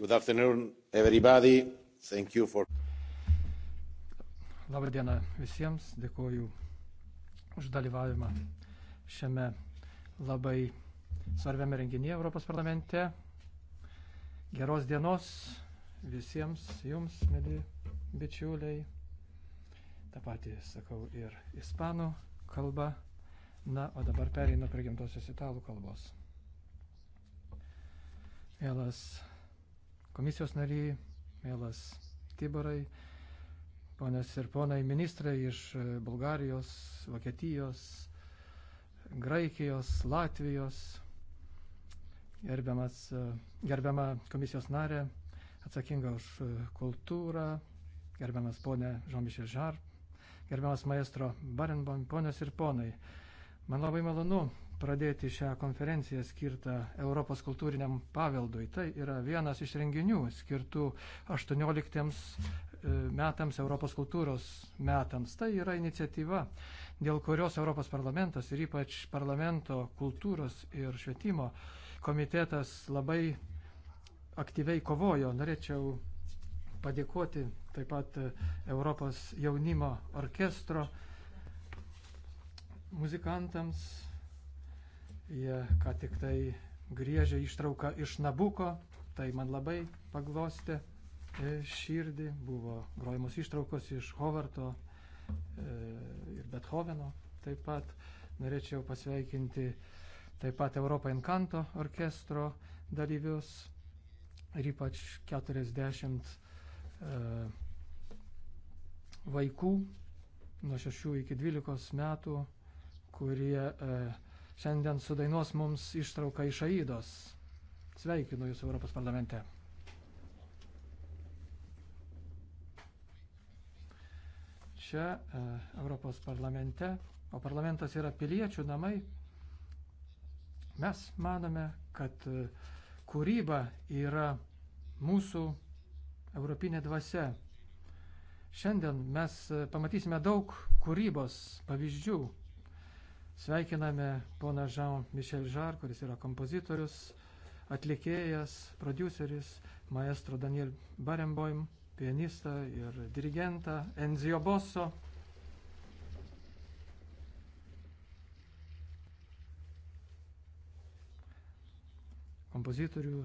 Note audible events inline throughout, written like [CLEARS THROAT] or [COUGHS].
Good afternoon, everybody. Thank you for. Labą dieną visiems, dėkoju už dalyvavimą šiame labai svarbiame renginyje Europos parlamente. Geros dienos visiems jums, mėly bičiuliai. Ta pati sakau ir ispanų kalba. Na, o dabar pereinu prie gimtosios italų kalbos. Mielas komisijos nariai, mielas Tiborai, ponios ir ponai ministrai iš e, Bulgarijos, Vokietijos, Graikijos, Latvijos, gerbiamas, e, gerbiama komisijos narė, atsakinga už e, kultūrą, gerbiamas ponė Žomišė Žar, gerbiamas maestro Barenbom, ponios ir ponai. Man labai malonu pradėti šią konferenciją skirtą Europos kultūriniam paveldui. Tai yra vienas iš renginių skirtų 18 e, metams Europos kultūros metams. Tai yra iniciatyva, dėl kurios Europos parlamentas ir ypač parlamento kultūros ir švietimo komitetas labai aktyviai kovojo. Norėčiau padėkoti taip pat e, Europos jaunimo orkestro muzikantams Jie ką tik tai griežė ištrauką iš Nabuko, tai man labai paglostė e, širdį. Buvo grojamos ištraukos iš Hovarto e, ir Bethoveno. Taip pat norėčiau pasveikinti taip pat Europą Encanto orkestro dalyvius ir ypač 40 e, vaikų nuo 6 iki 12 metų, kurie šiandien sudainuos mums ištrauką iš Aidos. Sveikinu Jūs Europos parlamente. Čia e, Europos parlamente, o parlamentas yra piliečių namai, mes manome, kad e, kūryba yra mūsų europinė dvasia. Šiandien mes e, pamatysime daug kūrybos pavyzdžių Sveikiname pona Jean Michel Žar, kuris yra kompozitorius, atlikėjas, produceris, maestro Daniel Barenboim, pianistą ir dirigentą Enzio Bosso. kompozitorių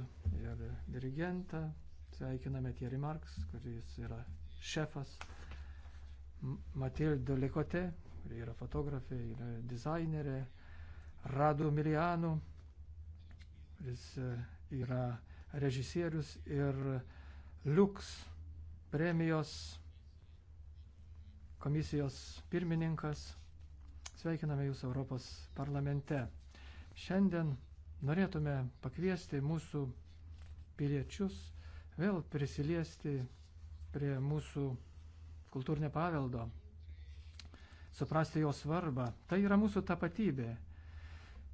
ir dirigentą. Sveikiname Thierry Marks, kuris yra šefas. Matilde Lekote, kuri yra fotografė, yra dizainerė, Radu Milianu, kuris e, yra režisierius ir Liuks premijos komisijos pirmininkas. Sveikiname Jūs Europos parlamente. Šiandien norėtume pakviesti mūsų piliečius vėl prisiliesti prie mūsų kultūrinio paveldo, suprasti jo svarbą. Tai yra mūsų tapatybė.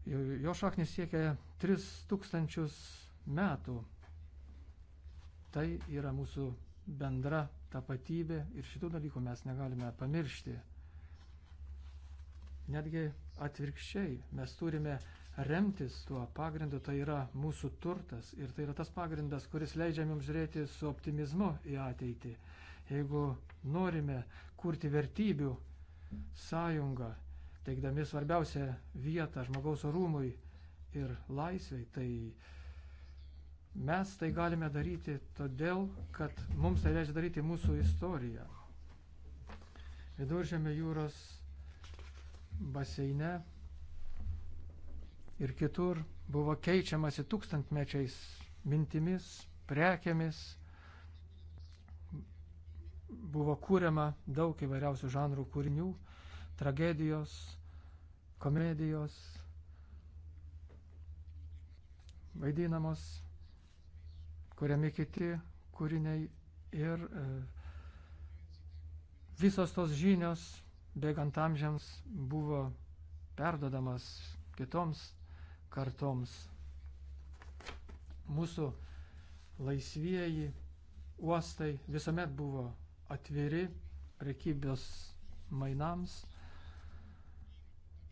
Jo šaknis siekia 3000 metų. Tai yra mūsų bendra tapatybė ir šitų dalykų mes negalime pamiršti. Netgi atvirkščiai mes turime remtis tuo pagrindu, tai yra mūsų turtas ir tai yra tas pagrindas, kuris leidžia mums žiūrėti su optimizmu į ateitį. Jeigu norime kurti vertybių sąjungą, teikdami svarbiausią vietą žmogaus orumui ir laisvei, tai mes tai galime daryti todėl, kad mums tai leidžia daryti mūsų istoriją. Viduržėme jūros baseine ir kitur buvo keičiamasi tūkstantmečiais mintimis, prekiamis, buvo kūriama daug įvairiausių žanrų kūrinių - tragedijos, komedijos, vaidinamos, kuriami kiti kūriniai ir e, visos tos žinios bėgant amžiams buvo perdodamas kitoms kartoms. Mūsų laisvieji uostai visuomet buvo atviri prekybės mainams,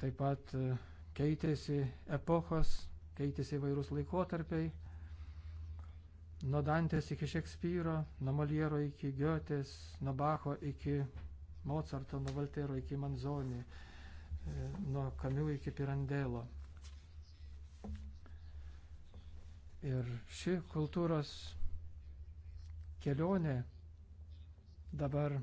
taip pat e, keitėsi epochos, keitėsi įvairūs laikotarpiai, nuo Dantės iki Šekspyro, nuo Moliero iki Giotės, nuo Bacho iki Mozarto, nuo Valtero iki Manzoni, e, nuo Kamiu iki Pirandelo. Ir ši kultūros kelionė dabar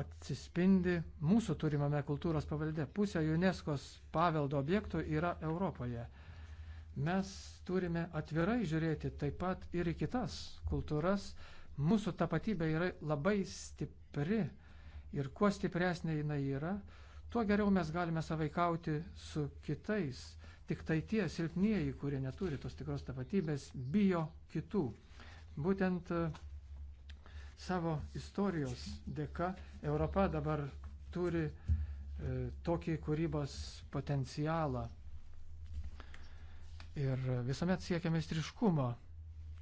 atsispindi mūsų turimame kultūros pavelde. Pusė UNESCO paveldo objektų yra Europoje. Mes turime atvirai žiūrėti taip pat ir į kitas kultūras. Mūsų tapatybė yra labai stipri ir kuo stipresnė jinai yra, tuo geriau mes galime savaikauti su kitais. Tik tai tie silpnieji, kurie neturi tos tikros tapatybės, bijo kitų. Būtent uh, savo istorijos dėka Europa dabar turi e, tokį kūrybos potencialą. Ir visuomet siekia meistriškumo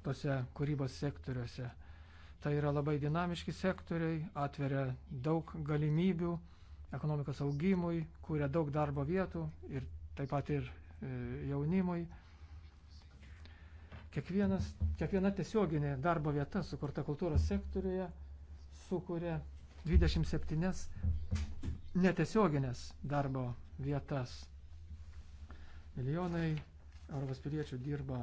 tose kūrybos sektoriuose. Tai yra labai dinamiški sektoriai, atveria daug galimybių ekonomikos augimui, kūrė daug darbo vietų ir taip pat ir e, jaunimui. Kiekvienas, kiekviena tiesioginė darbo vieta sukurta kultūros sektoriuje sukuria 27 netiesioginės darbo vietas. Milijonai Europos piliečių dirba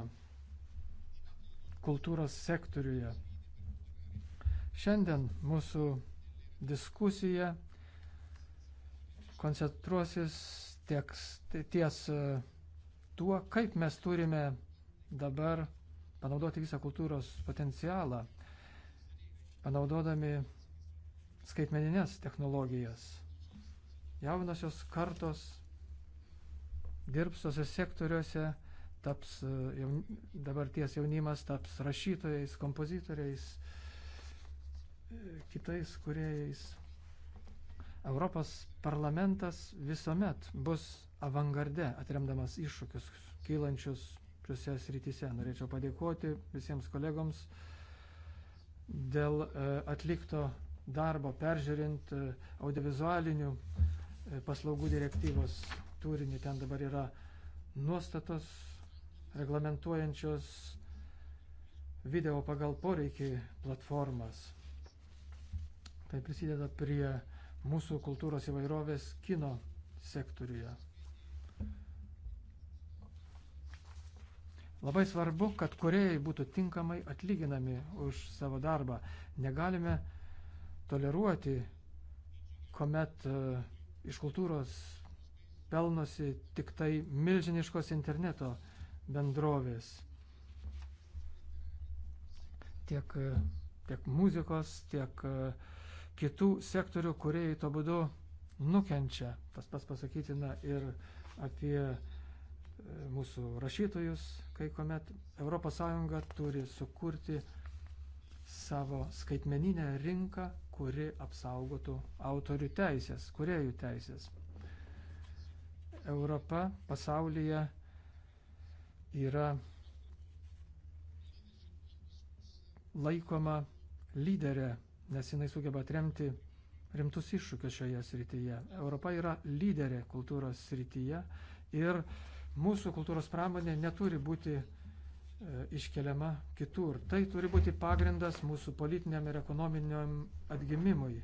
kultūros sektoriuje. Šiandien mūsų diskusija koncentruosis tieks, ties e, tuo, kaip mes turime dabar panaudoti visą kultūros potencialą, panaudodami skaitmeninės technologijas. Jaunosios kartos dirbs tose sektoriuose, taps e, jaun, dabarties jaunimas, taps rašytojais, kompozitoriais, e, kitais kuriejais. Europos parlamentas visuomet bus avangarde, atremdamas iššūkius kylančius šiuose srityse. Norėčiau padėkoti visiems kolegoms dėl e, atlikto darbo peržiūrint e, audiovizualinių e, paslaugų direktyvos turinį. Ten dabar yra nuostatos reglamentuojančios video pagal poreikį platformas. Tai prisideda prie mūsų kultūros įvairovės kino sektoriuje. Labai svarbu, kad kuriejai būtų tinkamai atlyginami už savo darbą. Negalime toleruoti, kuomet e, iš kultūros pelnosi tik tai milžiniškos interneto bendrovės. Tiek, e, tiek muzikos, tiek e, kitų sektorių, kurie į to būdu nukenčia. Tas pas pasakytina ir apie mūsų rašytojus, kai kuomet ES turi sukurti savo skaitmeninę rinką, kuri apsaugotų autorių teisės, kuriejų teisės. Europa pasaulyje yra laikoma lyderė, nes jinai sugeba atremti rimtus iššūkius šioje srityje. Europa yra lyderė kultūros srityje ir Mūsų kultūros pramonė neturi būti e, iškeliama kitur. Tai turi būti pagrindas mūsų politiniam ir ekonominiam atgimimui.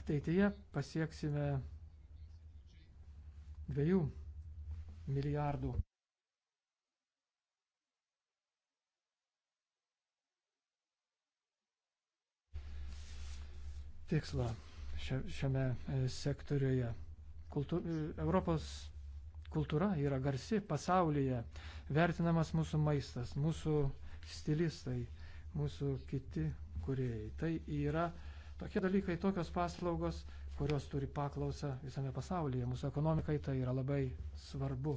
Ateityje pasieksime dviejų milijardų. Tikslą šiame e, sektoriuje. Kultu, e, Europos kultūra yra garsi pasaulyje, vertinamas mūsų maistas, mūsų stilistai, mūsų kiti kuriejai. Tai yra tokie dalykai, tokios paslaugos, kurios turi paklausą visame pasaulyje. Mūsų ekonomikai tai yra labai svarbu.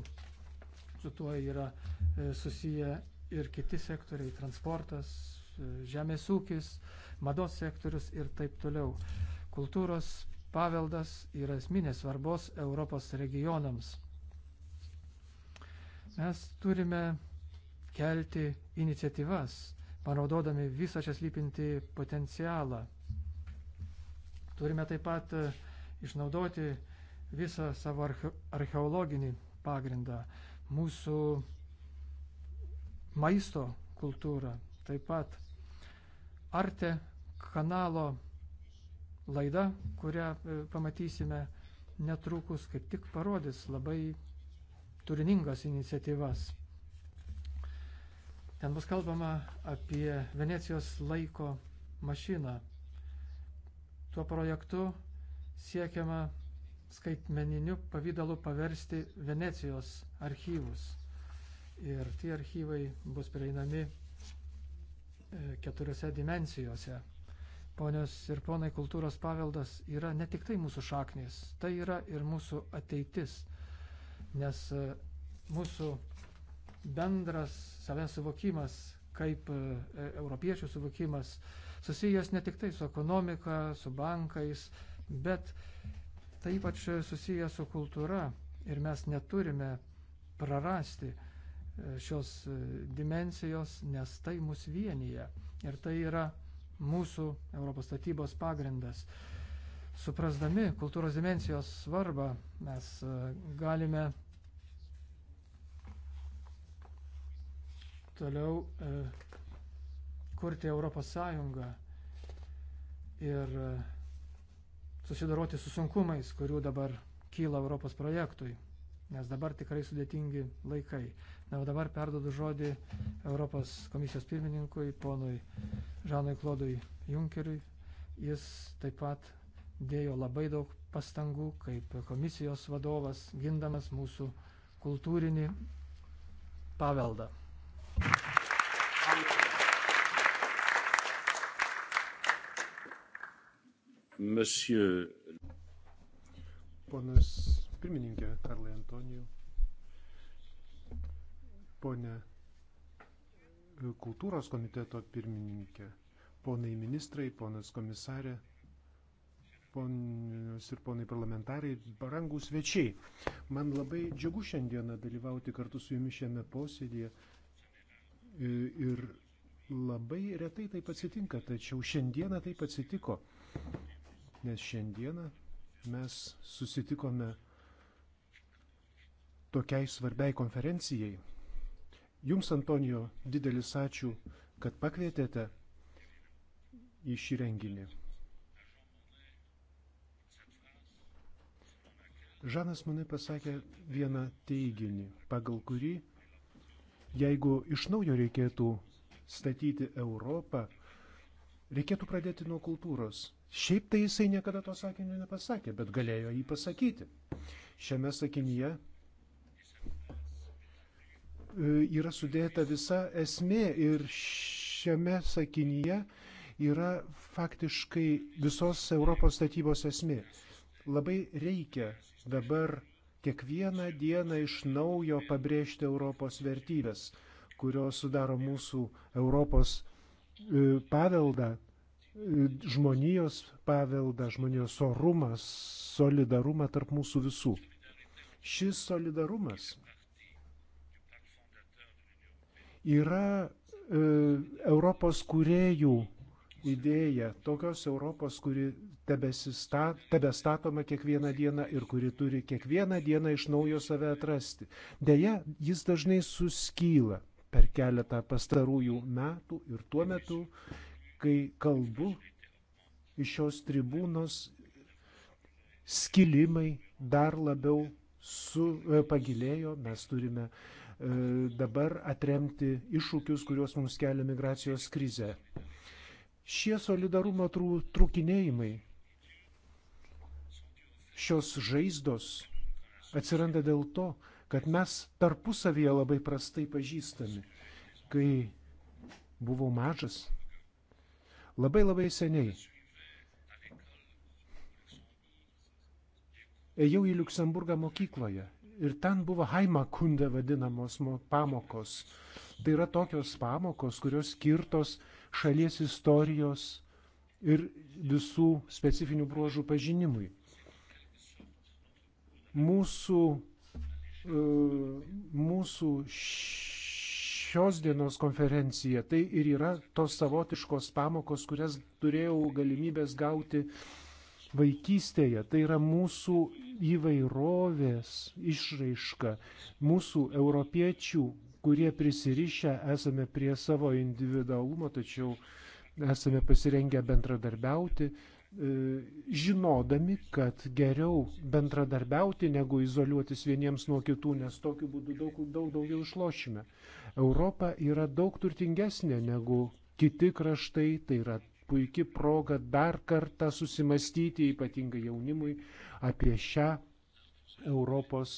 Su tuo yra e, susiję ir kiti sektoriai - transportas, žemės ūkis, mados sektorius ir taip toliau kultūros paveldas yra esminės svarbos Europos regionams. Mes turime kelti iniciatyvas, panaudodami visą čia slypinti potencialą. Turime taip pat e, išnaudoti visą savo archeologinį pagrindą, mūsų maisto kultūrą, taip pat Arte kanalo laida, kurią e, pamatysime netrukus, kaip tik parodys labai turiningas iniciatyvas. Ten bus kalbama apie Venecijos laiko mašiną. Tuo projektu siekiama skaitmeniniu pavydalu paversti Venecijos archyvus. Ir tie archyvai bus prieinami e, keturiose dimencijose Ponios ir ponai, kultūros paveldas yra ne tik tai mūsų šaknis, tai yra ir mūsų ateitis, nes e, mūsų bendras savęs suvokimas, kaip e, e, europiečių suvokimas, susijęs ne tik tai su ekonomika, su bankais, bet tai ypač susijęs su kultūra ir mes neturime prarasti šios dimensijos, nes tai mus vienyje. Ir tai yra mūsų Europos statybos pagrindas. Suprasdami kultūros dimensijos svarbą mes e, galime toliau e, kurti Europos Sąjungą ir e, susidoroti su sunkumais, kurių dabar kyla Europos projektui, nes dabar tikrai sudėtingi laikai. Na, o dabar perdodu žodį Europos komisijos pirmininkui, ponui Žanui Klodui Junkeriui. Jis taip pat dėjo labai daug pastangų kaip komisijos vadovas, gindamas mūsų kultūrinį paveldą. Monsieur. Ponas pirmininkė Karlai Antonijų ponė e, kultūros komiteto pirmininkė, ponai ministrai, ponas komisarė, ponios ir ponai parlamentarai, barangų svečiai. Man labai džiugu šiandieną dalyvauti kartu su jumis šiame posėdėje e, ir labai retai taip atsitinka, tačiau šiandieną taip atsitiko, nes šiandieną mes susitikome tokiai svarbiai konferencijai Jums, Antonijo, didelis ačiū, kad pakvietėte į šį renginį. Žanas manai pasakė vieną teiginį, pagal kurį, jeigu iš naujo reikėtų statyti Europą, reikėtų pradėti nuo kultūros. Šiaip tai jisai niekada to sakinio nepasakė, bet galėjo jį pasakyti. Šiame sakinyje E, yra sudėta visa esmė ir šiame sakinyje yra faktiškai visos Europos statybos esmė. Labai reikia dabar kiekvieną dieną iš naujo pabrėžti Europos vertybės, kurios sudaro mūsų Europos e, paveldą, e, žmonijos paveldą, žmonijos orumą, solidarumą tarp mūsų visų. Šis solidarumas yra e, Europos kuriejų idėja, tokios Europos, kuri tebestatoma kiekvieną dieną ir kuri turi kiekvieną dieną iš naujo save atrasti. Deja, jis dažnai suskyla per keletą pastarųjų metų ir tuo metu, kai kalbu iš šios tribūnos, skilimai dar labiau su, e, pagilėjo, mes turime uh, E, dabar atremti iššūkius, kuriuos mums kelia migracijos krize. Šie solidarumo trūkinėjimai, šios žaizdos atsiranda dėl to, kad mes tarpusavyje labai prastai pažįstami. Kai buvau mažas, labai labai seniai, ėjau į Luksemburgą mokykloje ir ten buvo haimakundė vadinamos pamokos. Tai yra tokios pamokos, kurios skirtos šalies istorijos ir visų specifinių bruožų pažinimui. Mūsų, e, mūsų šios dienos konferencija tai ir yra tos savotiškos pamokos, kurias turėjau galimybės gauti vaikystėje. Tai yra mūsų įvairovės išraiška, mūsų europiečių, kurie prisirišę esame prie savo individualumo, tačiau esame pasirengę bendradarbiauti, e, žinodami, kad geriau bendradarbiauti, negu izoliuotis vieniems nuo kitų, nes tokiu būdu daug, daug daugiau išlošime. Europa yra daug turtingesnė negu kiti kraštai, tai yra puikia proga dar kartą susimastyti, ypatingai jaunimui, apie šią Europos,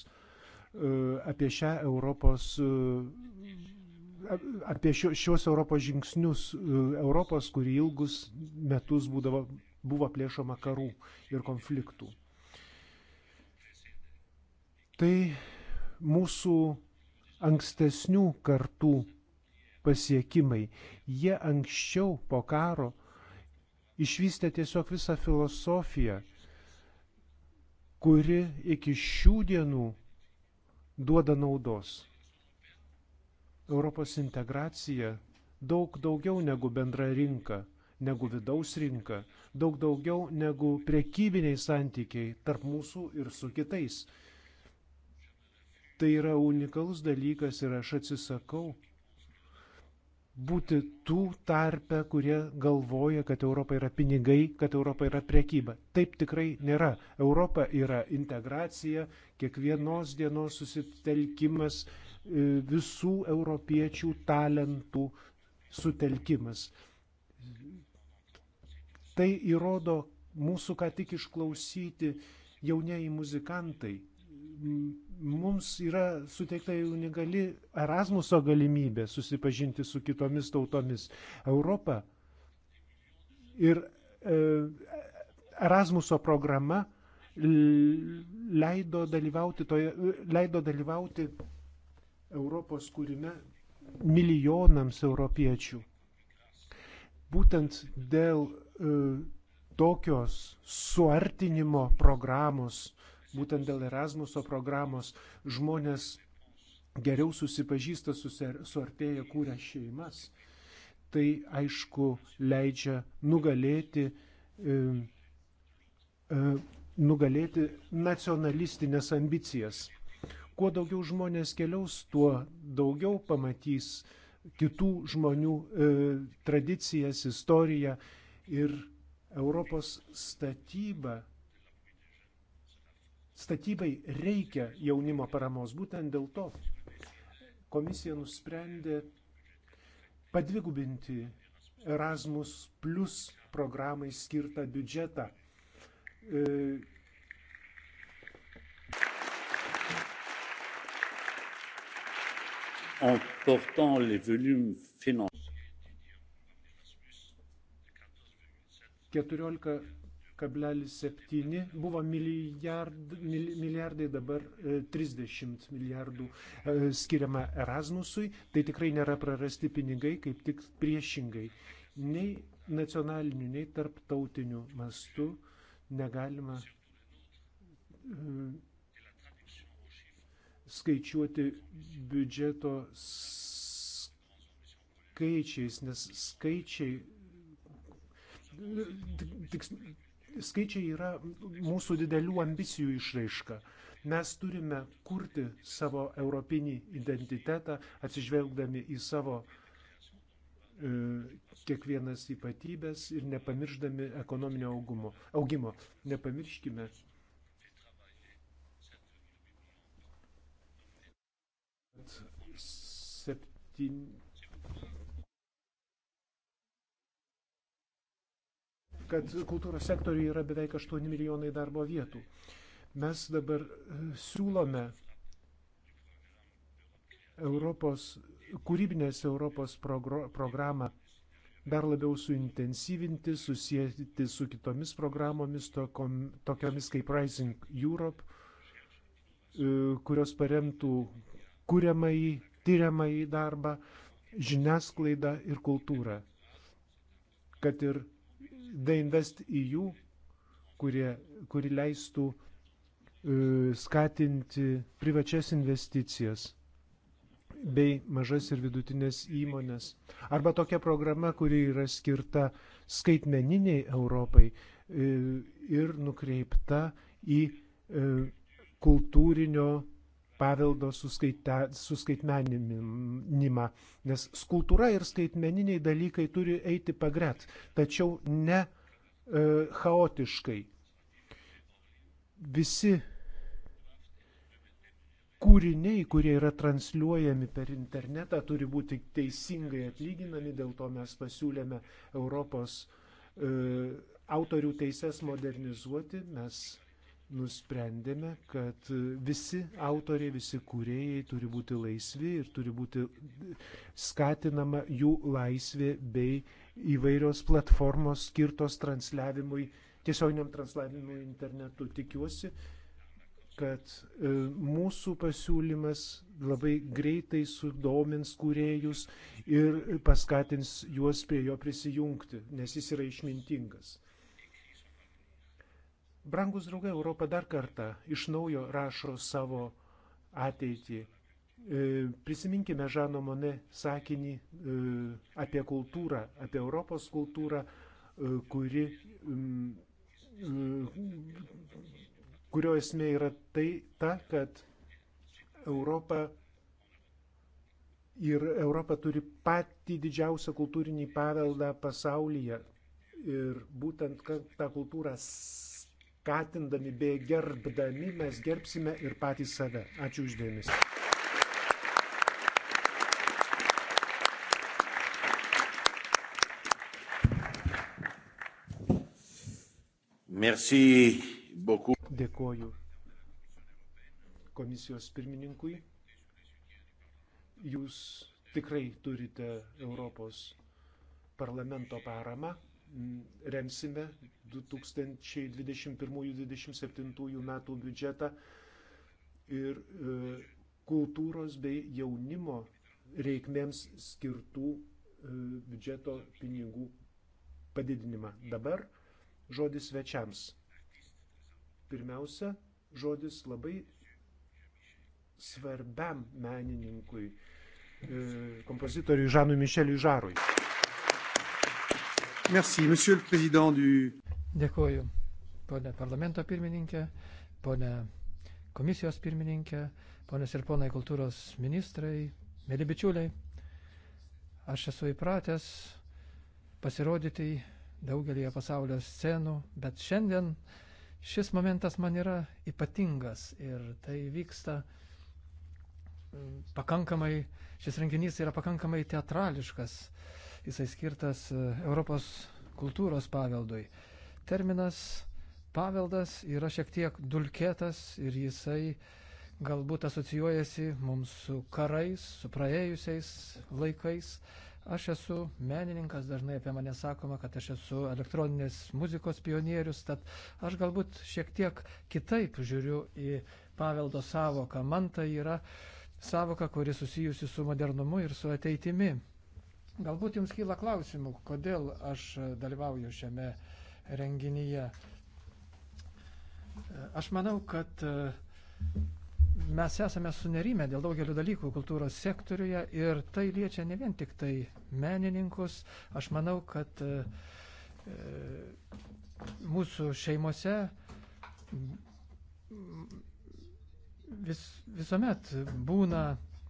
e, apie šią Europos, e, apie šios Europos žingsnius, e, Europos, kuri ilgus metus būdavo, buvo plėšoma karų ir konfliktų. Tai mūsų ankstesnių kartų pasiekimai. Jie anksčiau po karo išvystė tiesiog visą filosofiją, kuri iki šių dienų duoda naudos. Europos integracija daug daugiau negu bendra rinka, negu vidaus rinka, daug daugiau negu prekybiniai santykiai tarp mūsų ir su kitais. Tai yra unikalus dalykas ir aš atsisakau būti tų tarpe, kurie galvoja, kad Europa yra pinigai, kad Europa yra priekyba. Taip tikrai nėra. Europa yra integracija, kiekvienos dienos susitelkimas, e, visų europiečių talentų sutelkimas. Tai įrodo mūsų ką tik išklausyti jaunieji muzikantai mums yra suteikta unikali Erasmuso galimybė susipažinti su kitomis tautomis. Europa ir e, Erasmuso programa leido dalyvauti, toje, leido dalyvauti Europos kūrime milijonams europiečių. Būtent dėl e, tokios suartinimo programos Būtent dėl Erasmuso programos žmonės geriau susipažįsta, suartėja, kūrė šeimas. Tai aišku leidžia nugalėti, e, e, nugalėti nacionalistinės ambicijas. Kuo daugiau žmonės keliaus, tuo daugiau pamatys kitų žmonių e, tradicijas, istoriją ir Europos statyba statybai reikia jaunimo paramos. Būtent dėl to komisija nusprendė padvigubinti Erasmus Plus programai skirtą biudžetą. E, en portant les volumes financiers. 14 1,7 buvo milijard, milijardai, dabar 30 e, milijardų e, skiriama Erasmusui. Tai tikrai nėra prarasti pinigai, kaip tik priešingai. Nei nacionaliniu, nei tarptautiniu mastu negalima e, skaičiuoti biudžeto skaičiais, nes skaičiai, tik, skaičiai yra mūsų didelių ambicijų išraiška. Mes turime kurti savo europinį identitetą, atsižvelgdami į savo e, kiekvienas ypatybės ir nepamirždami ekonominio augumo, augimo. Nepamirškime. Septyn... kad kultūros sektoriuje yra beveik 8 milijonai darbo vietų. Mes dabar e, siūlome Europos, kūrybinės Europos programą dar labiau suintensyvinti, susijęti su kitomis programomis, tokom, tokiomis kaip Rising Europe, e, kurios paremtų kuriamai, tyriamai darbą, žiniasklaidą ir kultūrą. Kad ir The Invest EU, kurie, kuri leistų e, skatinti privačias investicijas bei mažas ir vidutinės įmonės. Arba tokia programa, kuri yra skirta skaitmeniniai Europai e, ir nukreipta į e, kultūrinio paveldo suskaitmeninimą, nes kultūra ir skaitmeniniai dalykai turi eiti pagret, tačiau ne e, chaotiškai. Visi kūriniai, kurie yra transliuojami per internetą, turi būti teisingai atlyginami, dėl to mes pasiūlėme Europos e, autorių teises modernizuoti, mes nusprendėme, kad visi autoriai, visi kūrėjai turi būti laisvi ir turi būti skatinama jų laisvė bei įvairios platformos skirtos transliavimui, tiesioginiam transliavimui internetu. Tikiuosi, kad e, mūsų pasiūlymas labai greitai sudomins kūrėjus ir paskatins juos prie jo prisijungti, nes jis yra išmintingas. Brangus draugai, Europa dar kartą iš naujo rašo savo ateitį. E, prisiminkime Žano Mone sakinį e, apie kultūrą, apie Europos kultūrą, e, kuri, kurio esmė yra tai, ta, kad Europa ir Europa turi patį didžiausią kultūrinį paveldą pasaulyje. Ir būtent, kad tą kultūrą skatindami bei gerbdami mes gerbsime ir patys save. Ačiū uždėmesi. Merci beaucoup. Dėkoju komisijos pirmininkui. Jūs tikrai turite Europos parlamento paramą. Mm, remsime 2021-2027 metų biudžetą ir e, kultūros bei jaunimo reikmėms skirtų e, biudžeto pinigų padidinimą. Dabar žodis svečiams. Pirmiausia, žodis labai svarbiam menininkui, e, kompozitoriui Žanui Mišeliui Žarui. Merci, monsieur le président du. Dėkuoju, ponė parlamento pirmininkė, ponė komisijos pirmininkė, ponės ir ponai kultūros ministrai, mėly bičiuliai. Aš esu įpratęs pasirodyti daugelį pasaulio scenų, bet šiandien šis momentas man yra ypatingas ir tai vyksta mm, pakankamai, šis renginys yra pakankamai teatrališkas. Uh, Jisai skirtas e, Europos kultūros paveldui. Terminas paveldas yra šiek tiek dulkėtas ir jisai galbūt asocijuojasi mums su karais, su praėjusiais laikais. Aš esu menininkas, dažnai apie mane sakoma, kad aš esu elektroninės muzikos pionierius, tad aš galbūt šiek tiek kitaip žiūriu į paveldo savoką. Man tai yra savoka, kuri susijusi su modernumu ir su ateitimi. Galbūt jums kyla klausimų, kodėl aš dalyvauju šiame renginyje. Aš manau, kad e, mes esame sunerime dėl daugelio dalykų kultūros sektoriuje ir tai liečia ne vien tik tai menininkus. Aš manau, kad e, e, mūsų šeimose vis, visuomet būna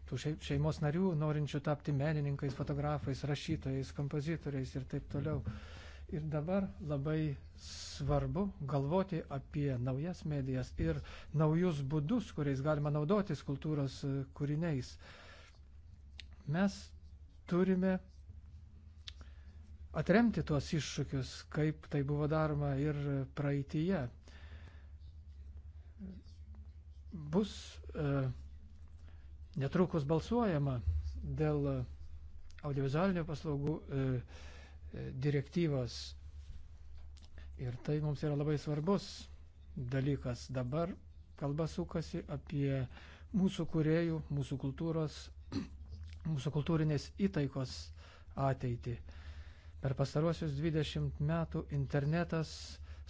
tų šeimos narių, norinčių tapti menininkais, fotografais, rašytojais, kompozitoriais ir taip toliau. Ir dabar labai svarbu galvoti apie naujas medijas ir naujus būdus, kuriais galima naudotis kultūros e, kūriniais. Mes turime atremti tuos iššūkius, kaip tai buvo daroma ir praeitįje. Bus uh, e, Netrukus balsuojama dėl audiovizualinių paslaugų e, e, direktyvos. Ir tai mums yra labai svarbus dalykas. Dabar kalba sukasi apie mūsų kuriejų, mūsų kultūros, [CLEARS THROAT] mūsų kultūrinės įtaikos ateitį. Per pastaruosius 20 metų internetas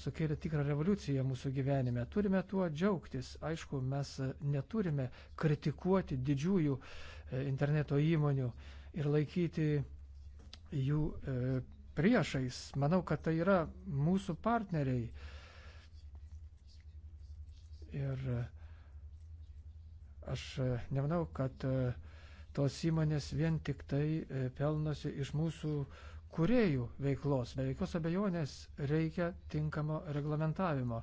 sukėlė tikrą revoliuciją mūsų gyvenime. Turime tuo džiaugtis. Aišku, mes neturime kritikuoti didžiųjų e, interneto įmonių ir laikyti jų e, priešais. Manau, kad tai yra mūsų partneriai. Ir e, aš nemanau, kad tos įmonės vien tik tai pelnosi iš mūsų kuriejų veiklos. Be jokios abejonės reikia tinkamo reglamentavimo.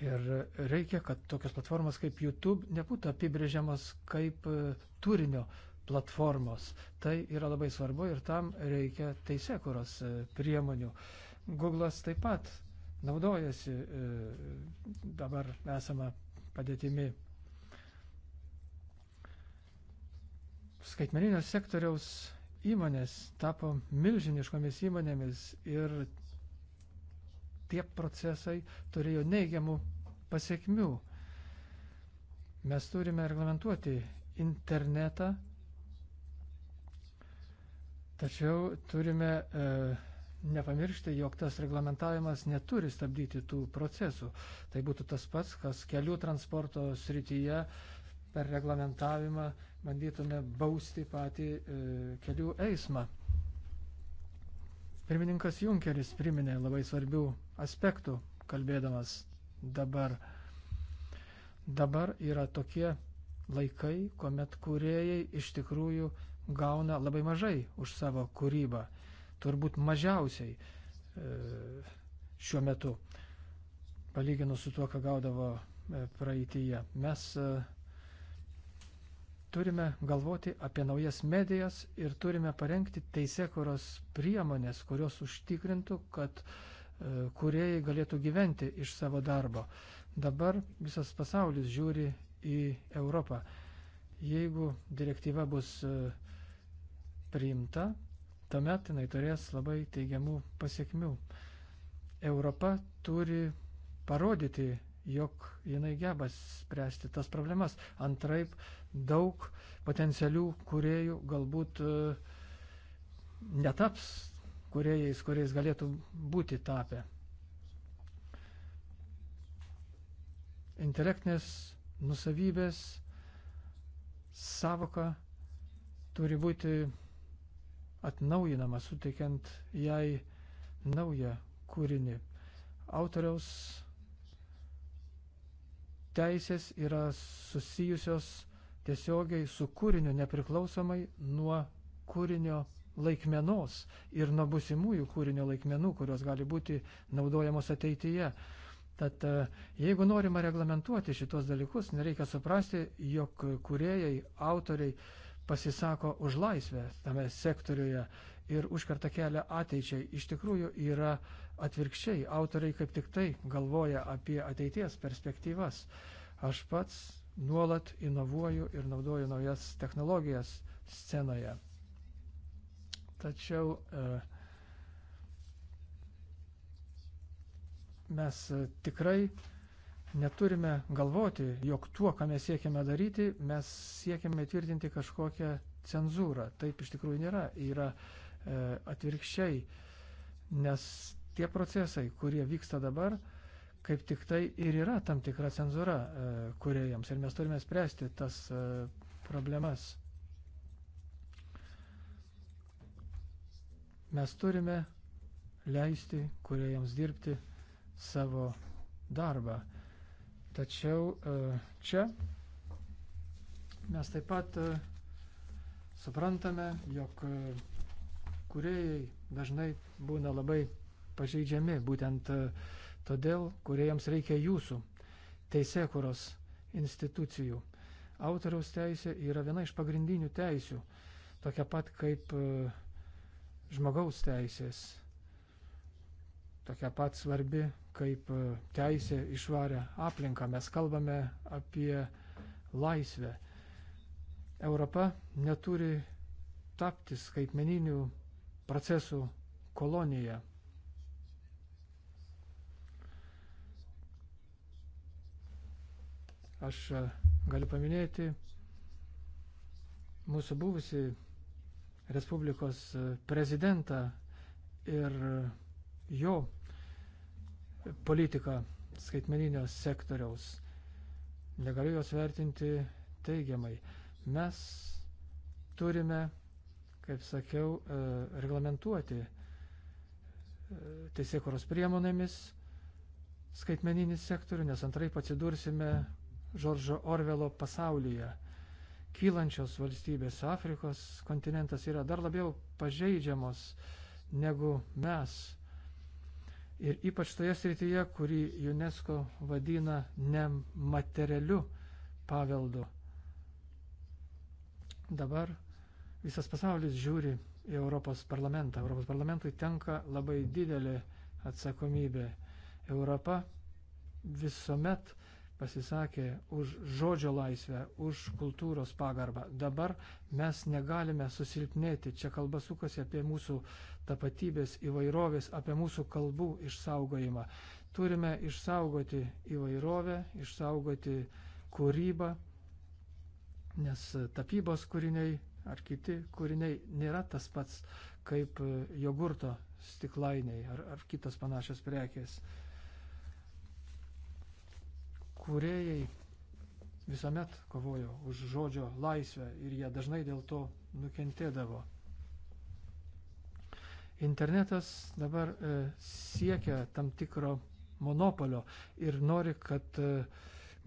Ir reikia, kad tokios platformos kaip YouTube nebūtų apibrėžiamas kaip e, turinio platformos. Tai yra labai svarbu ir tam reikia teisėkuros e, priemonių. Google'as taip pat naudojasi e, dabar esama padėtimi skaitmeninio sektoriaus įmonės tapo milžiniškomis įmonėmis ir tie procesai turėjo neigiamų pasiekmių. Mes turime reglamentuoti internetą, tačiau turime e, nepamiršti, jog tas reglamentavimas neturi stabdyti tų procesų. Tai būtų tas pats, kas kelių transporto srityje per reglamentavimą e, bandytume bausti patį e, kelių eismą. Pirmininkas Junkeris priminė labai svarbių aspektų, kalbėdamas dabar. Dabar yra tokie laikai, kuomet kūrėjai iš tikrųjų gauna labai mažai už savo kūrybą. Turbūt mažiausiai e, šiuo metu, palyginus su tuo, ką gaudavo e, praeitįje. Mes e, turime galvoti apie naujas medijas ir turime parengti teisėkuros priemonės, kurios užtikrintų, kad e, kuriejai galėtų gyventi iš savo darbo. Dabar visas pasaulis žiūri į Europą. Jeigu direktyva bus e, priimta, tuomet jinai turės labai teigiamų pasiekmių. Europa turi parodyti jog jinai geba spręsti tas problemas. Antraip, daug potencialių kuriejų galbūt e, netaps kuriejais, kuriais galėtų būti tapę. Intelektinės nusavybės savoka turi būti atnaujinama, suteikiant jai naują kūrinį. Autoriaus teisės yra susijusios tiesiogiai su kūriniu nepriklausomai nuo kūrinio laikmenos ir nuo busimųjų kūrinio laikmenų, kurios gali būti naudojamos ateityje. Tad e, jeigu norima reglamentuoti šitos dalykus, nereikia suprasti, jog kuriejai, autoriai pasisako už laisvę tame sektoriuje ir užkerta kelią ateičiai. Iš tikrųjų yra atvirkščiai. Autoriai kaip tik tai galvoja apie ateities perspektyvas. Aš pats nuolat inovuoju ir naudoju naujas technologijas scenoje. Tačiau e, mes e, tikrai neturime galvoti, jog tuo, ką mes siekiame daryti, mes siekiame tvirtinti kažkokią cenzūrą. Taip iš tikrųjų nėra. Yra E, atvirkščiai, nes tie procesai, kurie vyksta dabar, kaip tik tai ir yra tam tikra cenzūra e, kuriejams ir mes turime spręsti tas e, problemas. Mes turime leisti kuriejams dirbti savo darbą. Tačiau čia mes taip pat suprantame, jog kuriejai dažnai būna labai pažeidžiami. Būtent e, todėl kuriejams reikia jūsų teisėkuros institucijų. Autoriaus teisė yra viena iš pagrindinių teisių, tokia pat kaip e, žmogaus teisės, tokia pat svarbi kaip e, teisė išvarę aplinką. Mes kalbame apie laisvę. Europa neturi tapti skaitmeninių procesų kolonija. Aš e, galiu paminėti mūsų buvusi Respublikos e, prezidentą ir e, jo politiką skaitmeninio sektoriaus. Negaliu jos vertinti teigiamai. Mes turime kaip sakiau, e, reglamentuoti e, teisėkuros priemonėmis skaitmeninį sektorių, nes antraip atsidursime Žoržo Orvelo pasaulyje. Kylančios valstybės Afrikos kontinentas yra dar labiau pažeidžiamos negu mes. Ir ypač toje srityje, kurį UNESCO vadina nematerialiu paveldu. Dabar Visas pasaulis žiūri į Europos parlamentą. Europos parlamentui tenka labai didelė atsakomybė. Europa visuomet pasisakė už žodžio laisvę, už kultūros pagarbą. Dabar mes negalime susilpnėti. Čia kalba sukasi apie mūsų tapatybės įvairovės, apie mūsų kalbų išsaugojimą. Turime išsaugoti įvairovę, išsaugoti kūrybą, nes tapybos kūriniai ar kiti kūriniai nėra tas pats kaip jogurto stiklainiai ar, ar kitos panašios prekės. Kūrėjai visuomet kovojo už žodžio laisvę ir jie dažnai dėl to nukentėdavo. Internetas dabar e, siekia tam tikro monopolio ir nori, kad e,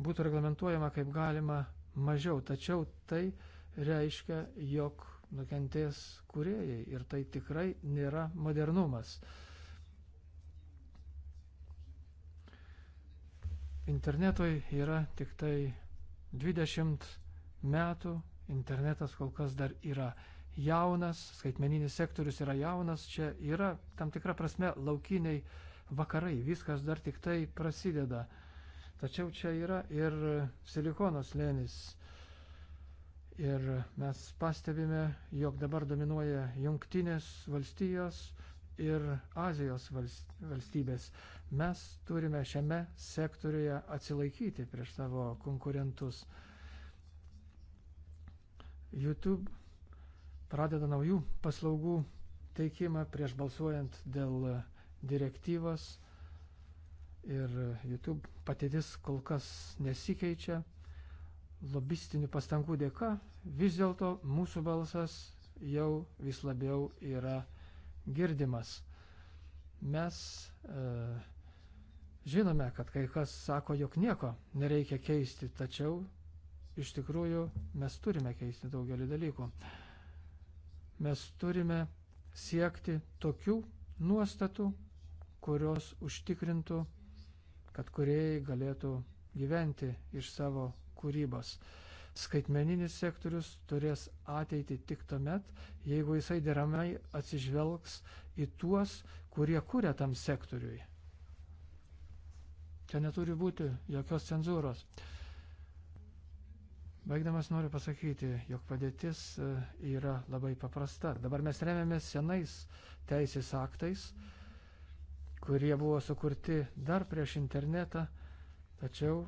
būtų reglamentuojama kaip galima mažiau, tačiau tai e, reiškia, jog nukentės kuriejai ir tai tikrai nėra modernumas. Internetui yra tik tai 20 metų, internetas kol kas dar yra jaunas, skaitmeninis sektorius yra jaunas, čia yra tam tikra prasme laukiniai vakarai, viskas dar tik tai prasideda. Tačiau čia yra ir silikonos lėnis Ir mes pastebime, jog dabar dominuoja jungtinės valstijos ir Azijos valstybės. Mes turime šiame sektoriuje atsilaikyti prieš savo konkurentus. YouTube pradeda naujų paslaugų teikimą prieš balsuojant dėl direktyvos ir YouTube patėtis kol kas nesikeičia lobistinių pastangų dėka vis dėlto mūsų balsas jau vis labiau yra girdimas. Mes e, žinome, kad kai kas sako, jog nieko nereikia keisti, tačiau iš tikrųjų mes turime keisti daugelį dalykų. Mes turime siekti tokių nuostatų, kurios užtikrintų, kad kuriejai galėtų gyventi iš savo kūrybos. Skaitmeninis sektorius turės ateitį tik tuomet, jeigu jisai deramai atsižvelgs į tuos, kurie kūrė tam sektoriui. Čia neturi būti jokios cenzūros. Baigdamas noriu pasakyti, jog padėtis e, yra labai paprasta. Dabar mes remiamės senais teisės aktais, kurie buvo sukurti dar prieš internetą, tačiau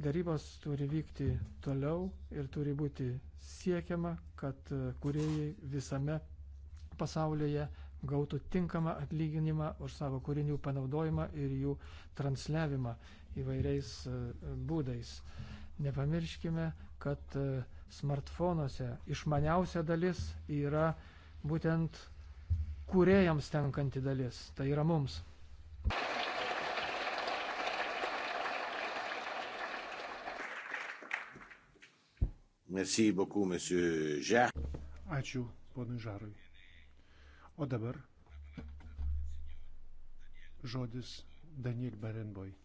Darybos turi vykti toliau ir turi būti siekiama, kad e, kuriejai visame pasaulyje gautų tinkamą atlyginimą už savo kūrinių panaudojimą ir jų transliavimą įvairiais e, būdais. Nepamirškime, kad e, smartfonuose išmaniausia dalis yra būtent kuriejams tenkanti dalis, tai yra mums. Merci beaucoup, monsieur Žer. Ačiū, ponui Žarui. O dabar žodis Daniel Barenboj. [COUGHS]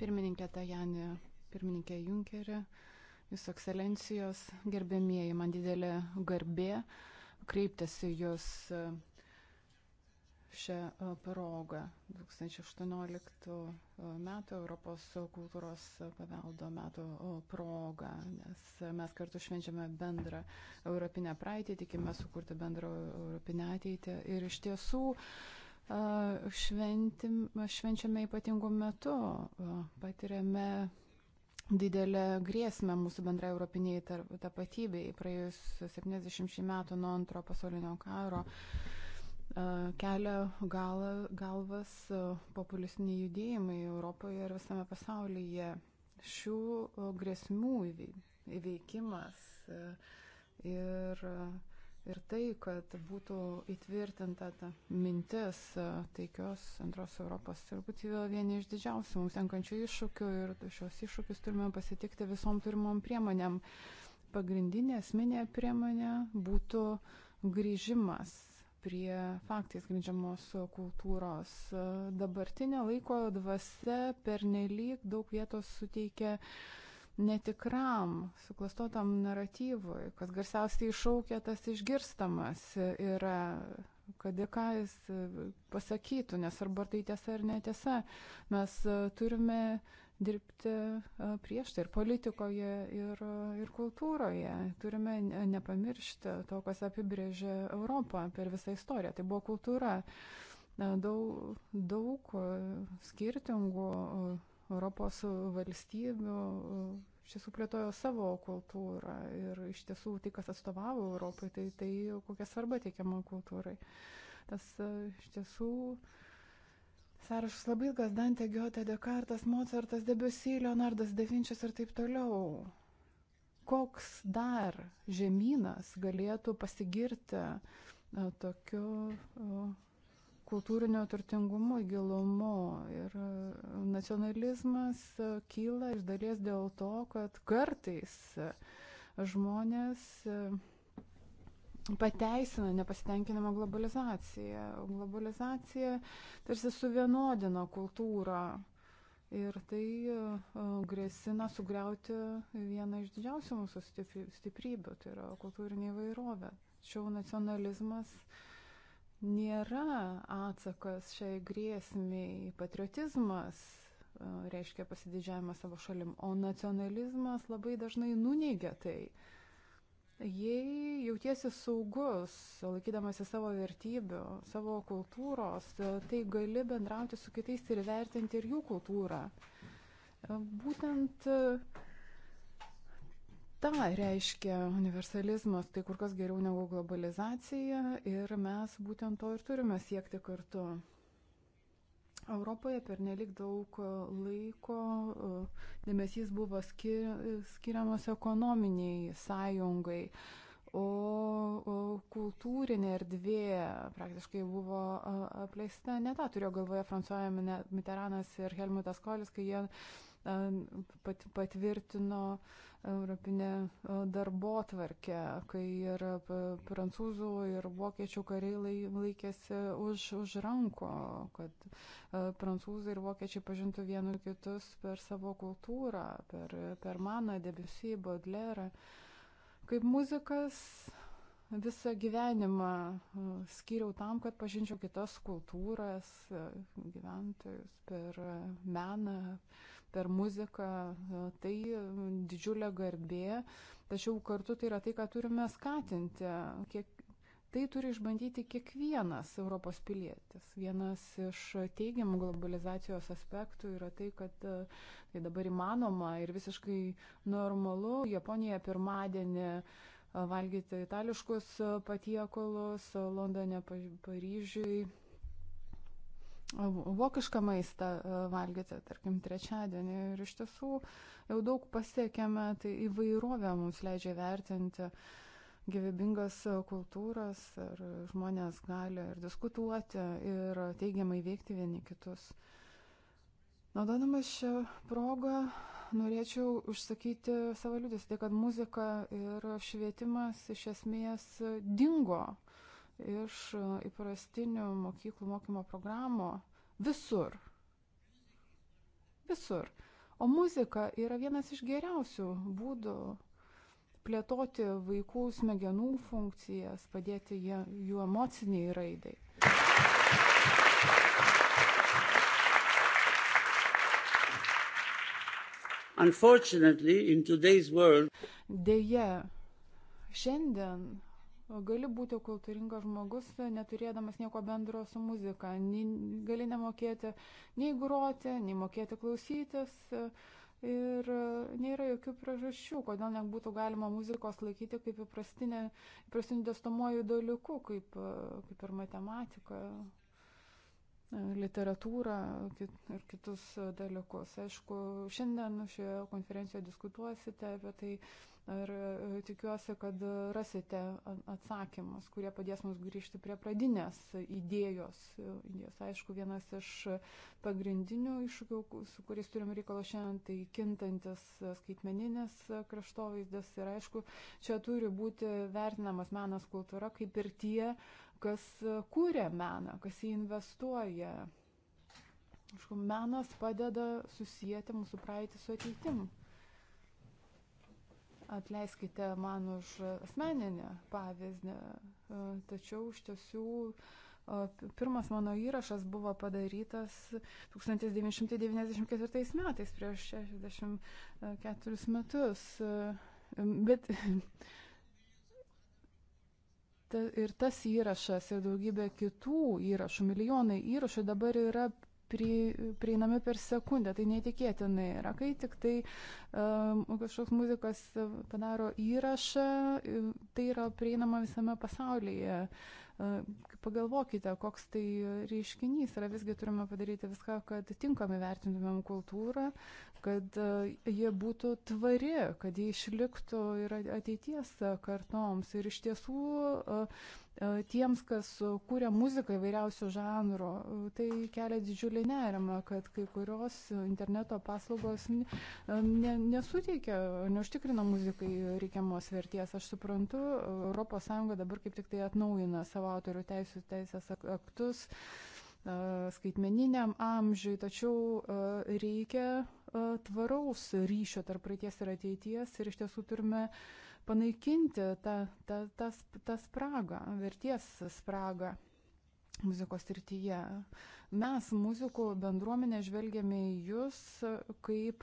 Pirmininkė Tajani, pirmininkė Junkerė, Jūsų ekscelencijos, gerbėmieji, man didelė garbė kreiptis į Jūs e, šią e, progą 2018 e, metų Europos kultūros paveldo metų progą, nes mes kartu švenčiame bendrą europinę praeitį, tikime sukurti bendrą europinę ateitį ir iš tiesų šventim, švenčiame ypatingų metų, patiriame didelę grėsmę mūsų bendrai europiniai tapatybei. Praėjus 70 metų nuo antro pasaulinio karo e, kelia galą, galvas e, populistiniai judėjimai Europoje ir visame pasaulyje. Šių e, grėsmių įveikimas ir ir tai, kad būtų įtvirtinta ta mintis e, taikios antros Europos turbūt yra vieni iš didžiausių mums tenkančių iššūkių ir šios iššūkius turime pasitikti visom turimom priemonėm. Pagrindinė esminė priemonė būtų grįžimas prie faktais grindžiamos kultūros. E, dabartinė laiko dvasia pernelyg daug vietos suteikia uh, netikram, suklastotam naratyvui, kas garsiausiai iššaukia, tas išgirstamas yra, e, kad ir ką jis e, pasakytų, nesvarbu, ar tai tiesa ar netiesa. Mes e, turime dirbti prieš tai ir politikoje, ir, ir kultūroje. Turime nepamiršti to, kas apibrėžė Europą per visą istoriją. Tai buvo kultūra. Daug, daug skirtingų Europos valstybių iš tiesų plėtojo savo kultūrą ir iš tiesų tai, kas atstovavo Europai, tai, tai kokia svarba teikiama kultūrai. Tas iš tiesų sąrašas labai ilgas Dante, Goethe, Descartes, Mozartas, Debussy, Leonardas da Vinčias ir taip toliau. Koks dar žemynas galėtų pasigirti tokiu kultūrinio turtingumu, gilumu. Ir e, nacionalizmas e, kyla iš dalies dėl to, kad kartais e, žmonės pateisina nepasitenkinimą globalizaciją. Globalizacija tarsi suvienodino kultūrą. Ir tai grėsina sugriauti vieną iš didžiausių mūsų stiprybių, tai yra kultūrinė įvairovė. Tačiau nacionalizmas uh, nėra atsakas šiai grėsmiai. Patriotizmas e, reiškia pasididžiavimą savo šalim, o nacionalizmas labai dažnai nuneigia tai. Jei jautiesi saugus, laikydamasi savo vertybių, savo kultūros, tai gali bendrauti su kitais ir vertinti ir jų kultūrą. E, būtent uh, tą reiškia universalizmas, tai kur kas geriau negu globalizacija ir mes būtent to ir turime siekti kartu. Europoje per nelik daug laiko e, dėmesys buvo skiriamas ekonominiai sąjungai, o kultūrinė erdvė praktiškai buvo apleista. Ne tą turėjo galvoje Fransuoja Mitteranas ir Helmutas Kolis, kai jie patvirtino uh, Europinė e, darbo tvarkė, kai ir e, prancūzų, ir vokiečių kariai laikėsi už, už ranko, kad e, prancūzai ir vokiečiai pažintų vienų kitus per savo kultūrą, per, per maną, debesį, bodlerą. Kaip muzikas visą gyvenimą skiriau tam, kad pažinčiau kitas kultūras, gyventojus per meną, per muziką. E, tai didžiulė garbė, tačiau kartu tai yra tai, ką turime skatinti. Kiek, tai turi išbandyti kiekvienas Europos pilietis. Vienas iš teigiamų globalizacijos aspektų yra tai, kad e, tai dabar įmanoma ir visiškai normalu. Japonija pirmadienį e, valgyti itališkus patiekalus, Londone, Paryžiui vokišką maistą e, valgyti, tarkim, trečiadienį. Ir iš tiesų jau daug pasiekėme, tai įvairovė mums leidžia vertinti gyvybingas kultūras ir žmonės gali ir diskutuoti ir teigiamai veikti vieni kitus. Naudodamas šią progą norėčiau užsakyti savo liūdės, tai kad muzika ir švietimas iš esmės dingo uh, iš e, įprastinių mokyklų mokymo programų visur. Visur. O muzika yra vienas iš geriausių būdų plėtoti vaikų smegenų funkcijas, padėti jie, jų emociniai raidai. Deja, šiandien Gali būti kultūringas žmogus, e, neturėdamas nieko bendro su muzika. Nei, gali nemokėti nei groti, nei mokėti klausytis. E, ir e, nėra jokių priežasčių, kodėl nebūtų galima muzikos laikyti kaip įprastiniu dėstomuoju dalyku, kaip, kaip ir matematika, literatūrą kit, ir kitus dalykus. Aišku, šiandien šioje konferencijoje diskutuosite apie tai Ir e, tikiuosi, kad e, rasite atsakymus, kurie padės mums grįžti prie pradinės idėjos. E, idėjos, aišku, vienas iš pagrindinių iššūkių, su kuriais turim reikalo šiandien, tai kintantis skaitmeninės kraštovaizdės. Ir aišku, čia turi būti vertinamas menas kultūra kaip ir tie, kas kūrė meną, kas jį investuoja. Aišku, menas padeda susijęti mūsų praeitį su ateitimu. Atleiskite man už asmeninį pavyzdį, e, tačiau iš tiesų e, pirmas mano įrašas buvo padarytas 1994 metais, prieš 64 metus. E, bet ta, ir tas įrašas, ir daugybė kitų įrašų, milijonai įrašų dabar yra prie, prieinami per sekundę, tai neįtikėtinai yra. Kai tik tai um, kažkoks muzikas padaro įrašą, tai yra prieinama visame pasaulyje. Um, pagalvokite, koks tai reiškinys yra, visgi turime padaryti viską, kad tinkamai vertintumėm kultūrą, kad uh, jie būtų tvari, kad jie išliktų ir ateities kartoms. Ir iš tiesų uh, E, tiems, kas e, kūrė muziką įvairiausių žanrų, e, tai kelia didžiulį nerimą, kad kai kurios interneto paslaugos ne, nesuteikia, neužtikrina muzikai reikiamos verties. Aš suprantu, ES dabar kaip tik tai atnaujina savo autorių teisų teisės aktus skaitmeniniam amžiui, tačiau reikia tvaraus ryšio tarp praeities ir ateities ir iš tiesų turime uh, panaikinti tą, tą, tą, tą spragą, verties spragą muzikos srityje. Mes, muzikų bendruomenė, žvelgiame į jūs kaip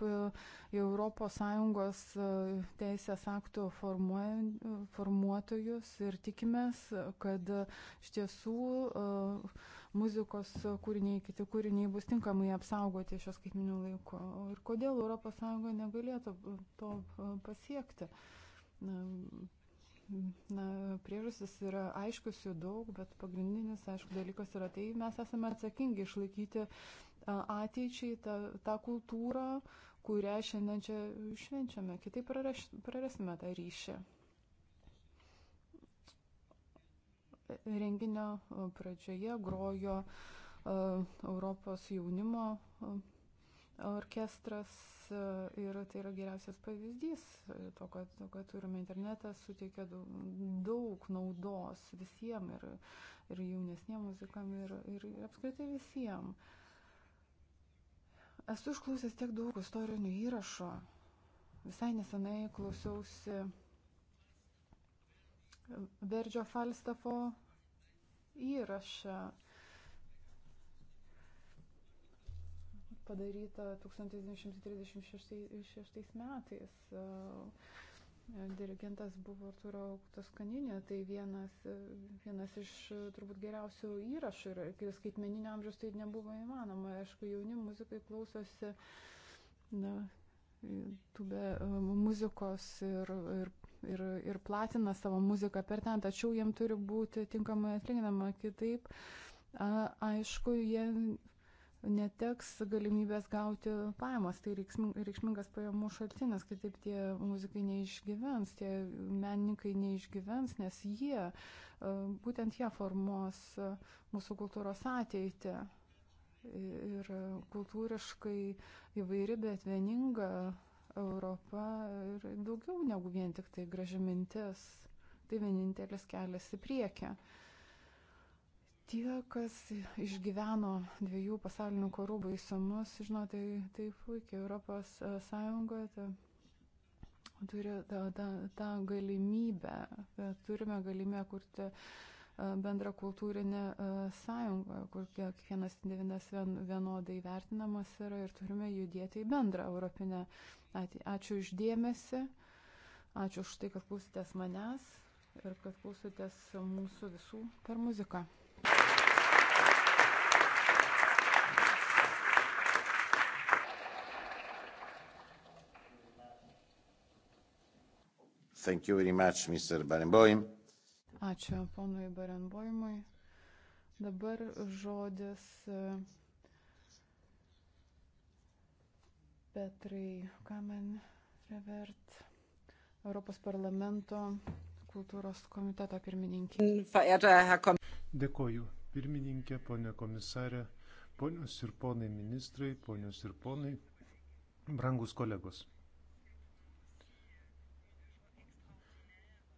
ES teisės aktų formuotojus ir tikimės, kad iš tiesų e, muzikos kūriniai, kiti kūriniai bus tinkamai apsaugoti šios skaitminių laiko. Ir kodėl ES negalėtų to pasiekti? Uh, Na, na, priežastis yra aiškus jų daug, bet pagrindinis, aišku, dalykas yra tai, mes esame atsakingi išlaikyti ateičiai tą, tą kultūrą, kurią šiandien čia švenčiame. Kitaip praras, prarasime tą ryšį. Renginio pradžioje grojo Europos jaunimo orkestras ir e, tai yra geriausias pavyzdys e, to, kad, to, kad turime internetą, suteikia daug naudos visiems ir, ir jaunesniem muzikam ir, ir apskritai visiems. Esu išklausęs tiek daug istorinių įrašų. Visai nesenai klausiausi Verdžio Falstafo įrašą padaryta 1936 metais. E, dirigentas buvo Arturo Toskaninė, tai vienas, e, vienas iš e, turbūt geriausių įrašų ir kai skaitmeninio amžiaus tai nebuvo įmanoma. Aišku, jauni muzikai klausosi na, tube muzikos ir, ir ir, ir platina savo muziką per ten, tačiau jiem turi būti tinkamai atlyginama kitaip. Aišku, jie neteks galimybės gauti pajamas. Tai reikšmingas pajamų šaltinis, kitaip tie muzikai neišgyvens, tie menininkai neišgyvens, nes jie, e, būtent jie formuos e, mūsų kultūros ateitį. Ir kultūriškai įvairi, bet vieninga Europa ir daugiau negu vien tik tai graži mintis. Tai vienintelis kelias į priekį. Uh, Tie, kas išgyveno dviejų pasaulinių karų baisumus, žinote, tai, tai puikiai Europos e, Sąjungoje tai turi tą, tą, tą galimybę, e, turime galimybę kurti e, bendrą kultūrinę sąjungą, kur kiekvienas individas vienodai vertinamas yra ir turime judėti į bendrą europinę ateitį. Ačiū uždėmesi, ačiū už tai, kad klausėtės manęs ir kad klausėtės mūsų visų per muziką. Thank you very much, Mr. Barenboim. Ačiū ponui Barenboimui. Dabar žodis e, Petrai Kamen Revert, Europos parlamento kultūros komiteto pirmininkė. Dėkoju pirmininkė, ponė komisarė, ponios ir ponai ministrai, ponios ir ponai, brangus kolegos.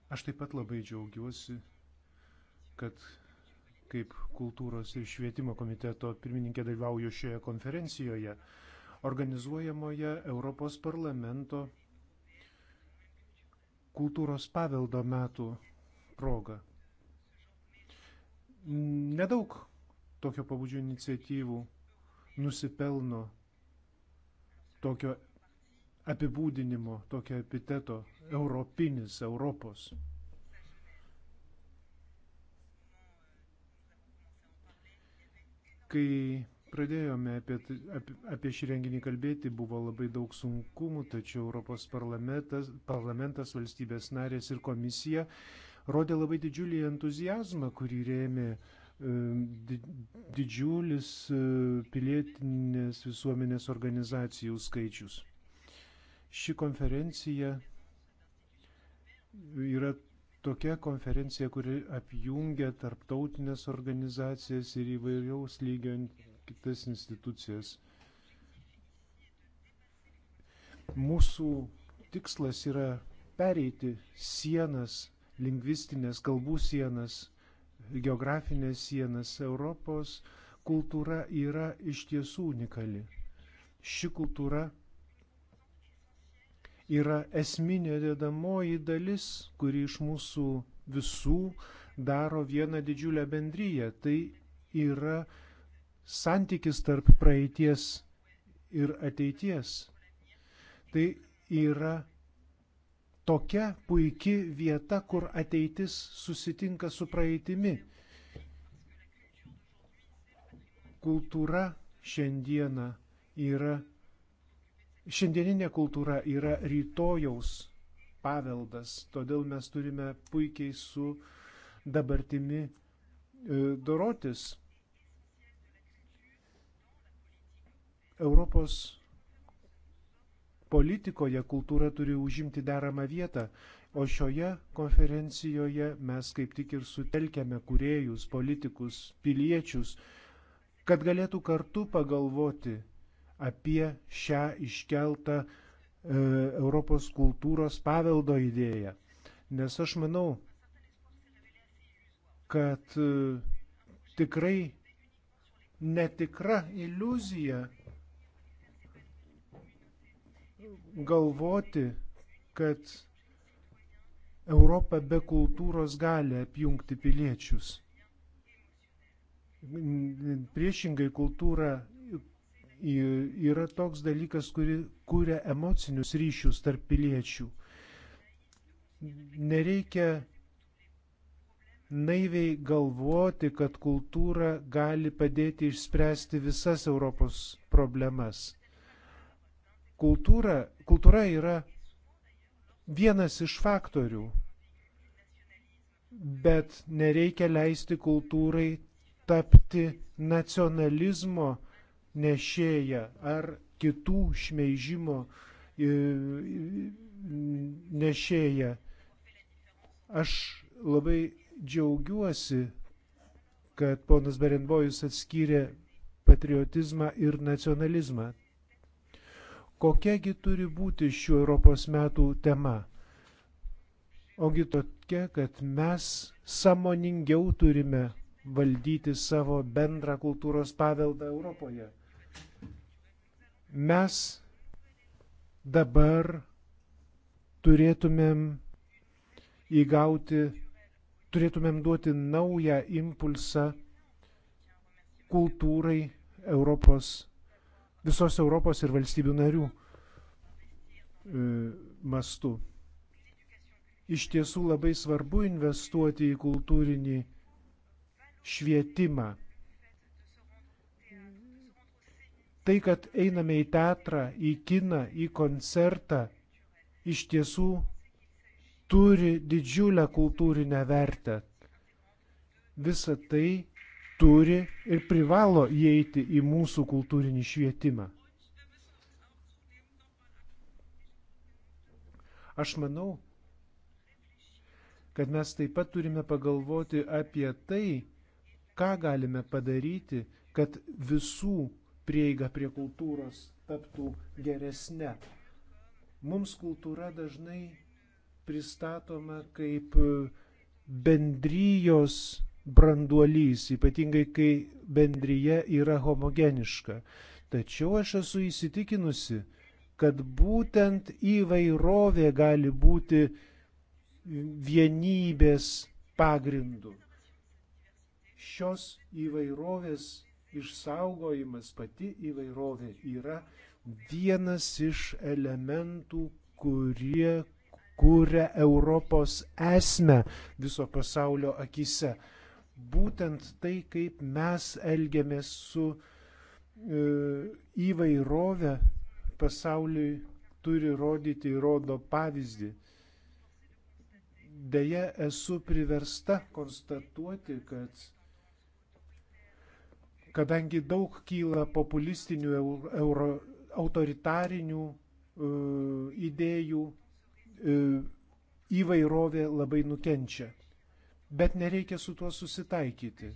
Aš taip pat labai džiaugiuosi, kad kaip kultūros ir švietimo komiteto pirmininkė dalyvauju šioje konferencijoje, organizuojamoje Europos parlamento kultūros paveldo metų proga. Nedaug tokio pabudžio iniciatyvų nusipelno tokio apibūdinimo, tokio epiteto - europinis, Europos. Kai pradėjome apie, apie, apie šį renginį kalbėti, buvo labai daug sunkumų, tačiau Europos parlamentas, parlamentas valstybės narės ir komisija rodė labai didžiulį entuzijazmą, kurį rėmė e, didžiulis e, pilietinės visuomenės organizacijų skaičius. Ši konferencija yra tokia konferencija, kuri apjungia tarptautinės organizacijas ir įvairiaus lygio kitas institucijas. Mūsų tikslas yra pereiti sienas, lingvistinės kalbų sienas, geografinės sienas. Europos kultūra yra iš tiesų unikali. Ši kultūra yra esminė dedamoji dalis, kuri iš mūsų visų daro vieną didžiulę bendryją. Tai yra santykis tarp praeities ir ateities. Tai yra tokia puikia vieta, kur ateitis susitinka su praeitimi. Kultūra šiandieną yra Šiandieninė kultūra yra rytojaus paveldas, todėl mes turime puikiai su dabartimi e, dorotis. Europos politikoje kultūra turi užimti deramą vietą, o šioje konferencijoje mes kaip tik ir sutelkėme kuriejus, politikus, piliečius, kad galėtų kartu pagalvoti, apie šią iškeltą e, Europos kultūros paveldo idėją. Nes aš manau, kad e, tikrai netikra iliuzija galvoti, kad Europa be kultūros gali apjungti piliečius. Priešingai kultūra yra toks dalykas, kuri kūrė emocinius ryšius tarp piliečių. Nereikia naiviai galvoti, kad kultūra gali padėti išspręsti visas Europos problemas. Kultūra, kultūra yra vienas iš faktorių, bet nereikia leisti kultūrai tapti nacionalizmo nešėją ar kitų šmeižimo e, nešėją. Aš labai džiaugiuosi, kad ponas Berenbojus atskyrė patriotizmą ir nacionalizmą. Kokiagi turi būti šių Europos metų tema? Ogi tokia, kad mes samoningiau turime valdyti savo bendrą kultūros paveldą Europoje mes dabar turėtumėm įgauti, turėtumėm duoti naują impulsą kultūrai Europos, visos Europos ir valstybių narių e, mastu. Iš tiesų labai svarbu investuoti į kultūrinį švietimą Tai, kad einame į teatrą, į kiną, į koncertą, iš tiesų turi didžiulę kultūrinę vertę. Visa tai turi ir privalo įeiti į mūsų kultūrinį švietimą. Aš manau, kad mes taip pat turime pagalvoti apie tai, ką galime padaryti, kad visų prieiga prie kultūros taptų geresnė. Mums kultūra dažnai pristatoma kaip e, bendrijos branduolys, ypatingai kai bendryje yra homogeniška. Tačiau aš esu įsitikinusi, kad būtent įvairovė gali būti vienybės pagrindu. Šios įvairovės išsaugojimas, pati įvairovė yra vienas iš elementų, kurie kuria Europos esmę viso pasaulio akise. Būtent tai, kaip mes elgiamės su e, įvairovė pasauliui turi rodyti ir rodo pavyzdį. Deja, esu priversta konstatuoti, kad kadangi daug kyla populistinių euro, autoritarinių e, idėjų, e, įvairovė labai nukenčia. Bet nereikia su tuo susitaikyti.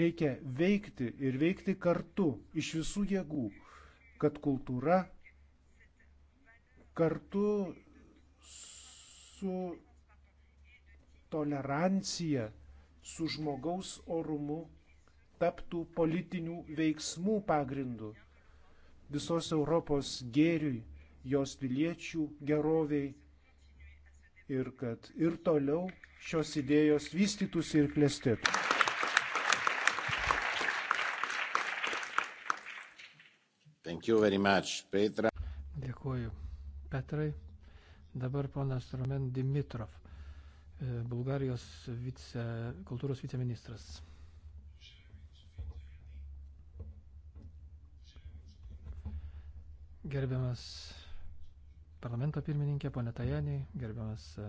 Reikia veikti ir veikti kartu iš visų jėgų, kad kultūra kartu su tolerancija, su žmogaus orumu taptų politinių veiksmų pagrindu visos Europos gėriui, jos piliečių geroviai ir kad ir toliau šios idėjos vystytųsi ir klestėtų. Much, Petra. Dėkuoju Petrai. Dabar ponas Romen Dimitrov, e, Bulgarijos vice, kultūros viceministras. Gerbiamas parlamento pirmininkė, ponė Tajani, gerbiamas e,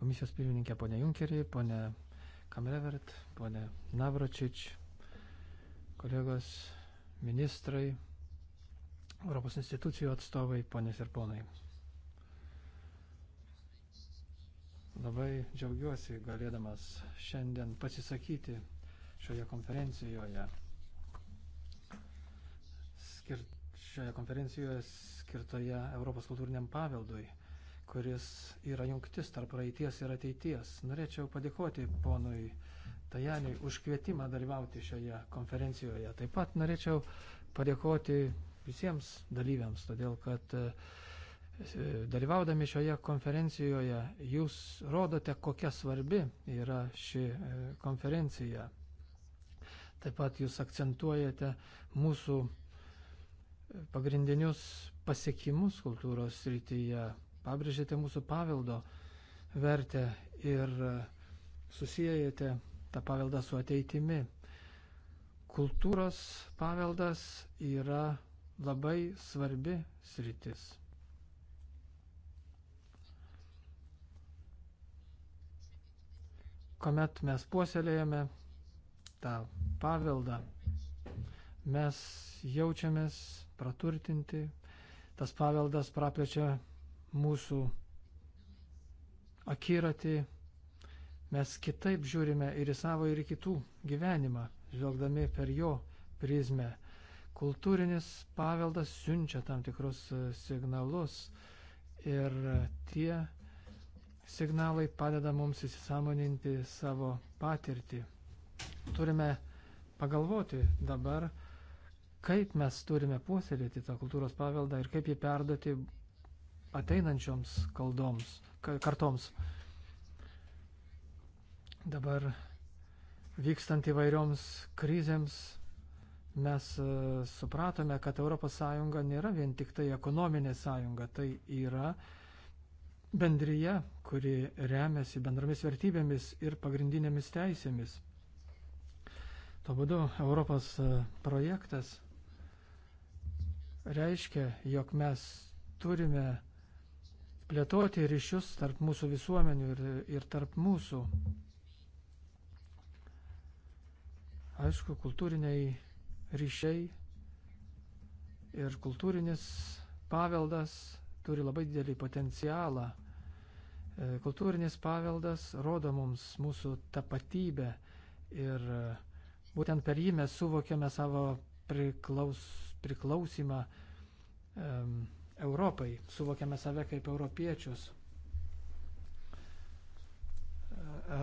komisijos pirmininkė, ponė Junkerį, ponė Kamrevert, ponė Navračič, kolegos ministrai, Europos institucijų atstovai, ponės ir ponai. Labai džiaugiuosi galėdamas šiandien pasisakyti šioje konferencijoje skirt, šioje konferencijoje skirtoje Europos kultūriniam paveldui, kuris yra jungtis tarp praeities ir ateities. Norėčiau padėkoti ponui Tajaniui už kvietimą dalyvauti šioje konferencijoje. Taip pat norėčiau padėkoti visiems dalyviams, todėl kad e, dalyvaudami šioje konferencijoje jūs rodote, kokia svarbi yra ši e, konferencija. Taip pat jūs akcentuojate mūsų pagrindinius pasiekimus kultūros srityje, pabrėžėte mūsų paveldo vertę ir susijęjate tą paveldą su ateitimi. Kultūros paveldas yra labai svarbi sritis. Komet mes puoselėjame tą paveldą, mes jaučiamės praturtinti. Tas paveldas praplečia mūsų akiratį. Mes kitaip žiūrime ir į savo, ir į kitų gyvenimą, žvelgdami per jo prizmę. Kultūrinis paveldas siunčia tam tikrus e, signalus ir tie signalai padeda mums įsisamoninti savo patirtį. Turime pagalvoti dabar, kaip mes turime puoselėti tą kultūros paveldą ir kaip jį perduoti ateinančioms kaldoms, kartoms. Dabar vykstant įvairioms krizėms mes e, supratome, kad ES nėra vien tik tai ekonominė sąjunga, tai yra bendryje, kuri remiasi bendromis vertybėmis ir pagrindinėmis teisėmis. Tuo būdu Europos e, projektas reiškia, jog mes turime plėtoti ryšius tarp mūsų visuomenių ir, ir tarp mūsų. Aišku, kultūriniai ryšiai ir kultūrinis paveldas turi labai didelį potencialą. E, kultūrinis paveldas rodo mums mūsų tapatybę ir e, būtent per jį mes suvokiame savo priklausomą priklausimą um, Europai, suvokiame save kaip europiečius. E, e,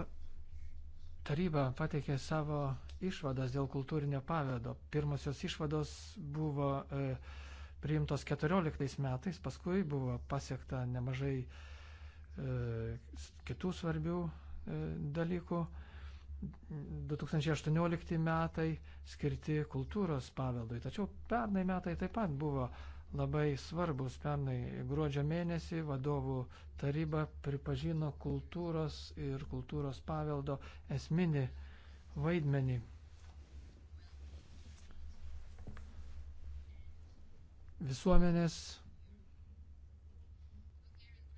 taryba pateikė savo išvadas dėl kultūrinio pavedo. Pirmosios išvados buvo e, priimtos 14 metais, paskui buvo pasiekta nemažai e, kitų svarbių e, dalykų. E, 2018 metai skirti kultūros paveldui. Tačiau pernai metai taip pat buvo labai svarbus. Pernai gruodžio mėnesį vadovų taryba pripažino kultūros ir kultūros paveldo esminį vaidmenį. Visuomenės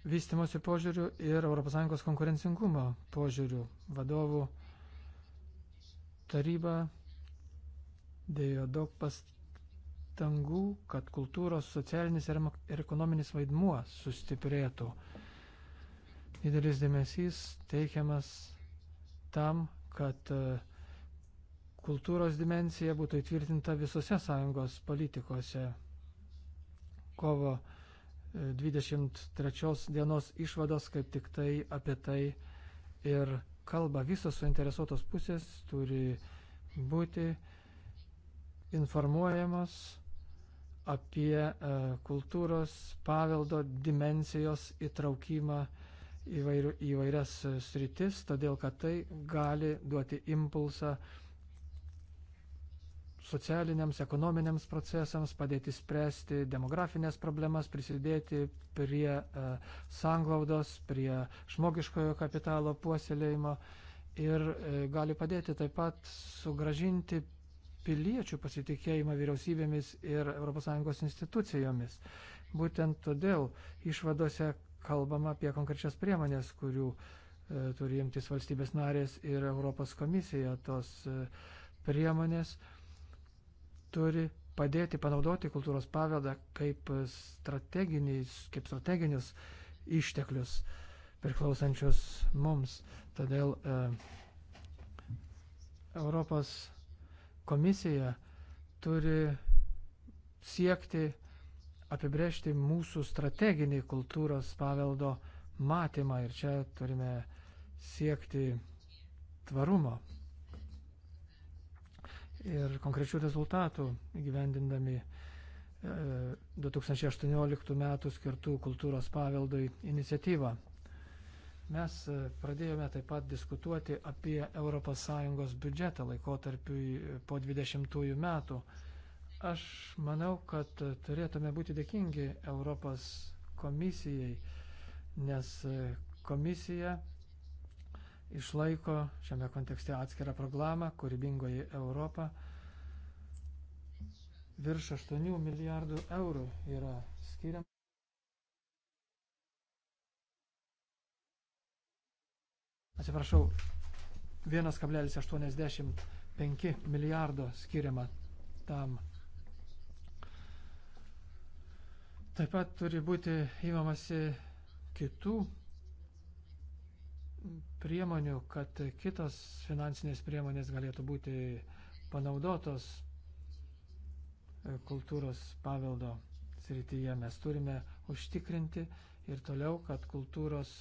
vystimosi požiūrių ir ES konkurencingumo požiūrių vadovų taryba Taryba dėjo daug pastangų, kad kultūros socialinis ir ekonominis vaidmuo sustiprėtų. Didelis dėmesys teikiamas tam, kad e, kultūros dimencija būtų įtvirtinta visose sąjungos politikose. Kovo 23 e, dienos išvados kaip tik tai apie tai ir kalba visos suinteresuotos pusės turi būti informuojamos apie e, kultūros paveldo dimensijos įtraukimą įvairių, įvairias e, sritis, todėl kad tai gali duoti impulsą uh, socialiniams, ekonominiams procesams, padėti spręsti demografinės problemas, prisidėti prie e, sanglaudos, prie žmogiškojo kapitalo puoselėjimo ir e, gali padėti taip pat sugražinti piliečių pasitikėjimą vyriausybėmis ir ES institucijomis. Būtent todėl išvadose kalbama apie konkrečias priemonės, kurių e, turi imtis valstybės narės ir Europos komisija. Tos e, priemonės e, turi padėti panaudoti kultūros paveldą kaip, kaip strateginius išteklius priklausančius mums. Todėl e, Europos komisija turi siekti apibrėžti mūsų strateginį kultūros paveldo matymą ir čia turime siekti tvarumo ir konkrečių rezultatų gyvendindami 2018 e, metų skirtų kultūros paveldui iniciatyvą. Mes e, pradėjome taip pat diskutuoti apie ES biudžetą laikotarpiui e, po 20 metų. Aš manau, kad turėtume būti dėkingi Europos komisijai, nes komisija išlaiko šiame kontekste atskirą programą Kūrybingoji Europa. Virš 8 milijardų eurų yra skiriama. Atsiprašau, 1,85 milijardo skiriama tam Taip pat turi būti įmamasi kitų priemonių, kad kitos finansinės priemonės galėtų būti panaudotos kultūros paveldo srityje. Mes turime užtikrinti ir toliau, kad kultūros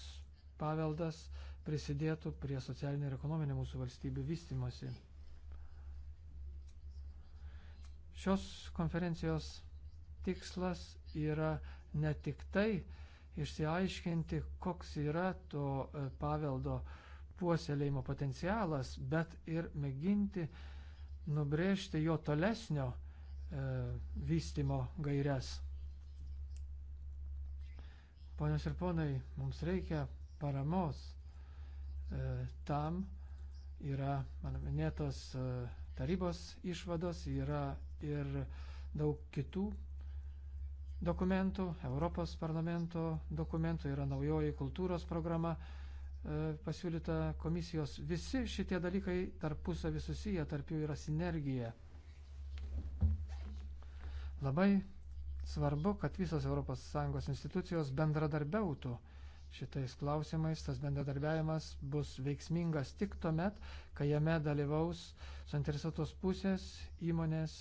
paveldas prisidėtų prie socialinio ir ekonominio mūsų valstybių vystimosi. Šios konferencijos tikslas yra ne tik tai, išsiaiškinti, koks yra to e, paveldo puoselėjimo potencialas, bet ir mėginti nubrėžti jo tolesnio e, vystimo gairias. Ponios ir ponai, mums reikia paramos e, tam, yra mano minėtos e, tarybos išvados, yra ir daug kitų dokumentų, Europos parlamento dokumentų, yra naujoji kultūros programa e, pasiūlyta komisijos. Visi šitie dalykai tarpusavį susiję, tarp jų yra sinergija. Labai svarbu, kad visos ES institucijos bendradarbiautų šitais klausimais. Tas bendradarbiavimas bus veiksmingas tik tuomet, kai jame dalyvaus suinteresuotos pusės, įmonės,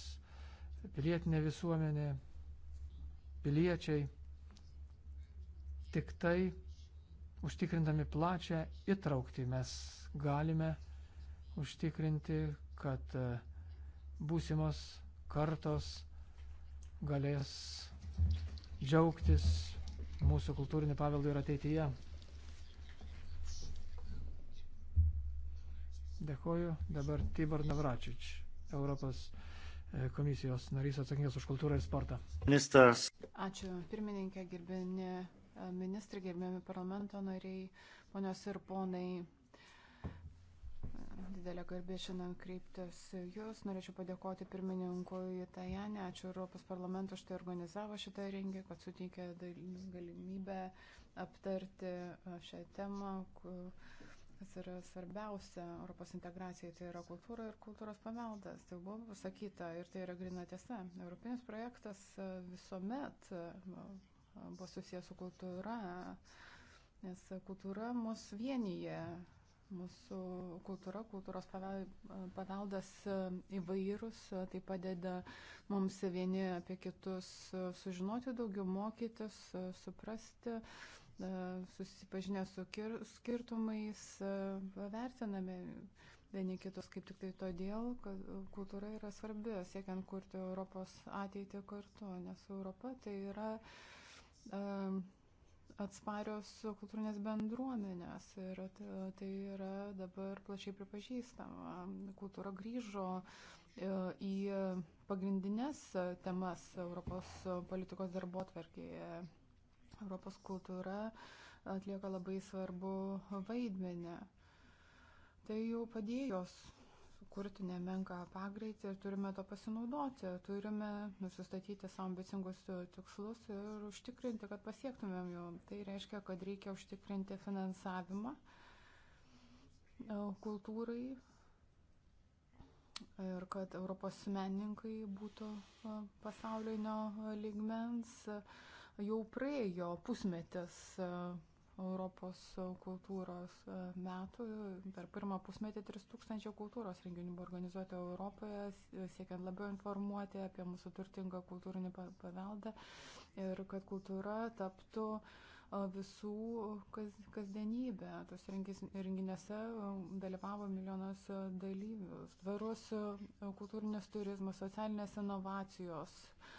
pilietinė visuomenė, piliečiai tik tai užtikrindami plačią įtraukti mes galime užtikrinti, kad e, būsimos kartos galės džiaugtis mūsų kultūrinį paveldą ir ateityje. Dėkoju. Dabar Tibor Navračič, Europos E, komisijos narys atsakingas už kultūrą ir sportą. Ministras. Ačiū, pirmininkė, gerbini e, ministrai, gerbiami parlamento nariai, ponios ir ponai. Didelė garbė šiandien kreiptis jūs. Norėčiau padėkoti pirmininkui Tajanė. Ačiū Europos parlamentui, štai organizavo šitą rengį, kad suteikė galimybę aptarti e, šią temą. Kur kas yra svarbiausia Europos integracijai, tai yra kultūra ir kultūros paveldas. Tai buvo pasakyta ir tai yra grina tiesa. Europinis projektas e, visuomet e, buvo susijęs su kultūra, nes kultūra mus vienyje. Mūsų kultūra, kultūros paveldas e, įvairūs, tai padeda mums vieni apie kitus sužinoti daugiau, mokytis, suprasti. Uh, E, susipažinę su skirtumais, e, vertiname vieni kitus kaip tik tai todėl, kad kultūra yra svarbi, siekiant kurti Europos ateitį kartu, nes Europa tai yra e, atsparios kultūrinės bendruomenės ir tai yra dabar plačiai pripažįstama. Kultūra grįžo į pagrindinės temas Europos politikos darbo tvarkėje Europos kultūra atlieka labai svarbu vaidmenį. Tai jau padėjo sukurti nemenką pagreitį ir turime to pasinaudoti. Turime nusistatyti savo ambicingus tikslus ir užtikrinti, kad pasiektumėm jų. Tai reiškia, kad reikia užtikrinti finansavimą e, kultūrai ir kad Europos menininkai būtų e, pasaulinio lygmens. Uh, jau praėjo pusmetis e, Europos kultūros e, metų. Per pirmą pusmetį 3000 kultūros renginių buvo organizuoti Europoje, e, siekiant labiau informuoti apie mūsų turtingą kultūrinį paveldą ir kad kultūra taptų visų kas, kasdienybę. Tos renginiuose dalyvavo milijonas dalyvių. Tvarus kultūrinis turizmas, socialinės inovacijos. Uh,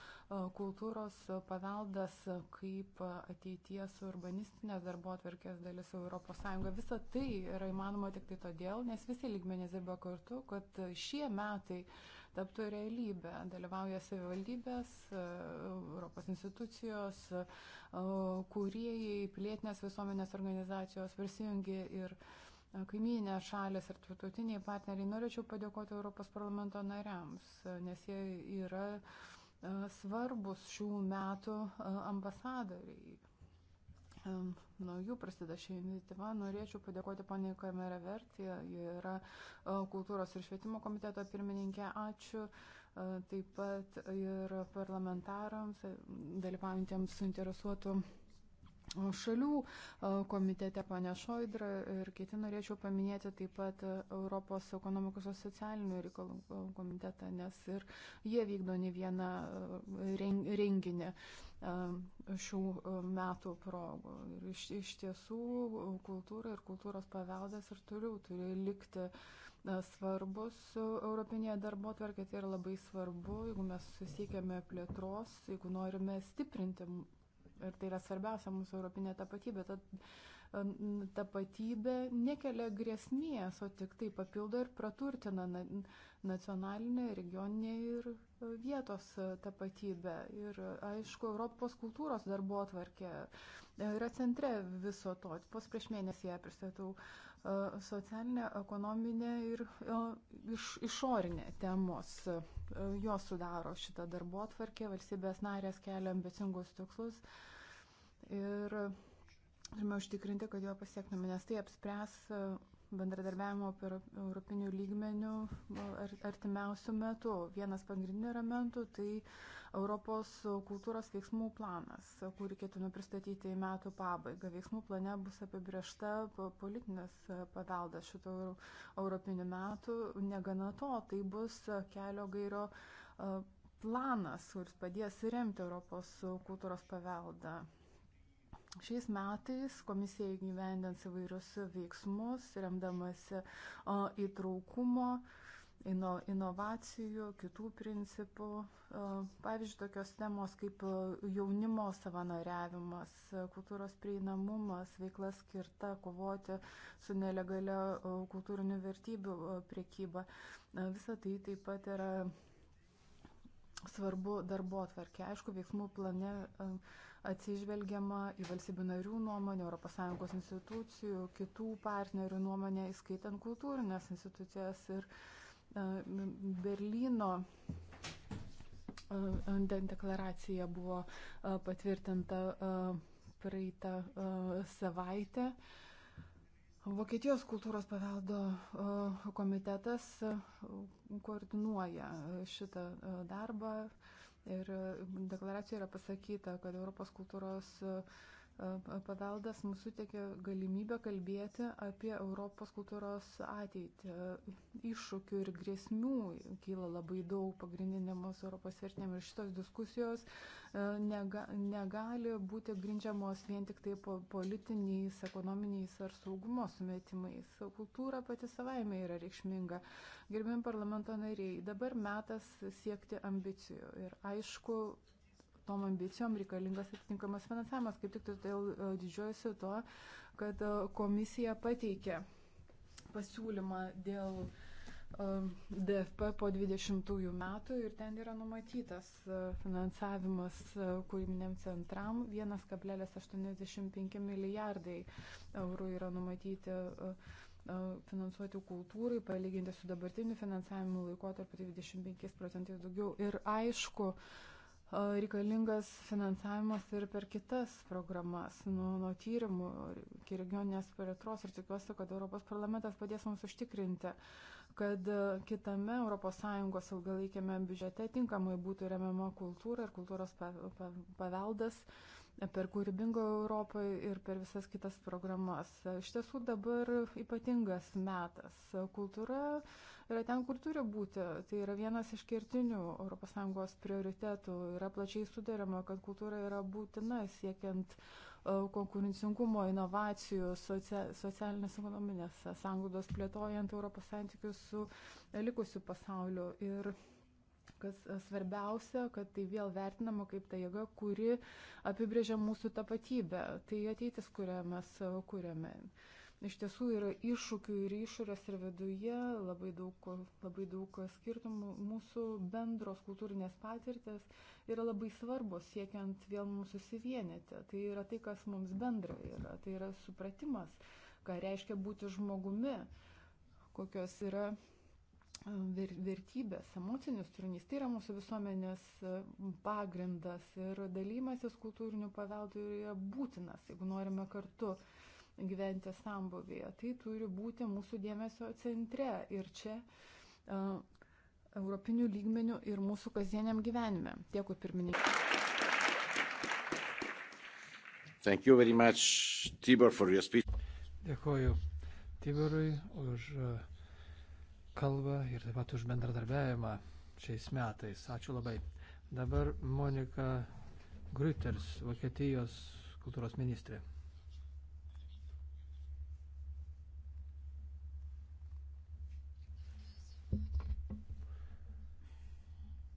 kultūros paveldas kaip ateities urbanistinės darbo atverkės dalis ES. Visa tai yra įmanoma tik tai todėl, nes visi lygmenys dirba kartu, kad šie metai taptų realybę. Dalyvauja savivaldybės, Europos institucijos, kūrėjai, pilietinės visuomenės organizacijos prisijungia ir kaiminė šalis ir tarptautiniai partneriai. Norėčiau padėkoti Europos parlamento nariams, nes jie yra uh, E, svarbus šių metų e, ambasadoriai. E, nuo jų prasideda ši iniciatyva. Norėčiau padėkoti poniai Kamera Vertija, ji yra kultūros ir švietimo komiteto pirmininkė. Ačiū taip pat ir parlamentarams, dalyvaujantiems suinteresuotų šalių komitete pane Šoidra ir kiti norėčiau paminėti taip pat Europos ekonomikos ir socialinių reikalų komitetą, nes ir jie vykdo ne vieną renginį šių metų progų. Ir iš, iš tiesų kultūra ir kultūros paveldas ir toliau turi likti svarbus Europinėje darbo tvarkė, tai yra labai svarbu, jeigu mes susiekėme plėtros, jeigu norime stiprinti Ir tai yra svarbiausia mūsų europinė tapatybė. Ta tapatybė nekelia grėsmės, o tik tai papildo ir praturtina nacionalinę, regioninę ir e, vietos e, tapatybę. Ir aišku, Europos kultūros darbo atvarkė e, yra centre viso to. Pos prieš mėnesį ją pristatau uh, socialinė, ekonominė ir e, iš, išorinė temos. E, jos sudaro šitą darbo atvarkę, valstybės narės kelia ambicingus tikslus ir turime užtikrinti, kad jo pasiektume, nes tai apspręs e, bendradarbiavimo per europinių lygmenių artimiausių metų. Vienas pagrindinių ramentų tai Europos kultūros veiksmų planas, kurį ketinu pristatyti į metų pabaigą. Veiksmų plane bus apibriešta politinis paveldas šito europinių metų. Negana to, tai bus kelio gairo planas, kuris padės remti Europos kultūros paveldą. Šiais metais komisija įgyvendins įvairius veiksmus, remdamasi įtraukumo. Uh, ino, inovacijų, kitų principų. E, pavyzdžiui, tokios temos kaip e, jaunimo savanoriavimas, e, kultūros prieinamumas, veikla skirta kovoti su nelegalia kultūrinių vertybių priekyba. Visa tai taip pat yra svarbu darbo atvarkė. Aišku, veiksmų plane atsižvelgiama į valstybių narių nuomonę, ES institucijų, kitų partnerių nuomonę, įskaitant kultūrinės institucijas ir uh, Berlyno deklaracija buvo patvirtinta praeitą savaitę. Vokietijos kultūros paveldo komitetas koordinuoja šitą darbą ir deklaracijoje yra pasakyta, kad Europos kultūros uh, paveldas mums suteikia galimybę kalbėti apie Europos kultūros ateitį. Iššūkių ir grėsmių kyla labai daug pagrindinėms Europos vertėm ir šitos diskusijos nega, negali būti grindžiamos vien tik tai politiniais, ekonominiais ar saugumo sumetimais. Kultūra pati savaime yra reikšminga. Gerbėjim parlamento nariai, dabar metas siekti ambicijų. Ir aišku, tom ambicijom reikalingas atitinkamas finansavimas. Kaip tik tai todėl e, didžiuojasi tuo, kad e, komisija pateikė pasiūlymą dėl e, DFP po 20 metų ir ten yra numatytas finansavimas kūrybiniam centram 1,85 milijardai eurų yra numatyti finansuoti kultūrai, palyginti su dabartiniu finansavimu laikotarpiu 25 procentai daugiau. Ir aišku, uh, reikalingas finansavimas ir per kitas programas, nuo, nuo tyrimų iki regioninės plėtros ir tikiuosi, kad Europos parlamentas padės mums užtikrinti, kad kitame ES ilgalaikėme biudžete tinkamai būtų remiama kultūra ir kultūros paveldas per kūrybingo Europą ir per visas kitas programas. Iš tiesų dabar ypatingas metas. Kultūra yra ten, kur turi būti. Tai yra vienas iš kertinių ES prioritetų. Yra plačiai sudarima, kad kultūra yra būtina siekiant e, konkurencingumo, inovacijų, socialinės ekonominės sąnaudos plėtojant Europos santykius su e, likusiu pasauliu. Ir kas e, svarbiausia, kad tai vėl vertinama kaip ta jėga, kuri apibrėžia mūsų tapatybę. Tai ateitis, kurią mes kuriame. kuriame. Iš tiesų yra iššūkių ir išorės ir viduje, labai daug, labai daug skirtumų. Mūsų bendros kultūrinės patirtis yra labai svarbos siekiant vėl mūsų susivienyti. Tai yra tai, kas mums bendra yra. Tai yra supratimas, ką reiškia būti žmogumi, kokios yra ver, vertybės, emocinis turinys, tai yra mūsų visuomenės pagrindas ir dalymasis kultūriniu paveldu yra būtinas, jeigu norime kartu gyventi sambuvėje. Tai turi būti mūsų dėmesio centre ir čia uh, europinių lygmenių ir mūsų kasdieniam gyvenime. Dėkui pirmininkai. Thank you very much, Tibor, for your speech. Dėkoju Tiborui už kalbą ir taip pat už bendradarbiavimą šiais metais. Ačiū labai. Dabar Monika Grüters, Vokietijos kultūros ministrė.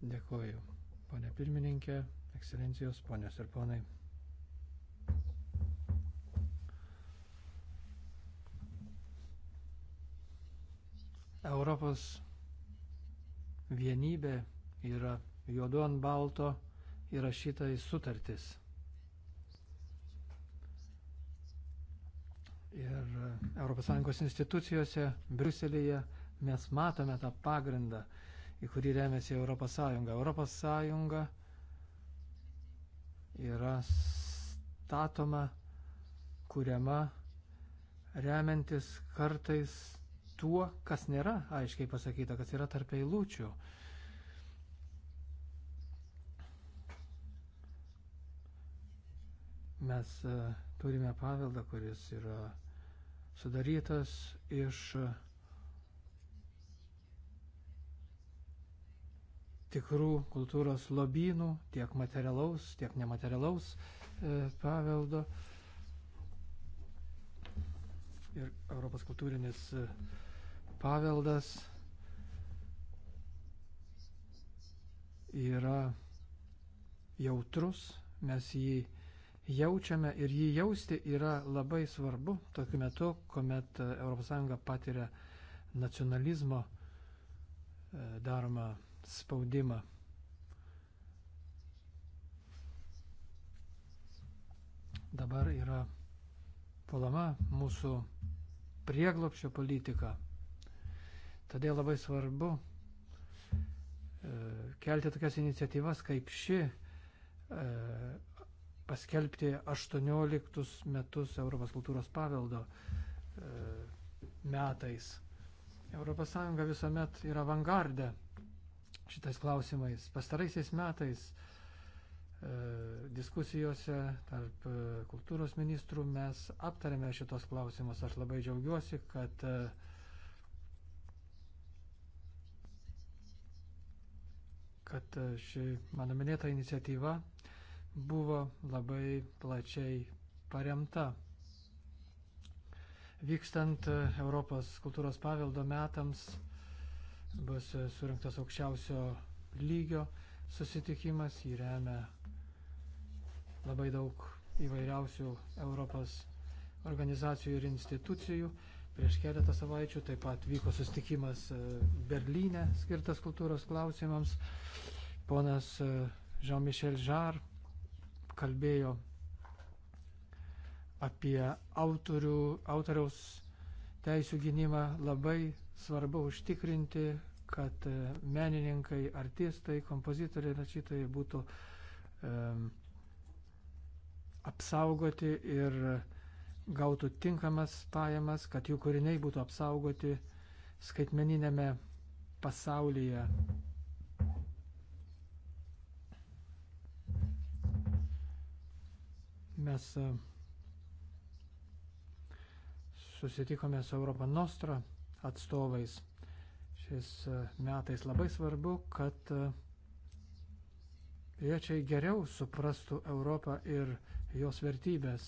Dėkuoju, ponė pirmininkė, ekscelencijos, ponios ir ponai. Europos vienybė yra juodu ant balto įrašyta į sutartis. Ir ES institucijose, Briuselėje mes matome tą pagrindą, į kurį remiasi Europos Sąjunga. Europos Sąjunga yra statoma, kuriama, remiantis kartais tuo, kas nėra aiškiai pasakyta, kas yra tarp eilučių. Mes e, turime paveldą, kuris yra sudarytas iš uh, tikrų kultūros lobynų, tiek materialaus, tiek nematerialaus e, paveldo. Ir Europos kultūrinis e, paveldas yra jautrus, mes jį jaučiame ir jį jausti yra labai svarbu tokiu metu, kuomet ES patiria nacionalizmo e, daromą spaudimą. Dabar yra puolama mūsų prieglopščio politika. Todėl labai svarbu e, kelti tokias iniciatyvas kaip ši, e, paskelbti 18 metus Europos kultūros paveldo e, metais. ES visuomet yra avangardė šitais klausimais. Pastaraisiais metais e, diskusijose tarp e, kultūros ministrų mes aptarėme šitos klausimus. Aš labai džiaugiuosi, kad e, kad ši mano minėta iniciatyva buvo labai plačiai paremta. Vykstant Europos kultūros paveldo metams bus surinktas aukščiausio lygio susitikimas, jį remia labai daug įvairiausių Europos organizacijų ir institucijų. Prieš keletą savaičių taip pat vyko susitikimas e, Berlyne skirtas kultūros klausimams. Ponas e, Jean-Michel Žar kalbėjo apie autorių, autoriaus teisų gynimą labai Svarbu užtikrinti, kad e, menininkai, artistai, kompozitoriai, rašytojai būtų e, apsaugoti ir gautų tinkamas pajamas, kad jų kūriniai būtų apsaugoti skaitmeninėme pasaulyje. Mes e, susitikome su Europą Nostra atstovais šiais e, metais. Labai svarbu, kad e, piliečiai geriau suprastų Europą ir jos vertybės.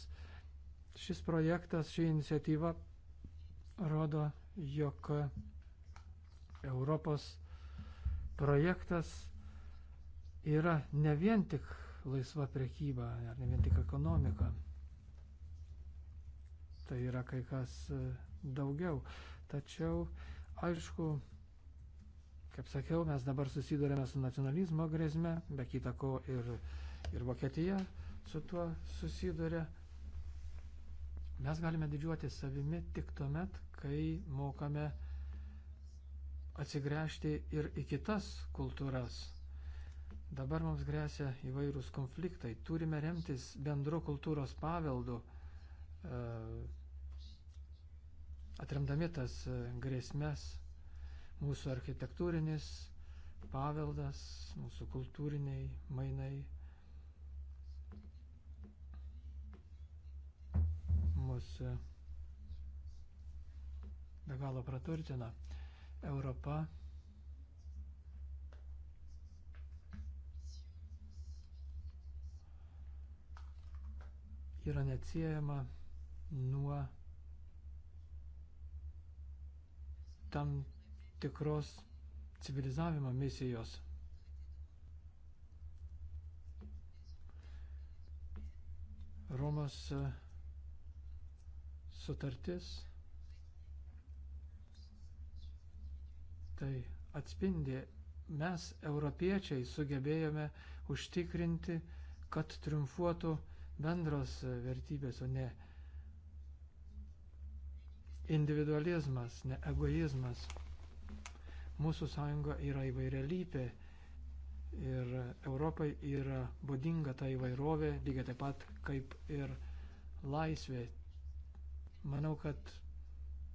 Šis projektas, ši iniciatyva rodo, jog Europos projektas yra ne vien tik laisva prekyba, ar ne vien tik ekonomika. Tai yra kai kas e, daugiau. Tačiau, aišku, kaip sakiau, mes dabar susidurėme su nacionalizmo grėsme, be kita ko ir, ir Vokietija su tuo susiduria. Mes galime didžiuoti savimi tik tuomet, kai mokame atsigręžti ir į kitas kultūras. Dabar mums grėsia įvairūs konfliktai. Turime remtis bendru kultūros paveldu. E, atremdami tas e, grėsmes, mūsų architektūrinis paveldas, mūsų kultūriniai mainai mūsų e, be galo praturtina. Europa yra neatsiejama nuo tam tikros civilizavimo misijos. Romos e, sutartis tai atspindi, mes, europiečiai, sugebėjome užtikrinti, kad triumfuotų bendros vertybės, o ne individualizmas, ne egoizmas. Mūsų sąjunga yra įvairialypė ir Europai yra būdinga ta įvairovė, lygiai taip pat kaip ir laisvė. Manau, kad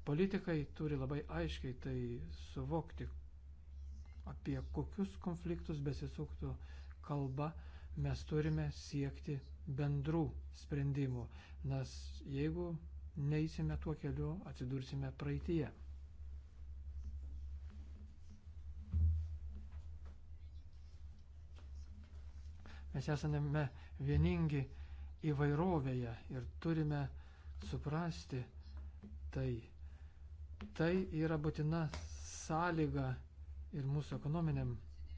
politikai turi labai aiškiai tai suvokti, apie kokius konfliktus besisuktų kalba mes turime siekti bendrų sprendimų. Nes jeigu neįsime tuo keliu, atsidursime praeitie. Mes esame vieningi įvairovėje ir turime suprasti tai. Tai yra būtina sąlyga ir mūsų ekonominiam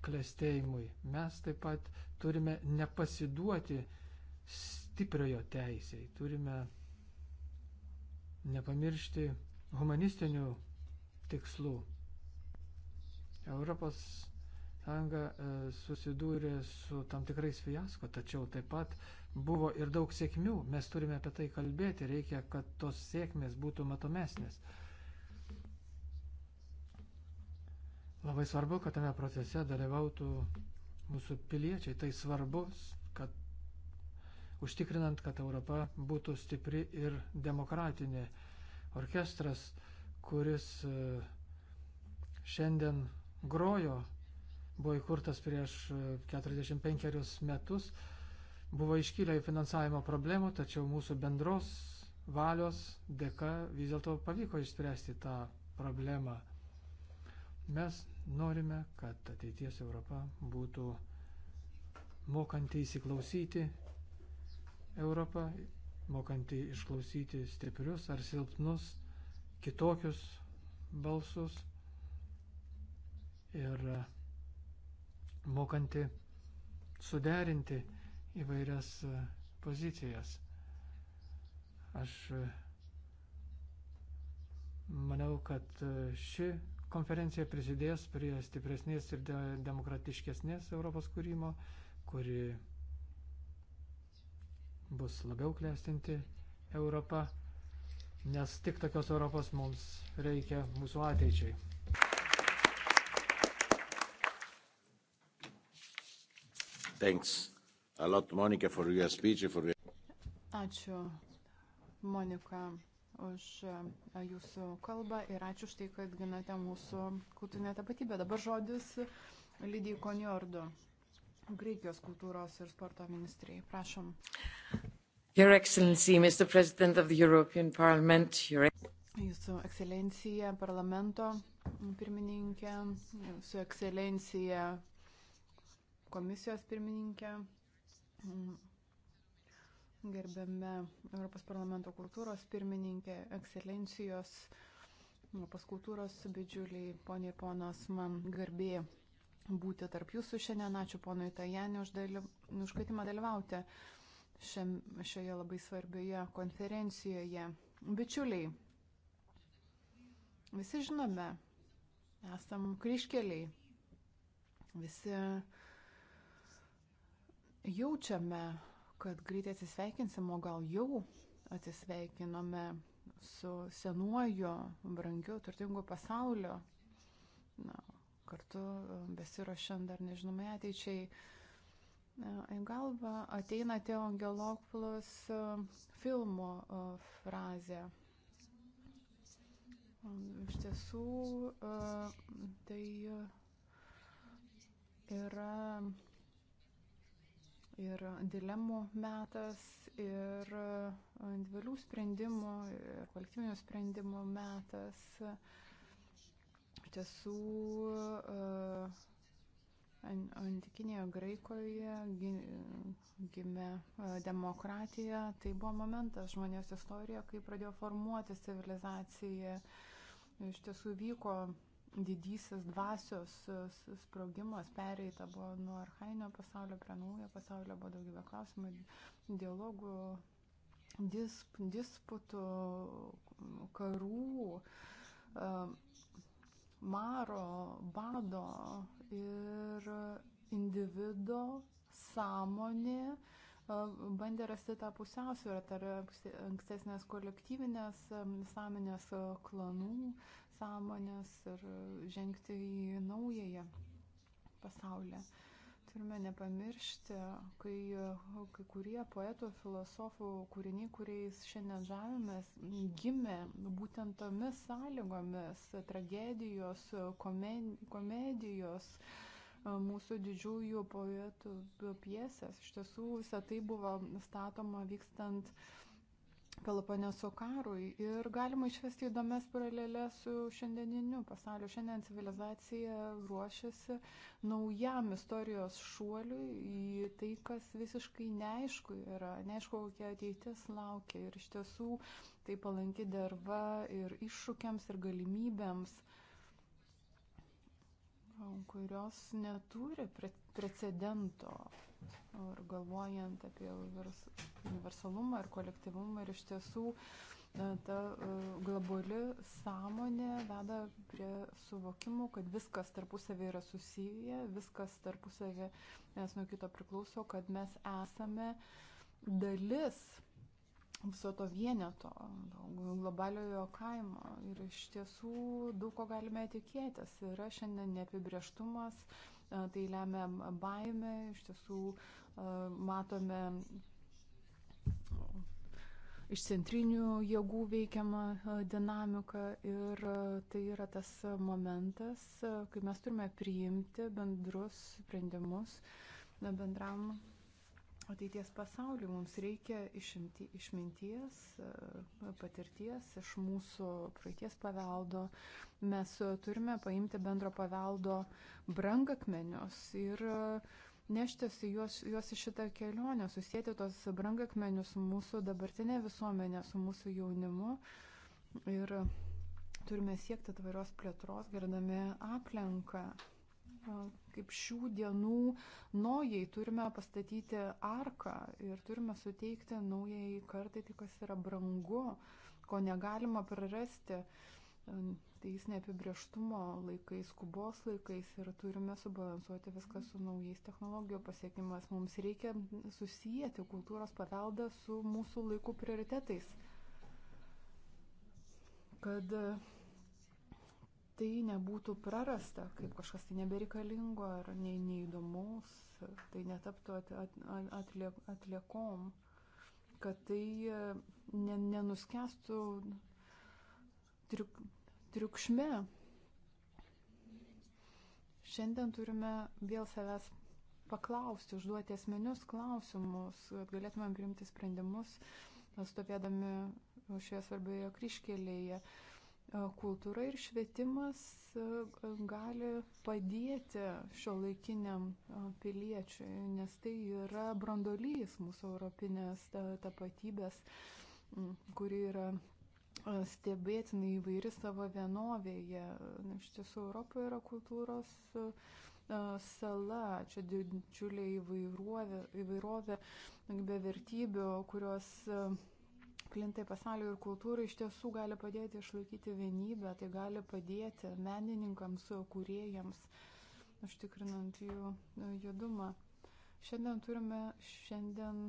klėstėjimui. Mes taip pat turime nepasiduoti stipriojo teisiai, turime nepamiršti humanistinių tikslų. Europos Sąjunga e, susidūrė su tam tikrais fiasko, tačiau taip pat buvo ir daug sėkmių. Mes turime apie tai kalbėti, reikia, kad tos sėkmės būtų matomesnės. Labai svarbu, kad tame procese dalyvautų mūsų piliečiai. Tai svarbus, kad užtikrinant, kad Europa būtų stipri ir demokratinė. Orkestras, kuris e, šiandien grojo, buvo įkurtas prieš 45 e, metus, buvo iškilę į finansavimo problemų, tačiau mūsų bendros valios dėka vis dėlto pavyko išspręsti tą problemą. Mes norime, kad ateities Europa būtų mokanti įsiklausyti Europą, mokanti išklausyti stiprius ar silpnus, kitokius balsus ir e, mokanti suderinti įvairias e, pozicijas. Aš e, manau, kad ši konferencija prisidės prie stipresnės ir demokratiškesnės Europos kūrimo, kuri bus labiau klestinti Europa, nes tik tokios Europos mums reikia mūsų ateičiai. Thanks a lot, Monica, for your speech. For your... Ačiū, Monika, už e, jūsų kalbą ir ačiū už tai, kad ginate mūsų kultūrinę tapatybę. Dabar žodis Lydijai Koniordu. Graikijos kultūros ir sporto ministrai. Prašom. Your Excellency, Mr. President of the European Parliament. Your... Jūsų ekscelencija, parlamento pirmininkė, jūsų ekscelencija, komisijos pirmininkė, gerbiame Europos parlamento kultūros pirmininkė, ekscelencijos, Europos kultūros bičiuliai, ponė ir ponos, man garbė būti tarp jūsų šiandien. Ačiū ponui Tajani už, dalyv... už kvietimą dalyvauti šiam, šioje labai svarbioje konferencijoje. Bičiuliai, visi žinome, esam kryškeliai, visi jaučiame, kad greitai atsisveikinsim, o gal jau atsisveikinome su senuoju, brangiu, turtingu pasauliu. Na, kartu e, besirošiant dar nežinomai ateičiai. Į galvą ateina Teo Angelopoulos e, filmo e, frazė. Iš tiesų, tai yra ir dilemų metas, ir individualių sprendimų, ir kolektyvinių sprendimų metas. Uh, tiesų e, antikinėje Graikoje gimė e, demokratija. Tai buvo momentas žmonijos istorijoje, kai pradėjo formuoti civilizacija. Iš tiesų vyko didysis dvasios e, sprogimas pereita buvo nuo arhainio pasaulio prie naujo pasaulio, buvo daugybė klausimų, dialogų, disp, disputų, karų maro, bado ir individo sąmonė e, bandė rasti tą pusiausvyrą tarp ankstesnės kolektyvinės sąmonės e, klanų sąmonės ir žengti į naująją pasaulį turime nepamiršti, kai kai kurie poetų, filosofų kūriniai, kuriais šiandien žavimės, gimė būtent tomis sąlygomis - tragedijos, komedijos, mūsų didžiųjų poetų piesės. Iš tiesų visą tai buvo statoma vykstant uh, Peloponeso karui ir galima išvesti įdomias paralelės su šiandieniniu pasauliu. Šiandien civilizacija ruošiasi naujam istorijos šuoliui į tai, kas visiškai neaišku yra, neaišku, kokia ateitis laukia. Ir iš tiesų tai palanki derva ir iššūkiams ir galimybėms, kurios neturi precedento ir galvojant apie universalumą ir kolektyvumą ir iš tiesų e, ta e, globali sąmonė veda prie suvokimų, kad viskas tarpusavį yra susiję, viskas tarpusavį vienas nuo kito priklauso, kad mes esame dalis viso to vieneto, globaliojo kaimo ir iš tiesų daug ko galime tikėtis. Yra šiandien neapibrieštumas, uh, tai lemia baime, iš tiesų matome iš centrinių jėgų veikiamą dinamiką ir tai yra tas momentas, kai mes turime priimti bendrus sprendimus bendram ateities pasaulį. Mums reikia išimti, išminties, e, patirties iš mūsų praeities paveldo. Mes turime paimti bendro paveldo brangakmenius ir e, neštėsi juos, juos į šitą kelionę, susėti tos brangakmenius su mūsų dabartinė visuomenė, su mūsų jaunimu. Ir turime siekti tvarios plėtros, gerdami aplinką kaip šių dienų naujai turime pastatyti arką ir turime suteikti naujai kartai tai, kas yra brangu, ko negalima prarasti tais neapibrieštumo laikais, skubos laikais ir turime subalansuoti viską su naujais technologijų pasiekimas. Mums reikia susijęti kultūros paveldą su mūsų laikų prioritetais. Kad uh, tai nebūtų prarasta, kaip kažkas tai nebereikalingo ar ne, neįdomus, tai netaptų at, at, atlie, atliekom, kad tai e, ne, nenuskestų triuk, triukšme. Šiandien turime vėl savęs paklausti, užduoti esminius klausimus, kad galėtumėm priimti sprendimus, stovėdami šioje svarbioje kryškelėje. Uh, kultūra ir švietimas gali padėti šio laikiniam piliečiui, nes tai yra brandolys mūsų europinės tapatybės, kuri yra stebėtinai įvairi savo vienovėje. Iš tiesų, Europoje yra kultūros sala, čia didžiulė įvairovė, įvairovė be vertybių, kurios plintai pasaulio ir kultūrai, iš tiesų gali padėti išlaikyti vienybę, tai gali padėti menininkams, kuriejams, užtikrinant jų e, judumą. Šiandien turime šiandien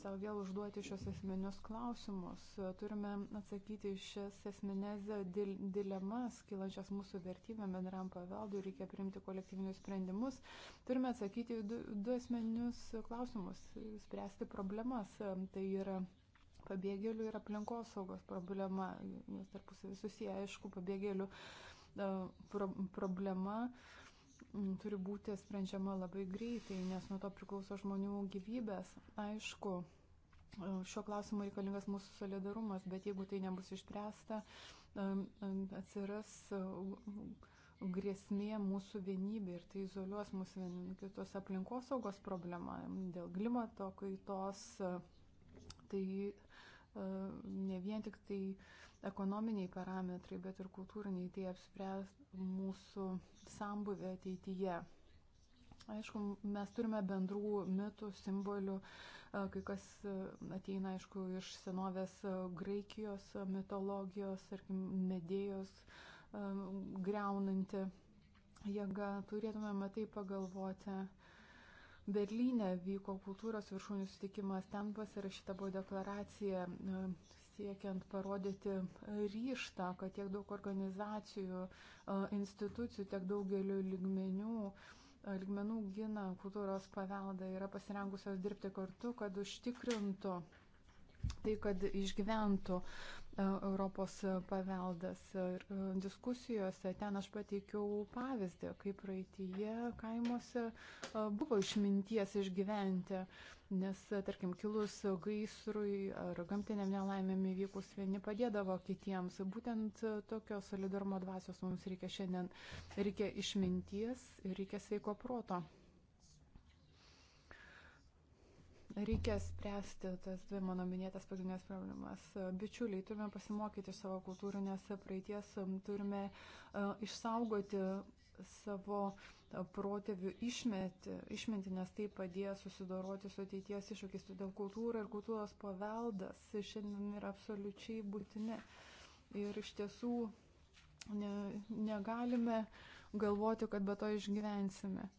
savo vėl užduoti šios esminius klausimus. Turime atsakyti šias esminės dil dilemas, kilančias mūsų vertybėm, bendram paveldui, reikia priimti kolektyvinius sprendimus. Turime atsakyti du, du esminius klausimus, spręsti problemas. Tai yra pabėgėlių ir aplinkosaugos problema, jos tarpusavį susiję, aišku, pabėgėlių e, pro problema turi būti sprendžiama labai greitai, nes nuo to priklauso žmonių gyvybės. Aišku, e, Šio klausimo reikalingas mūsų solidarumas, bet jeigu tai nebus išspręsta, e, atsiras grėsmė mūsų vienybė ir tai izoliuos mūsų vieni kitos aplinkosaugos problema dėl klimato kaitos. Tai ne vien tik tai ekonominiai parametrai, bet ir kultūriniai, tai apspręs mūsų sambuvę ateityje. Aišku, mes turime bendrų mitų, simbolių, kai kas ateina, aišku, iš senovės Graikijos mitologijos, tarkim, medėjos greunanti jėga. Turėtumėme tai pagalvoti Berlyne vyko kultūros viršūnių sutikimas, ten pasirašyta buvo deklaracija e, siekiant parodyti ryštą, kad tiek daug organizacijų, e, institucijų, tiek daugeliu ligmenių e, lygmenų gina kultūros paveldą, yra pasirengusios dirbti kartu, kad užtikrintų tai, kad išgyventų E, Europos paveldas. Ir e, diskusijose ten aš pateikiau pavyzdį, kaip praeitie kaimuose e, buvo išminties išgyventi, nes, tarkim, kilus gaisrui ar gamtiniam nelaimėm įvykus vieni padėdavo kitiems. Būtent tokios solidarumo dvasios mums reikia šiandien. Reikia išminties ir reikia sveiko proto. reikia spręsti tas dvi mano minėtas pagrindinės problemas. Bičiuliai, turime pasimokyti iš savo kultūrinės praeities, turime e, išsaugoti savo e, protėvių išmeti, išmenti, nes tai padėjo susidoroti su ateities iššūkiais. Todėl kultūra ir kultūros paveldas šiandien yra absoliučiai būtini. Ir iš tiesų ne, negalime galvoti, kad be to išgyvensime.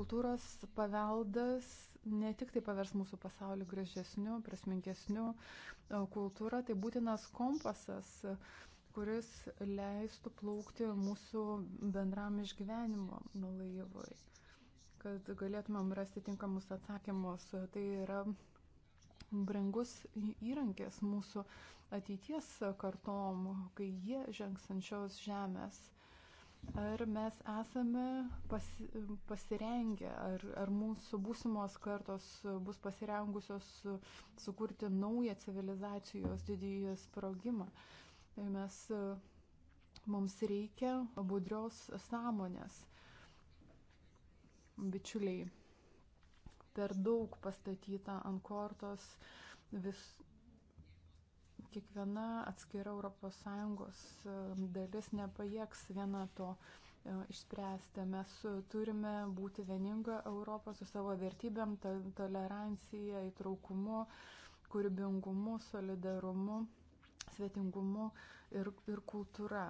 kultūros paveldas ne tik tai pavers mūsų pasaulį gražesniu, prasmingesniu, e, kultūra tai būtinas kompasas, kuris leistų plaukti mūsų bendram išgyvenimo laivui, kad galėtumėm rasti tinkamus atsakymus. Tai yra brangus įrankis mūsų ateities kartom, kai jie žengs ant šios žemės ar mes esame pasi, pasirengę, ar, ar mūsų būsimos kartos bus pasirengusios sukurti naują civilizacijos didįjį sprogimą. Mes, mums reikia budrios sąmonės. Bičiuliai, per daug pastatyta ant kortos vis, kiekviena atskira ES e, dalis nepajėgs viena to e, išspręsti. Mes turime būti vieninga Europą su savo vertybėm, tolerancija, įtraukumu, kūrybingumu, solidarumu, svetingumu ir, ir kultūra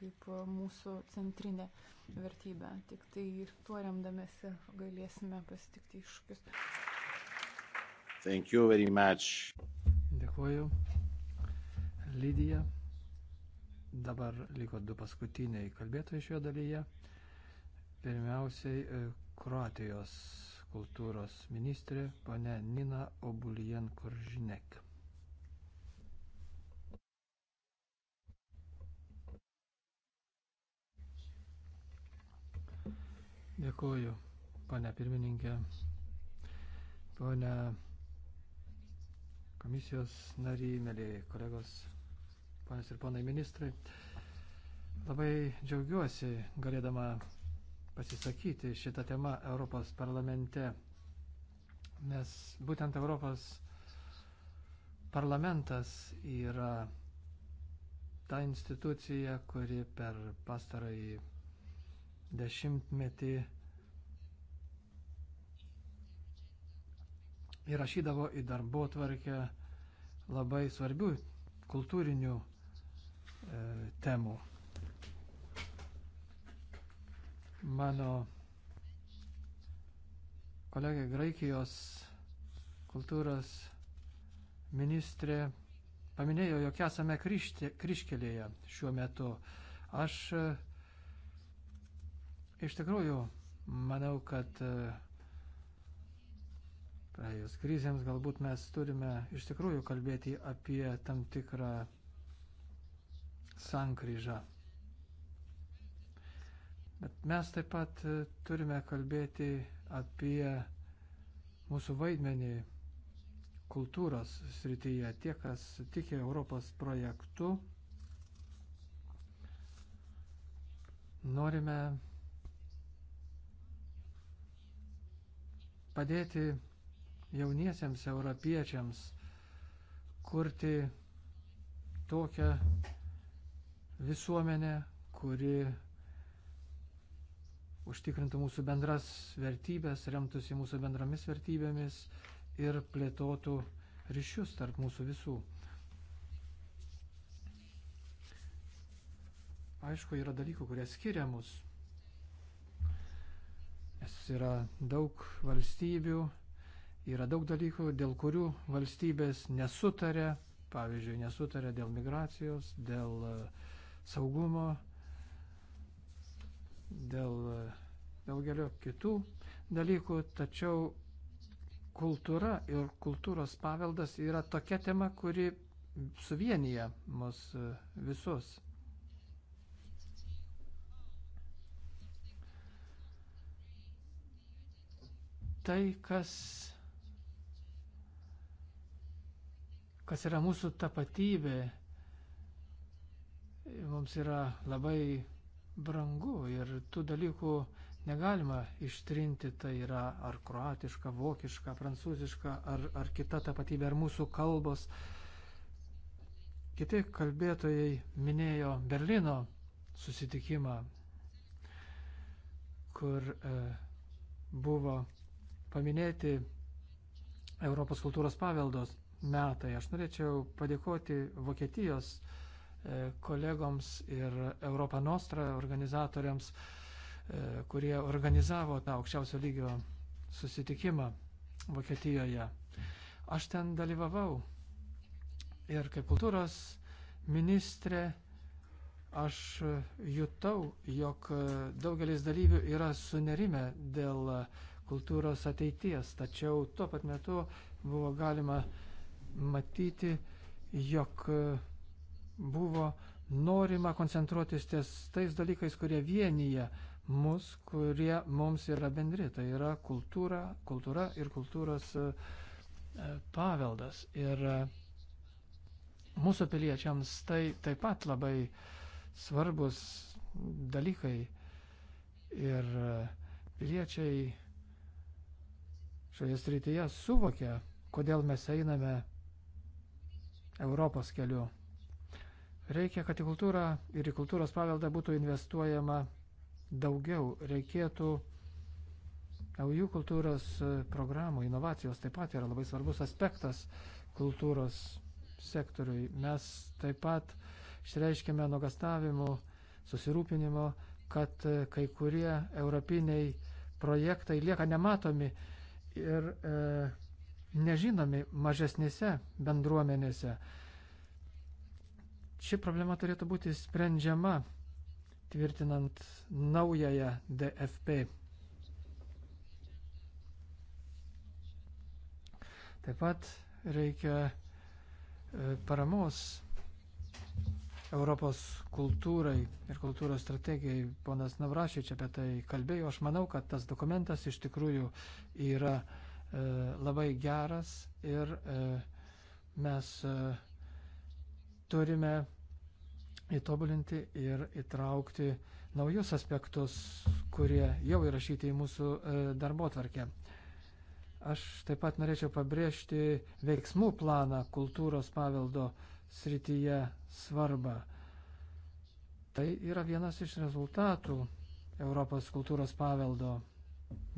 kaip mūsų centrinė vertybė. Tik tai tuo remdamėsi galėsime pasitikti iššūkius. Dėkuoju. Lydija. Dabar liko du paskutiniai kalbėtojai šioje dalyje. Pirmiausiai e, Kroatijos kultūros ministrė ponė Nina Obulien Koržinek. Dėkuoju, ponė pirmininkė, ponė komisijos nariai, mėly kolegos panas ir ponai ministrai. Labai džiaugiuosi galėdama pasisakyti šitą temą Europos parlamente, nes būtent Europos parlamentas yra ta institucija, kuri per pastarąjį dešimtmetį įrašydavo į darbo tvarkę labai svarbių kultūrinių temų. Mano kolegė Graikijos kultūros ministrė paminėjo, jog esame kryštė, kryškelėje šiuo metu. Aš e, iš tikrųjų manau, kad e, praėjus krizėms galbūt mes turime iš tikrųjų kalbėti apie tam tikrą sankryžą. Bet mes taip pat e, turime kalbėti apie mūsų vaidmenį kultūros srityje. Tie, kas tiki Europos projektu, norime padėti jauniesiems europiečiams kurti tokią visuomenę, kuri užtikrintų mūsų bendras vertybės, remtųsi mūsų bendromis vertybėmis ir plėtotų ryšius tarp mūsų visų. Aišku, yra dalykų, kurie skiria mus. Es yra daug valstybių, yra daug dalykų, dėl kurių valstybės nesutarė, pavyzdžiui, nesutarė dėl migracijos, dėl uh, saugumo, dėl daugelio kitų dalykų, tačiau kultūra ir kultūros paveldas yra tokia tema, kuri suvienyje mus e, visus. Tai, kas, kas yra mūsų tapatybė, mums yra labai brangu ir tų dalykų negalima ištrinti, tai yra ar kroatiška, vokiška, prancūziška, ar, ar kita tapatybė, ar mūsų kalbos. Kiti kalbėtojai minėjo Berlyno susitikimą, kur e, buvo paminėti Europos kultūros paveldos metai. Aš norėčiau padėkoti Vokietijos e, E, kolegoms ir Europą Nostra organizatoriams, e, kurie organizavo tą aukščiausio lygio susitikimą Vokietijoje. Aš ten dalyvavau ir kaip kultūros ministrė aš jutau, jog daugelis dalyvių yra sunerime dėl kultūros ateities, tačiau tuo pat metu buvo galima matyti, jog uh, buvo norima koncentruotis ties tais dalykais, kurie vienyje mus, kurie mums yra bendri. Tai yra kultūra, kultūra ir kultūros e, e, paveldas. Ir e, mūsų piliečiams tai taip pat labai svarbus dalykai. Ir piliečiai šioje srityje suvokia, kodėl mes einame Europos keliu. Reikia, kad į kultūrą ir į kultūros paveldą būtų investuojama daugiau. Reikėtų naujų kultūros e, programų, inovacijos taip pat yra labai svarbus aspektas kultūros sektoriui. Mes taip pat išreiškėme nuogastavimų, susirūpinimo, kad e, kai kurie europiniai projektai lieka nematomi ir e, nežinomi mažesnėse bendruomenėse. Ši problema turėtų būti sprendžiama tvirtinant naująją DFP. Taip pat reikia e, paramos Europos kultūrai ir kultūros strategijai. Ponas Navrašiai čia apie tai kalbėjo. Aš manau, kad tas dokumentas iš tikrųjų yra e, labai geras ir e, mes e, turime įtobulinti ir įtraukti naujus aspektus, kurie jau įrašyti į mūsų e, darbo tvarkę. Aš taip pat norėčiau pabrėžti veiksmų planą kultūros paveldo srityje svarbą. Tai yra vienas iš rezultatų Europos kultūros paveldo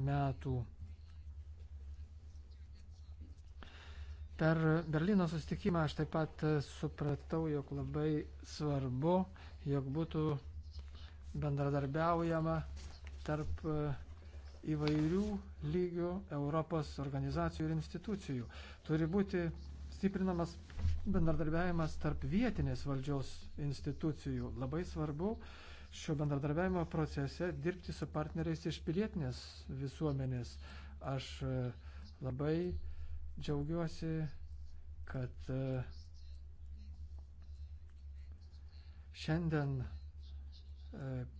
metų Per Berlyno susitikimą aš taip pat supratau, jog labai svarbu, jog būtų bendradarbiaujama tarp e, įvairių lygių Europos organizacijų ir institucijų. Turi būti stiprinamas bendradarbiavimas tarp vietinės valdžios institucijų. Labai svarbu šio bendradarbiavimo procese dirbti su partneriais iš pilietinės visuomenės. Aš e, labai Džiaugiuosi, kad e, šiandien e,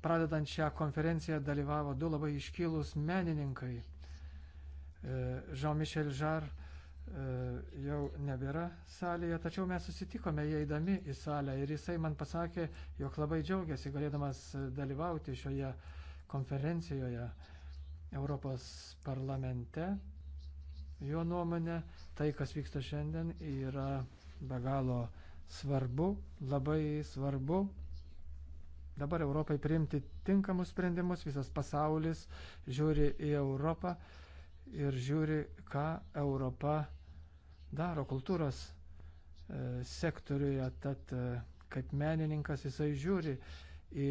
pradedant šią konferenciją dalyvavo du labai iškilūs menininkai. E, Jean-Michel Jarre jau nebėra salėje, tačiau mes susitikome įeidami į salę ir jisai man pasakė, jog labai džiaugiasi galėdamas dalyvauti šioje konferencijoje Europos parlamente. Jo nuomonė, tai, kas vyksta šiandien, yra be galo svarbu, labai svarbu. Dabar Europai priimti tinkamus sprendimus, visas pasaulis žiūri į Europą ir žiūri, ką Europa daro kultūros e, sektoriuje. Tad e, kaip menininkas jisai žiūri į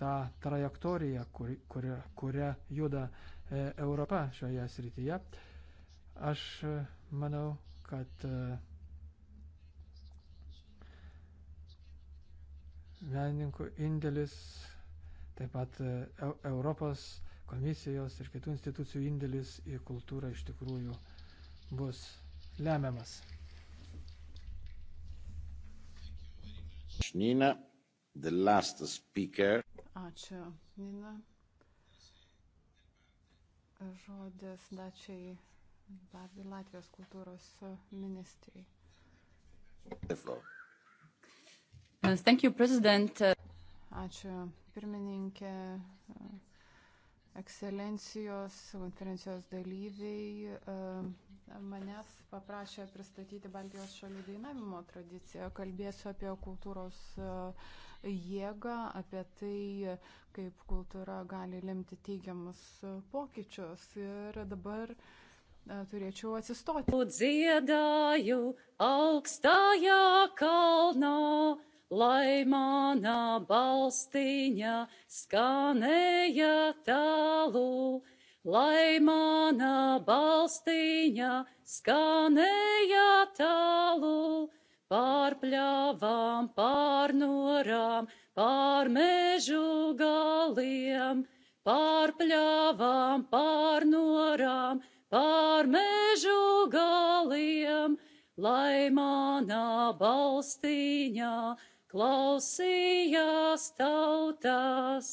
tą trajektoriją, kur, kuria, kuria juda e, Europa šioje srityje. E, Aš e, manau, kad e, menininkų indėlis, taip pat e, Europos komisijos ir kitų institucijų indėlis į kultūrą iš tikrųjų bus lemiamas. Nina, the last speaker. Ačiū, Nina. Žodis dačiai vardį Latvijos kultūros ministrijai. Thank you, President. Ačiū, pirmininkė, ekscelencijos, konferencijos dalyviai. E, manęs paprašė pristatyti Baltijos šalių dainavimo tradiciją. Kalbėsiu apie kultūros e, jėgą, apie tai, kaip kultūra gali lemti teigiamus e, pokyčius. Ir dabar uh, E, turėčiau atsistoti. Dziedāju augstajā kalnā, lai manā balstiņā skanēja tālu, lai manā balstiņā skanēja tālu, pār pļavām, pār norām, pār mežu galiem, pār pļavām, pār norām, pār pār mežu galiem, lai manā balstīņā klausījās tautas.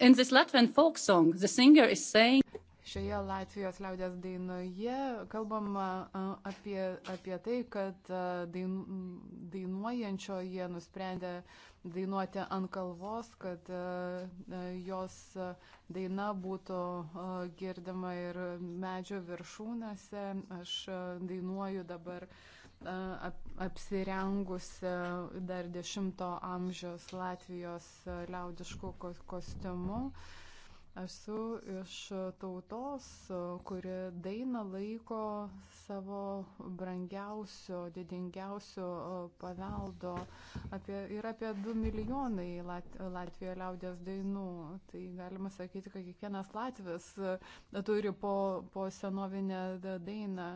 In this Latvian folk song, the singer is saying, Šioje Latvijos liaudės dainoje kalbama apie, apie tai, kad dain, dainuojančioje nusprendė dainuoti ant kalvos, kad jos daina būtų girdima ir medžio viršūnėse. Aš dainuoju dabar ap, apsirengusi dar 10 amžiaus Latvijos liaudiškų kostiumų. Ko Esu iš tautos, kuri dainą laiko savo brangiausio, didingiausio e, paveldo. Apie, yra apie 2 milijonai Lat, Latvijoje liaudės dainų. Tai galima sakyti, kad kiekvienas Latvijas e, turi po, po senovinę dainą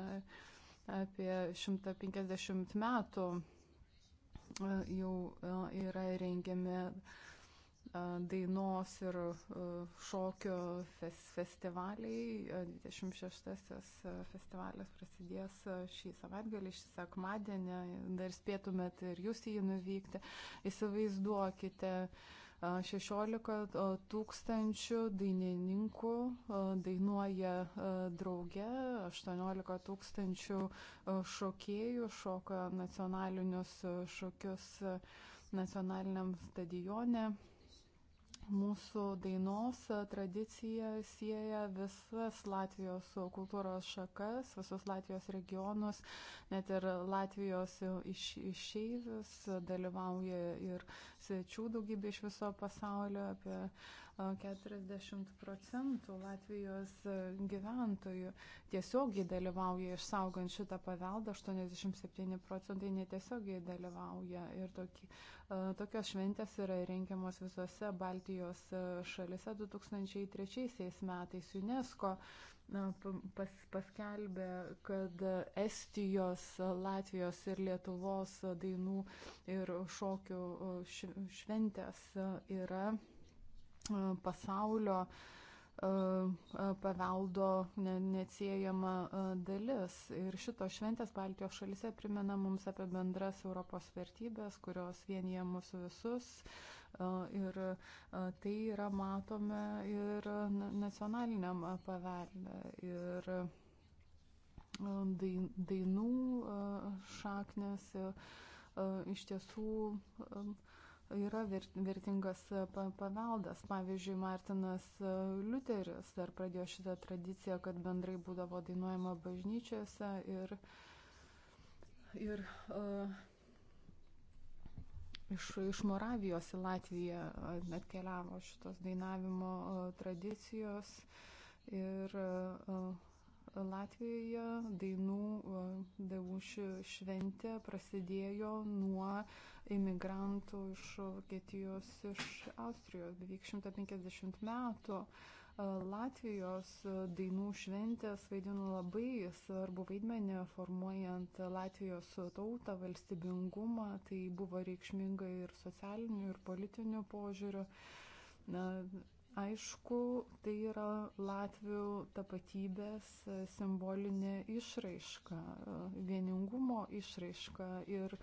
apie 150 metų e, jau yra rengiami dainos ir šokio festivaliai. 26-asis festivalis prasidės šį savaitgalį, šį sekmadienį. Dar spėtumėt ir jūs į jį nuvykti. Įsivaizduokite. 16 tūkstančių dainininkų dainuoja drauge, 18 tūkstančių šokėjų šoka nacionalinius šokius nacionaliniam stadione. Mūsų dainos e, tradicija sieja visas Latvijos kultūros šakas, visus Latvijos regionus, net ir Latvijos iš, išeivius, dalyvauja ir svečių daugybė iš viso pasaulio. Apie 40 procentų Latvijos gyventojų tiesiogiai dalyvauja išsaugant šitą paveldą, 87 procentai netiesiogiai dalyvauja. Ir tokie, tokios šventės yra rengiamos visose Baltijos šalise 2003 metais UNESCO pas, paskelbė, kad Estijos, Latvijos ir Lietuvos dainų ir šokių šventės yra E, pasaulio e, e, paveldo neatsiejama dalis. Ir šitos šventės Baltijos šalise primena mums apie bendras Europos vertybės, kurios vienyje mūsų visus. Ir tai yra matome ir nacionaliniam paveldė. Ir dainų šaknės iš tiesų yra vertingas e, paveldas. Pavyzdžiui, Martinas e, Liuteris dar pradėjo šitą tradiciją, kad bendrai būdavo dainuojama bažnyčiose ir, ir uh, iš, iš Moravijos į Latviją atkeliavo šitos dainavimo uh, tradicijos. Ir, uh, Latvijoje dainų, dainų šventė prasidėjo nuo uh, imigrantų iš Vokietijos, iš Austrijos beveik 150 metų. Latvijos dainų šventės vaidino labai svarbu vaidmenį formuojant Latvijos tautą, valstybingumą. Tai buvo reikšminga ir socialiniu, ir politiniu požiūriu. Na, Aišku, tai yra Latvių tapatybės e, simbolinė išraiška, e, vieningumo išraiška ir e,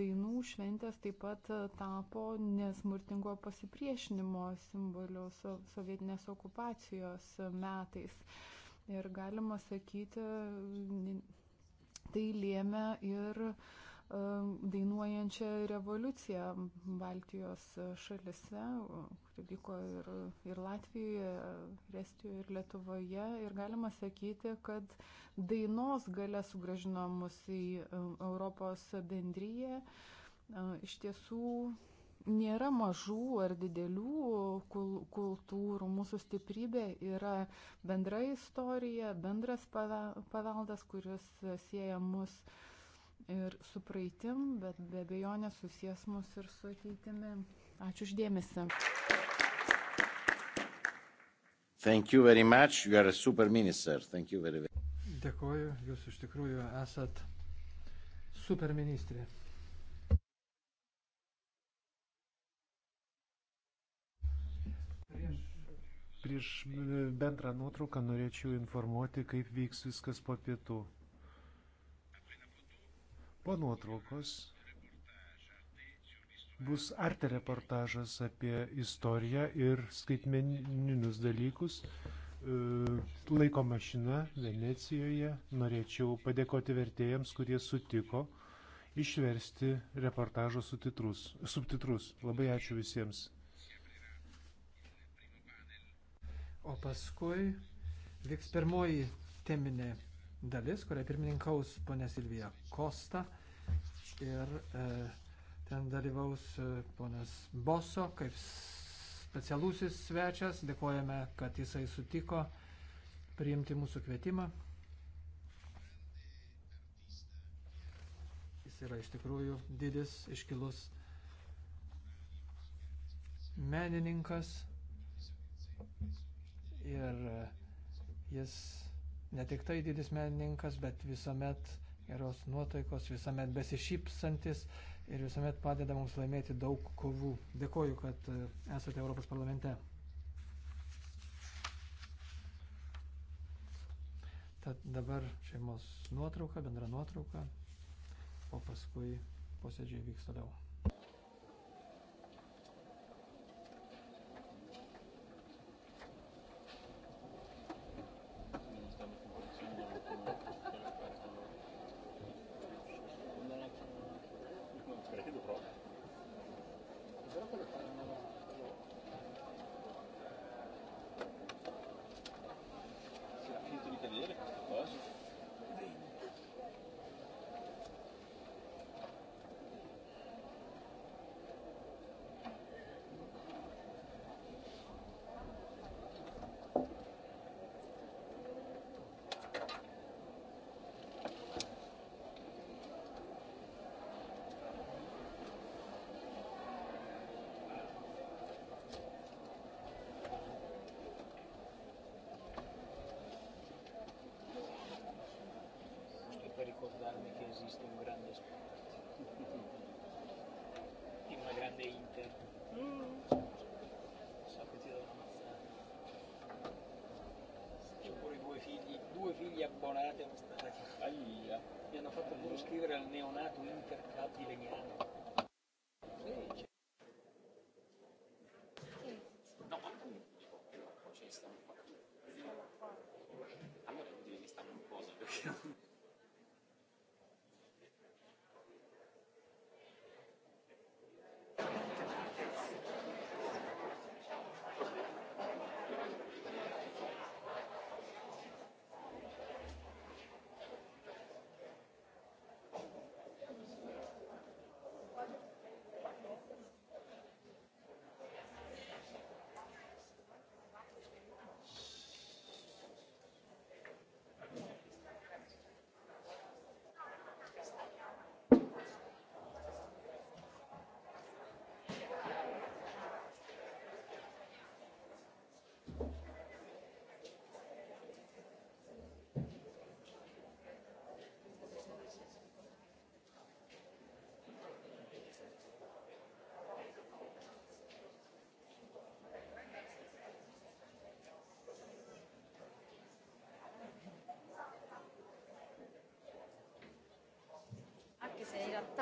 dainų šventės taip pat tapo nesmurtingo pasipriešinimo simboliu sovietinės okupacijos metais. Ir galima sakyti, tai lėmė ir uh, Um, dainuojančią revoliuciją Baltijos šalise, kuri vyko ir, ir Latvijoje, ir Estijoje, ir Lietuvoje. Ir galima sakyti, kad dainos gale sugražino mus į um, Europos bendryje. Uh, iš tiesų nėra mažų ar didelių kultūrų. Mūsų stiprybė yra bendra istorija, bendras paveldas, kuris sieja mus. Uh, ir su praeitim, bet be abejonės susijęs mus ir su ateitimi. Ačiū uždėmesi. Thank you very much. You are a super minister. Thank you very much. Dėkuoju, jūs iš tikrųjų esat super ministrė. Prieš bendrą nuotrauką norėčiau informuoti, kaip vyks viskas po pietų. Po nuotraukos bus arte reportažas apie istoriją ir skaitmeninius dalykus. E, laiko mašina Venecijoje. Norėčiau padėkoti vertėjams, kurie sutiko išversti reportažo subtitrus. subtitrus. Labai ačiū visiems. O paskui vyks pirmoji teminė dalis, kurią pirmininkaus ponė Silvija Kosta ir e, ten dalyvaus e, ponas Boso kaip specialusis svečias. Dėkojame, kad jisai sutiko priimti mūsų kvietimą. Jis yra iš tikrųjų didis, iškilus menininkas ir e, jis ne tik tai didis menininkas, bet visuomet geros nuotaikos, visuomet besišypsantis ir visuomet padeda mums laimėti daug kovų. Dėkoju, kad e, esate Europos parlamente. Tad dabar šeimos nuotrauka, bendra nuotrauka, o paskui posėdžiai vyks toliau. miracles that are making existing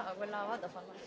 realtà quella vado a farmela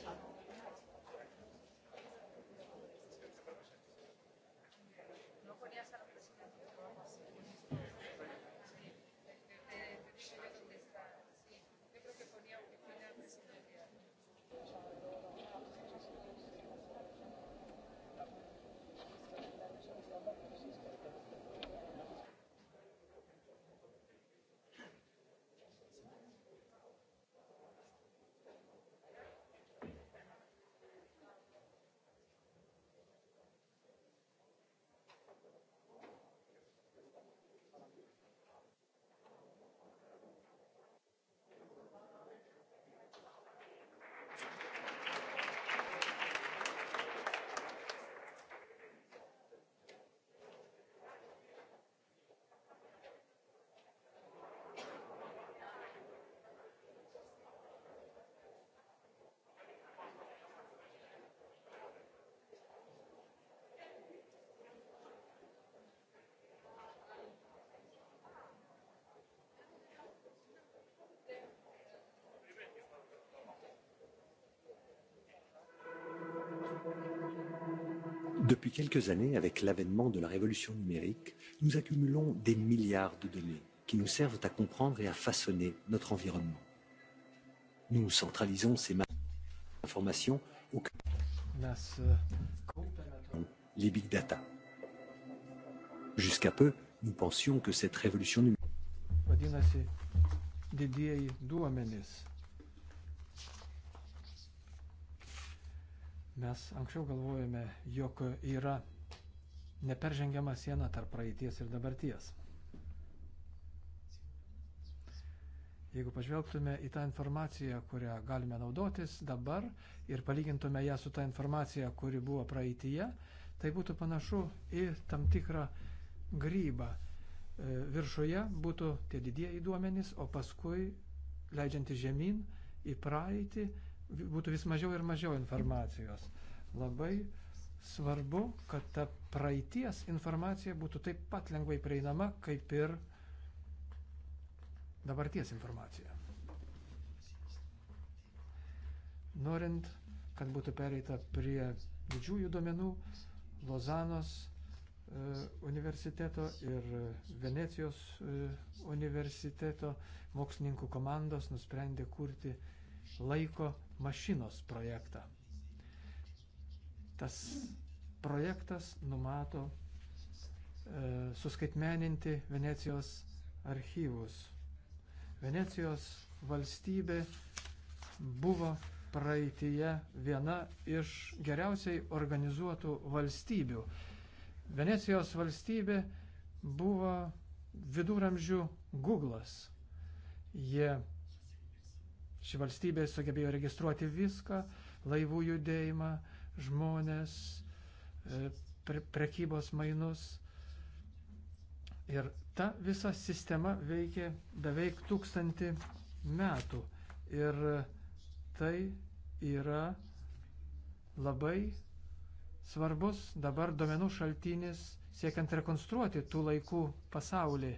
Depuis quelques années, avec l'avènement de la révolution numérique, nous accumulons des milliards de données qui nous servent à comprendre et à façonner notre environnement. Nous centralisons ces informations au Mes euh, les big data. Jusqu'à peu, nous pensions que cette révolution numérique Mes anksčiau galvojame, jog yra neperžengiama siena tarp praeities ir dabarties. Jeigu pažvelgtume į tą informaciją, kurią galime naudotis dabar ir palygintume ją su tą informacija, kuri buvo praeitie, tai būtų panašu į tam tikrą grybą. E, viršuje būtų tie didieji duomenys, o paskui, leidžianti žemyn į praeitį, būtų vis mažiau ir mažiau informacijos. Labai svarbu, kad ta praeities informacija būtų taip pat lengvai prieinama, kaip ir dabarties informacija. Norint, kad būtų pereita prie didžiųjų duomenų, Lozanos e, universiteto ir Venecijos e, universiteto mokslininkų komandos nusprendė kurti laiko mašinos projektą. Tas projektas numato e, suskaitmeninti Venecijos archyvus. Venecijos valstybė buvo praeitįje viena iš geriausiai organizuotų valstybių. Venecijos valstybė buvo viduramžių Google'as. Jie Ši valstybė sugebėjo registruoti viską - laivų judėjimą, žmonės, e, pre prekybos mainus. Ir ta visa sistema veikė beveik tūkstantį metų. Ir tai yra labai svarbus dabar domenų šaltinis siekiant rekonstruoti tų laikų pasaulį.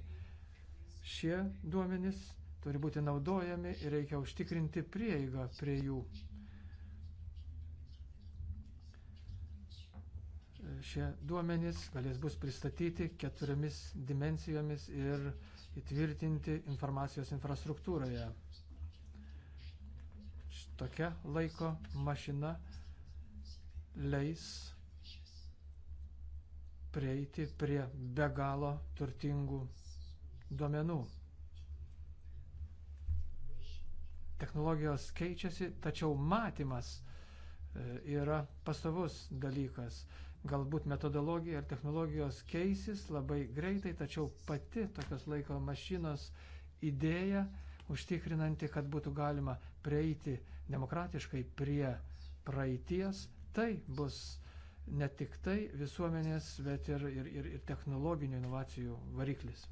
Šie duomenys turi būti naudojami ir reikia užtikrinti prieigą prie jų. Šie duomenys galės bus pristatyti keturiomis dimencijomis ir įtvirtinti informacijos infrastruktūroje. Tokia laiko mašina leis prieiti prie be galo turtingų duomenų. technologijos keičiasi, tačiau matymas e, yra pastovus dalykas. Galbūt metodologija ir technologijos keisis labai greitai, tačiau pati tokios laiko mašinos idėja, užtikrinanti, kad būtų galima prieiti demokratiškai prie praeities, tai bus ne tik tai visuomenės, bet ir, ir, ir technologinių inovacijų variklis.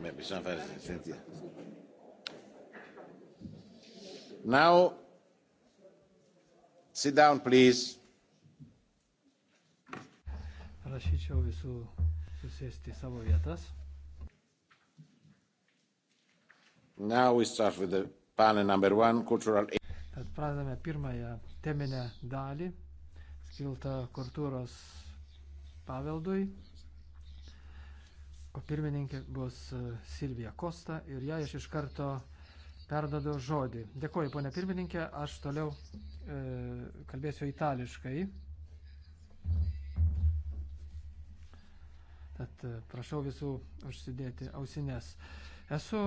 ma bisogna fare sentire. Now, sit down, please. Prašyčiau visų susėsti savo vietas. Now we start with the panel number one, cultural. Tad pradame pirmąją teminę dalį, skiltą kultūros paveldui pirmininkė bus e, Silvija Kosta ir ją aš iš karto perdodu žodį. Dėkuoju, ponė pirmininkė, aš toliau e, kalbėsiu itališkai. Tad e, prašau visų užsidėti ausinės. Esu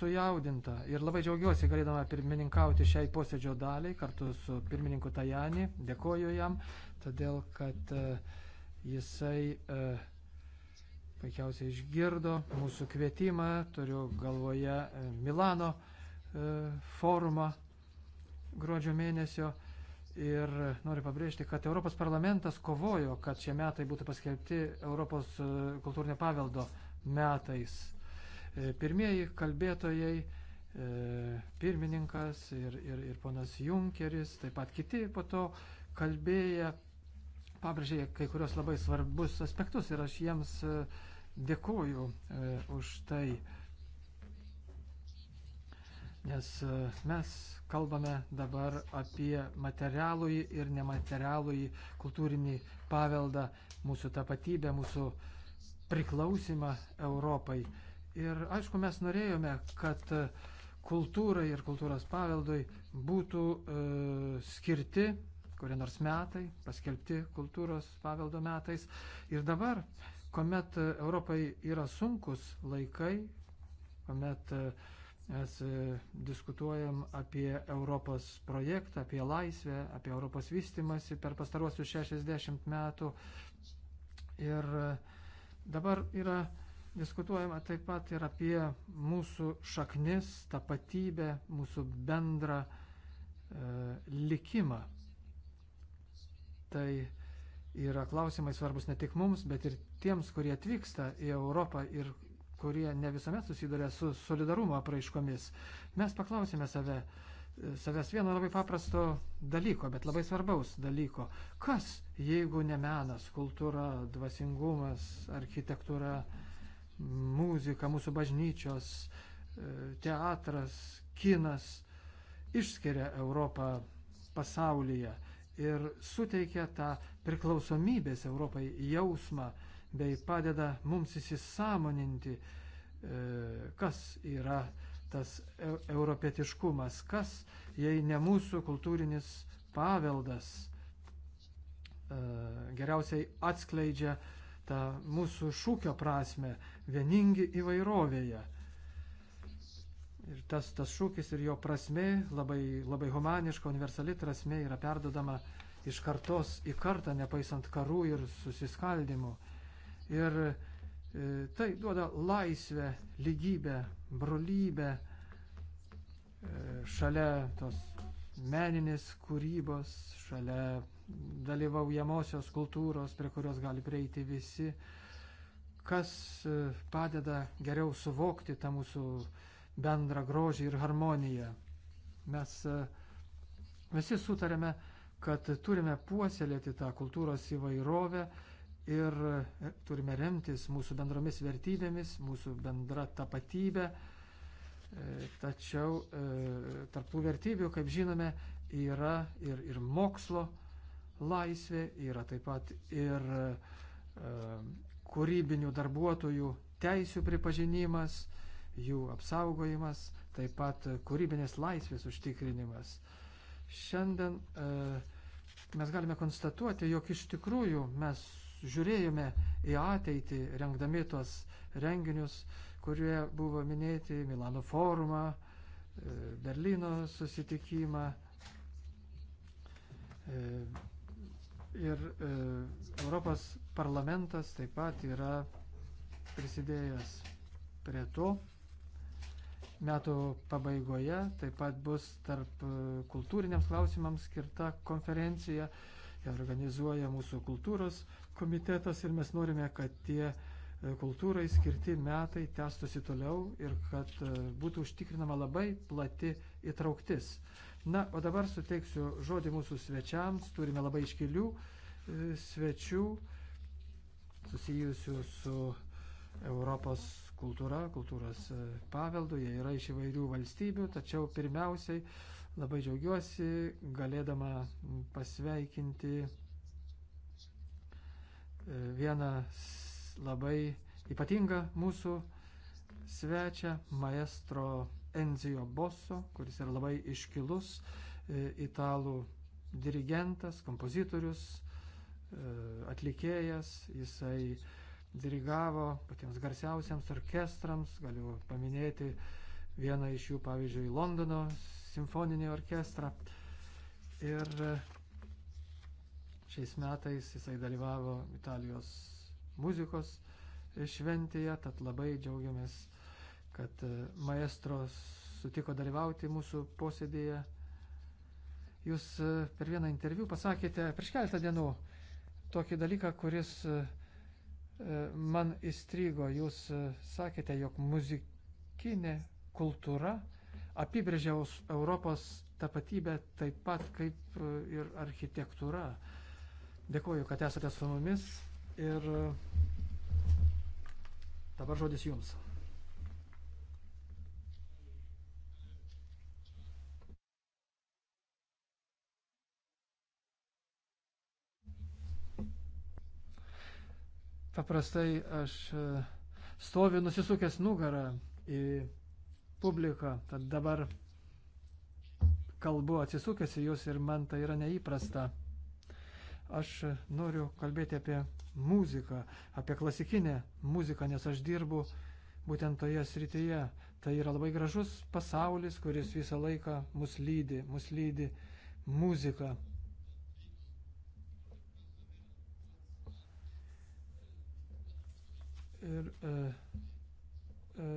sujaudinta ir labai džiaugiuosi galėdama pirmininkauti šiai posėdžio daliai kartu su pirmininku Tajani. Dėkoju jam, todėl kad e, jisai. Uh, puikiausiai išgirdo mūsų kvietimą, turiu galvoje e, Milano e, forumą gruodžio mėnesio. Ir noriu pabrėžti, kad Europos parlamentas kovojo, kad šie metai būtų paskelbti Europos e, kultūrinio paveldo metais. Pirmieji kalbėtojai pirmininkas ir, ir, ir ponas Junkeris, taip pat kiti po to kalbėję, pabrėžė kai kurios labai svarbus aspektus ir aš jiems uh, Dėkuoju e, už tai, nes e, mes kalbame dabar apie materialųjį ir nematerialųjį kultūrinį paveldą, mūsų tapatybę, mūsų priklausimą Europai. Ir aišku, mes norėjome, kad kultūrai ir kultūros paveldui būtų e, skirti kurie nors metai, paskelbti kultūros paveldo metais. Ir dabar kuomet e, Europai yra sunkus laikai, kuomet e, mes e, diskutuojam apie Europos projektą, apie laisvę, apie Europos vystimąsi per pastaruosius 60 metų. Ir dabar yra diskutuojama taip pat ir apie mūsų šaknis, tapatybę, mūsų bendrą e, likimą. Tai yra klausimai svarbus ne tik mums, bet ir tiems, kurie atvyksta į Europą ir kurie ne visuomet susiduria su solidarumo apraiškomis. Mes paklausime save, savęs vieno labai paprasto dalyko, bet labai svarbaus dalyko. Kas, jeigu ne menas, kultūra, dvasingumas, architektūra, muzika, mūsų bažnyčios, e, teatras, kinas išskiria Europą pasaulyje ir suteikia tą priklausomybės Europai jausmą bei padeda mums įsisamoninti, e, kas yra tas europietiškumas, kas, jei ne mūsų kultūrinis paveldas, e, geriausiai atskleidžia tą mūsų šūkio prasme - vieningi įvairovėje. Ir tas, tas šūkis ir jo prasme, labai, labai humaniška, universali prasme yra perdodama iš kartos į kartą, nepaisant karų ir susiskaldimų ir e, tai duoda laisvę, lygybę, brolybę e, šalia tos meninės kūrybos, šalia dalyvaujamosios kultūros, prie kurios gali prieiti visi, kas e, padeda geriau suvokti tą mūsų bendrą grožį ir harmoniją. Mes visi sutarėme, kad turime puoselėti tą kultūros įvairovę, ir e, turime remtis mūsų bendromis vertybėmis, mūsų bendra tapatybė. E, tačiau e, tarptų vertybių, kaip žinome, yra ir, ir mokslo laisvė, yra taip pat ir kūrybinių darbuotojų teisių pripažinimas, jų apsaugojimas, taip pat kūrybinės laisvės užtikrinimas. Šiandien mes galime konstatuoti, jog iš tikrųjų mes žiūrėjome į ateitį, rengdami tuos renginius, kurie buvo minėti Milano forumą, e, Berlyno susitikimą. E, ir e, Europos parlamentas taip pat yra prisidėjęs prie to. Metų pabaigoje taip pat bus tarp kultūriniams klausimams skirta konferencija, ją organizuoja mūsų kultūros komitetas ir mes norime, kad tie e, kultūrai skirti metai testusi toliau ir kad e, būtų užtikrinama labai plati įtrauktis. Na, o dabar suteiksiu žodį mūsų svečiams. Turime labai iškilių e, svečių susijusių su Europos kultūra, kultūros paveldu. Jie yra iš įvairių valstybių, tačiau pirmiausiai labai džiaugiuosi galėdama pasveikinti vienas labai ypatingą mūsų svečią, maestro Enzio Bosso, kuris yra labai iškilus e, italų dirigentas, kompozitorius, e, atlikėjas. Jisai dirigavo patiems garsiausiams orkestrams, galiu paminėti vieną iš jų, pavyzdžiui, Londono simfoninį orkestrą. Ir e, Šiais metais jisai dalyvavo Italijos muzikos šventėje, tad labai džiaugiamės, kad e, maestros sutiko dalyvauti mūsų posėdėje. Jūs e, per vieną interviu pasakėte prieš keletą dienų tokį dalyką, kuris e, man įstrigo. Jūs sakėte, jog muzikinė kultūra apibrėžia Europos tapatybę taip pat kaip ir architektūra. Dėkuoju, kad esate su mumis ir dabar žodis jums. Paprastai aš e, stoviu nusisukęs nugarą į publiką, tad dabar kalbu atsisukęs į jūs ir man tai yra neįprasta. Aš noriu kalbėti apie muziką, apie klasikinę muziką, nes aš dirbu būtent toje srityje. Tai yra labai gražus pasaulis, kuris visą laiką mus lydi, mus lydi muzika. Ir e, e,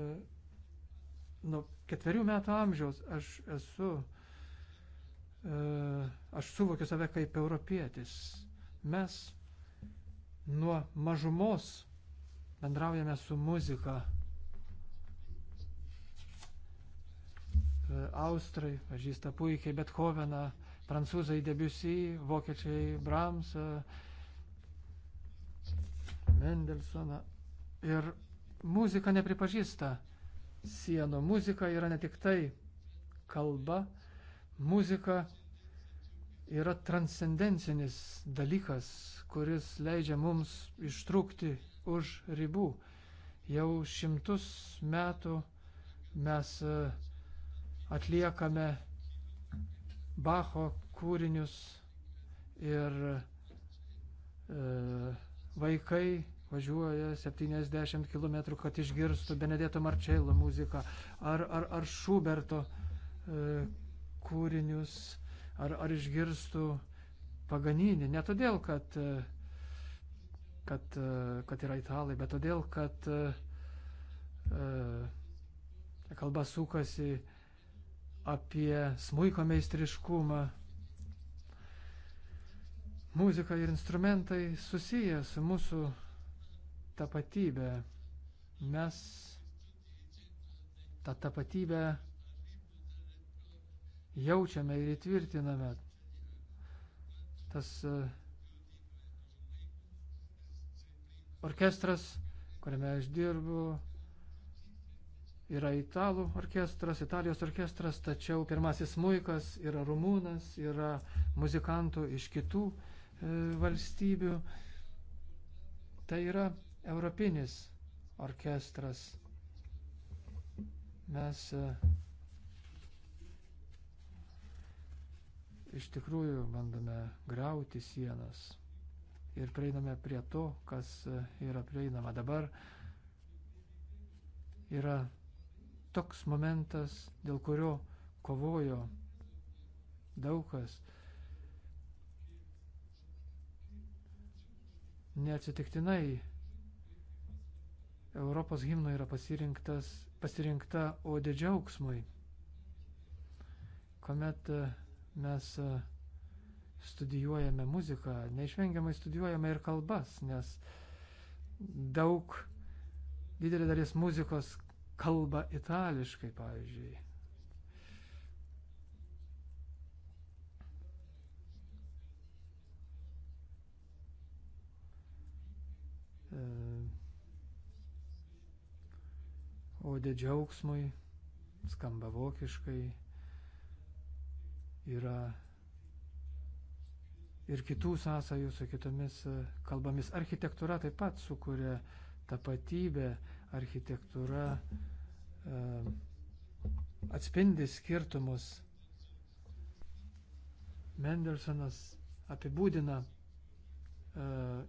nuo ketverių metų amžiaus aš esu e, E, aš suvokiu save kaip europietis. Mes nuo mažumos bendraujame su muzika. E, Austrai pažįsta puikiai Bethoveną, prancūzai Debussy, vokiečiai Bramsą, Mendelsoną. Ir muzika nepripažįsta sienų. Muzika yra ne tik tai kalba, muzika yra transcendencinis dalykas, kuris leidžia mums ištrūkti už ribų. Jau šimtus metų mes e, atliekame Bacho kūrinius ir e, vaikai važiuoja 70 km, kad išgirstų Benedetto Marčello muziką ar, ar, ar Šuberto e, kūrinius, ar, ar išgirstų paganinį. Ne todėl, kad, kad, kad yra italai, bet todėl, kad e, kalba sukasi apie smūko meistriškumą. Muzika ir instrumentai susiję su mūsų tapatybė. Mes tą tapatybę jaučiame ir įtvirtiname. Tas e, orkestras, kuriame aš dirbu, yra italų orkestras, italijos orkestras, tačiau pirmasis muikas yra rumūnas, yra muzikantų iš kitų e, valstybių. Tai yra europinis orkestras. Mes e, iš tikrųjų bandome grauti sienas ir prieiname prie to, kas yra prieinama dabar. Yra toks momentas, dėl kurio kovojo daug kas. Neatsitiktinai Europos himno yra pasirinkta odė džiaugsmui, kuomet uh, mes e, studijuojame muziką, neišvengiamai studijuojame ir kalbas, nes daug, didelė dalis muzikos kalba itališkai, pavyzdžiui. E, Ode džiaugsmui skamba vokiškai, yra ir kitų sąsajų su kitomis e, kalbomis. Architektūra taip pat sukuria tapatybę, architektūra e, atspindi skirtumus. Mendelsonas apibūdina uh,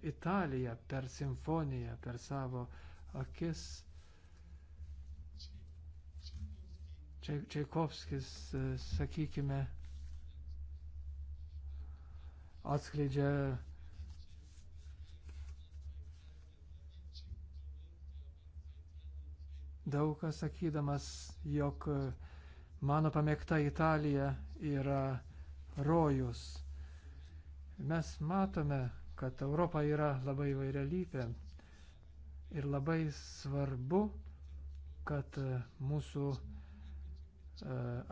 Italiją per simfoniją, per savo akis. Čaikovskis, sakykime, atskleidžia daug kas sakydamas, jog mano pamėgta Italija yra rojus. Mes matome, kad Europa yra labai vairialypė ir labai svarbu, kad mūsų e,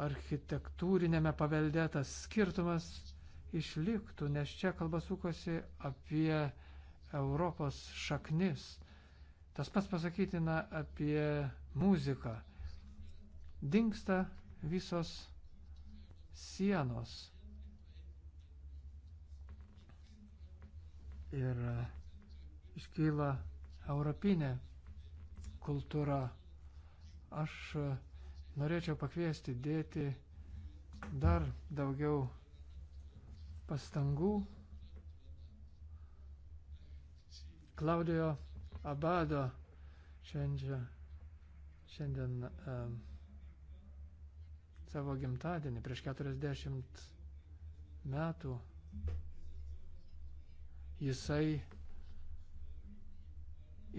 architektūrinėme pavelde tas skirtumas išliktų, nes čia kalba sukosi apie Europos šaknis. Tas pats pasakytina apie muziką. Dingsta visos sienos. Ir iškyla europinė kultūra. Aš norėčiau pakviesti dėti dar daugiau pastangų Klaudijo Abado švenčia šiandien um, savo gimtadienį prieš 40 metų. Jisai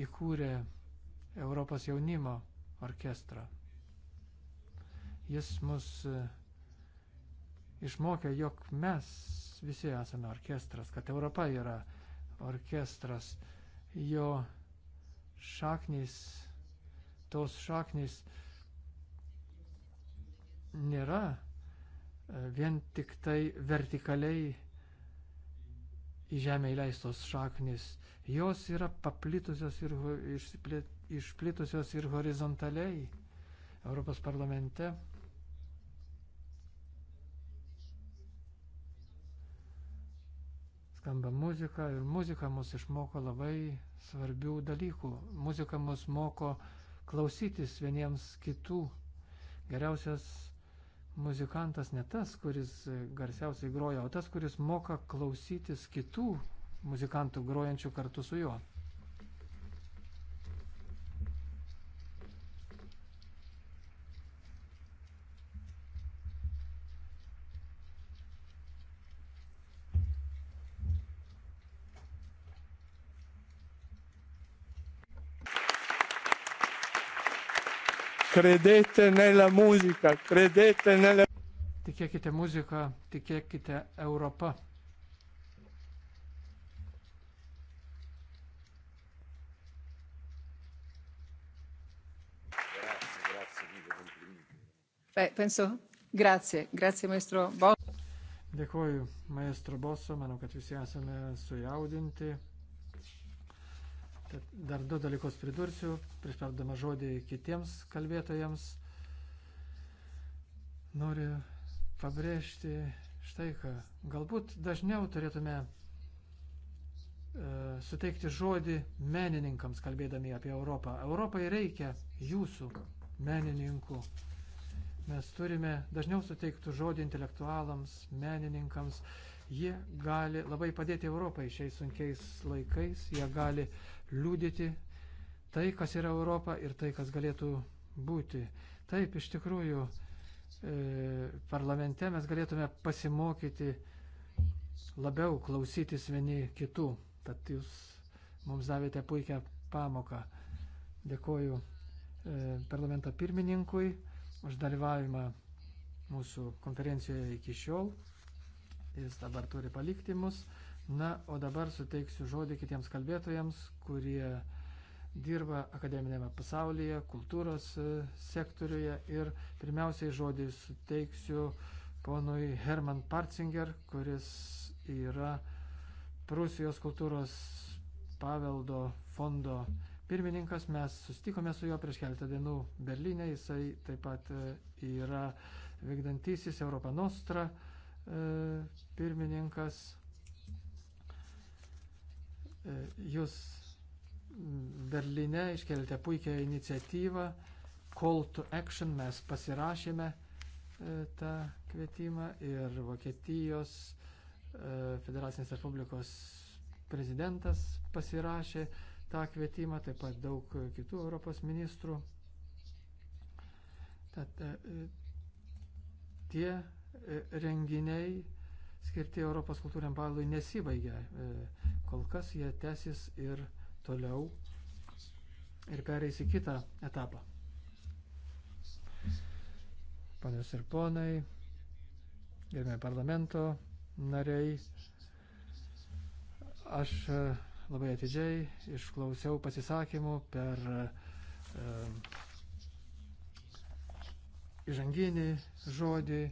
įkūrė Europos jaunimo orkestrą. Jis mus uh, išmokė, jog mes visi esame orkestras, kad Europa yra orkestras, jo šaknys, tos šaknys nėra e, vien tik tai vertikaliai į žemę įleistos šaknys, jos yra paplitusios ir išplėtusios ir horizontaliai. Europos parlamente skamba muzika ir muzika mus išmoko labai svarbių dalykų. Muzika mus moko klausytis vieniems kitų. Geriausias muzikantas ne tas, kuris garsiausiai groja, o tas, kuris moka klausytis kitų muzikantų grojančių kartu su juo. Credete nella musica, credete nella. Tikėkite muziką, tikėkite Europą. penso, grazie, grazie maestro Bosso. Dėkuoju maestro Bosso, manau, kad visi esame sujaudinti. Tad dar du dalykus pridursiu, prispardama žodį kitiems kalbėtojams. Noriu pabrėžti štai ką. Galbūt dažniau turėtume e, suteikti žodį menininkams, kalbėdami apie Europą. Europai reikia jūsų menininkų. Mes turime dažniau suteikti žodį intelektualams, menininkams. Jie gali labai padėti Europai šiais sunkiais laikais, jie gali liūdėti tai, kas yra Europa ir tai, kas galėtų būti. Taip, iš tikrųjų, e, parlamente mes galėtume pasimokyti labiau klausytis vieni kitų. Tad jūs mums davėte puikią pamoką. Dėkoju e, parlamento pirmininkui už dalyvavimą mūsų konferencijoje iki šiol. Jis dabar turi palikti mus. Na, o dabar suteiksiu žodį kitiems kalbėtojams, kurie dirba akademinėme pasaulyje, kultūros e, sektoriuje ir pirmiausiai žodį suteiksiu ponui Herman Parzinger, kuris yra Prūsijos kultūros paveldo fondo pirmininkas. Mes sustikome su juo prieš keletą dienų Berlyne, jisai taip pat e, yra vykdantysis Europą Nostra e, pirmininkas Jūs Berlyne iškelite puikią iniciatyvą, Call to Action mes pasirašėme e, tą kvietimą ir Vokietijos e, Federacinės Respublikos prezidentas pasirašė tą kvietimą, taip pat daug kitų Europos ministrų. Tad e, tie renginiai skirti Europos kultūriam balui nesibaigia Kol kas jie tęsis ir toliau ir pereis į kitą etapą. Ponios ir ponai, gerbėjai parlamento nariai, aš e, labai atidžiai išklausiau pasisakymų per e, e įžanginį žodį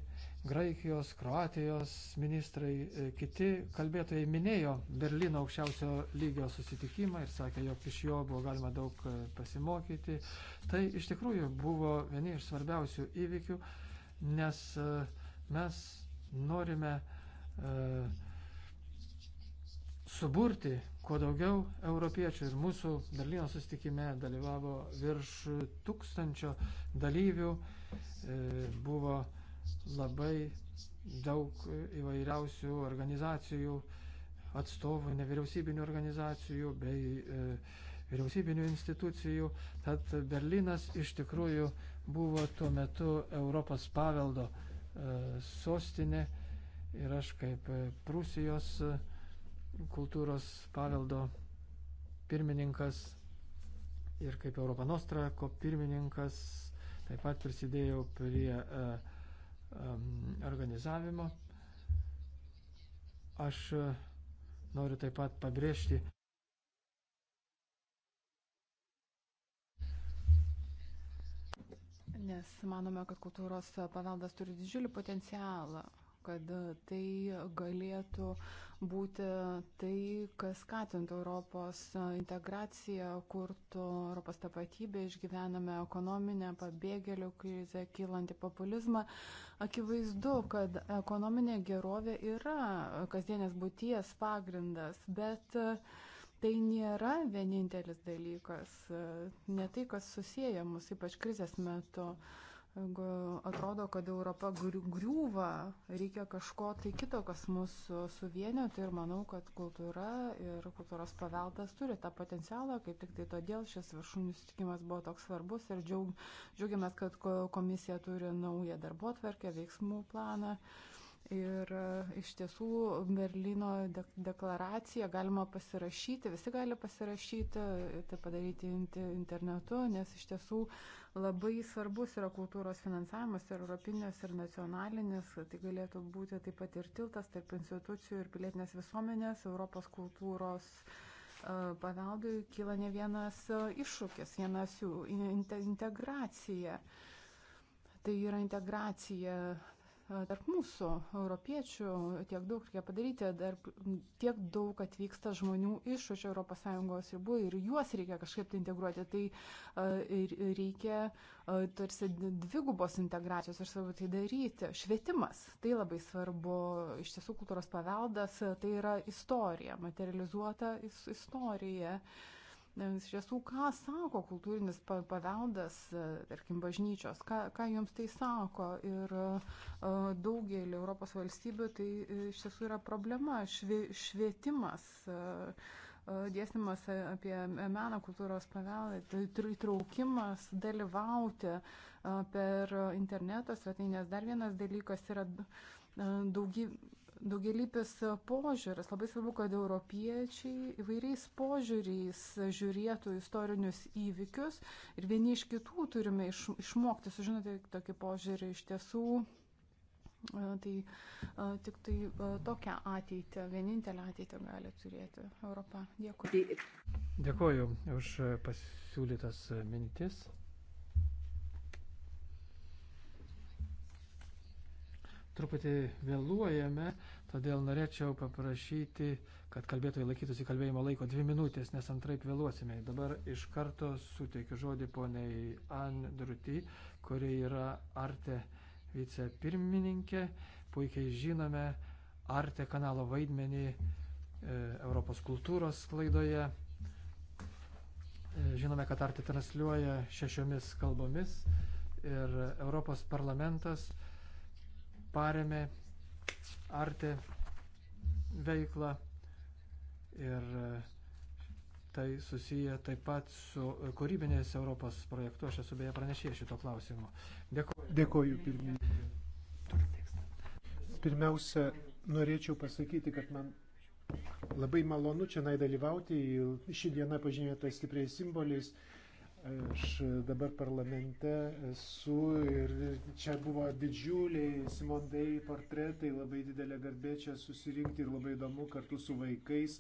Graikijos, Kroatijos ministrai, e, kiti kalbėtojai minėjo Berlyno aukščiausio lygio susitikimą ir sakė, jog iš jo buvo galima daug e, pasimokyti. Tai iš tikrųjų buvo vieni iš svarbiausių įvykių, nes e, mes norime suburti kuo daugiau europiečių ir mūsų Berlyno susitikime dalyvavo virš tūkstančio dalyvių, buvo labai daug įvairiausių organizacijų atstovų, nevyriausybinių organizacijų bei e, vyriausybinių institucijų. Tad Berlynas iš tikrųjų buvo tuo metu Europos paveldo e, sostinė ir aš kaip e, Prūsijos e, kultūros paveldo pirmininkas ir kaip Europanostra ko pirmininkas taip pat prisidėjau prie e, organizavimo. Aš e, noriu taip pat pabrėžti, nes manome, kad kultūros paveldas turi didžiulį potencialą, kad tai galėtų būti tai, kas skatintų Europos integraciją, kurtų Europos tapatybę, išgyvename ekonominę pabėgėlių krizę, kylanti populizmą. Akivaizdu, kad ekonominė gerovė yra kasdienės būties pagrindas, bet tai nėra vienintelis dalykas, ne tai, kas susiję mus, ypač krizės metu. Uh, Jeigu atrodo, kad Europa griūva, reikia kažko tai kito, kas mus suvienytų tai ir manau, kad kultūra ir kultūros paveldas turi tą potencialą, kaip tik tai todėl šis viršūnių sutikimas buvo toks svarbus ir džiaug, džiaugiamės, kad komisija turi naują darbo atverkę, veiksmų planą. Ir iš tiesų Berlyno deklaraciją galima pasirašyti, visi gali pasirašyti, tai padaryti internetu, nes iš tiesų uh, Labai svarbus yra kultūros finansavimas, ir europinės, ir nacionalinis. Tai galėtų būti taip pat ir tiltas tarp institucijų ir pilietinės visuomenės, Europos kultūros e, paveldui kyla ne vienas e, iššūkis, vienas jų integracija. Tai yra integracija tarp mūsų, europiečių, tiek daug reikia padaryti, dar tiek daug atvyksta žmonių iš už ES ribų ir juos reikia kažkaip tai integruoti. Tai reikia tarsi dvigubos integracijos ir svarbu tai daryti. Švietimas, tai labai svarbu, iš tiesų kultūros paveldas, tai yra istorija, materializuota istorija. Uh, iš tiesų, ką sako kultūrinis paveldas, e, tarkim, bažnyčios, ką, ką jums tai sako. Ir e, daugelį Europos valstybių tai e, iš tiesų yra problema švi, švietimas dėstymas apie meną, kultūros paveldą, tai įtraukimas, dalyvauti per interneto svetainės. Dar vienas dalykas yra daugybė daugelįpis požiūris. Labai svarbu, kad europiečiai įvairiais požiūriais žiūrėtų istorinius įvykius ir vieni iš kitų turime iš, išmokti, sužinoti tokį požiūrį iš tiesų. Tai tik tai tokią ateitį, vienintelę ateitį gali turėti Europą. Dėkui. Dėkuoju už pasiūlytas mintis. truputį vėluojame, todėl norėčiau paprašyti, kad kalbėtojai laikytųsi kalbėjimo laiko dvi minutės, nes antraip vėluosime. Dabar iš karto suteikiu žodį poniai Andruti, kuri yra Arte vicepirmininkė. Puikiai žinome Arte kanalo vaidmenį e, Europos kultūros sklaidoje. E, žinome, kad Arte transliuoja šešiomis kalbomis ir Europos parlamentas e, paremė Arte veiklą ir e, tai susiję taip pat su kūrybinės Europos projektu. Aš esu beje pranešėjęs šito klausimo. Dėkuoju. Dėkuoju pirmininkai. Pirmiausia, norėčiau pasakyti, kad man labai malonu čia dalyvauti. Ši diena pažymėta stipriais simboliais. Aš dabar parlamente esu ir čia buvo didžiuliai Simondai portretai, labai didelė garbė čia susirinkti ir labai įdomu kartu su vaikais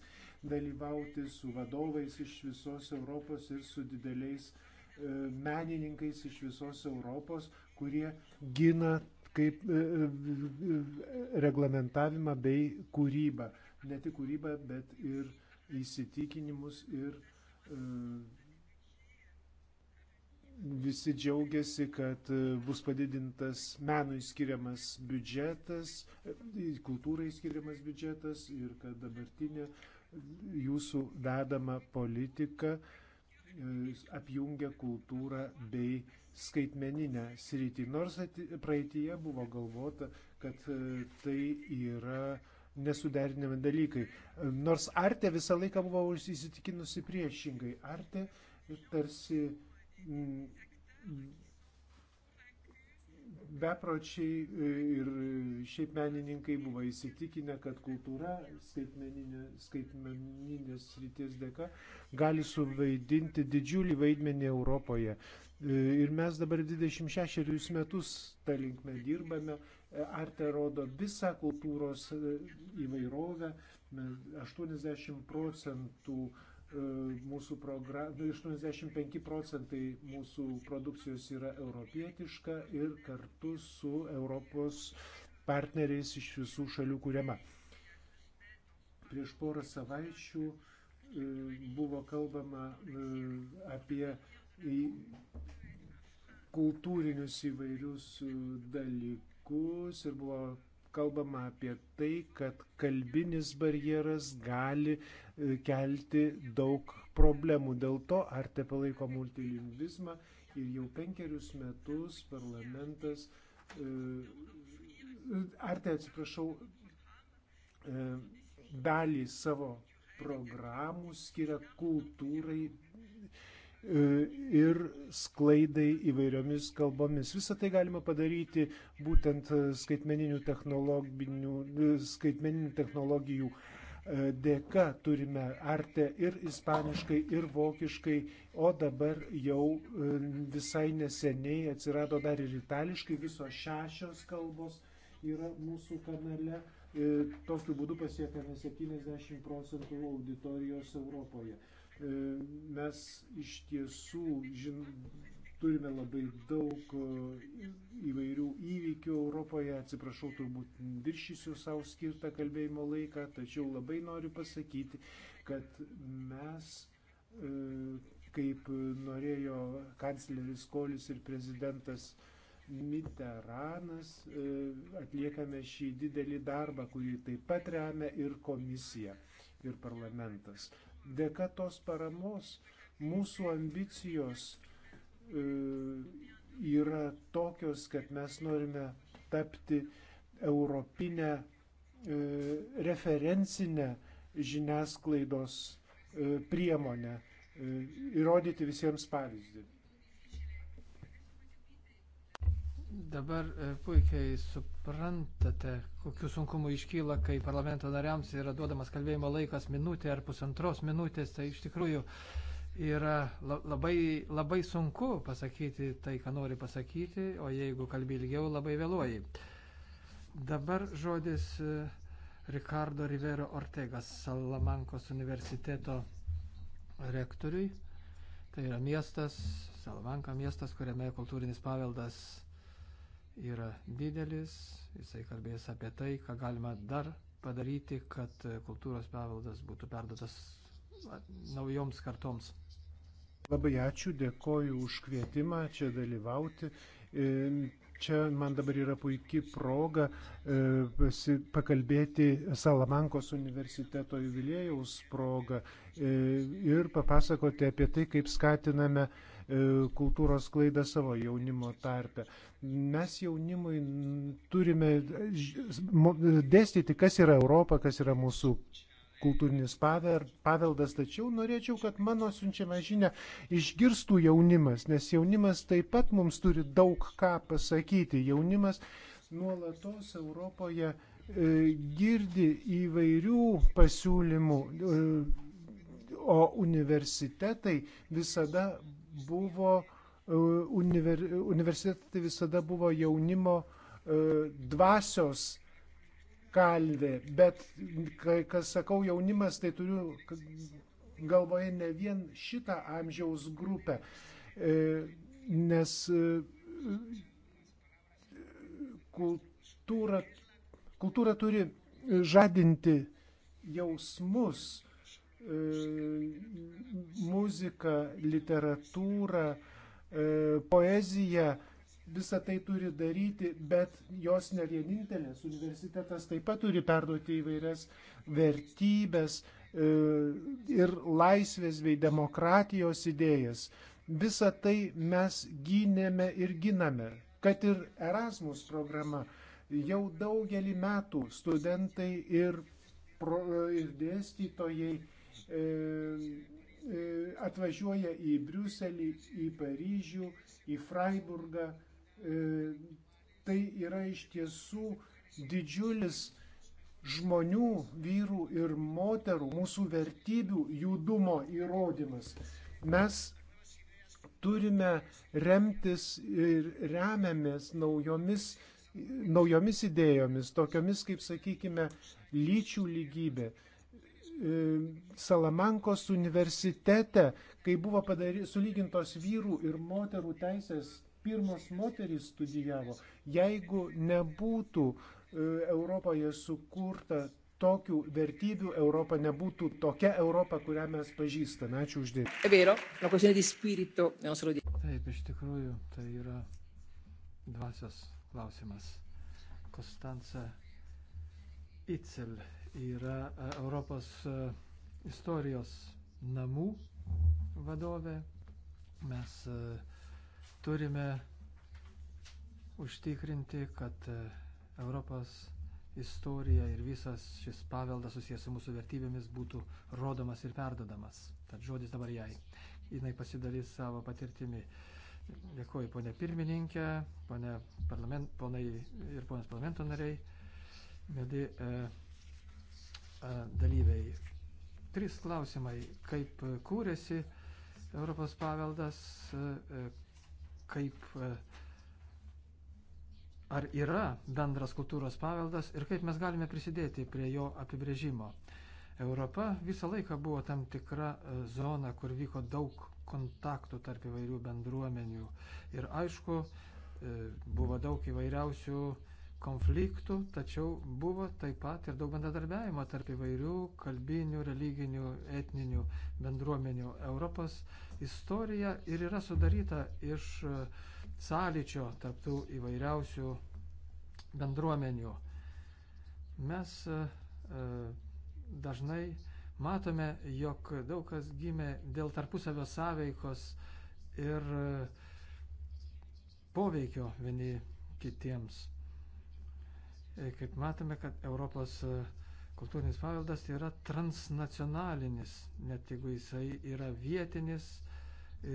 dalyvauti, su vadovais iš visos Europos ir su dideliais e, menininkais iš visos Europos, kurie gina kaip e, e, reglamentavimą bei kūrybą. Ne tik kūrybą, bet ir įsitikinimus ir Visi džiaugiasi, kad e, bus padidintas menui skiriamas biudžetas, e, kultūrai skiriamas biudžetas ir kad dabartinė jūsų vedama politika e, apjungia kultūrą bei skaitmeninę sritį. Nors praeitie buvo galvota, kad tai yra nesuderinami dalykai. Nors Arte visą laiką buvo įsitikinusi priešingai. Arte tarsi Mm, bepročiai e, ir šiaip menininkai buvo įsitikinę, kad kultūra skaitmeninė, skaitmeninės ryties dėka gali suvaidinti didžiulį vaidmenį Europoje. E, ir mes dabar 26 metus tą linkmę dirbame. E, Arte rodo visą kultūros įvairovę. 80 procentų uh, E, mūsų programų, nu, 85 procentai mūsų produkcijos yra europietiška ir kartu su Europos partneriais iš visų šalių kuriama. Prieš porą savaičių e, buvo kalbama e, apie kultūrinius įvairius dalykus ir buvo kalbama apie tai, kad kalbinis barjeras gali e, kelti daug problemų. Dėl to Arte palaiko multilingvizmą ir jau penkerius metus parlamentas, e, Arte atsiprašau, e, dalį savo programų skiria kultūrai E, ir sklaidai įvairiomis kalbomis. Visą tai galima padaryti būtent skaitmeninių, e, skaitmeninių technologijų e, dėka turime artę ir ispaniškai, ir vokiškai, o dabar jau visai neseniai atsirado dar ir itališkai, visos šešios kalbos yra mūsų kanale. Tokiu būdu pasiekame 70 procentų auditorijos Europoje. E, mes iš tiesų žin, turime labai daug e, įvairių įvykių Europoje. Atsiprašau, turbūt viršysiu savo skirtą kalbėjimo laiką, tačiau labai noriu pasakyti, kad mes, e, kaip norėjo kancleris Kolis ir prezidentas Mitteranas, atliekame šį didelį darbą, kurį taip pat remia ir komisija ir parlamentas. Dėka tos paramos mūsų ambicijos e, yra tokios, kad mes norime tapti europinę e, referencinę žiniasklaidos e, priemonę, įrodyti visiems pavyzdį. Dabar puikiai sup suprantate, kokiu sunkumu iškyla, kai parlamento nariams yra duodamas kalbėjimo laikas minutė ar pusantros minutės, tai iš tikrųjų yra labai, labai sunku pasakyti tai, ką nori pasakyti, o jeigu kalbė ilgiau, labai vėluoji. Dabar žodis e, Ricardo Rivero Ortegas, Salamankos universiteto rektoriui. Tai yra miestas, Salamanka miestas, kuriame kultūrinis paveldas yra didelis, jisai kalbės apie tai, ką galima dar padaryti, kad kultūros paveldas būtų perdotas naujoms kartoms. Labai ačiū, dėkoju už kvietimą čia dalyvauti. E, čia man dabar yra puikia proga e, pakalbėti Salamankos universiteto jubilėjaus progą e, ir papasakoti apie tai, kaip skatiname E, kultūros klaidą savo jaunimo tarpe. Mes jaunimui turime e, e, dėstyti, kas yra Europa, kas yra mūsų kultūrinis paveldas, tačiau norėčiau, kad mano siunčiamą žinę išgirstų jaunimas, nes jaunimas taip pat mums turi daug ką pasakyti. Jaunimas nuolatos Europoje girdi įvairių pasiūlymų, o universitetai visada buvo e, univer, universitetai visada buvo jaunimo e, dvasios kalvė, bet kai kas sakau jaunimas, tai turiu galvoje ne vien šitą amžiaus grupę, e, nes kultūra, kultūra turi žadinti jausmus, muziką, literatūrą, poeziją, visą tai turi daryti, bet jos ne vienintelės. Universitetas taip pat turi perduoti įvairias vertybės ir laisvės bei demokratijos idėjas. Visą tai mes gynėme ir giname. Kad ir Erasmus programa jau daugelį metų studentai ir, pro, ir dėstytojai E, e, atvažiuoja į Briuselį, į Paryžių, į Freiburgą. E, tai yra iš tiesų didžiulis žmonių, vyrų ir moterų, mūsų vertybių judumo įrodymas. Mes turime remtis ir remiamės naujomis, naujomis idėjomis, tokiomis kaip, sakykime, lyčių lygybė. E, Salamankos universitete, kai buvo padary, sulygintos vyrų ir moterų teisės, pirmos moterys studijavo. Jeigu nebūtų e, Europoje sukurta tokių vertybių, Europa nebūtų tokia Europa, kurią mes pažįstame. Ačiū uždėti. Taip, iš tikrųjų, tai yra dvasios klausimas. Konstanca Itzel yra e, Europos e, istorijos namų vadovė. Mes e, turime užtikrinti, kad Europos istorija ir visas šis paveldas susijęs su mūsų vertybėmis būtų rodomas ir perdodamas. Tad žodis dabar jai. Jis pasidalys savo patirtimi. Dėkuoju, ponė pirmininkė, ponė parlament, ponai ir ponės parlamento nariai. Mėly, e, dalyviai. Trys klausimai. Kaip e, kūrėsi Europos paveldas, e, e, kaip ar yra bendras kultūros paveldas ir kaip mes galime prisidėti prie jo apibrėžimo. Europa visą laiką buvo tam tikra zona, kur vyko daug kontaktų tarp įvairių bendruomenių. Ir aišku, buvo daug įvairiausių konfliktų, tačiau buvo taip pat ir daug bendradarbiavimo tarp įvairių kalbinių, religinių, etninių bendruomenių. Europos istorija ir yra sudaryta iš e, sąlyčio tarptų įvairiausių bendruomenių. Mes e, e, dažnai matome, jog daug kas gimė dėl tarpusavio sąveikos ir poveikio vieni kitiems. E, kaip matome, kad Europos e, kultūrinis paveldas yra transnacionalinis, net jeigu jisai yra vietinis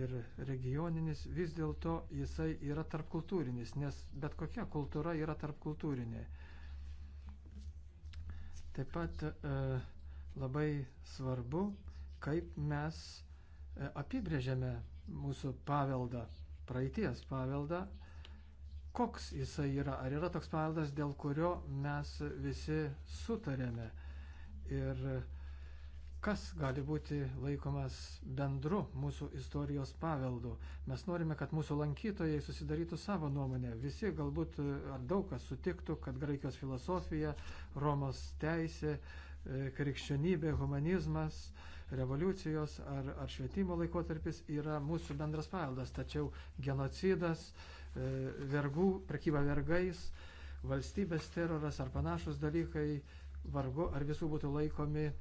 ir regioninis, vis dėlto jisai yra tarpkultūrinis, nes bet kokia kultūra yra tarpkultūrinė. Taip pat e, labai svarbu, kaip mes e, apibrėžiame mūsų paveldą, praeities paveldą koks jisai yra, ar yra toks paveldas, dėl kurio mes visi sutarėme ir kas gali būti laikomas bendru mūsų istorijos paveldu. Mes norime, kad mūsų lankytojai susidarytų savo nuomonę. Visi galbūt ar daug kas sutiktų, kad graikijos filosofija, Romos teisė, e, krikščionybė, humanizmas, revoliucijos ar, ar švietimo laikotarpis yra mūsų bendras paveldas, tačiau genocidas, E, vergų, prekyba vergais, valstybės teroras ar panašus dalykai vargu ar visų būtų laikomi e,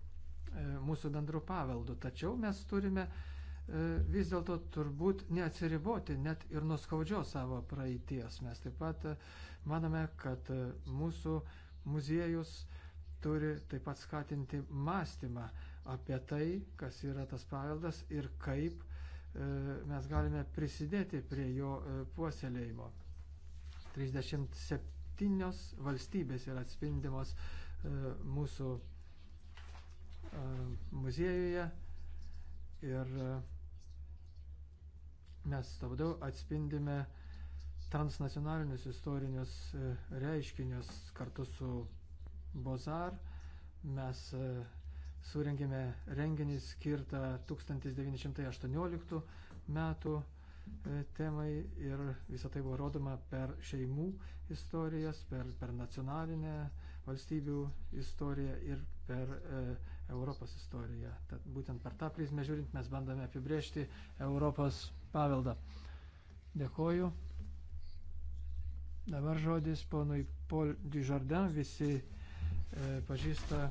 mūsų bendrų paveldų. Tačiau mes turime e, vis dėlto turbūt neatsiriboti net ir nuskaudžios savo praeities. Mes taip pat manome, kad mūsų muziejus turi taip pat skatinti mąstymą apie tai, kas yra tas paveldas ir kaip E, mes galime prisidėti prie jo e, puoselėjimo. 37 valstybės yra atspindimos e, mūsų muziejuje ir mes labiau atspindime transnacionalinius istorinius reiškinius kartu su Bozar. Mes surengėme renginį skirtą 1918 metų e, temai ir visą tai buvo rodoma per šeimų istorijas, per, per nacionalinę valstybių istoriją ir per e, Europos istoriją. Tad būtent per tą prizmę žiūrint mes bandome apibriežti Europos paveldą. Dėkoju. Dabar žodis ponui Paul Dujardin, visi e, pažįsta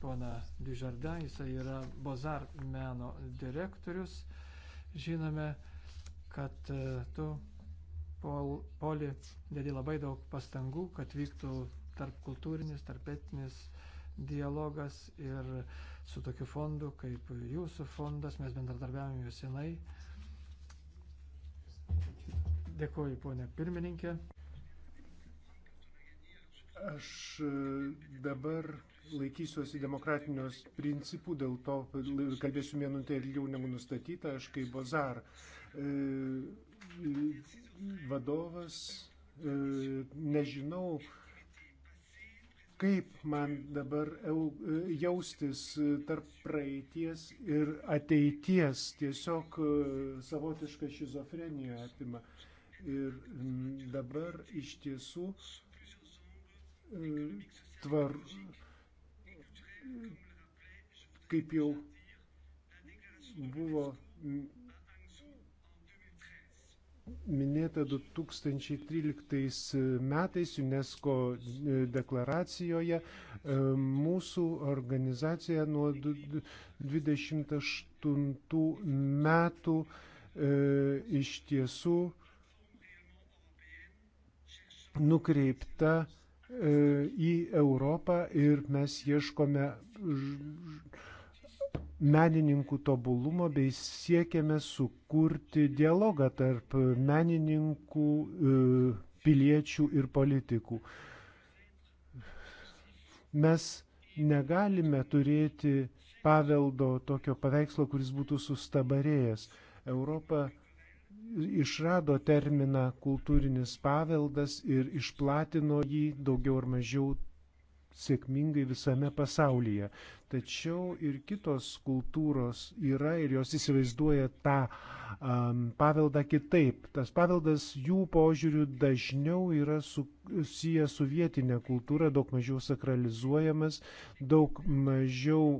pona Dižarda, jisai yra Bozar meno direktorius. Žinome, kad e, tu, Pol, Poli, dėdi labai daug pastangų, kad vyktų tarp kultūrinis, tarp etinis dialogas ir su tokiu fondu kaip jūsų fondas mes bendradarbiavame jau senai. Dėkuoju, ponė pirmininkė. Aš e, dabar laikysiuosi demokratinius principų, dėl to kalbėsiu minutę ilgiau negu nustatyta, aš kaip bazar e, vadovas e, nežinau, kaip man dabar e, jaustis tarp praeities ir ateities. Tiesiog savotiška šizofrenija atima. Ir dabar iš tiesų tvar, kaip jau buvo minėta 2013 metais UNESCO deklaracijoje, e, mūsų organizacija nuo 28 metų e, iš tiesų nukreipta E, į Europą ir mes ieškome menininkų tobulumo bei siekiame sukurti dialogą tarp menininkų, e, piliečių ir politikų. Mes negalime turėti paveldo tokio paveikslo, kuris būtų sustabarėjęs. Europa išrado terminą kultūrinis paveldas ir išplatino jį daugiau ar mažiau sėkmingai visame pasaulyje. Tačiau ir kitos kultūros yra ir jos įsivaizduoja tą um, paveldą kitaip. Tas paveldas jų požiūrių dažniau yra susijęs su vietinė kultūra, daug mažiau sakralizuojamas, daug mažiau,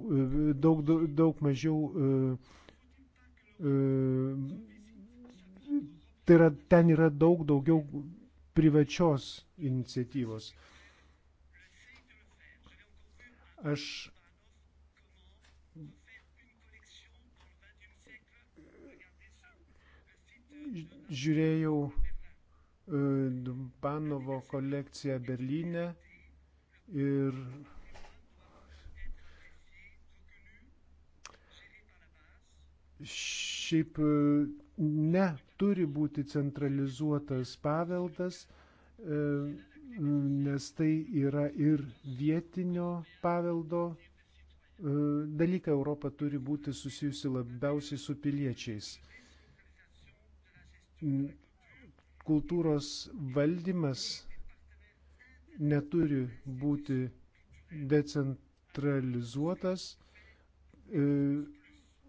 daug, daug, daug mažiau uh, uh, Tai yra, ten yra daug daugiau privačios iniciatyvos. Aš žiūrėjau e, Dumpanovo kolekciją Berlyne ir šiaip e, neturi būti centralizuotas paveldas, e, nes tai yra ir vietinio paveldo e, dalykai. Europa turi būti susijusi labiausiai su piliečiais. Kultūros valdymas neturi būti decentralizuotas, e,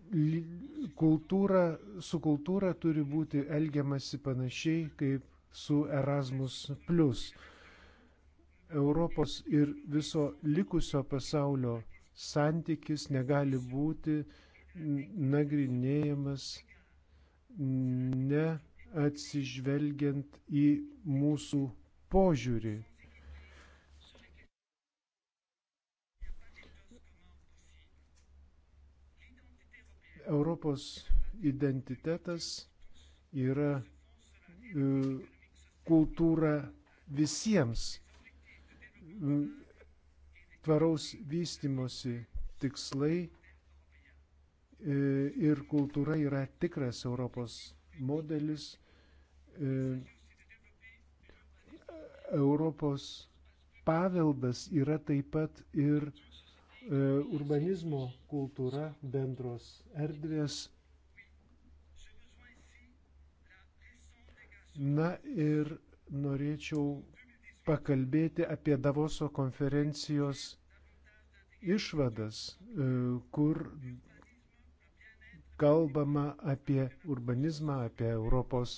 kultūra, su kultūra turi būti elgiamasi panašiai kaip su Erasmus. Europos ir viso likusio pasaulio santykis negali būti nagrinėjamas neatsižvelgiant į mūsų požiūrį. Europos identitetas yra e, kultūra visiems e, tvaraus vystimosi tikslai e, ir kultūra yra tikras Europos modelis. Europos paveldas yra taip pat ir E, urbanizmo kultūra, bendros erdvės. Na ir norėčiau pakalbėti apie Davoso konferencijos išvadas, e, kur kalbama apie urbanizmą, apie Europos,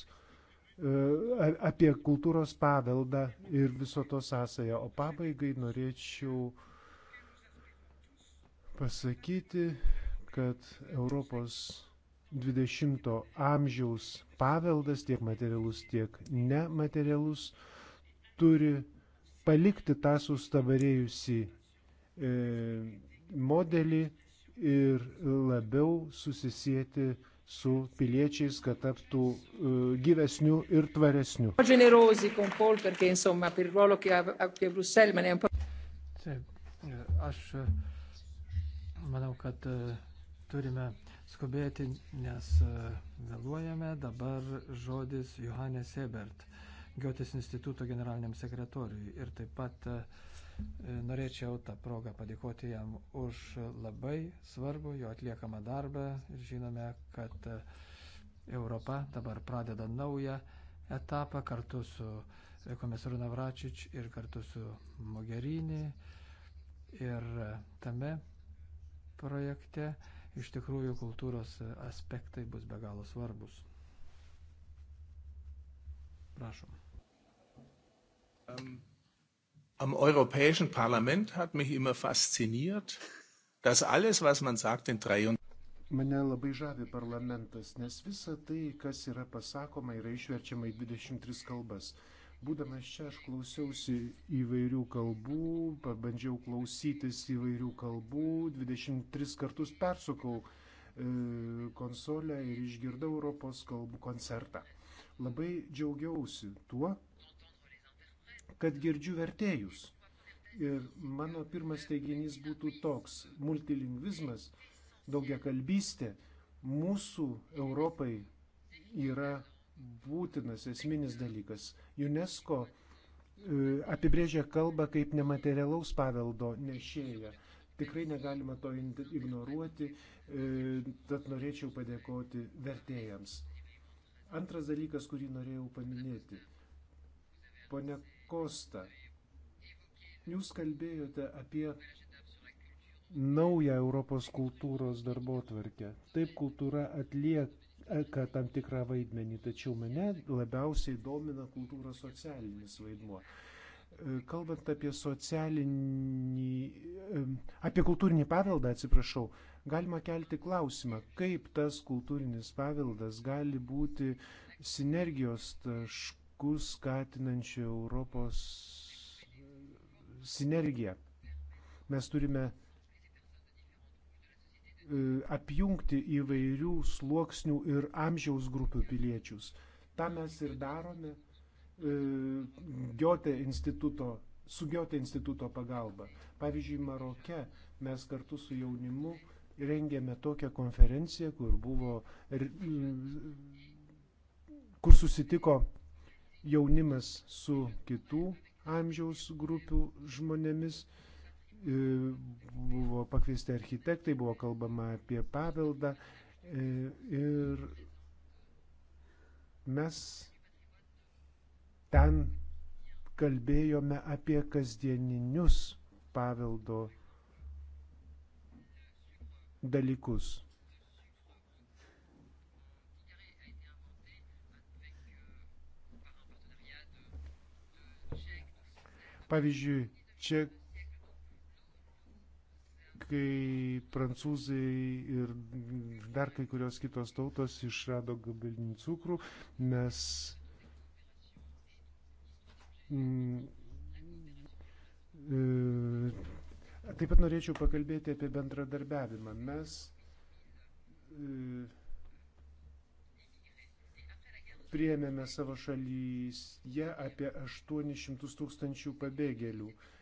e, apie kultūros paveldą ir viso to sąsąją. O pabaigai norėčiau pasakyti, kad Europos 20 amžiaus paveldas, tiek materialus, tiek nematerialus, turi palikti tą sustabarėjusi e, modelį ir labiau susisieti su piliečiais, kad taptų uh, e, gyvesnių ir tvaresnių. Taip, aš manau, kad e, turime skubėti, nes e, vėluojame. Dabar žodis Johannes Ebert, Giotis instituto generaliniam sekretoriui. Ir taip pat e, norėčiau tą progą padėkoti jam už labai svarbu jo atliekamą darbą. Ir žinome, kad Europa dabar pradeda naują etapą kartu su komisaru Navračič ir kartu su Mogherini. Ir tame projekte, iš tikrųjų kultūros aspektai bus be galo svarbus. Prašom. Ähm, am Europäischen Parlament hat mich immer fasziniert, dass alles, was man sagt, in drei und Mane labai žavi parlamentas, nes visa tai, kas yra pasakoma, yra išverčiama į 23 kalbas. Būdamas čia aš klausiausi įvairių kalbų, pabandžiau klausytis įvairių kalbų, 23 kartus persukau e, konsolę ir išgirdau Europos kalbų koncertą. Labai džiaugiausi tuo, kad girdžiu vertėjus. Ir mano pirmas teiginys būtų toks - multilingvizmas, daugia kalbystė mūsų Europai yra būtinas esminis dalykas. UNESCO e, apibrėžia kalbą kaip nematerialaus paveldo nešėją. Tikrai negalima to ignoruoti, e, tad norėčiau padėkoti vertėjams. Antras dalykas, kurį norėjau paminėti. Pone Kosta, jūs kalbėjote apie naują Europos kultūros darbo tvarkę. Taip kultūra atlieka ECA tam tikrą vaidmenį, tačiau mane labiausiai domina kultūros socialinis vaidmuo. E, kalbant apie socialinį, e, apie kultūrinį paveldą, atsiprašau, galima kelti klausimą, kaip tas kultūrinis paveldas gali būti sinergijos taškų skatinančių Europos e, sinergiją. Mes turime E, apjungti įvairių sluoksnių ir amžiaus grupių piliečius. Ta mes ir darome e, Giote instituto, su Giote instituto pagalba. Pavyzdžiui, Maroke mes kartu su jaunimu rengėme tokią konferenciją, kur buvo, kur susitiko jaunimas su kitų amžiaus grupių žmonėmis. E, buvo pakviesti architektai, buvo kalbama apie paveldą e, ir mes ten kalbėjome apie kasdieninius paveldo dalykus. Pavyzdžiui, čia kai prancūzai ir dar kai kurios kitos tautos išrado gabalinį cukrų, mes mm, e, taip pat norėčiau pakalbėti apie bendradarbiavimą. Mes e, priėmėme savo šalyje apie 800 tūkstančių pabėgėlių. E,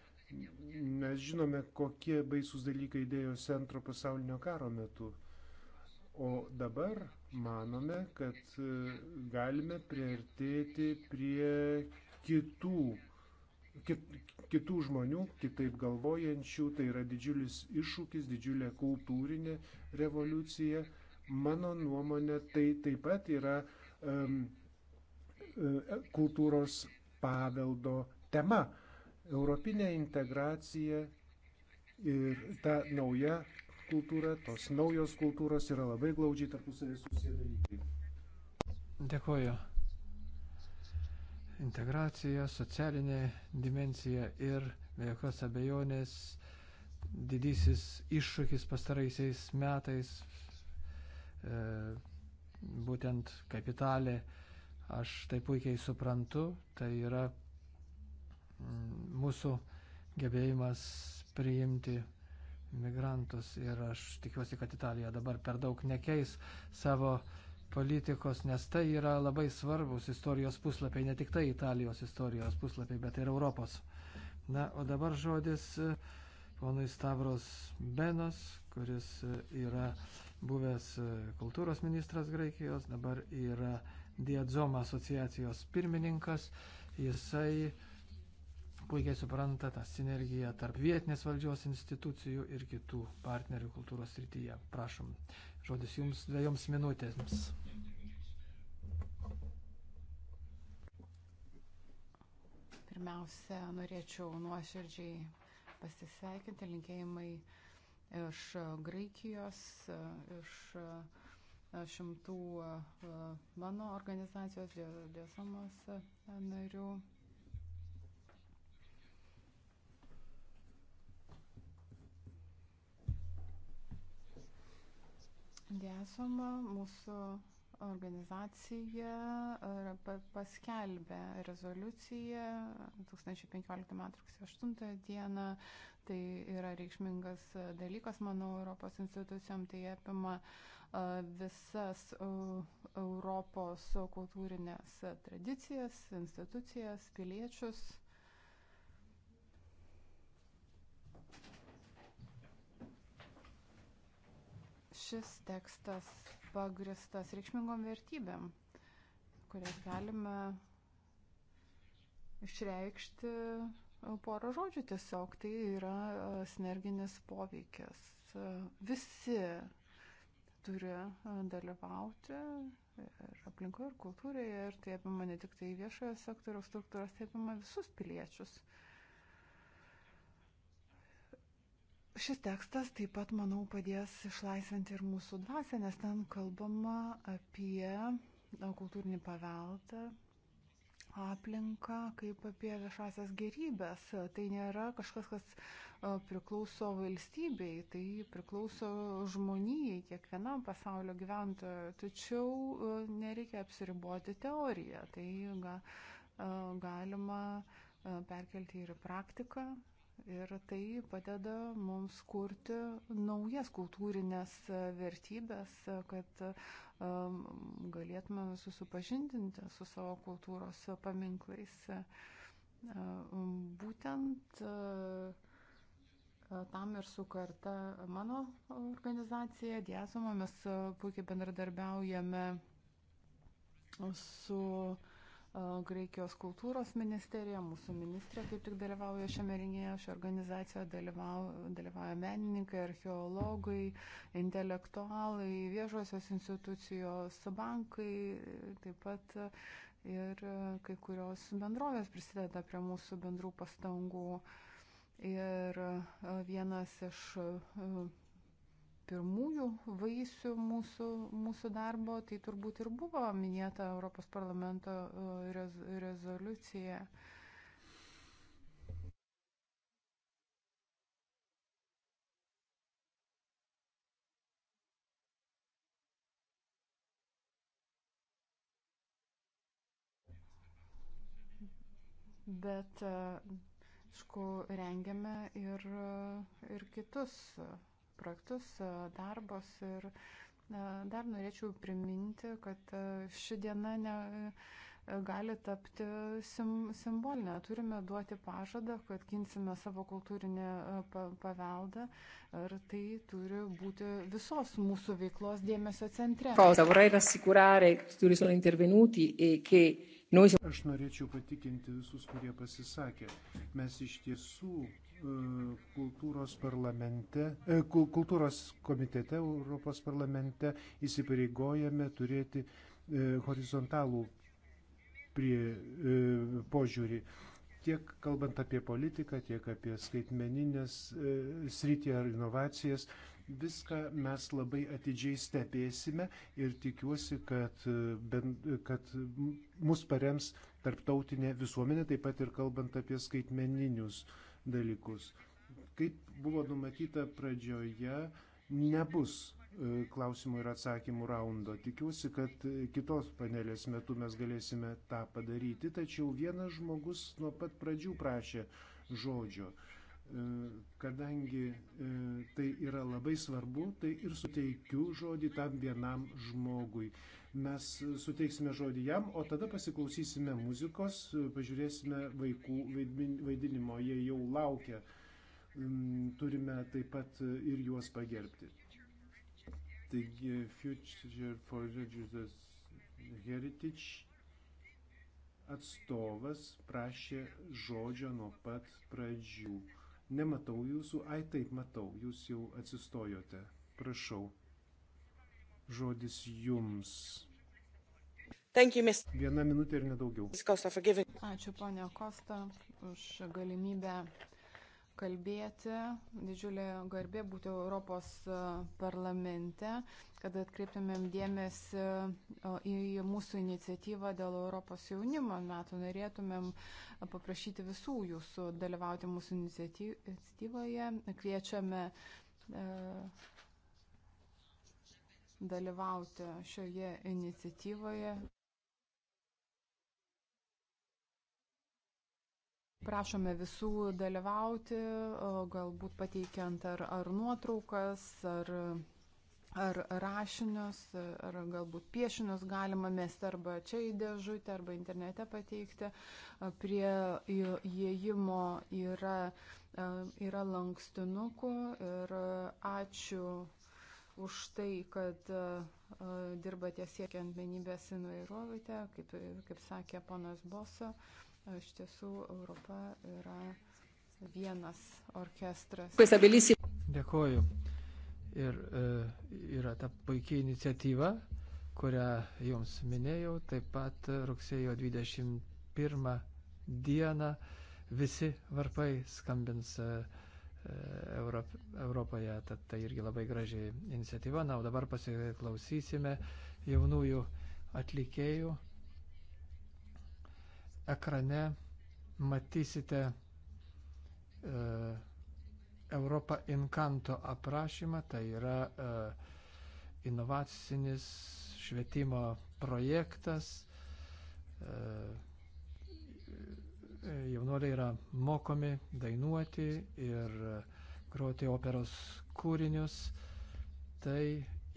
Mes žinome, kokie baisūs dalykai dėjosi antro pasaulinio karo metu. O dabar manome, kad e, galime priartėti prie kitų, kit, kitų žmonių, kitaip galvojančių. Tai yra didžiulis iššūkis, didžiulė kultūrinė revoliucija. Mano nuomonė, tai taip pat yra um, kultūros paveldo tema. Uh, Europinė integracija ir ta nauja kultūra, tos naujos kultūros yra labai glaudžiai tarpusavį susiję dalykai. Dėkuoju. Integracija, socialinė dimencija ir be jokios abejonės didysis iššūkis pastaraisiais metais, e, būtent kapitalė, aš tai puikiai suprantu, tai yra mūsų gebėjimas priimti migrantus. Ir aš tikiuosi, kad Italija dabar per daug nekeis savo politikos, nes tai yra labai svarbus istorijos puslapiai, ne tik tai Italijos istorijos puslapiai, bet ir Europos. Na, o dabar žodis e, ponui Stavros Benos, kuris e, yra buvęs e, kultūros ministras Graikijos, dabar yra Diadzomo asociacijos pirmininkas. Jisai uh, puikiai supranta tą sinergiją tarp vietinės valdžios institucijų ir kitų partnerių kultūros rytyje. Prašom, žodis jums dviejoms minutėms. Pirmiausia, norėčiau nuoširdžiai pasisveikinti linkėjimai iš Graikijos, iš šimtų e, mano organizacijos, Diosamos e, narių Gesoma mūsų organizacija e, paskelbė rezoliuciją 2015 m. 8 dieną. Tai yra reikšmingas dalykas, manau, Europos institucijom. Tai apima e, visas e, Europos kultūrinės tradicijas, institucijas, piliečius. šis tekstas pagristas reikšmingom vertybėm, kurias galime išreikšti e, porą žodžių. Tiesiog tai yra e, sinerginis poveikis. E, visi turi dalyvauti ir aplinkoje, ir kultūroje, ir tai apima ne tik tai viešojo sektoriaus struktūras, tai apima visus piliečius. Uh, Šis tekstas taip pat, manau, padės išlaisvinti ir mūsų dvasę, nes ten kalbama apie kultūrinį paveldą, aplinką kaip apie viešasias gerybės. Tai nėra kažkas, kas priklauso valstybei, tai priklauso žmonijai, kiekvienam pasaulio gyventojui. Tačiau nereikia apsiriboti teoriją, tai ga, galima perkelti ir į praktiką, Ir tai padeda mums kurti naujas kultūrinės vertybės, kad um, galėtume susipažindinti su savo kultūros paminklais. Um, būtent uh, tam ir sukarta mano organizacija, Diasomo, mes uh, puikiai bendradarbiaujame su Graikijos kultūros ministerija, mūsų ministrė kaip tik dalyvauja šiame renginėje, šioje organizacijoje dalyvauja, dalyvauja menininkai, archeologai, intelektualai, viešosios institucijos, bankai, taip pat e, ir kai kurios bendrovės prisideda prie mūsų bendrų pastangų. Ir e, vienas iš e, pirmųjų vaisių mūsų, mūsų darbo, tai turbūt ir buvo minėta Europos parlamento e, rez, rezoliucija. Bet e, aišku, rengiame ir, e, ir kitus projektus, e, darbus ir e, dar norėčiau priminti, kad e, ši diena ne, gali tapti sim, simbolinė. Turime duoti pažadą, kad ginsime savo kultūrinį pa, paveldą ir tai turi būti visos mūsų veiklos dėmesio centre. Aš norėčiau patikinti visus, kurie pasisakė. Mes iš tiesų E, kultūros, e, kultūros komitete Europos parlamente įsipareigojame turėti e, horizontalų prie, požiūrį tiek kalbant apie politiką, tiek apie skaitmeninės e, sritį ar inovacijas, viską mes labai atidžiai stebėsime ir tikiuosi, kad, ben, kad mus parems tarptautinė visuomenė, taip pat ir kalbant apie skaitmeninius e, dalykus. Kaip buvo numatyta pradžioje, nebus e, klausimų ir atsakymų raundo. Tikiuosi, kad kitos panelės metu mes galėsime tą padaryti, tačiau vienas žmogus nuo pat pradžių prašė žodžio. Uh, E, kadangi e, tai yra labai svarbu, tai ir suteikiu žodį tam vienam žmogui. Mes suteiksime žodį jam, o tada pasiklausysime muzikos, pažiūrėsime vaikų vaidinimo, jie jau laukia. Mm, turime taip pat ir juos pagerbti. Taigi, Future for Registered Heritage atstovas prašė žodžio nuo pat pradžių. Nematau jūsų, ai taip matau, jūs jau atsistojote. Prašau. Žodis jums. You, Viena minutė ir nedaugiau. Ačiū, ponė Kosta, už galimybę kalbėti, didžiulė garbė būti Europos e, parlamente, kad atkreiptumėm dėmesį e, į mūsų iniciatyvą dėl Europos jaunimo metų. Norėtumėm paprašyti visų jūsų dalyvauti mūsų iniciatyvoje. Kviečiame e, dalyvauti šioje iniciatyvoje. prašome visų dalyvauti, galbūt pateikiant ar, ar nuotraukas, ar, ar rašinius, ar galbūt piešinius galima mesti arba čia į dėžutę, arba internete pateikti. Prie įėjimo yra, e, yra lankstinukų ir ačiū už tai, kad e, dirbate siekiant vienybės įvairovite, kaip, kaip sakė ponas Boso. Iš tiesų, Europa yra vienas orkestras. Dėkoju. Ir e, yra ta puikia iniciatyva, kurią jums minėjau. Taip pat rugsėjo 21 dieną visi varpai skambins e, e, Europ, Europoje. Tad tai irgi labai graži iniciatyva. Na, o dabar pasiklausysime jaunųjų atlikėjų ekrane matysite e, Europą Inkanto aprašymą, tai yra e, inovacinis švietimo projektas. E, e jaunoliai yra mokomi dainuoti ir groti operos kūrinius. Tai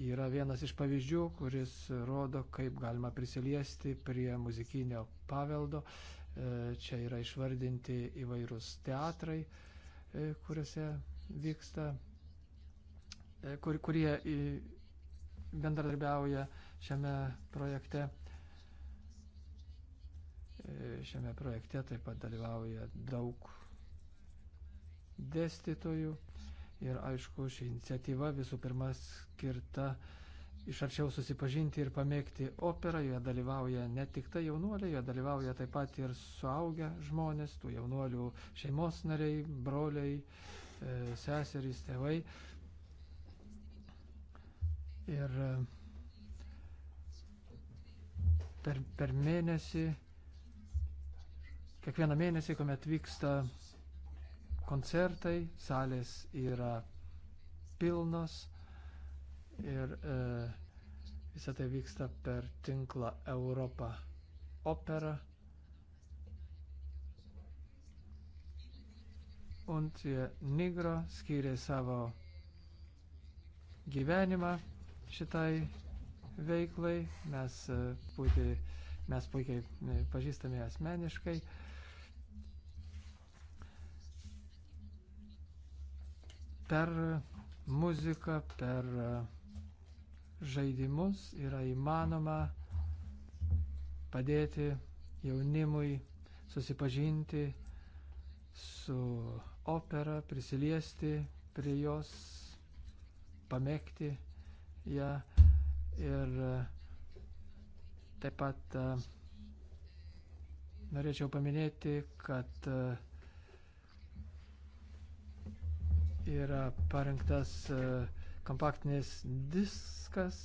yra vienas iš pavyzdžių, kuris rodo, kaip galima prisiliesti prie muzikinio paveldo. E, čia yra išvardinti įvairūs teatrai, e, kuriuose vyksta, e, kur, kurie bendradarbiauja šiame projekte. Šiame projekte taip pat dalyvauja daug dėstytojų ir aišku, ši iniciatyva visų pirma skirta uh, iš arčiau susipažinti ir pamėgti operą, joje dalyvauja ne tik tai jaunuoliai, joje dalyvauja taip pat ir suaugę žmonės, tų jaunuolių šeimos nariai, broliai, e, seserys, tėvai. Ir e, per, per mėnesį, kiekvieną mėnesį, kuomet vyksta koncertai, salės yra pilnos ir e, visą tai vyksta per tinklą Europą Opera. Und Nigro skyrė savo gyvenimą šitai veiklai. Mes, e, puikiai, mes puikiai e, pažįstame asmeniškai. Per muziką, per uh, žaidimus yra įmanoma padėti jaunimui susipažinti su opera, prisiliesti prie jos, pamėgti ją ir e, taip pat e, norėčiau paminėti, kad e, yra parengtas uh, kompaktinis diskas,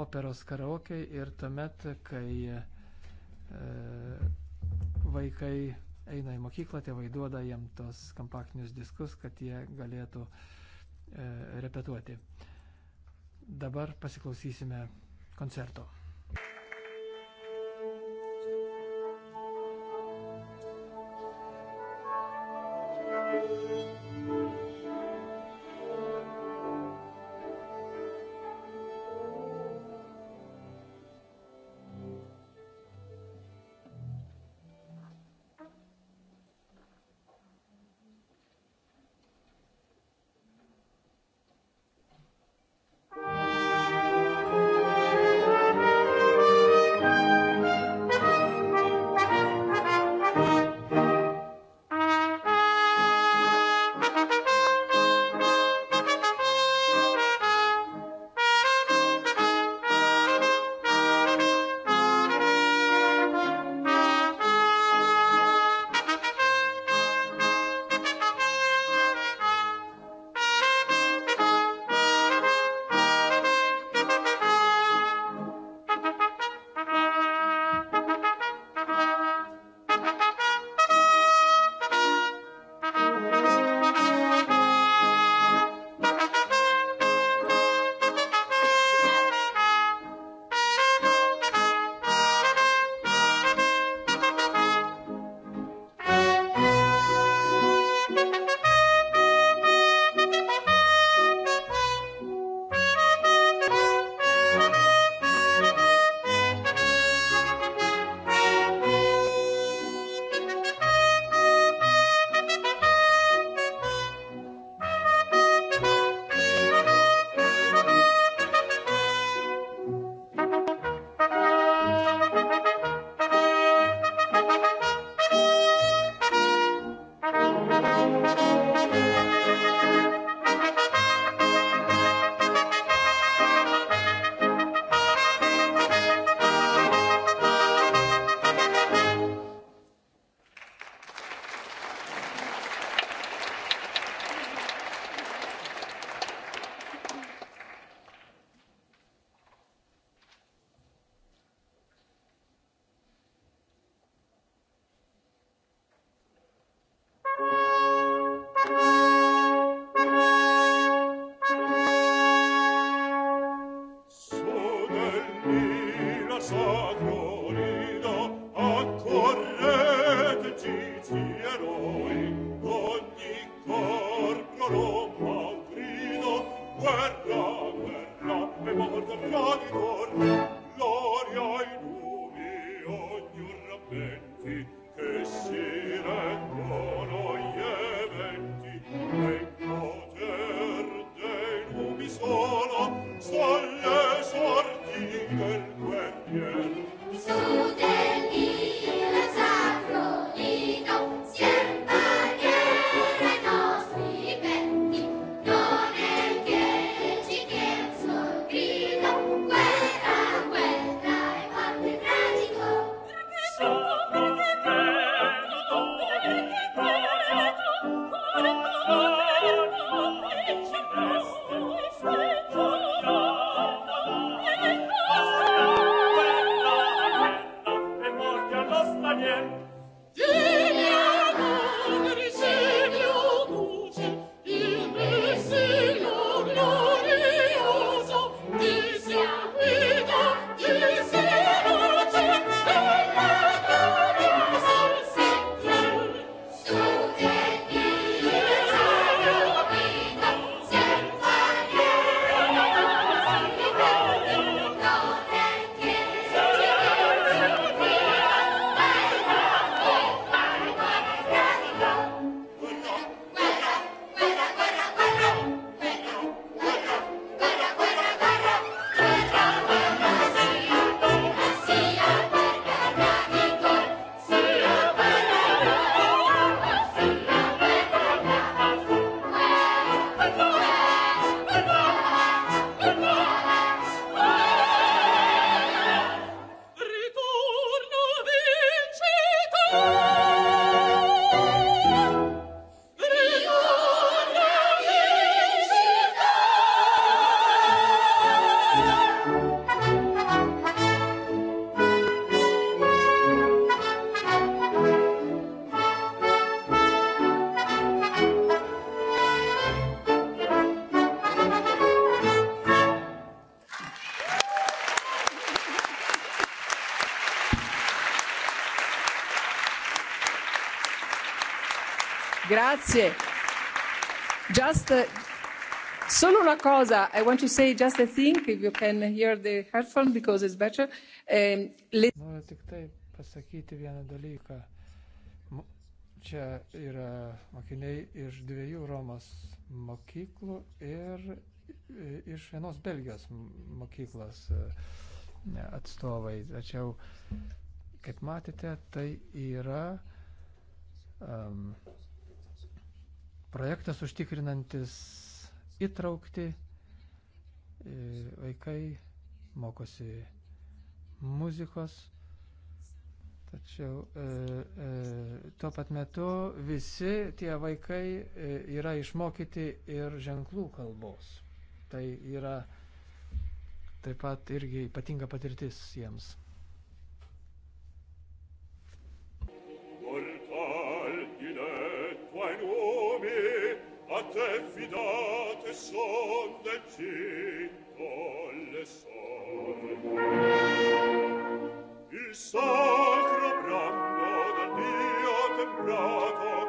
operos karaoke ir tuomet, kai e, vaikai eina į mokyklą, tėvai duoda jiem tos kompaktinius diskus, kad jie galėtų e, repetuoti. Dabar pasiklausysime koncerto. Grazie. Just uh, solo una cosa, I want to say just a thing, if you can hear the headphone because it's better. Um, let... Noriu tik tai pasakyti vieną dalyką. Čia yra mokiniai iš dviejų Romos mokyklų ir iš vienos Belgijos mokyklos e, atstovai. Tačiau, kaip matėte, tai yra um, projektas užtikrinantis įtraukti. E, vaikai mokosi muzikos, tačiau e, e, tuo pat metu visi tie vaikai e, yra išmokyti ir ženklų kalbos. Tai yra taip pat irgi ypatinga patirtis jiems. fate fidate son del cintolle sol. Il sacro brando del Dio temprato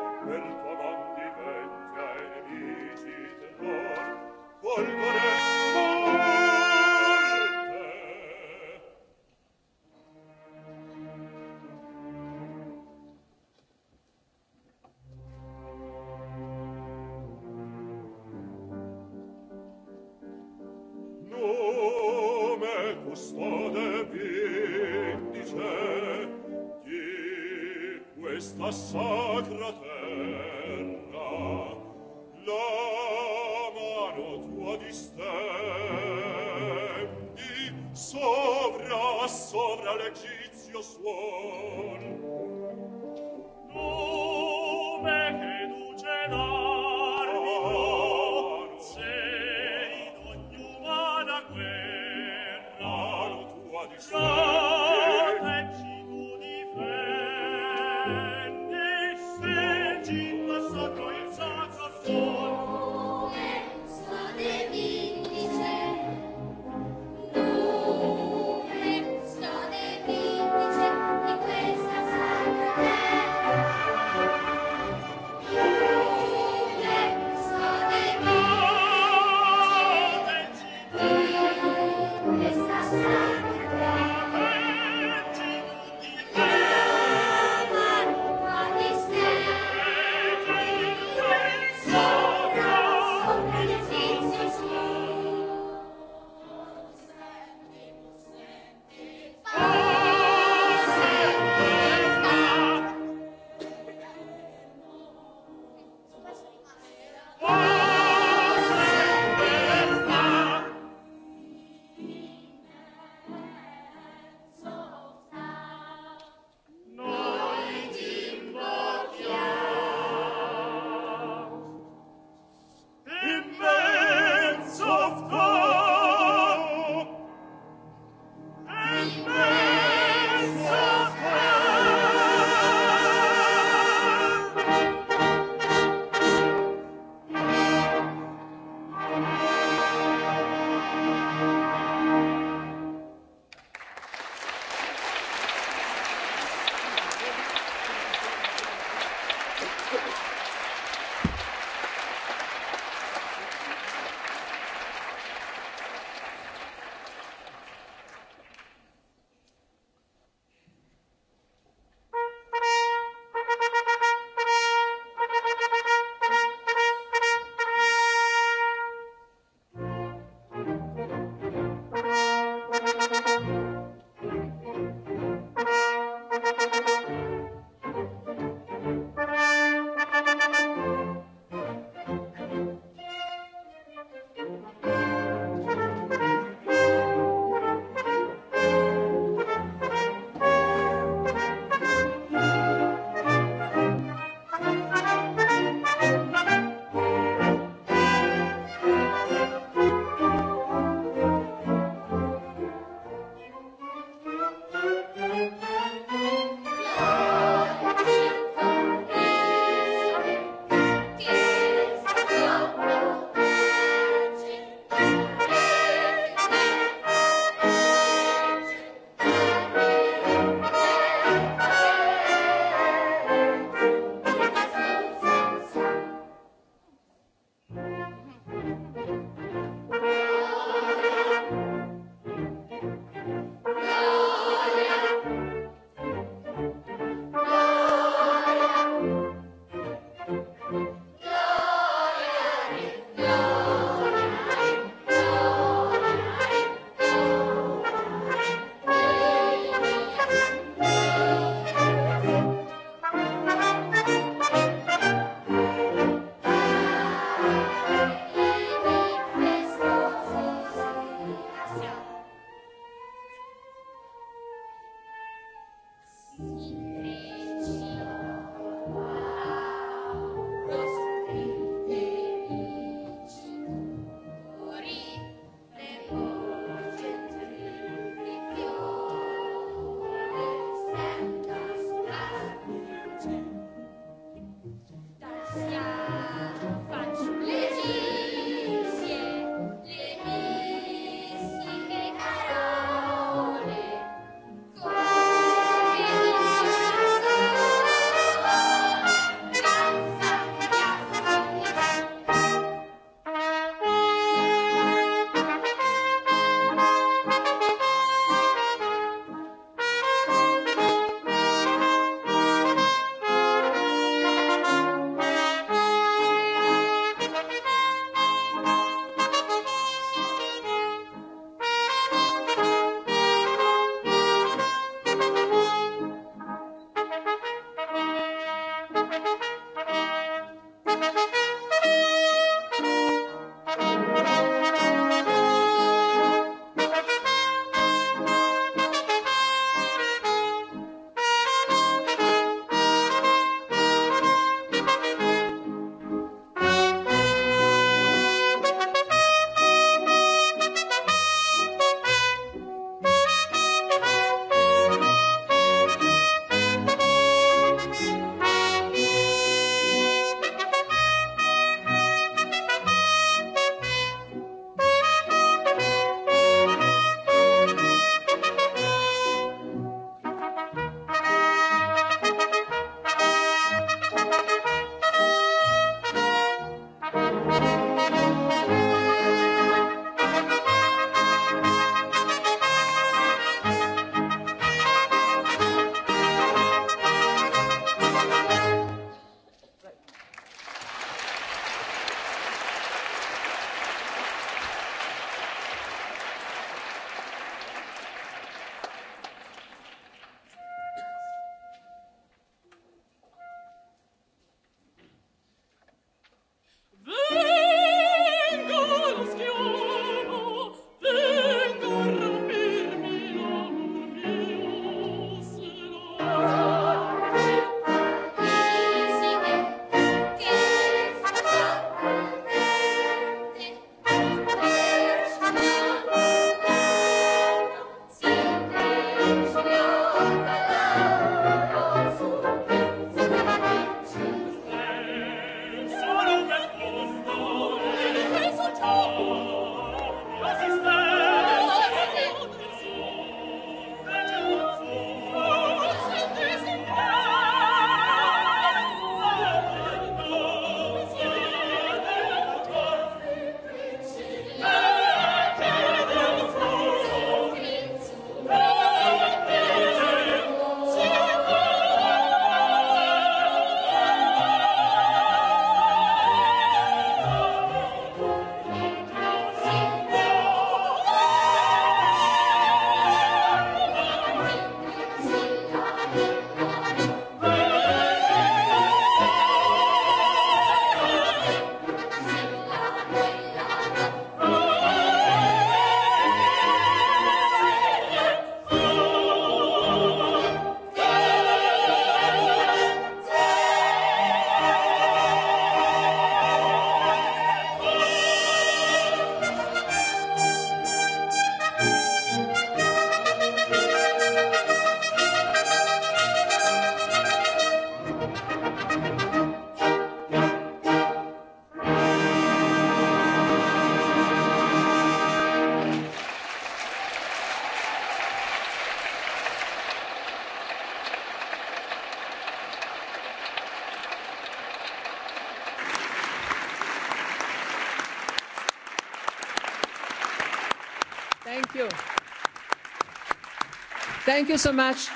Thank you so much.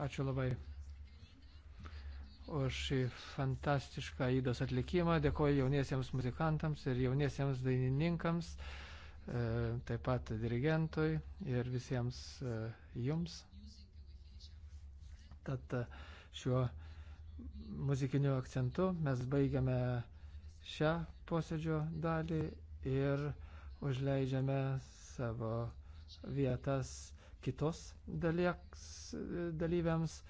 Ačiū labai už šį fantastišką įdos atlikimą. Dėkoju jauniesiems muzikantams ir jauniesiems dainininkams, e, taip pat dirigentui ir visiems e, jums. Tad e, šiuo muzikiniu akcentu mes baigiame šią posėdžio dalį ir užleidžiame savo vietas kitos dalieks dalyviams.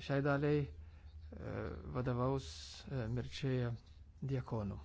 Šiai daliai e, vadovaus e, mirčėja diekonų.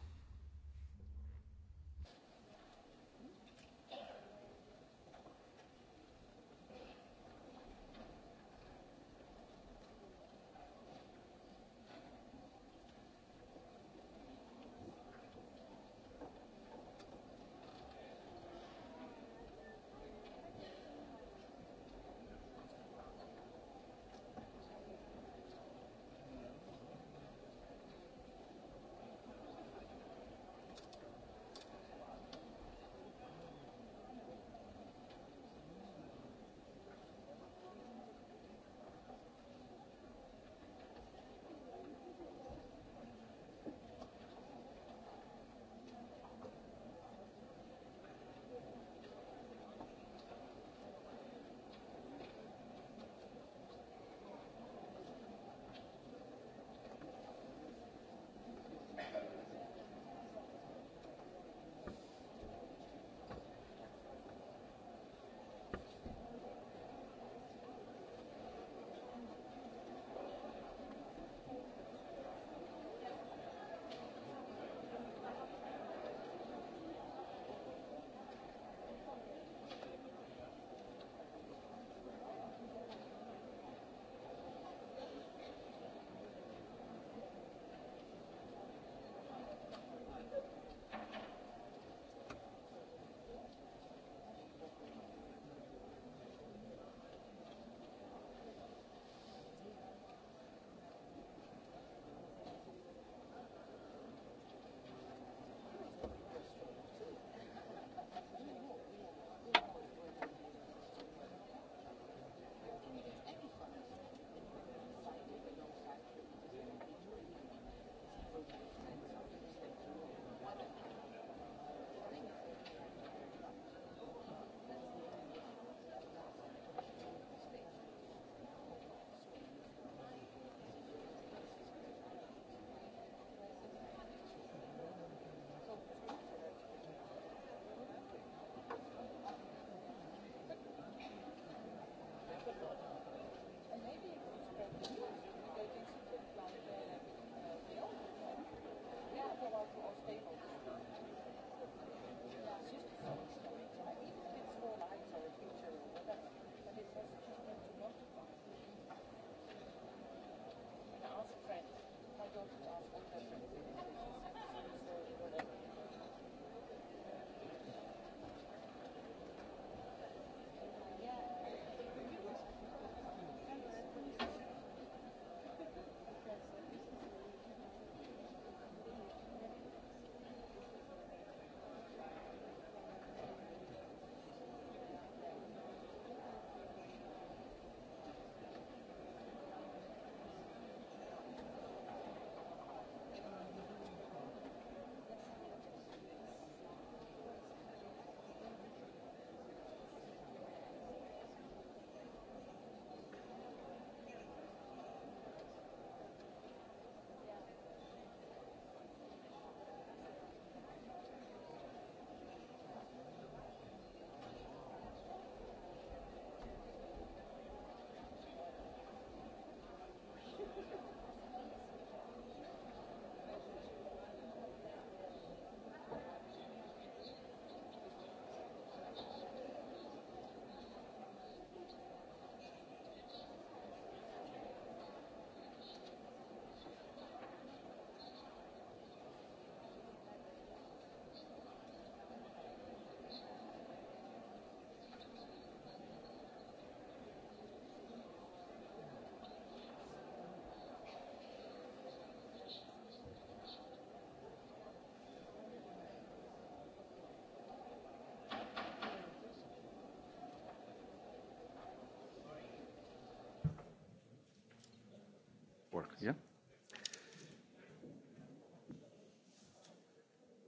work. Yeah?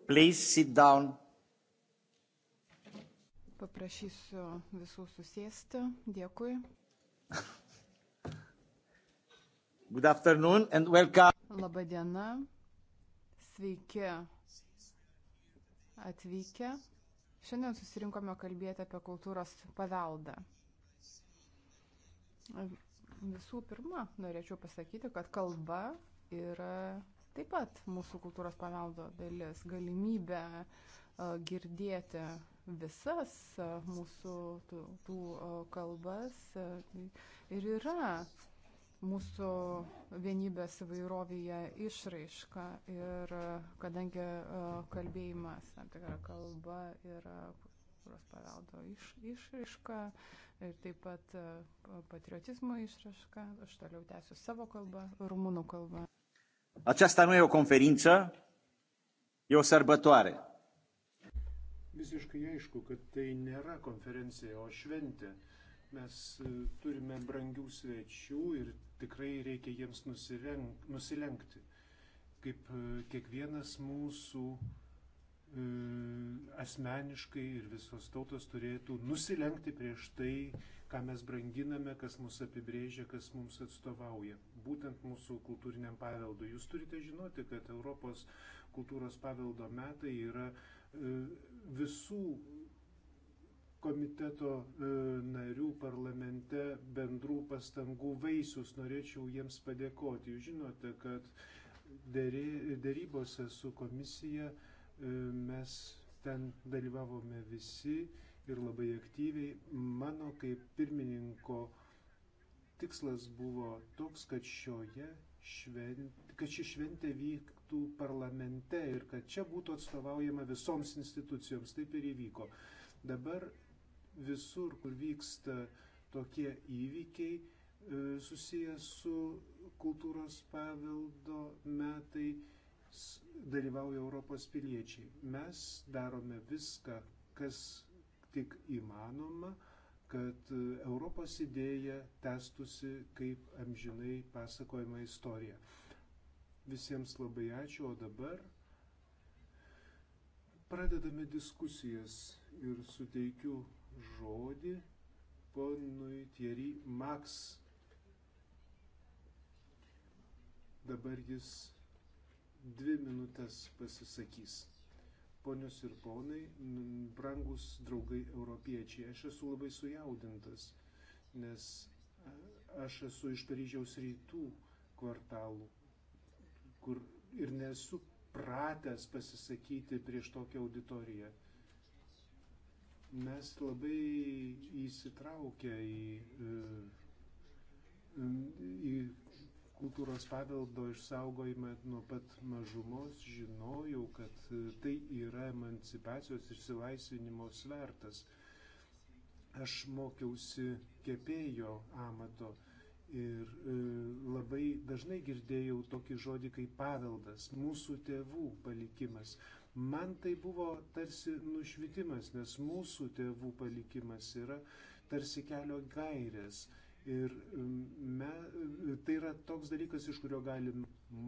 Please sit down. Paprašysiu visų susėsti. Dėkui. [LAUGHS] Good afternoon and welcome. Labą dieną. Sveiki atvykę. Šiandien susirinkome kalbėti apie kultūros paveldą. Visų pirma, norėčiau pasakyti, kad kalba yra taip pat mūsų kultūros paveldo dalis, galimybė girdėti visas mūsų tų, tų kalbas ir yra mūsų vienybės įvairovėje išraiška ir kadangi kalbėjimas, tam tikra kalba yra kultūros paveldo iš, išraiška ir taip pat e, patriotizmo išraiška. Aš toliau tęsiu savo kalbą, rumunų kalbą. Aceasta nu e o conferință, e o sărbătoare. Visiškai aišku, kad tai nėra konferencija, o šventė. Mes e, turime brangių svečių ir tikrai reikia jiems nusilenk, nusilenkti. Kaip e, kiekvienas mūsų uh, Mm, asmeniškai ir visos tautos turėtų nusilenkti prieš tai, ką mes branginame, kas mus apibrėžia, kas mums atstovauja. Būtent mūsų kultūriniam paveldui. Jūs turite žinoti, kad Europos kultūros paveldo metai yra e, visų komiteto e, narių parlamente bendrų pastangų vaisius. Norėčiau jiems padėkoti. Jūs žinote, kad dėrybose su komisija E, mes ten dalyvavome visi ir labai aktyviai. Mano kaip pirmininko tikslas buvo toks, kad šioje šventė, kad ši šventė vyktų parlamente ir kad čia būtų atstovaujama visoms institucijoms. Taip ir įvyko. Dabar visur, kur vyksta tokie įvykiai e, susijęs su kultūros paveldo metai, dalyvauja Europos piliečiai. Mes darome viską, kas tik įmanoma, kad e, Europos idėja testusi kaip amžinai pasakojama istorija. Visiems labai ačiū, o dabar pradedame diskusijas ir suteikiu žodį ponui Thierry Max. Dabar jis dvi minutės pasisakys. Ponios ir ponai, brangus draugai europiečiai, aš esu labai sujaudintas, nes e, aš esu iš Paryžiaus rytų kvartalų, kur ir nesu pratęs pasisakyti prieš tokią auditoriją. Mes labai įsitraukę į, e, į kultūros paveldo išsaugojimą nuo pat mažumos, žinojau, kad e, tai yra emancipacijos išsilaisvinimo svertas. Aš mokiausi kepėjo amato ir e, labai dažnai girdėjau tokį žodį kaip paveldas, mūsų tėvų palikimas. Man tai buvo tarsi nušvitimas, nes mūsų tėvų palikimas yra tarsi kelio gairės. E, Ir me, tai yra toks dalykas, iš kurio galim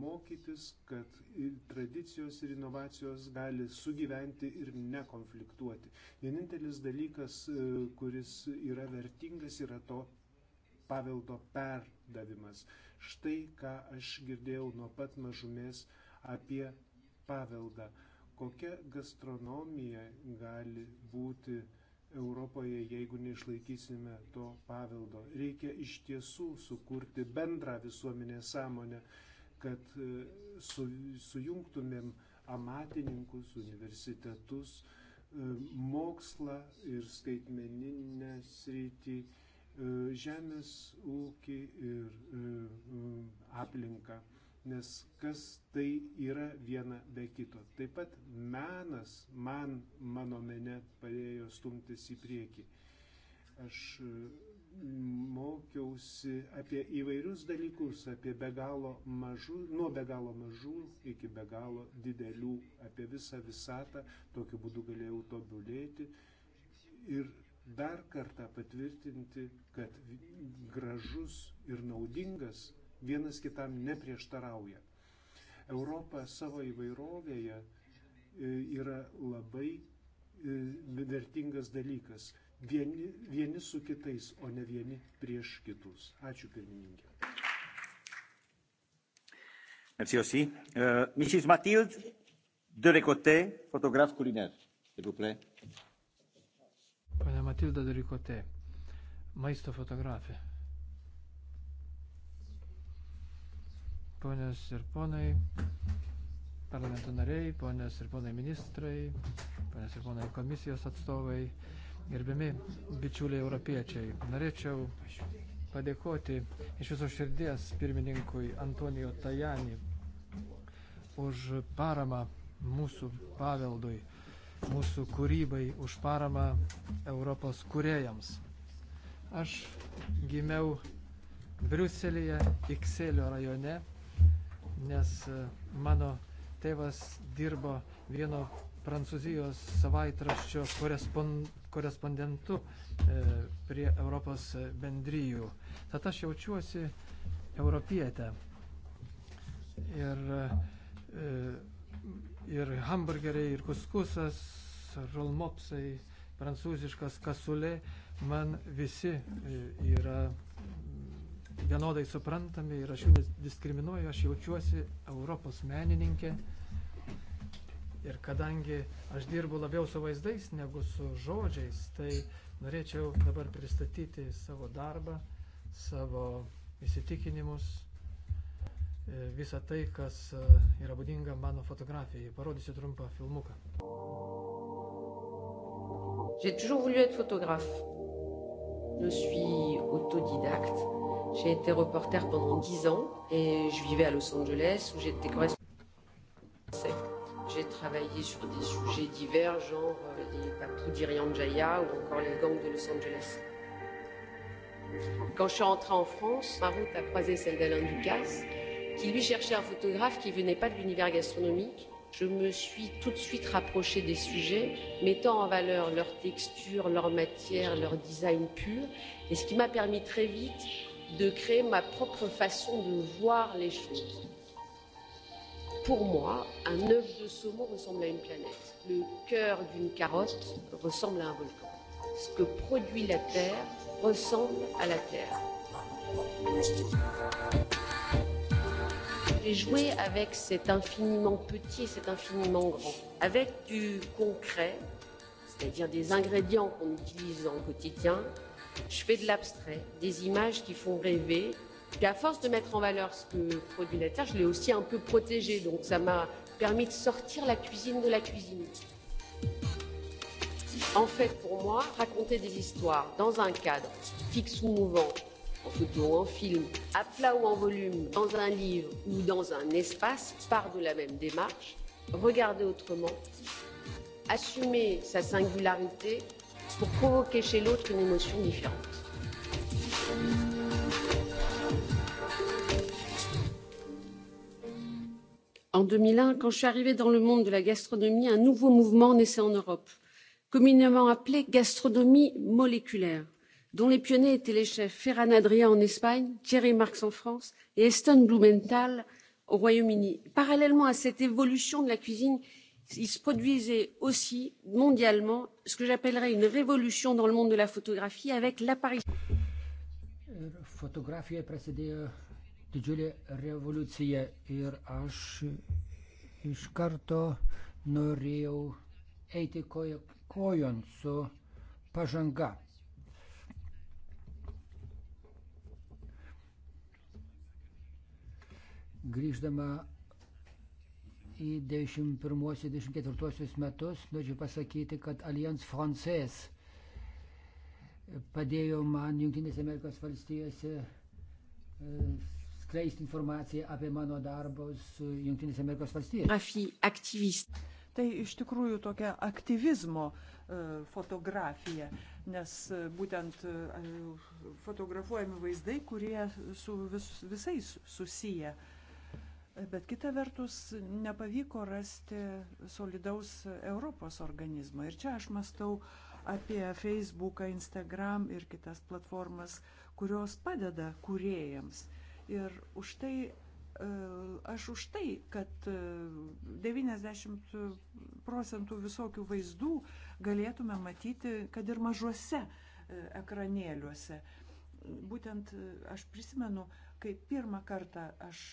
mokytis, kad ir tradicijos ir inovacijos gali sugyventi ir nekonfliktuoti. Vienintelis dalykas, e, kuris yra vertingas, yra to paveldo perdavimas. Štai ką aš girdėjau nuo pat mažumės apie paveldą. Kokia gastronomija gali būti Europoje, jeigu neišlaikysime to paveldo. Reikia iš tiesų sukurti bendrą visuomenės sąmonę, kad e, su, sujungtumėm amatininkus, universitetus, e, mokslą ir skaitmeninę sritį, e, žemės ūkį ir aplinką nes kas tai yra viena be kito. Taip pat menas man, mano mene padėjo stumtis į priekį. Aš e, mokiausi apie įvairius dalykus, apie be galo mažų, nuo be galo mažų iki be galo didelių, apie visą visatą, tokiu būdu galėjau tobulėti ir dar kartą patvirtinti, kad gražus ir naudingas vienas kitam neprieštarauja. Europa savo įvairovėje e, yra labai e, vertingas dalykas. Vieni, vieni su kitais, o ne vieni prieš kitus. Ačiū pirmininkė. Merci aussi. Euh, Mrs. Mathilde Delecoté, photographe culinaire, s'il vous plaît. Pane Matilda Delecoté, maisto fotografė. ponios ir ponai, parlamento nariai, ponios ir ponai ministrai, ponios ir ponai komisijos atstovai, gerbiami bičiuliai europiečiai. Norėčiau padėkoti iš viso širdies pirmininkui Antonijo Tajani už paramą mūsų paveldui, mūsų kūrybai, už paramą Europos kuriejams. Aš gimiau Briuselėje, Ikselio rajone, nes e, mano tėvas dirbo vieno Prancūzijos savaitraščio korespondentu e, prie Europos bendryjų. Tad aš jaučiuosi europietę. Ir, e, ir hamburgeriai, ir kuskusas, rolmopsai, prancūziškas kasulė, man visi yra vienodai suprantami ir aš jų diskriminuoju, aš jaučiuosi Europos menininkė. Ir kadangi aš dirbu labiau su vaizdais negu su žodžiais, tai norėčiau dabar pristatyti savo darbą, savo įsitikinimus, e, visą tai, kas e, yra būdinga mano fotografijai. Parodysiu trumpą filmuką. J'ai toujours voulu être photographe. Je suis autodidacte. J'ai été reporter pendant 10 ans et je vivais à Los Angeles où j'étais correspondante. J'ai travaillé sur des sujets divers, genre les euh, papous d'Irian Jaya ou encore les gangs de Los Angeles. Quand je suis rentrée en France, ma route a croisé celle d'Alain Ducasse, qui lui cherchait un photographe qui venait pas de l'univers gastronomique. Je me suis tout de suite rapprochée des sujets, mettant en valeur leur texture, leur matière, leur design pur, et ce qui m'a permis très vite de créer ma propre façon de voir les choses. Pour moi, un œuf de saumon ressemble à une planète. Le cœur d'une carotte ressemble à un volcan. Ce que produit la Terre ressemble à la Terre. J'ai joué avec cet infiniment petit et cet infiniment grand, avec du concret, c'est-à-dire des ingrédients qu'on utilise dans le quotidien, je fais de l'abstrait, des images qui font rêver. Puis à force de mettre en valeur ce que produit la terre, je l'ai aussi un peu protégée. Donc ça m'a permis de sortir la cuisine de la cuisine. En fait, pour moi, raconter des histoires dans un cadre fixe ou mouvant, en photo ou en film, à plat ou en volume, dans un livre ou dans un espace, part de la même démarche, regarder autrement, assumer sa singularité pour provoquer chez l'autre une émotion différente. En 2001, quand je suis arrivée dans le monde de la gastronomie, un nouveau mouvement naissait en Europe, communément appelé gastronomie moléculaire, dont les pionniers étaient les chefs Ferran Adrien en Espagne, Thierry Marx en France et Eston Blumenthal au Royaume-Uni. Parallèlement à cette évolution de la cuisine il se produisait aussi mondialement ce que j'appellerais une révolution dans le monde de la photographie avec l'apparition. Ir fotografijoje prasidėjo didžiulė revoliucija ir aš iš karto norėjau eiti koja, kojon su pažanga. Grįždama į 91-94 metus, noriu pasakyti, kad Alliance Française padėjo man Junktinėse Amerikos valstijose e, skleisti informaciją apie mano darbus Junktinėse Amerikos valstijose. Tai iš tikrųjų tokia aktyvizmo e, fotografija, nes e, būtent fotografuojami vaizdai, kurie su vis, visais susiję. Uh, Bet kita vertus, nepavyko rasti solidaus Europos organizmo. Ir čia aš mastau apie Facebooką, Instagram ir kitas platformas, kurios padeda kuriejams. Ir už tai, e, aš už tai, kad 90 e, procentų visokių vaizdų galėtume matyti, kad ir mažuose e, ekranėliuose. Būtent aš prisimenu, kai pirmą kartą aš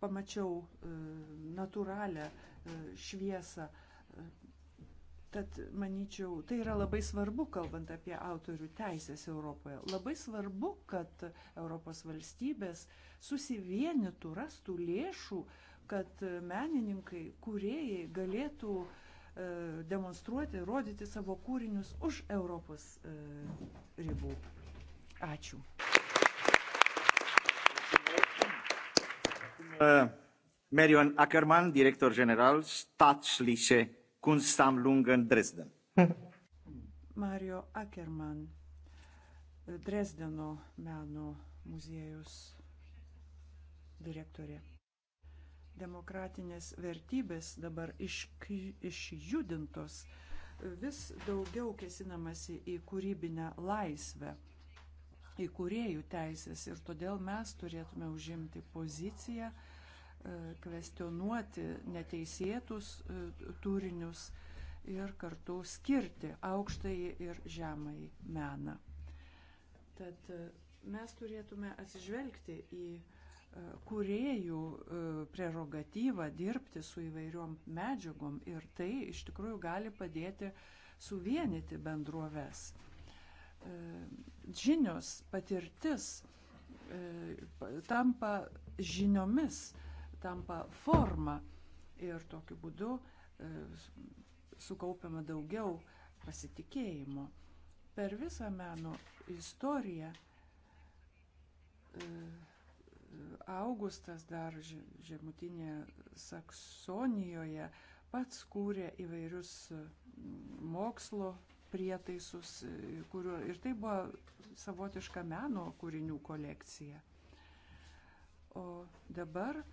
pamačiau e, natūralią e, šviesą. Tad manyčiau, tai yra labai svarbu, kalbant apie autorių teisės Europoje. Labai svarbu, kad Europos valstybės susivienytų, rastų lėšų, kad menininkai, kuriejai galėtų e, demonstruoti, rodyti savo kūrinius už Europos ribų. Ačiū. Uh, Marion Ackermann, direktor general Staatsliche Kunstsammlungen Dresden. [LAUGHS] Mario Ackermann, Dresdeno meno muziejus direktorė. Demokratinės vertybės dabar iš, išjudintos, vis daugiau kesinamasi į kūrybinę laisvę įkūrėjų teisės ir todėl mes turėtume užimti poziciją, e, kvestionuoti neteisėtus e, turinius ir kartu skirti aukštai ir žemai meną. Tad e, mes turėtume atsižvelgti į kuriejų prerogatyvą dirbti su įvairiom medžiagom ir tai iš tikrųjų gali padėti suvienyti bendruoves žinios, patirtis e, tampa žiniomis, tampa forma ir tokiu būdu e, sukaupiama daugiau pasitikėjimo. Per visą meno istoriją e, Augustas dar žemutinėje Saksonijoje pats kūrė įvairius mokslo prietaisus, e, kurio ir tai buvo savotiška meno kūrinių kolekcija. O dabar e,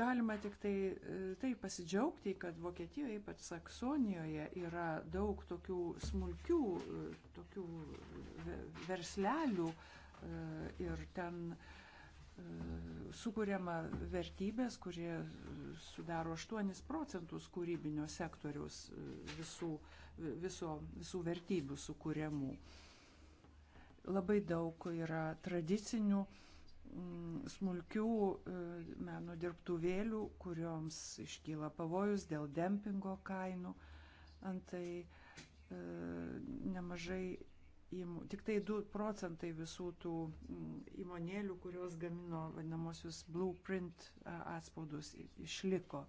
galima tik tai, e, tai pasidžiaugti, kad Vokietijoje, ypač Saksonijoje, yra daug tokių smulkių, tokių verslelių ir ten sukūriama vertybės, kurie sudaro 8 procentus kūrybinio sektoriaus visų uh, viso, visų vertybių sukūriamų. Labai daug yra tradicinių mm, smulkių e, meno dirbtuvėlių, kurioms iškyla pavojus dėl dempingo kainų. Antai e, nemažai, tik tai 2 procentai visų tų mm, įmonėlių, kurios gamino vadinamosius blueprint atspaudus, išliko.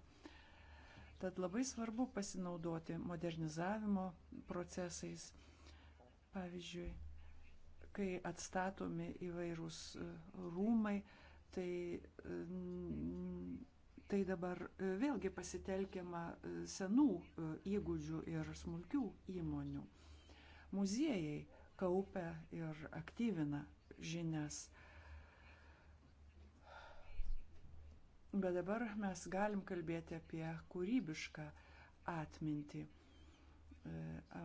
Tad labai svarbu pasinaudoti modernizavimo procesais. Pavyzdžiui, kai atstatomi įvairūs e, rūmai, tai, e, tai dabar e, vėlgi pasitelkiama senų įgūdžių ir smulkių įmonių. Muziejai kaupia ir aktyvina žinias. Bet dabar mes galim kalbėti apie kūrybišką atmintį. E,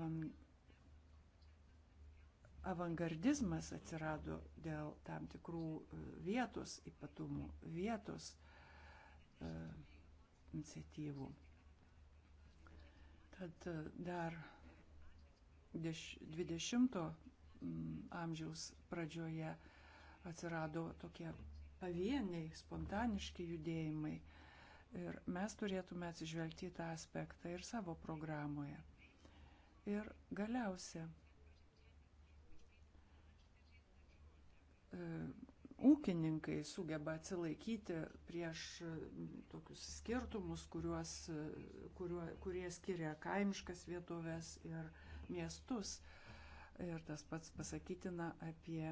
avangardizmas atsirado dėl tam tikrų e, vietos ypatumų, vietos e, iniciatyvų. Tad dar 20 amžiaus pradžioje atsirado tokie pavieniai, spontaniški judėjimai. Ir mes turėtume atsižvelgti į tą aspektą ir savo programoje. Ir galiausia, e, ūkininkai sugeba atsilaikyti prieš e, tokius skirtumus, kuriuos, e, kuriuo, kurie skiria kaimiškas vietovės ir miestus. Ir tas pats pasakytina apie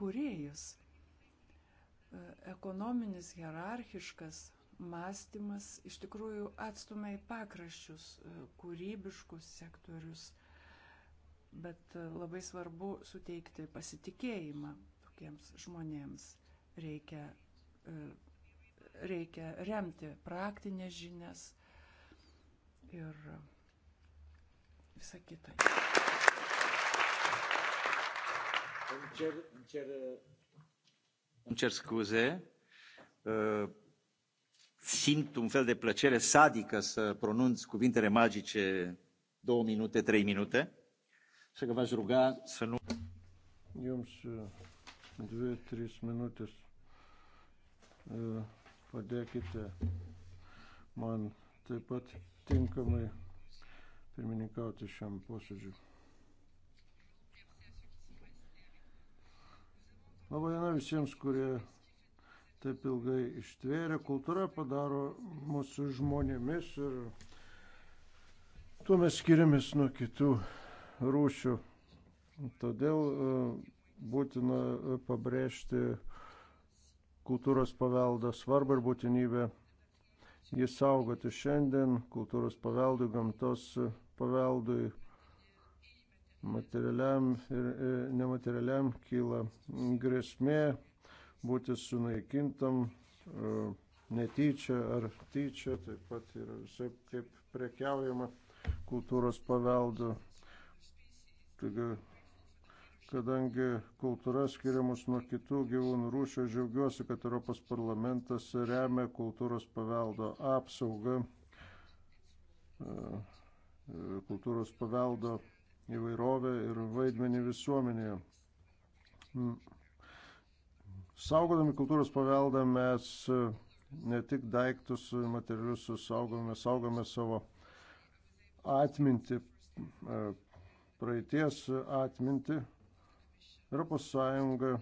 kuriejus. E, ekonominis hierarchiškas mąstymas iš tikrųjų atstumia į pakraščius e, kūrybiškus sektorius, bet e, labai svarbu suteikti pasitikėjimą tokiems žmonėms. Reikia, reikia remti praktinės žinias ir visą kitą. Îmi cer scuze. Uh, simt un fel de plăcere sadică să pronunț cuvintele magice două minute, trei minute. Așa că v-aș ruga să nu... Jums uh, dvi, trys minutės uh, padėkite man taip pat tinkamai pirmininkauti šiam posėdžiui. Labadiena visiems, kurie taip ilgai ištvėrė. Kultūra padaro mūsų žmonėmis ir tuo mes skiriamės nuo kitų rūšių. Todėl e, būtina pabrėžti kultūros paveldo svarbą ir būtinybę jį saugoti šiandien, kultūros paveldui, gamtos paveldui materialiam ir e, nematerialiam kyla grėsmė būti sunaikintam e, netyčia ar tyčia, taip pat ir visai kaip prekiaujama kultūros paveldu. Taigi, kadangi kultūra skiriamus nuo kitų gyvūnų rūšių, džiaugiuosi, kad Europos parlamentas remia kultūros paveldo apsaugą, e, kultūros paveldo įvairovę ir vaidmenį visuomenėje. Mm. Saugodami kultūros paveldą mes e, ne tik daiktus e, materialius saugome, saugome savo atmintį, e, praeities atmintį. Europos Sąjunga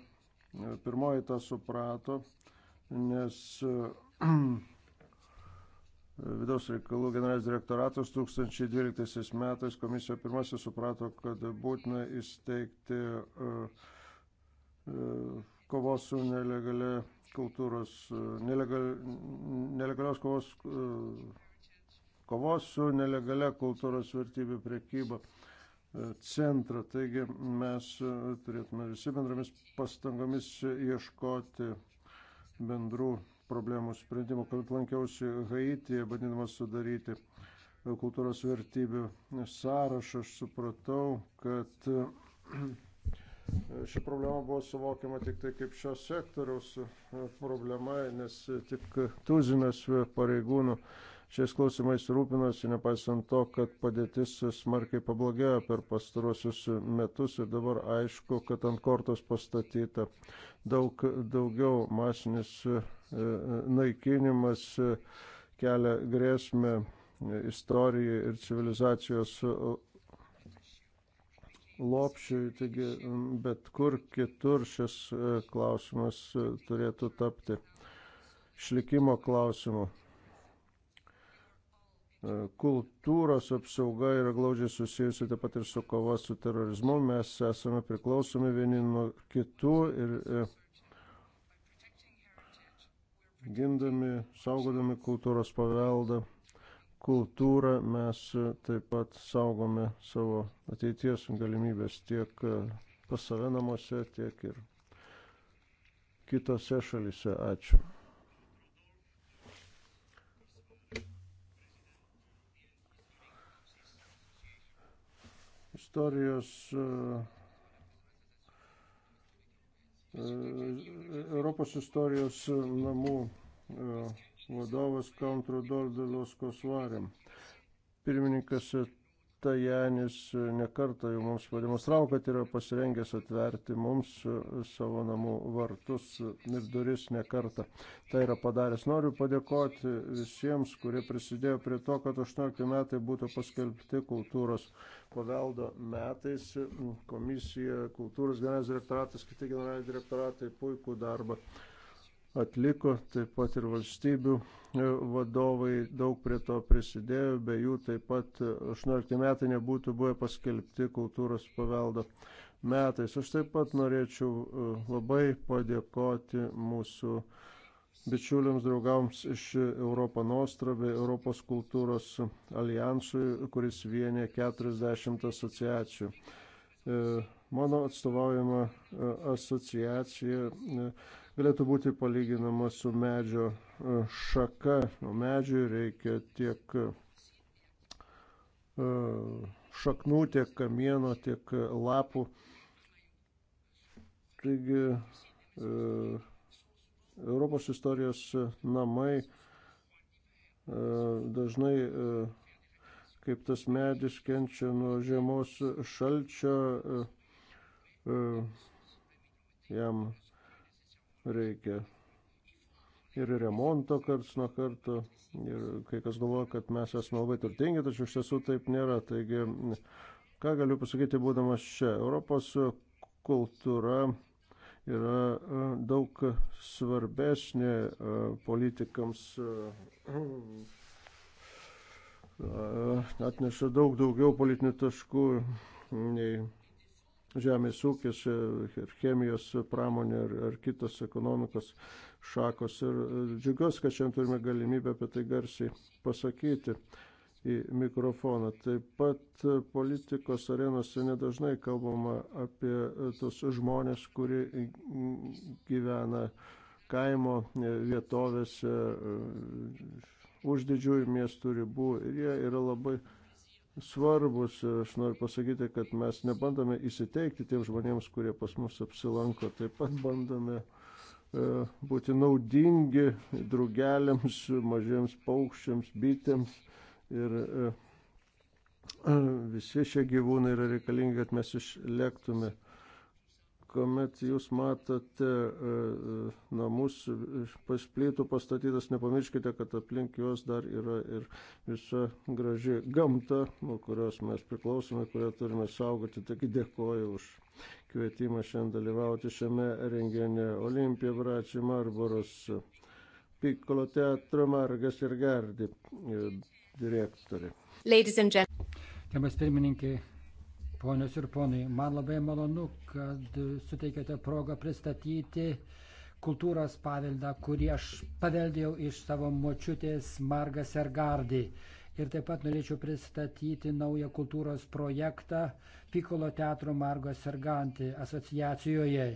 pirmoji tą suprato, nes [CLEARS THROAT] Vidaus reikalų generalinis direktoratas 2012 metais komisija pirmasis suprato, kad būtina įsteigti e, e, kovos su nelegalia kultūros, e, nelegal, nelegalios kovos, kovos su nelegalia kultūros vertybių priekyba centrą. Taigi mes turėtume visi bendromis pastangomis ieškoti bendrų problemų sprendimo, kad lankiausi Haityje, bandydamas sudaryti kultūros vertybių sąrašą, aš supratau, kad ši problema buvo suvokiama tik tai kaip šios sektoriaus problema, nes tik tuzinas pareigūnų šiais klausimais rūpinosi, nepaisant to, kad padėtis smarkiai pablogėjo per pastarosius metus ir dabar aišku, kad ant kortos pastatyta daug daugiau masinis e, e, naikinimas e, kelia grėsmę istorijai ir civilizacijos lopšiui, taigi bet kur kitur šis klausimas turėtų tapti išlikimo klausimu kultūros apsauga yra glaudžiai susijusi taip pat ir su kova su terorizmu. Mes esame priklausomi vieni nuo kitų ir e, gindami, saugodami kultūros paveldą, kultūrą mes taip pat saugome savo ateities galimybės tiek e, pas save namuose, tiek ir kitose šalise. Ačiū. istorijos e, e, Europos istorijos namų e, vadovas Kauntrador Dalos Kosvarėm. Pirmininkas Tajanis nekartą jau mums pademonstravo, kad yra pasirengęs atverti mums savo namų vartus ir duris nekartą. Tai yra padaręs. Noriu padėkoti visiems, kurie prisidėjo prie to, kad 18 metai būtų paskelbti kultūros paveldo metais. Komisija, kultūros generalinis direktoratas, kiti generaliniai direktoratai puikų darbą atliko, taip pat ir valstybių e, vadovai daug prie to prisidėjo, be jų taip pat 18 e, metai nebūtų buvę paskelbti kultūros paveldo metais. Aš taip pat norėčiau e, labai padėkoti mūsų bičiuliams draugams iš Europą Nostra bei Europos kultūros alijansui, kuris vienė 40 asociacijų. Mano atstovaujama asociacija galėtų būti palyginama su medžio e, šaka. Nuo medžių reikia tiek e, šaknų, tiek kamieno, tiek lapų. Taigi e, Europos istorijos namai dažnai kaip tas medis kenčia nuo žiemos šalčio, jam reikia ir remonto karts nuo karto. Ir kai kas galvoja, kad mes esame labai turtingi, tačiau iš tiesų taip nėra. Taigi, ką galiu pasakyti, būdamas čia, Europos kultūra yra e, daug svarbesnė e, politikams e, atneša daug daugiau politinių taškų nei žemės ūkis, e, ir chemijos pramonė, ir, ir kitos ekonomikos šakos. Ir e, džiugiuosi, kad šiandien turime galimybę apie tai garsiai pasakyti į mikrofoną. Taip pat e, politikos arenose nedažnai kalbama apie tos žmonės, kurie gyvena kaimo vietovėse už didžiųjų miestų ribų ir jie yra labai svarbus. Aš noriu pasakyti, kad mes nebandome įsiteikti tiem žmonėms, kurie pas mus apsilanko, taip pat bandome e, būti naudingi draugeliams, mažiems paukščiams, bitėms ir e, e, visi šie gyvūnai yra reikalingi, kad mes išlektume kuomet jūs matote e, e, namus pasplytų pastatytas, nepamirškite, kad aplink juos dar yra ir visa graži gamta, nuo kurios mes priklausome, kurią turime saugoti. Taigi dėkoju už kvietimą šiandien dalyvauti šiame renginė Olimpija Vrači Marboros Piccolo teatro Margas ir Gardi e, direktorė. Ladies and gentlemen. Gerbiamas pirmininkė, Ponios ir ponai, man labai malonu, kad suteikėte progą pristatyti kultūros paveldą, kurį aš paveldėjau iš savo močiutės Margas Ergardį. Ir taip pat norėčiau pristatyti naują kultūros projektą Pikolo teatro Margo Sergantį asociacijoje.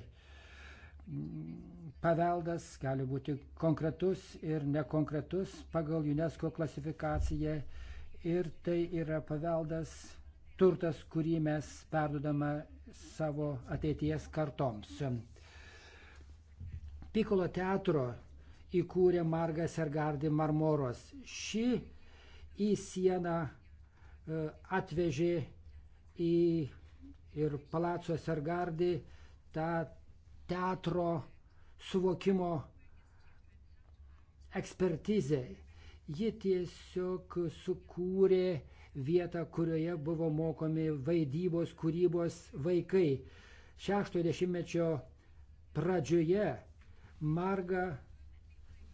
Paveldas gali būti konkretus ir nekonkretus pagal UNESCO klasifikaciją ir tai yra paveldas turtas, kurį mes perdodama savo ateities kartoms. Pikolo teatro įkūrė Margas Ergardi Marmoros. Ši į sieną e, atvežė į ir Palaco Sergardi tą teatro suvokimo ekspertizę. Ji tiesiog sukūrė uh, vietą, kurioje buvo mokomi vaidybos, kūrybos vaikai. 60-mečio pradžioje Marga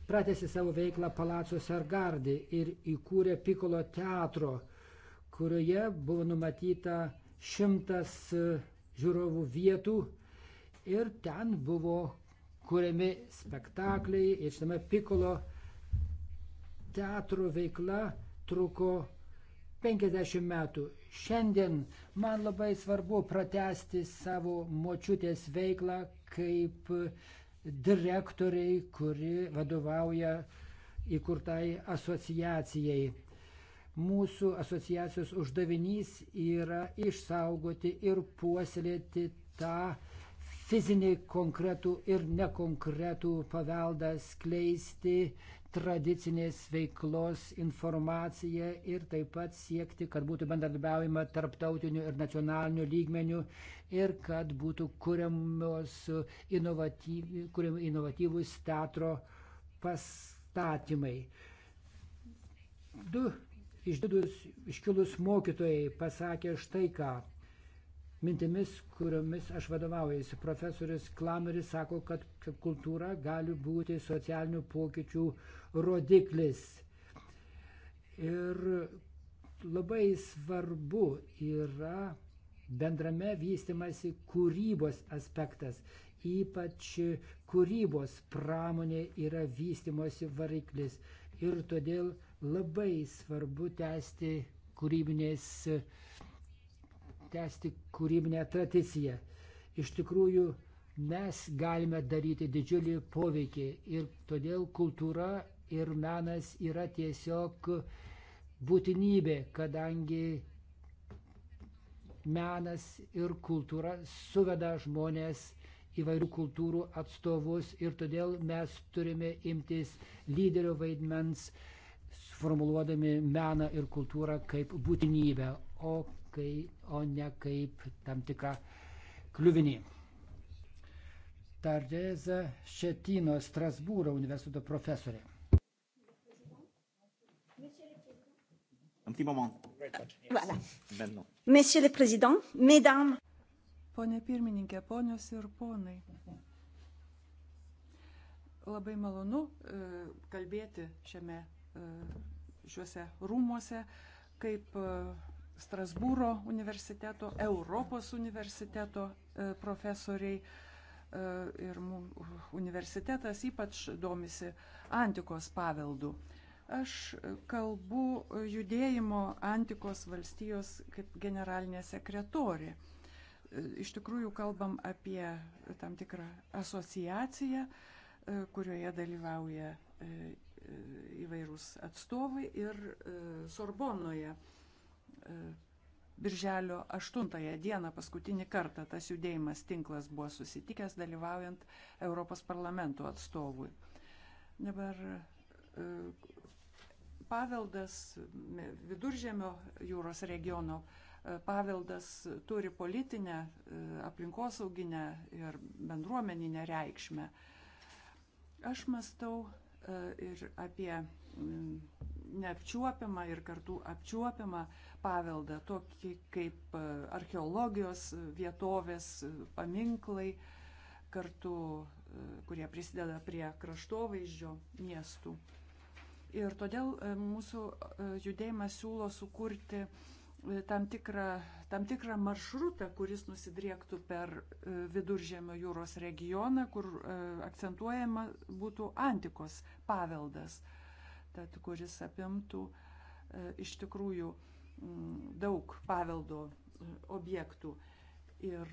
pratėsi savo veiklą Palaco Sargardį ir įkūrė Pikolo teatro, kurioje buvo numatyta šimtas e, žiūrovų vietų ir ten buvo kuriami spektakliai ir šitame Pikolo teatro veikla truko 50 metų. Šiandien man labai svarbu pratesti savo močiutės veiklą kaip direktoriai, kuri vadovauja įkurtai asociacijai. Mūsų asociacijos uždavinys yra išsaugoti ir puoselėti tą fizinį konkretų ir nekonkretų paveldą, skleisti tradicinės veiklos informaciją ir taip pat siekti, kad būtų bendradarbiaujama tarptautiniu ir nacionaliniu lygmeniu ir kad būtų kuriamos inovatyvi, kuriami inovatyvūs teatro pastatymai. Du išdidus iškilus mokytojai pasakė štai ką mintimis, kuriomis aš vadovaujuosi. Profesorius Klameris sako, kad kultūra gali būti socialinių pokyčių rodiklis. Ir labai svarbu yra bendrame vystimasi kūrybos aspektas. Ypač kūrybos pramonė yra vystimosi variklis. Ir todėl labai svarbu tęsti kūrybinės uh, tęsti kūrybinę tradiciją. Iš tikrųjų, mes galime daryti didžiulį poveikį ir todėl kultūra ir menas yra tiesiog būtinybė, kadangi menas ir kultūra suveda žmonės įvairių kultūrų atstovus ir todėl mes turime imtis lyderio vaidmens, formuluodami meną ir kultūrą kaip būtinybę. O kai, o ne kaip tam tikrą kliuvinį. Tereza Šetino Strasbūro universiteto profesorė. Monsieur le Président, Mesdames. Pone pirmininkė, ponios ir ponai. Labai malonu e, kalbėti šiame, e, šiuose rūmuose, kaip e, Strasbūro universiteto, Europos universiteto e, profesoriai e, ir universitetas ypač domisi antikos paveldu. Aš kalbu judėjimo antikos valstijos kaip generalinė sekretorė. E, iš tikrųjų kalbam apie tam tikrą asociaciją, kurioje dalyvauja įvairūs atstovai ir Sorbonoje E, Birželio 8 dieną paskutinį kartą tas judėjimas tinklas buvo susitikęs dalyvaujant Europos parlamento atstovui. Dabar e, paveldas, viduržėmio jūros regiono e, paveldas turi politinę, aplinkosauginę ir bendruomeninę reikšmę. Aš mastau ir apie mm, neapčiuopiamą ir kartu apčiuopiamą paveldą, tokį kaip e, archeologijos e, vietovės, e, paminklai, kartu, kurie prisideda prie kraštovaizdžio miestų. Ir todėl mūsų judėjimas siūlo sukurti tam tikrą, tam tikrą maršrutą, kuris nusidriektų per viduržėmio jūros regioną, kur akcentuojama būtų antikos paveldas, tad kuris apimtų iš tikrųjų Mm, daug paveldo e, objektų. Ir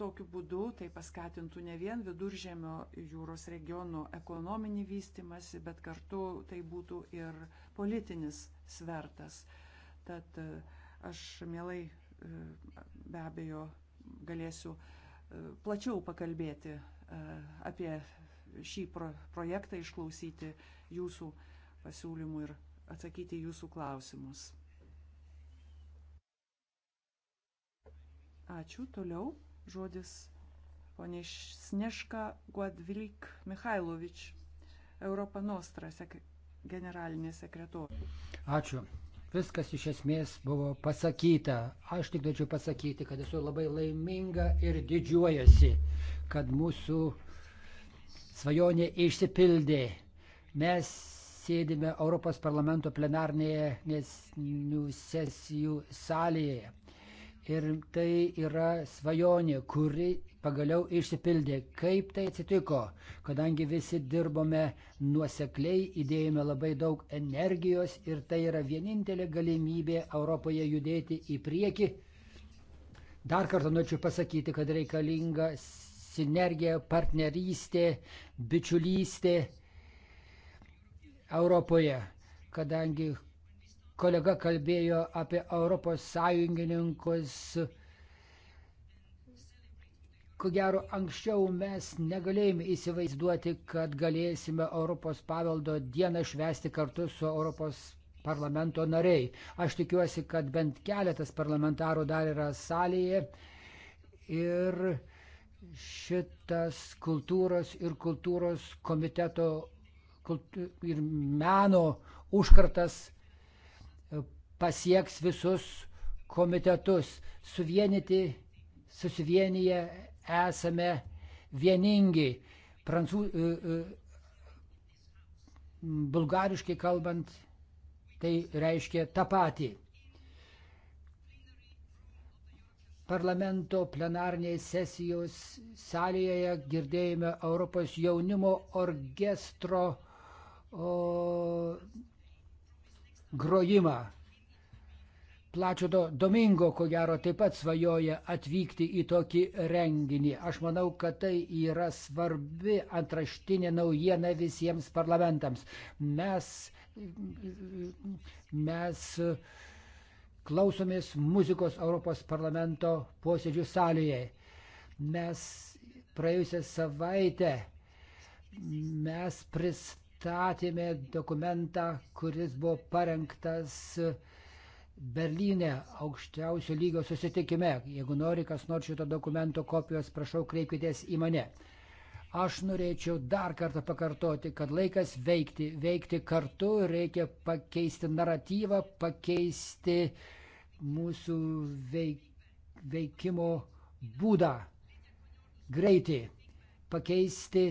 tokiu būdu tai paskatintų ne vien viduržėmio jūros regiono ekonominį vystimąsi, bet kartu tai būtų ir politinis svertas. Tad e, aš mielai e, be abejo galėsiu plačiau pakalbėti apie šį projektą, išklausyti jūsų pasiūlymų ir atsakyti jūsų klausimus. Ačiū. Toliau žodis ponė Sneška Guadvilik Mikhailovič, Europa Nostra sek generalinė sekretorė. Ačiū. Viskas iš esmės buvo pasakyta. Aš tik norėčiau pasakyti, kad esu labai laiminga ir didžiuojasi, kad mūsų svajonė išsipildė. Mes sėdime Europos parlamento plenarnėje sesijų salėje. Ir tai yra svajonė, kuri pagaliau išsipildė. Kaip tai atsitiko? Kadangi visi dirbome nuosekliai, įdėjome labai daug energijos ir tai yra vienintelė galimybė Europoje judėti į priekį. Dar kartą norėčiau pasakyti, kad reikalinga sinergija, partnerystė, bičiulystė Europoje, kadangi kolega kalbėjo apie Europos sąjungininkus. Ko gero, anksčiau mes negalėjome įsivaizduoti, kad galėsime Europos paveldo dieną švesti kartu su Europos parlamento nariai. Aš tikiuosi, kad bent keletas parlamentarų dar yra salėje ir šitas kultūros ir kultūros komiteto kultu, ir meno užkartas pasieks visus komitetus. Suvienyti, susivienyje esame vieningi. Prancū, e, e, bulgariškai kalbant, tai reiškia tą patį. parlamento plenarnės sesijos salėje girdėjome Europos jaunimo orkestro o, grojimą. Plačio Domingo, ko gero, taip pat svajoja atvykti į tokį renginį. Aš manau, kad tai yra svarbi antraštinė naujiena visiems parlamentams. Mes, mes klausomės muzikos Europos parlamento posėdžių salėje. Mes praėjusią savaitę mes pristatėme dokumentą, kuris buvo parengtas uh, Berlyne aukščiausio lygio susitikime. Jeigu nori kas nors šito dokumento kopijos, prašau kreipkitės į mane. Aš norėčiau dar kartą pakartoti, kad laikas veikti, veikti kartu, reikia pakeisti naratyvą, pakeisti mūsų veik, veikimo būdą, greitį, pakeisti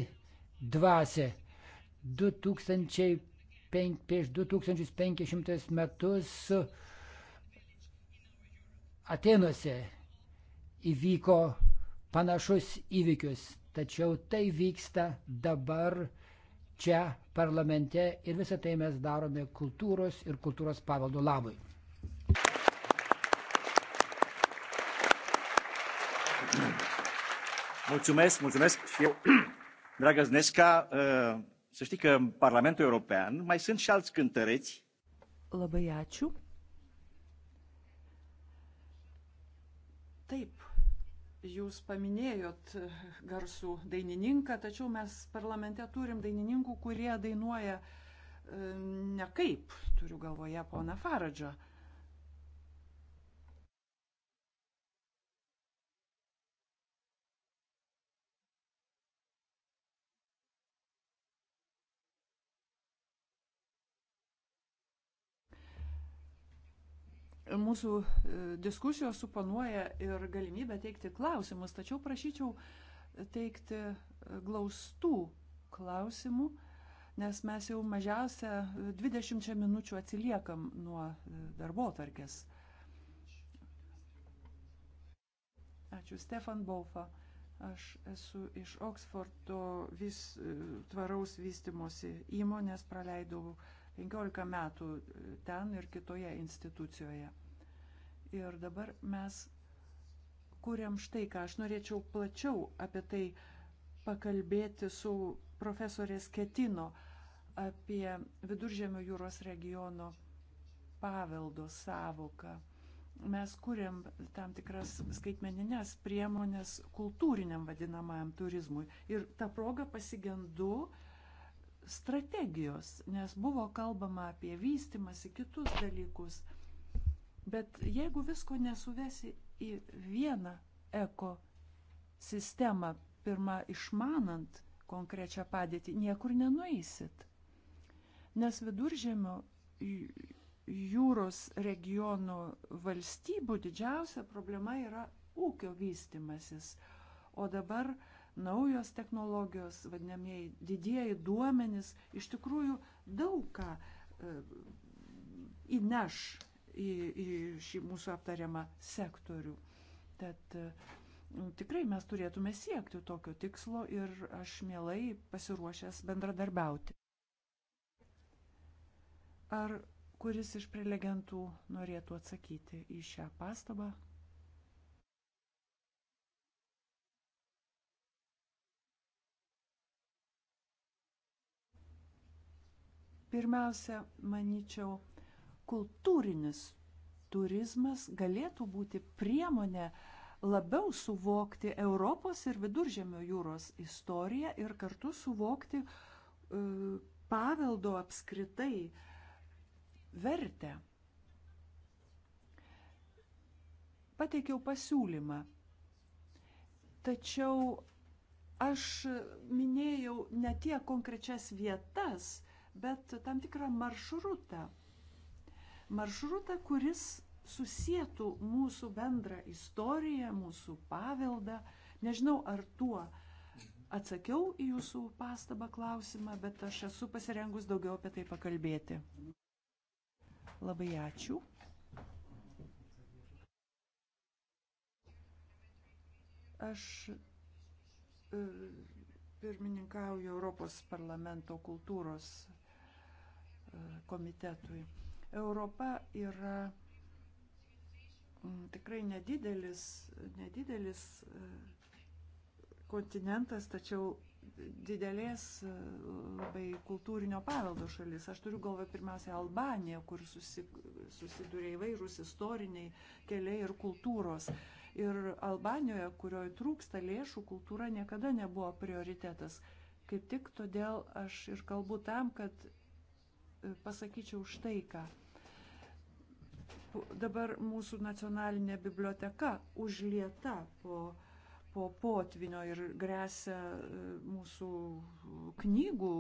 dvasę. 2000, prieš 2500 metus Atenuose įvyko panašus įvykius, tačiau tai vyksta dabar čia parlamente ir visą tai mes darome kultūros ir kultūros pavaldo labui. Mulțumesc, mulțumesc și eu, [CLEARS THROAT] dragă Znesca, să știi că în Parlamentul European mai sunt și alți cântăreți. Labai ačiū. Taip, jūs paminėjot garsų dainininką, tačiau mes parlamente turim dainininkų, kurie dainuoja e, ne kaip, turiu galvoje poną Faradžą. mūsų e, diskusijos suponuoja ir galimybę teikti klausimus, tačiau prašyčiau teikti e, glaustų klausimų, nes mes jau mažiausia 20 e, minučių atsiliekam nuo darbo tarkės. Ačiū, Stefan Baufa. Aš esu iš Oksfordo vis, tvaraus vystimosi įmonės, praleidau 15 metų e, ten ir kitoje institucijoje. Ir dabar mes kuriam štai ką. Aš norėčiau plačiau apie tai pakalbėti su profesorės Ketino apie Viduržėmio jūros regiono paveldo savoką. Mes kuriam tam tikras skaitmeninės priemonės kultūriniam vadinamajam turizmui. Ir tą progą pasigendu strategijos, nes buvo kalbama apie vystimąsi kitus dalykus. Bet jeigu visko nesuvesi į vieną eko sistemą, pirmą išmanant konkrečią padėtį, niekur nenueisit. Nes viduržėmio jūros regionų valstybių didžiausia problema yra ūkio vystimasis. O dabar uh, naujos technologijos, vadinamieji didieji duomenys, iš tikrųjų daug ką e, įneš į, į šį mūsų aptariamą sektorių. Tad e, tikrai mes turėtume siekti tokio tikslo ir aš mielai pasiruošęs bendradarbiauti. Ar kuris iš prelegentų norėtų atsakyti į šią pastabą? Pirmiausia, manyčiau, kultūrinis turizmas galėtų būti priemonė labiau suvokti Europos ir Viduržėmio jūros istoriją ir kartu suvokti uh, paveldo apskritai vertę. Pateikiau pasiūlymą, tačiau aš minėjau ne tiek konkrečias vietas, bet tam tikrą maršrutą. Maršrutą, kuris susijėtų mūsų bendrą istoriją, mūsų paveldą. Nežinau, ar tuo atsakiau į jūsų pastabą klausimą, bet aš esu pasirengus daugiau apie tai pakalbėti. Labai ačiū. Aš e, pirmininkauju Europos parlamento kultūros komitetui. Europa yra mm, tikrai nedidelis, nedidelis e, kontinentas, tačiau didelės e, labai kultūrinio paveldo šalis. Aš turiu galvoje pirmiausia Albaniją, kur susi, susiduria įvairūs istoriniai keliai ir kultūros. Ir Albanijoje, kurioje trūksta lėšų, kultūra niekada nebuvo prioritetas. Kaip tik todėl aš ir kalbu tam, kad pasakyčiau štai ką. Dabar mūsų nacionalinė biblioteka užlieta po, po potvinio ir grėsia e, mūsų knygų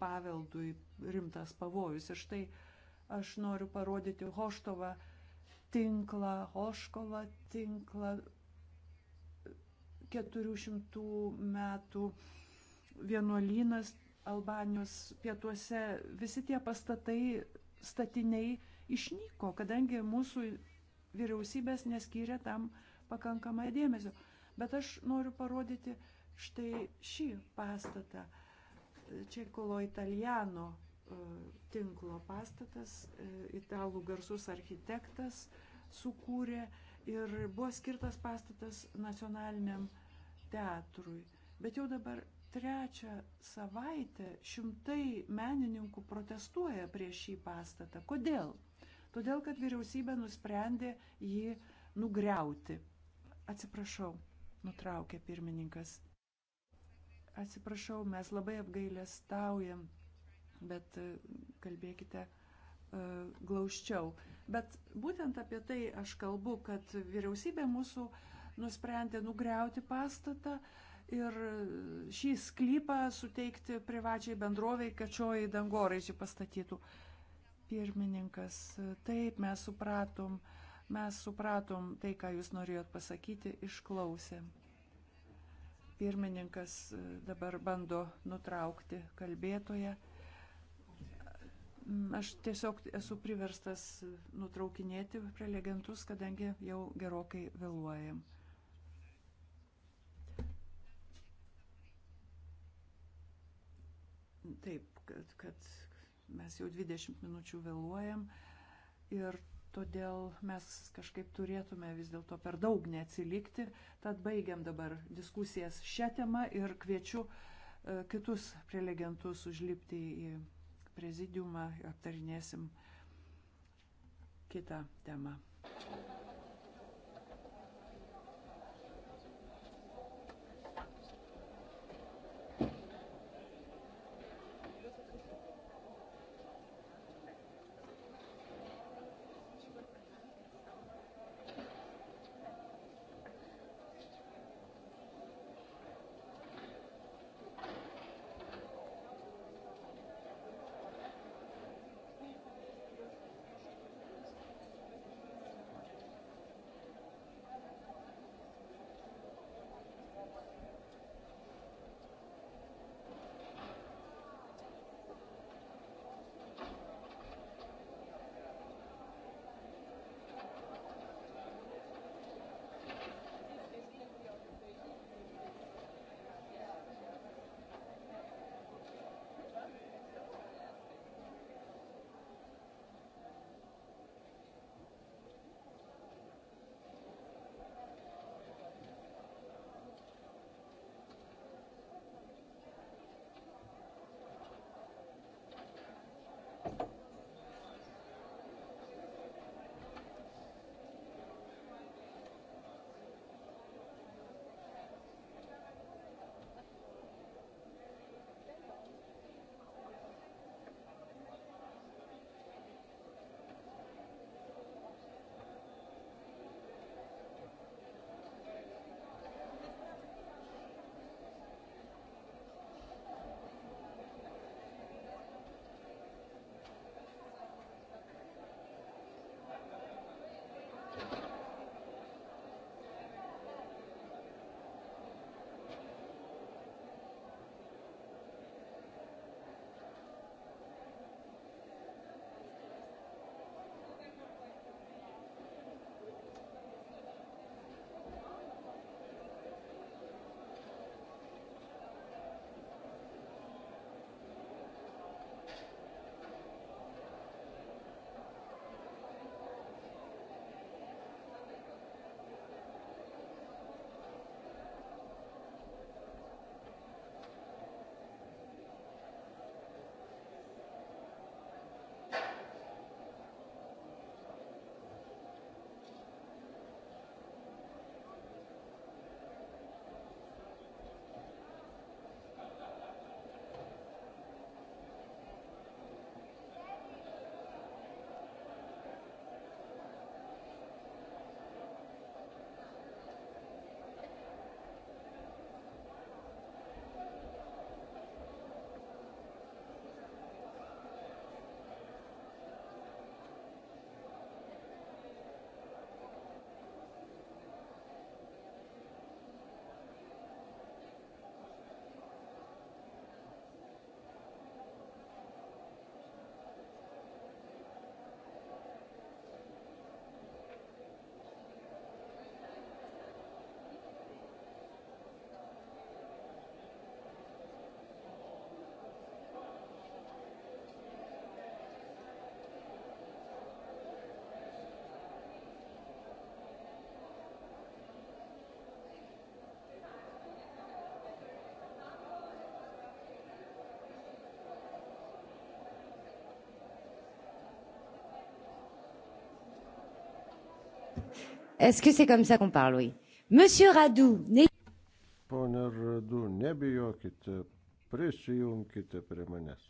paveldui rimtas pavojus. Ir štai aš noriu parodyti Hoštovą tinklą, Hoškovą tinklą 400 metų vienuolynas Albanijos pietuose visi tie pastatai, statiniai išnyko, kadangi mūsų vyriausybės neskyrė tam pakankamai dėmesio. Bet aš noriu parodyti štai šį pastatą. Čekolo Italiano e, tinklo pastatas, e, italų garsus architektas sukūrė ir buvo skirtas pastatas nacionaliniam teatrui. Bet jau dabar trečią savaitę šimtai menininkų protestuoja prieš šį pastatą. Kodėl? Todėl, kad vyriausybė nusprendė jį nugriauti. Atsiprašau, nutraukė pirmininkas. Atsiprašau, mes labai apgailestaujam, bet e, kalbėkite e, glaučiau. Bet būtent apie tai aš kalbu, kad vyriausybė mūsų nusprendė nugriauti pastatą, uh, ir šį sklypą suteikti privačiai bendroviai, kad šioji dangoraižį pastatytų. Pirmininkas, taip mes supratom, mes supratom tai, ką jūs norėjot pasakyti, išklausėm. Pirmininkas e, dabar bando nutraukti kalbėtoje. Aš tiesiog esu priverstas nutraukinėti prelegentus, kadangi jau gerokai vėluojam. Taip, kad, kad mes jau 20 minučių vėluojam ir todėl mes kažkaip turėtume vis dėlto per daug neatsilikti. Tad baigiam dabar diskusijas šią temą ir kviečiu e, kitus prelegentus užlipti į prezidiumą, aptarinėsim kitą temą. Est-ce que c'est comme ça qu'on parle, oui? Monsieur Radu, ne... Pone Radu, nebijokite, prisijungkite prie manęs.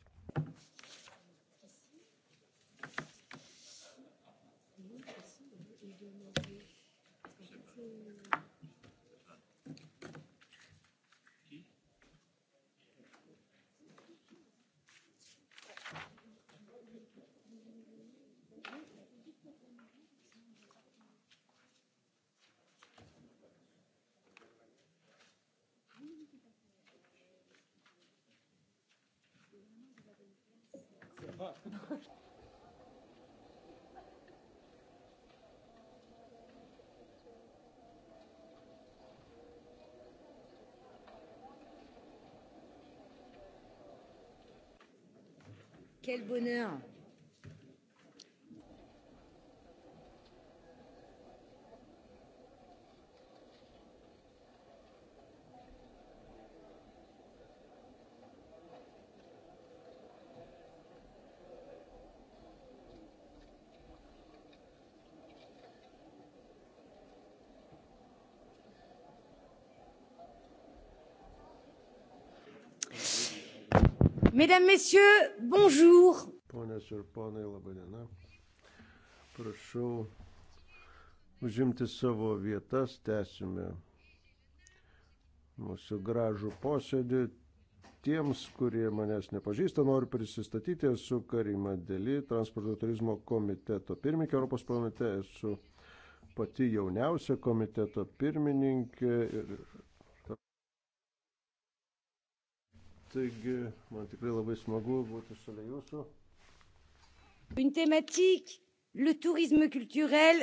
Quel bonheur Mesdames, messieurs, bonjour. Ponės ir ponai, laba diena. Prašau užimti savo vietas, tęsime mūsų gražų posėdį. Tiems, kurie manęs nepažįsta, noriu prisistatyti, esu Karima Deli, transporto turizmo komiteto pirmininkė Europos parlamente, esu pati jauniausia komiteto pirmininkė ir Taigi, man tikrai labai smagu būti šalia jūsų. Une thématique, le tourisme culturel,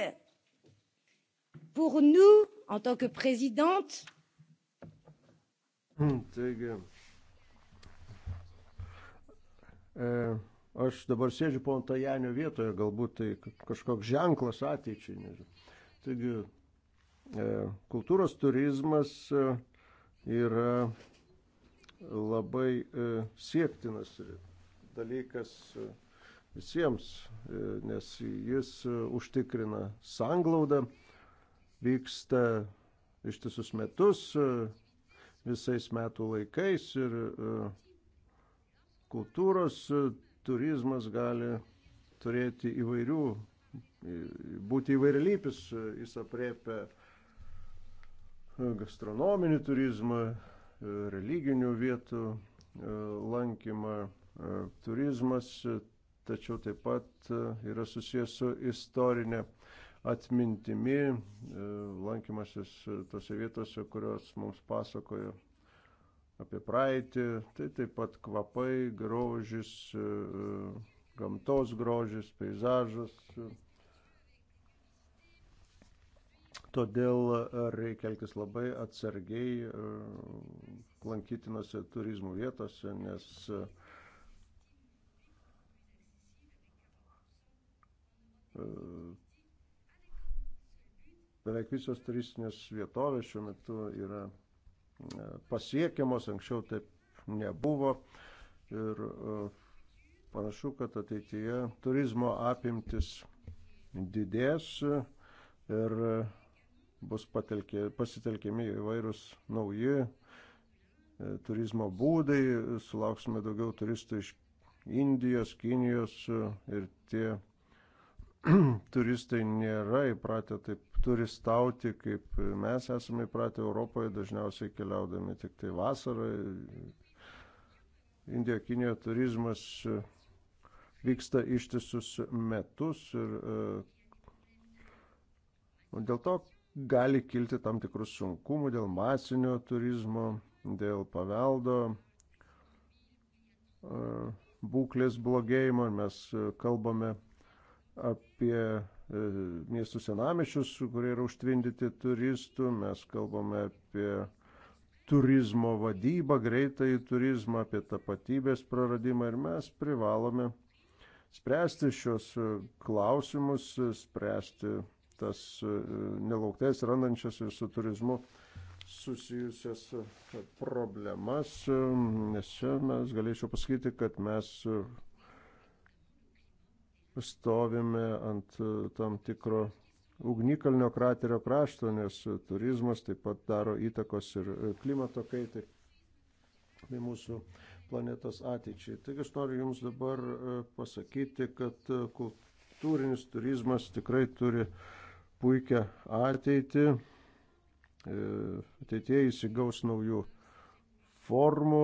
pour nous, en tant que présidente. Hmm, taigi, e, aš dabar sėdžiu po Antajanio vietoje, galbūt tai kažkoks ženklas ateičiai, nežinau. Taigi, e, kultūros turizmas e, yra. E, labai e, siektinas dalykas e, visiems, e, nes jis užtikrina sanglaudą, vyksta ištisus metus, visais metų laikais ir kultūros turizmas gali turėti įvairių, būti įvairialypis, jis apriepia gastronominį turizmą, religinių vietų e, lankymą, e, turizmas, tačiau taip pat e, yra susijęs su istorinė atmintimi, lankymasis tose vietose, kurios mums pasakojo apie praeitį, tai taip pat kvapai, grožis, gamtos grožis, peizažas, Todėl e, reikia elgtis labai atsargiai e, lankytinose turizmų vietose, nes e, beveik visos turistinės vietovės šiuo metu yra pasiekiamos, anksčiau taip nebuvo. Ir panašu, kad ateityje turizmo apimtis didės ir bus patelkė, pasitelkiami įvairūs nauji e, turizmo būdai, sulauksime daugiau turistų iš Indijos, Kinijos e, ir tie [CLEARS THROAT] turistai nėra įpratę taip turistauti, kaip mes esame įpratę Europoje, dažniausiai keliaudami tik tai vasarą. Indijoje, Kinijoje turizmas e, vyksta ištisus metus ir dėl to gali kilti tam tikrus sunkumų dėl masinio turizmo, dėl paveldo e, būklės blogėjimo. Mes e, kalbame apie e, miestų senamišius, kurie yra užtvindyti turistų, mes kalbame apie turizmo vadybą, greitai turizmą, apie tapatybės praradimą ir mes privalome spręsti šios klausimus, spręsti tas e, nelauktai atsirandančias ir su turizmu susijusias e, problemas, e, nes čia mes galėčiau pasakyti, kad mes stovime ant tam tikro ugnikalnio kraterio krašto, nes turizmas taip pat daro įtakos ir klimato kaitai bei mūsų planetos ateičiai. Taigi aš noriu Jums dabar pasakyti, kad kultūrinis turizmas tikrai turi puikią ateitį. E, ateitie įsigaus naujų formų,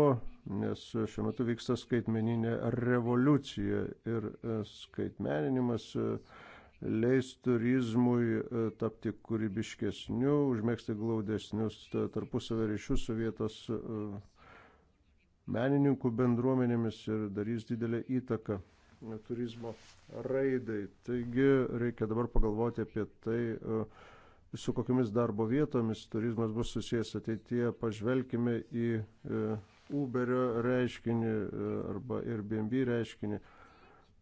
nes šiuo metu vyksta skaitmeninė revoliucija ir e, skaitmeninimas e, leis turizmui tapti kūrybiškesniu, užmėgsti glaudesnius tarpusavio ryšius su vietos menininkų bendruomenėmis ir darys didelę įtaką turizmo raidai. Taigi reikia dabar pagalvoti apie tai, e, su kokiamis darbo vietomis turizmas bus susijęs ateityje. Pažvelkime į e, Uberio reiškinį e, arba Airbnb reiškinį.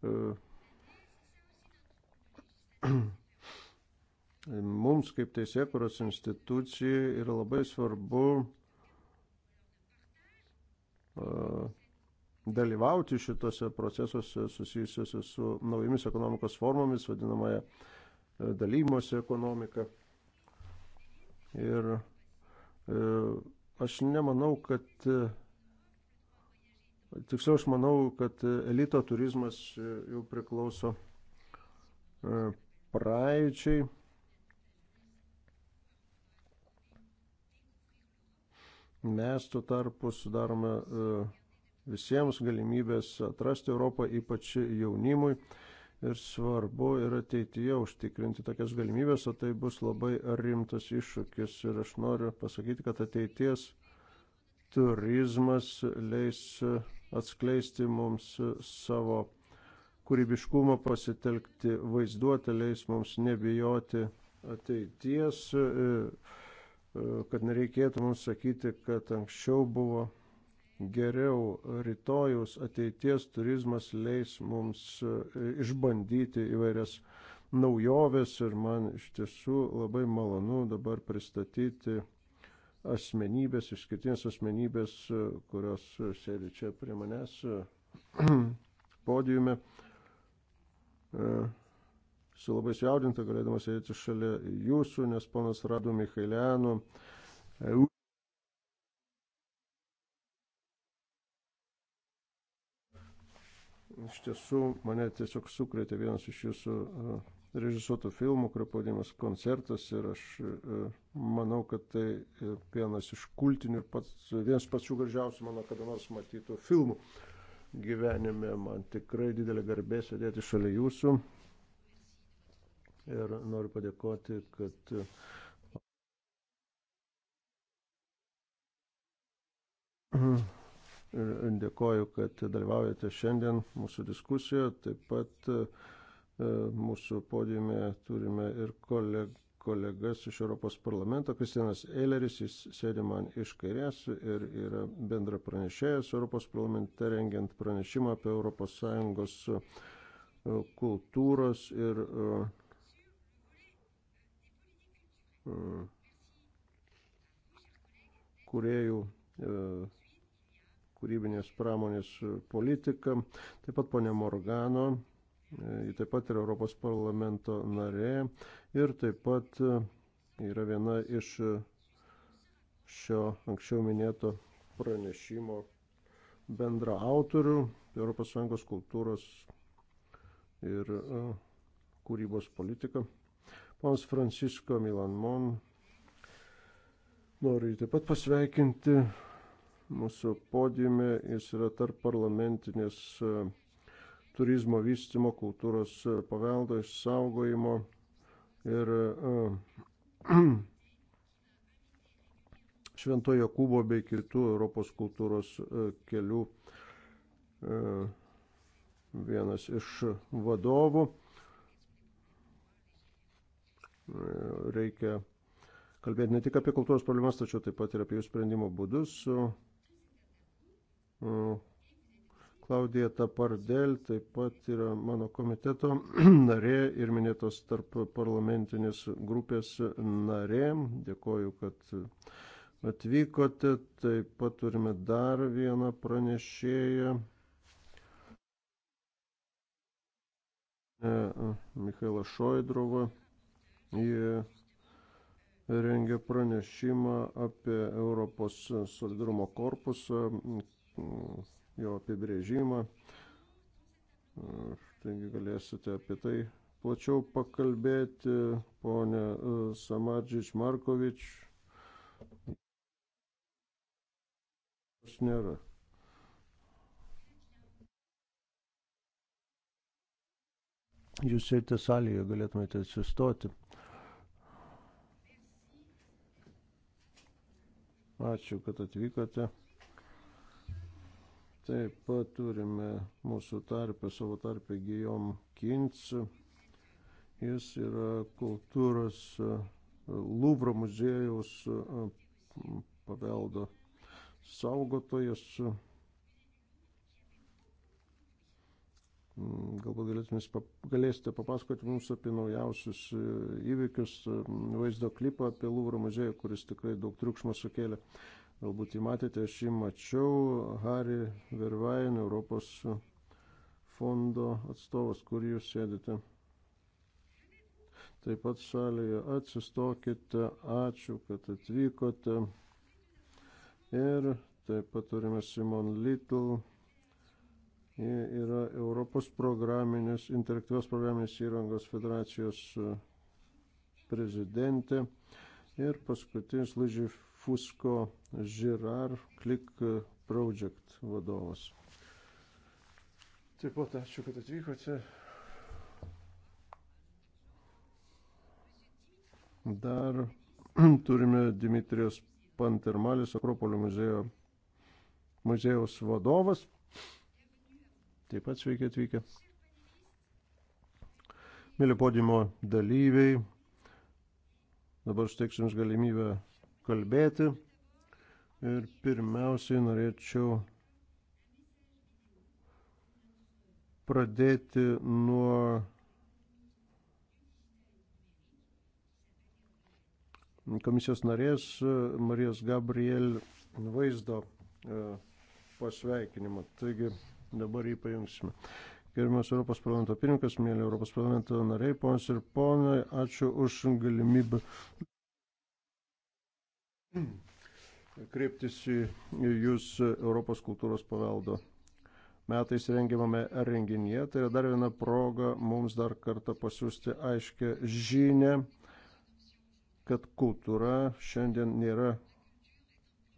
[CLEARS THROAT] Mums kaip teisėkuros institucijai yra labai svarbu dalyvauti šitose procesuose susijusiuose su naujomis ekonomikos formomis, vadinamąją e, dalymosi ekonomiką. Ir e, aš nemanau, kad e, Tiksliau, aš manau, kad elito turizmas jau priklauso praeičiai. Mes tuo tarpu sudarome uh, visiems galimybės atrasti Europą, ypač jaunimui. Ir svarbu ir ateityje užtikrinti tokias galimybės, o tai bus labai rimtas iššūkis. Ir aš noriu pasakyti, kad ateities turizmas leis atskleisti mums savo kūrybiškumą, pasitelkti vaizduotę, leis mums nebijoti ateities, kad nereikėtų mums sakyti, kad anksčiau buvo geriau. Rytojaus ateities turizmas leis mums e, išbandyti įvairias naujoves ir man iš tiesų labai malonu dabar pristatyti asmenybės, išskirtinės asmenybės, e, kurios sėdi čia prie manęs e, [CLEARS THROAT] podiume. Su labai sujaudinta galėdamas sėdėti šalia jūsų, nes ponas Radu Michailianu Iš tiesų, mane tiesiog sukrėtė vienas iš jūsų e, režisuotų filmų, kurio pavadinimas koncertas ir aš e, manau, kad tai e, vienas iš kultinių ir pats, vienas pačių gražiausių mano kada nors matytų filmų gyvenime. Man tikrai didelė garbė sėdėti šalia jūsų ir noriu padėkoti, kad Mm-hmm. [CLEARS THROAT] ir dėkoju, kad dalyvaujate šiandien mūsų diskusijoje. Taip pat e, mūsų podiume turime ir koleg kolegas iš Europos parlamento. Kristianas Eileris, jis sėdi man iš kairės ir yra bendra pranešėjas Europos parlamente rengiant pranešimą apie ES e, kultūros ir e, kuriejų kūrybinės pramonės politiką. Taip pat ponė Morgano, e, ji taip pat yra Europos parlamento narė ir taip pat e, yra viena iš šio anksčiau minėto pranešimo bendra autorių ES kultūros ir e, kūrybos politika. Pons Francisco Milanmon noriu taip pat pasveikinti mūsų podiume. Jis yra tarp parlamentinės e, turizmo vystimo, kultūros e, paveldo išsaugojimo ir e, [CLEARS THROAT] Šventojo Kubo bei kitų Europos kultūros kelių vienas iš vadovų. Reikia kalbėti ne tik apie kultūros problemas, tačiau taip pat ir apie jų sprendimo būdus. Klaudija Tapardel taip pat yra mano komiteto [CLEARS THROAT] narė ir minėtos tarp parlamentinės grupės narė. Dėkoju, kad atvykote. Taip pat turime dar vieną pranešėją. E, Mikhailą Šoidrovą. Jie rengia pranešimą apie Europos solidarumo korpusą, Mm, jo apibrėžimą. Taigi galėsite apie tai plačiau pakalbėti, ponė e, Samadžič Markovič. Nėra. Jūs sėdite salėje, galėtumėte atsistoti. Ačiū, kad atvykote. Taip pat turime mūsų tarpę, savo tarpę Gijom Kinc. Jis yra kultūros e, Lūvro muziejaus e, paveldo saugotojas. Mm, galbūt galėsite papasakoti mums apie naujausius e, įvykius, vaizdo klipą apie Lūvro muziejų, kuris tikrai daug triukšmo sukėlė Galbūt jį matėte, aš jį mačiau, Harry Vervain, Europos fondo atstovas, kur jūs sėdite. Taip pat salėje atsistokite, ačiū, kad atvykote. Ir taip pat turime Simon Little. Jie yra Europos programinės, interaktyvios programinės įrangos federacijos prezidentė. Ir paskutinis Lyžiai Fusko Žirar Klik Project vadovas. Taip pat ačiū, kad atvykote. Dar [CLEARS THROAT] turime Dimitrijos Pantermalis, Akropolio muziejo, muziejaus vadovas. Taip pat sveiki atvykę. Mėly podimo dalyviai, dabar suteiksiu Jums galimybę kalbėti. Ir pirmiausiai norėčiau pradėti nuo komisijos narės Marijos Gabriel vaizdo e, pasveikinimo. Taigi dabar jį pajungsime. Gerbiamas Europos parlamento pirmininkas, mėly Europos parlamento nariai, ponas ir ponai, ačiū už galimybę Hmm. kreiptis į Jūs Europos kultūros paveldo metais rengiamame renginyje. Tai yra dar viena proga mums dar kartą pasiūsti aiškę žinę, kad kultūra šiandien nėra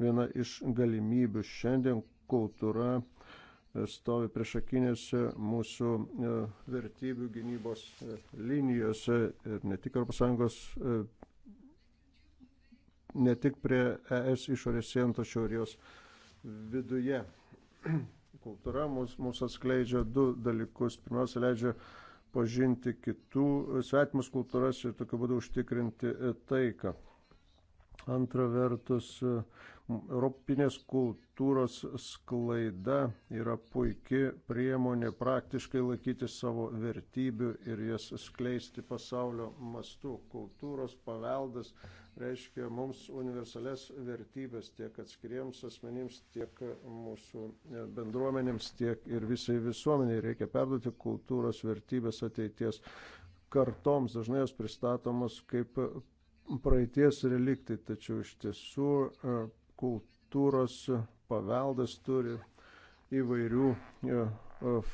viena iš galimybių. Šiandien kultūra e, stovi priešakinėse mūsų e, vertybių gynybos e, linijose ir ne tik ES ne tik prie ES išorės sienų, tačiau ir jos viduje. [CLEARS THROAT] Kultūra mums, mums atskleidžia du dalykus. Pirmiausia, leidžia pažinti kitų svetimus kultūras ir tokiu būdu užtikrinti e, taiką. Antra vertus, e, europinės kultūros sklaida yra puikia priemonė praktiškai laikyti savo vertybių ir jas skleisti pasaulio mastu. Kultūros paveldas reiškia mums universales vertybės tiek atskiriems asmenims, tiek mūsų e, bendruomenėms, tiek ir visai visuomeniai. Reikia perduoti kultūros vertybės ateities kartoms. Dažnai jos pristatomos kaip praeities reliktai, tačiau iš tiesų e, kultūros paveldas turi įvairių e,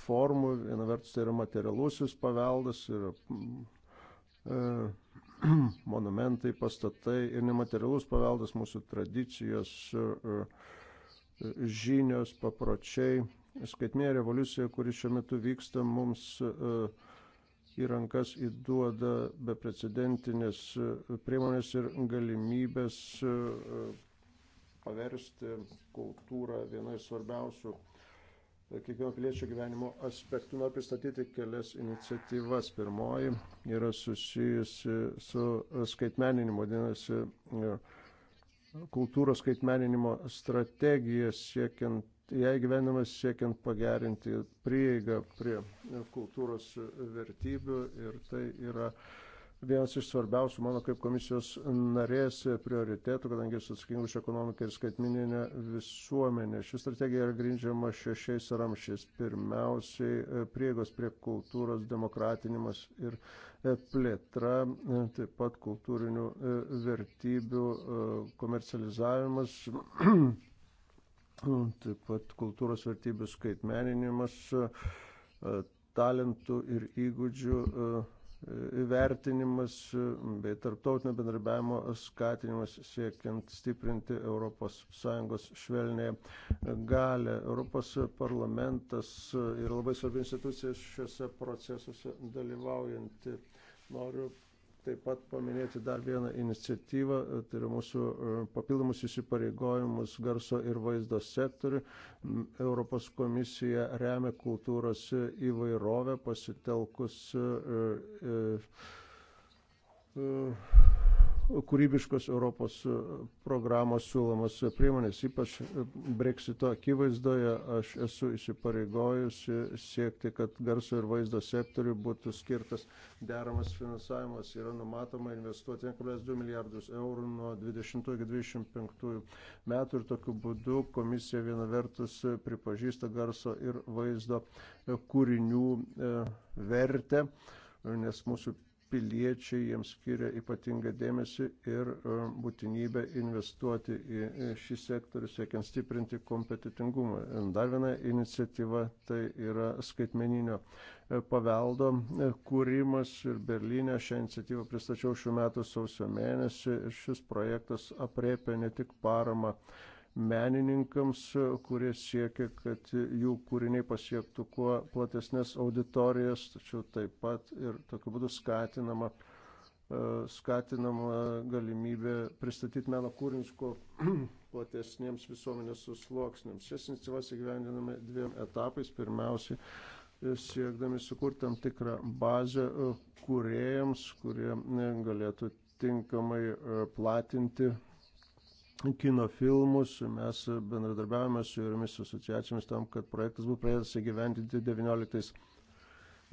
formų. Viena vertus tai yra materialusis paveldas ir [CLEARS THROAT] monumentai, pastatai ir nematerialus paveldas, mūsų tradicijos, e, e, žinios, papročiai. Skaitmė revoliucija, kuri šiuo metu vyksta, mums e, į rankas įduoda beprecedentinės priemonės ir galimybės paversti kultūrą vienai svarbiausių kiekvieno piliečio gyvenimo aspektų. Noriu pristatyti kelias iniciatyvas. Pirmoji yra susijusi su skaitmeninimu, vadinasi, kultūros skaitmeninimo strategija siekiant, jai gyvenimas siekiant pagerinti prieigą prie kultūros vertybių ir tai yra uh, vienas iš svarbiausių mano kaip komisijos narės prioritėtų, kadangi esu atsakinga už ekonomiką ir skaitmininę visuomenę. Ši strategija yra grindžiama šešiais ramšiais. Pirmiausiai e, prieigos prie kultūros demokratinimas ir e, plėtra, e, taip pat kultūrinių vertybių komercializavimas. [CLEARS THROAT] Taip pat kultūros vertybių skaitmeninimas, talentų ir įgūdžių įvertinimas bei tarptautinio bendradarbiavimo skatinimas siekiant stiprinti ES švelnėje galę. Europos parlamentas yra labai svarbi institucija šiuose procesuose dalyvaujanti. Noriu taip pat paminėti dar vieną iniciatyvą, e, tai yra mūsų e, papildomus įsipareigojimus garso ir vaizdo sektoriui. Europos komisija remia kultūros įvairovę pasitelkus e, kūrybiškos Europos e, programos siūlomas priemonės, ypač e, breksito akivaizdoje aš esu įsipareigojusi siekti, kad garso ir vaizdo sektoriui būtų skirtas deramas finansavimas. Yra numatoma investuoti 1,2 milijardus eurų nuo 20 iki 25 metų ir tokiu būdu komisija viena vertus pripažįsta garso ir vaizdo e, kūrinių vertę, nes mūsų piliečiai jiems skiria ypatingą dėmesį ir e, būtinybę investuoti į šį sektorių, siekiant stiprinti kompetitingumą. Dar viena iniciatyva tai yra skaitmeninio e, paveldo e, kūrimas ir Berlyne šią iniciatyvą pristačiau šių metų sausio mėnesį ir šis projektas apriepia ne tik paramą menininkams, kurie siekia, kad jų kūriniai pasiektų kuo platesnės auditorijas, tačiau taip pat ir tokiu būdu skatinama, e, skatinama galimybė pristatyti meno kūrinius kuo [CLEARS THROAT] platesniems visuomenės susloksniams. Šias iniciatyvas įgyvendiname dviem etapais. Pirmiausiai siekdami sukurti tam tikrą bazę e, kuriejams, kurie e, galėtų tinkamai platinti kino filmus. Mes bendradarbiavome su jomis asociacijomis tam, kad projektas būtų pradėtas įgyvendinti 19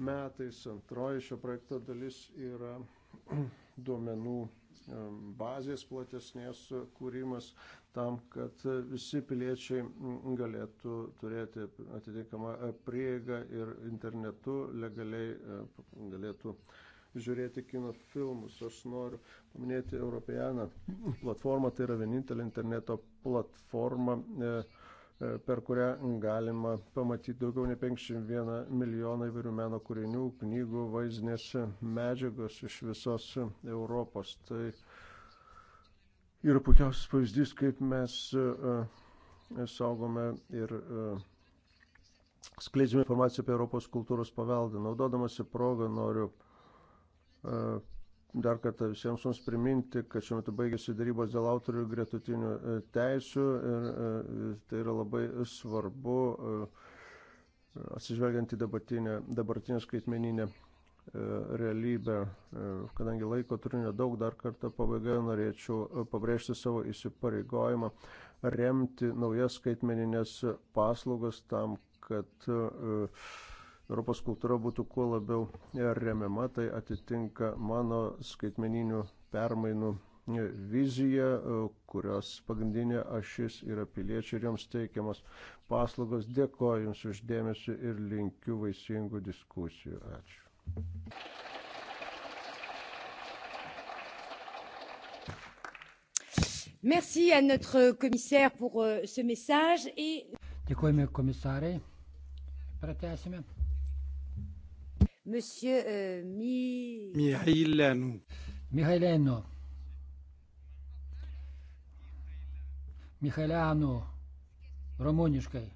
metais. Antroji šio projekto dalis yra [CLEARS THROAT] duomenų bazės platesnės kūrimas tam, kad visi piliečiai galėtų turėti atitinkamą prieigą ir internetu legaliai galėtų uh, žiūrėti kino filmus. Aš noriu paminėti Europeaną platformą, tai yra vienintelė interneto platforma, e, e, per kurią galima pamatyti daugiau nei 51 milijoną įvairių meno kūrinių, knygų, vaizdinės medžiagos iš visos Europos. Tai yra puikiausias pavyzdys, kaip mes e, saugome ir skleidžiame informaciją apie Europos kultūros paveldą. Naudodamasi progą noriu dar kartą visiems mums priminti, kad šiuo metu baigėsi darybos dėl autorių gretutinių e, teisių ir e, tai yra labai svarbu e, atsižvelgiant į dabartinę, dabartinę skaitmeninę realybę, kadangi laiko turiu nedaug, dar kartą pabaigoje norėčiau pabrėžti savo įsipareigojimą remti naujas skaitmeninės paslaugas tam, kad uh, Europos kultūra būtų kuo labiau e, remiama, tai atitinka mano skaitmeninių permainų e, viziją, e, kurios pagrindinė ašis yra piliečiai ir joms teikiamas paslaugos. Dėkoju Jums uždėmesi ir linkiu vaisingų diskusijų. Ačiū. Merci à notre commissaire pour euh, ce message et Dėkojame komisarai. Pratęsime. Monsieur euh, Mi... Mihailanu. Mihailanu. Mihailanu. Romoniškai.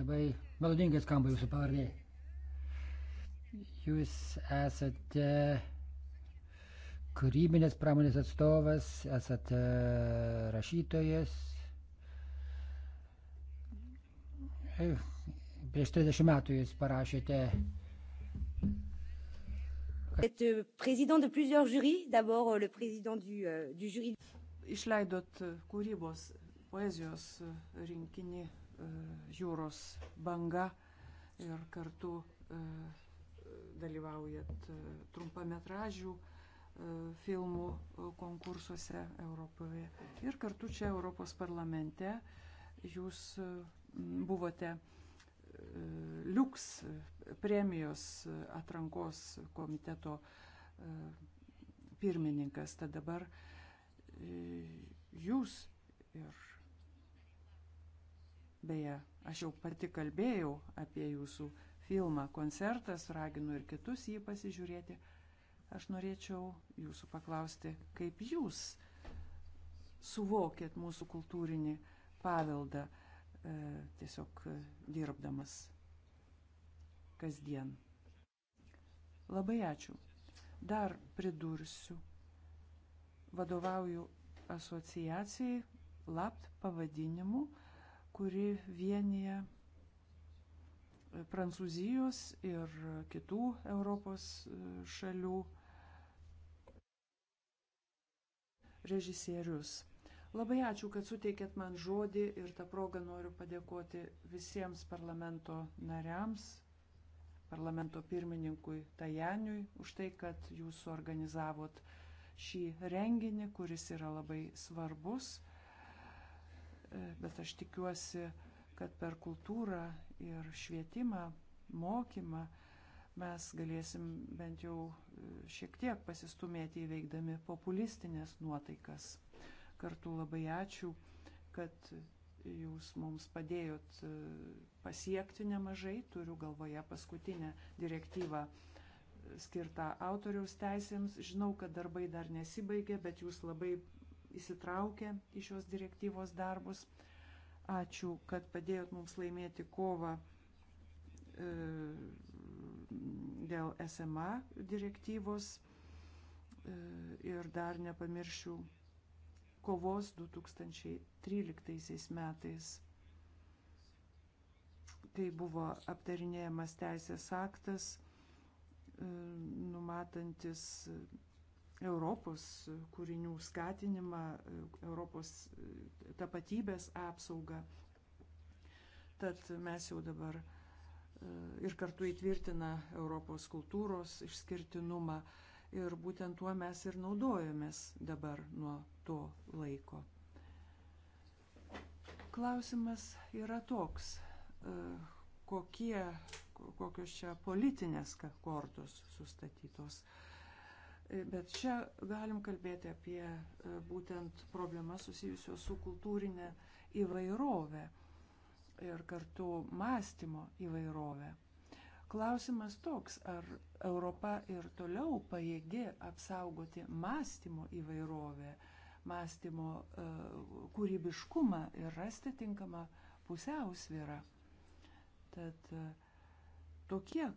Labai melodingai skamba jūsų pavardė. Jūs esate kūrybinės pramonės atstovas, esate rašytojas. Eif. Prieš 30 metų jūs parašėte. Euh, euh, euh, Išleidot kūrybos poezijos rinkinį Jūros banga ir kartu dalyvaujat trumpametražių filmų konkursuose Europoje. Ir kartu čia Europos parlamente jūs buvote uh, liuks premijos atrankos komiteto e, pirmininkas. Tad dabar e, jūs ir beje, aš jau pati kalbėjau apie jūsų filmą koncertas, raginu ir kitus jį pasižiūrėti. Aš norėčiau jūsų paklausti, kaip jūs suvokėt mūsų kultūrinį paveldą E, tiesiog e, dirbdamas kasdien. Labai ačiū. Dar pridursiu. Vadovauju asociacijai LAPT pavadinimu, kuri vienyje e, Prancūzijos ir kitų Europos šalių režisierius. Labai ačiū, kad suteikėt man žodį ir tą progą noriu padėkoti visiems parlamento nariams, parlamento pirmininkui Tajaniui už tai, kad jūs organizavot šį renginį, kuris yra labai svarbus. E, bet aš tikiuosi, kad per kultūrą ir švietimą, mokymą mes galėsim bent jau e, šiek tiek pasistumėti įveikdami populistinės nuotaikas kartu labai ačiū, kad jūs mums padėjot e, pasiekti nemažai, turiu galvoje paskutinę direktyvą e, skirtą autoriaus teisėms. Žinau, kad darbai dar nesibaigė, bet jūs labai įsitraukė į šios direktyvos darbus. Ačiū, kad padėjot mums laimėti kovą e, dėl SMA direktyvos ir dar nepamiršiu kovos 2013 metais, kai buvo aptarinėjamas teisės aktas, e, numatantis Europos kūrinių skatinimą, e, Europos e, tapatybės apsaugą. Tad mes jau dabar ir kartu įtvirtina Europos kultūros išskirtinumą ir būtent tuo mes ir naudojomės dabar nuo to laiko. Klausimas yra toks, e, kokie, kokios čia politinės kortos sustatytos. E, bet čia galim kalbėti apie e, būtent problemas susijusios su kultūrinė įvairovė ir kartu mąstymo įvairovė. Klausimas toks, ar Europa ir toliau pajėgi apsaugoti mąstymo įvairovę, mąstymo e, kūrybiškumą ir rasti tinkamą pusiausvyrą. Tad e, tokie,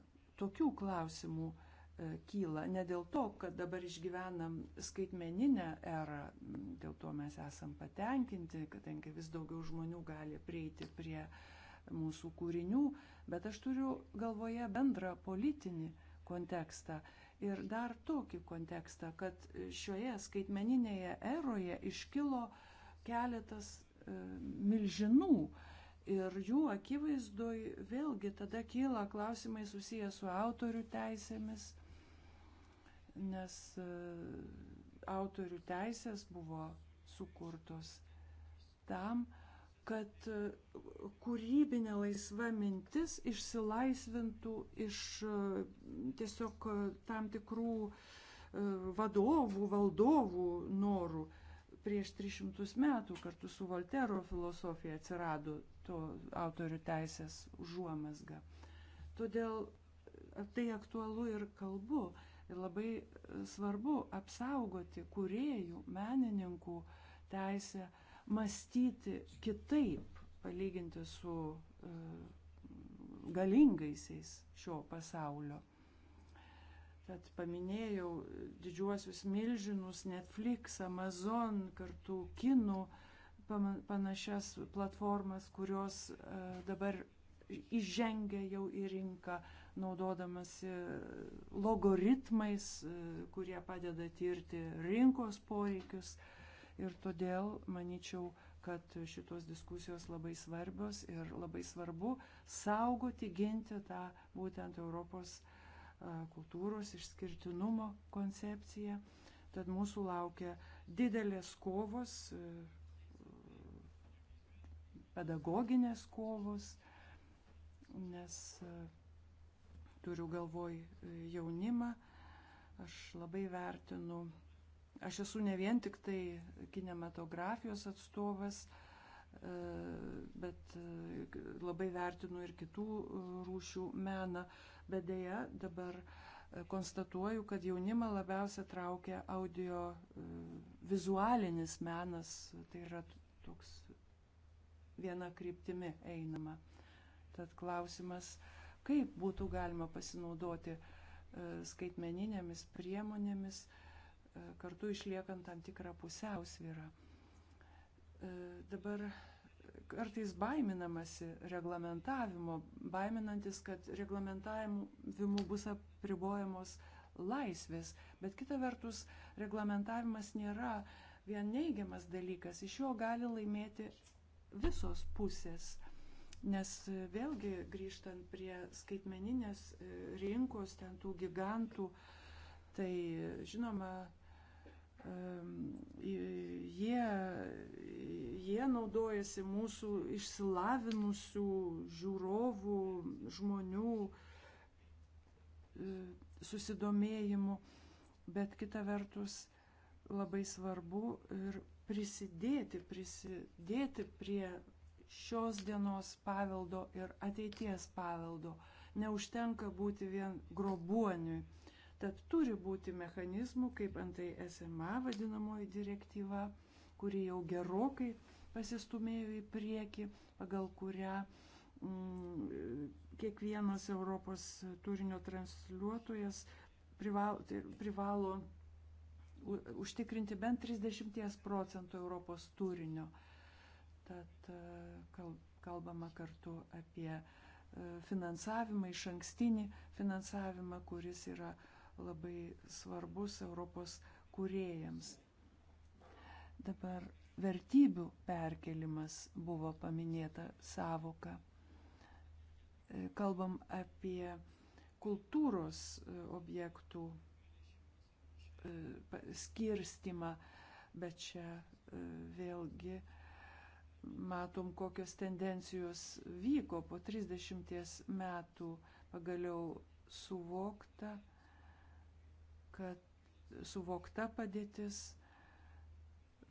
tokių klausimų e, kyla ne dėl to, kad dabar išgyvenam skaitmeninę erą, dėl to mes esam patenkinti, kadangi vis daugiau žmonių gali prieiti prie uh, mūsų kūrinių, bet aš turiu galvoje bendrą politinį kontekstą ir dar tokį kontekstą, kad šioje skaitmeninėje eroje iškilo keletas e, milžinų ir jų akivaizdoj vėlgi tada kyla klausimai susiję su autorių teisėmis, nes e, autorių teisės buvo sukurtos tam, kad e, kūrybinė laisva mintis išsilaisvintų iš e, tiesiog e, tam tikrų vadovų, valdovų norų. Prieš 300 metų kartu su Voltero filosofija atsirado to autorių teisės užuomasga. Todėl tai aktualu ir kalbu. Ir labai svarbu apsaugoti kuriejų, menininkų teisę mąstyti kitaip, palyginti su e, galingaisiais šio pasaulio. Tad paminėjau didžiuosius milžinus Netflix, Amazon, kartu kinų panašias platformas, kurios e, dabar įžengia jau į rinką, naudodamasi logaritmais, e, kurie padeda tirti rinkos poreikius. Ir todėl manyčiau, kad šitos diskusijos labai svarbios ir labai svarbu saugoti, ginti tą būtent Europos kultūros išskirtinumo koncepciją. Tad mūsų laukia didelės kovos, pedagoginės kovos, nes turiu galvoj e, jaunimą, aš labai vertinu Aš esu ne vien tik tai kinematografijos atstovas, e, bet e, labai vertinu ir kitų e, rūšių meną. Bet dėja dabar konstatuoju, kad jaunimą labiausia traukia audio vizualinis menas, tai yra toks viena kryptimi einama. Tad klausimas, kaip būtų galima pasinaudoti skaitmeninėmis priemonėmis, E, kartu išliekant tam tikrą pusiausvyrą. E, dabar kartais baiminamasi reglamentavimo, baiminantis, kad reglamentavimu bus apribojamos laisvės, bet kita vertus reglamentavimas nėra vien neigiamas dalykas, iš jo gali laimėti visos pusės. Nes e, vėlgi grįžtant prie skaitmeninės rinkos, ten tų gigantų, tai žinoma, Ehm, jie, jie naudojasi mūsų išsilavinusių žiūrovų, žmonių e, susidomėjimu, bet kita vertus labai svarbu ir prisidėti, prisidėti prie šios dienos paveldo ir ateities paveldo. Neužtenka būti vien grobuoniui. Tad turi būti mechanizmų, kaip antai SMA vadinamoji direktyva, kuri jau gerokai pasistumėjo į priekį, pagal kurią mm, kiekvienas Europos turinio transliuotojas tai privalo, privalo užtikrinti bent 30 procentų Europos turinio. Tad kalbama kartu apie e, finansavimą, iš ankstinį finansavimą, kuris yra uh, labai svarbus Europos kūrėjams. Dabar vertybių perkelimas buvo paminėta savoka. E, kalbam apie kultūros e, objektų e, skirstimą, bet čia vėlgi matom, kokios tendencijos vyko po 30 metų pagaliau suvokta, kad suvokta padėtis,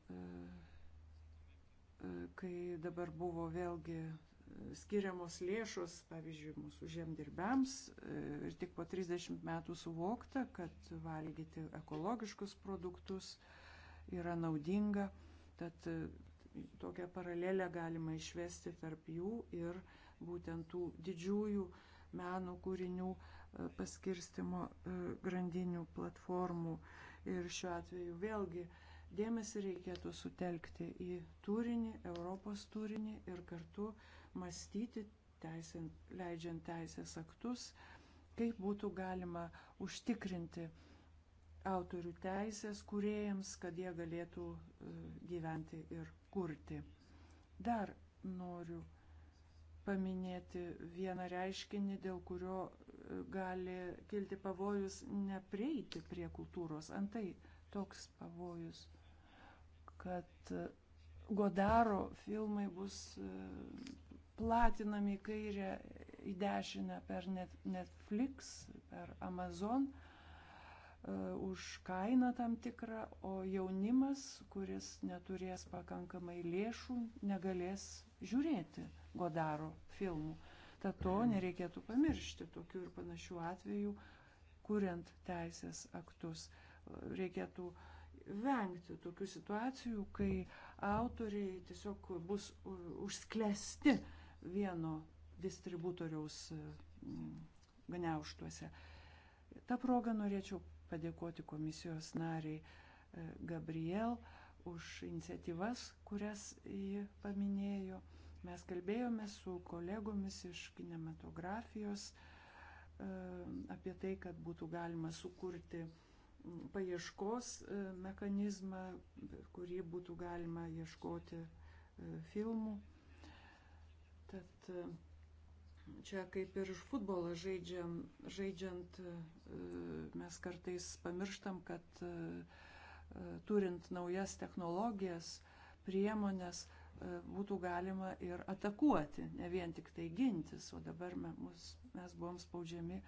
e, e, kai dabar buvo vėlgi e, skiriamos lėšos, pavyzdžiui, mūsų žemdirbiams ir tik po 30 metų suvokta, kad valgyti ekologiškus produktus yra naudinga. Tad tokią paralelę galima išvesti tarp jų ir būtent tų didžiųjų meno kūrinių paskirstimo e, grandinių platformų. Ir šiuo atveju vėlgi dėmesį reikėtų sutelkti į turinį, Europos turinį ir kartu mąstyti, teisint, leidžiant teisės aktus, kaip būtų galima užtikrinti autorių teisės kuriejams, kad jie galėtų e, gyventi ir kurti. Dar noriu paminėti vieną reiškinį, dėl kurio gali kilti pavojus neprieiti prie kultūros. Antai toks pavojus, kad Godaro filmai bus e, platinami į kairę, į dešinę per Netflix, per Amazon e, už kainą tam tikrą, o jaunimas, kuris neturės pakankamai lėšų, negalės žiūrėti Godaro filmų. Tad to nereikėtų pamiršti tokių ir panašių atvejų, kuriant teisės aktus. Reikėtų vengti tokių situacijų, kai autoriai tiesiog bus užsklesti vieno distributoriaus mm, gneuštuose. Ta proga norėčiau padėkoti komisijos nariai e, Gabriel už iniciatyvas, kurias ji paminėjo. Mes kalbėjome su kolegomis iš kinematografijos e, apie tai, kad būtų galima sukurti paieškos e, mechanizmą, kurį būtų galima ieškoti e, filmų. Tad čia kaip ir futbolą žaidžiam, žaidžiant, mes kartais pamirštam, kad turint naujas technologijas, priemonės, E, būtų galima ir atakuoti, ne vien tik tai gintis, o dabar mes, mes buvom spaudžiami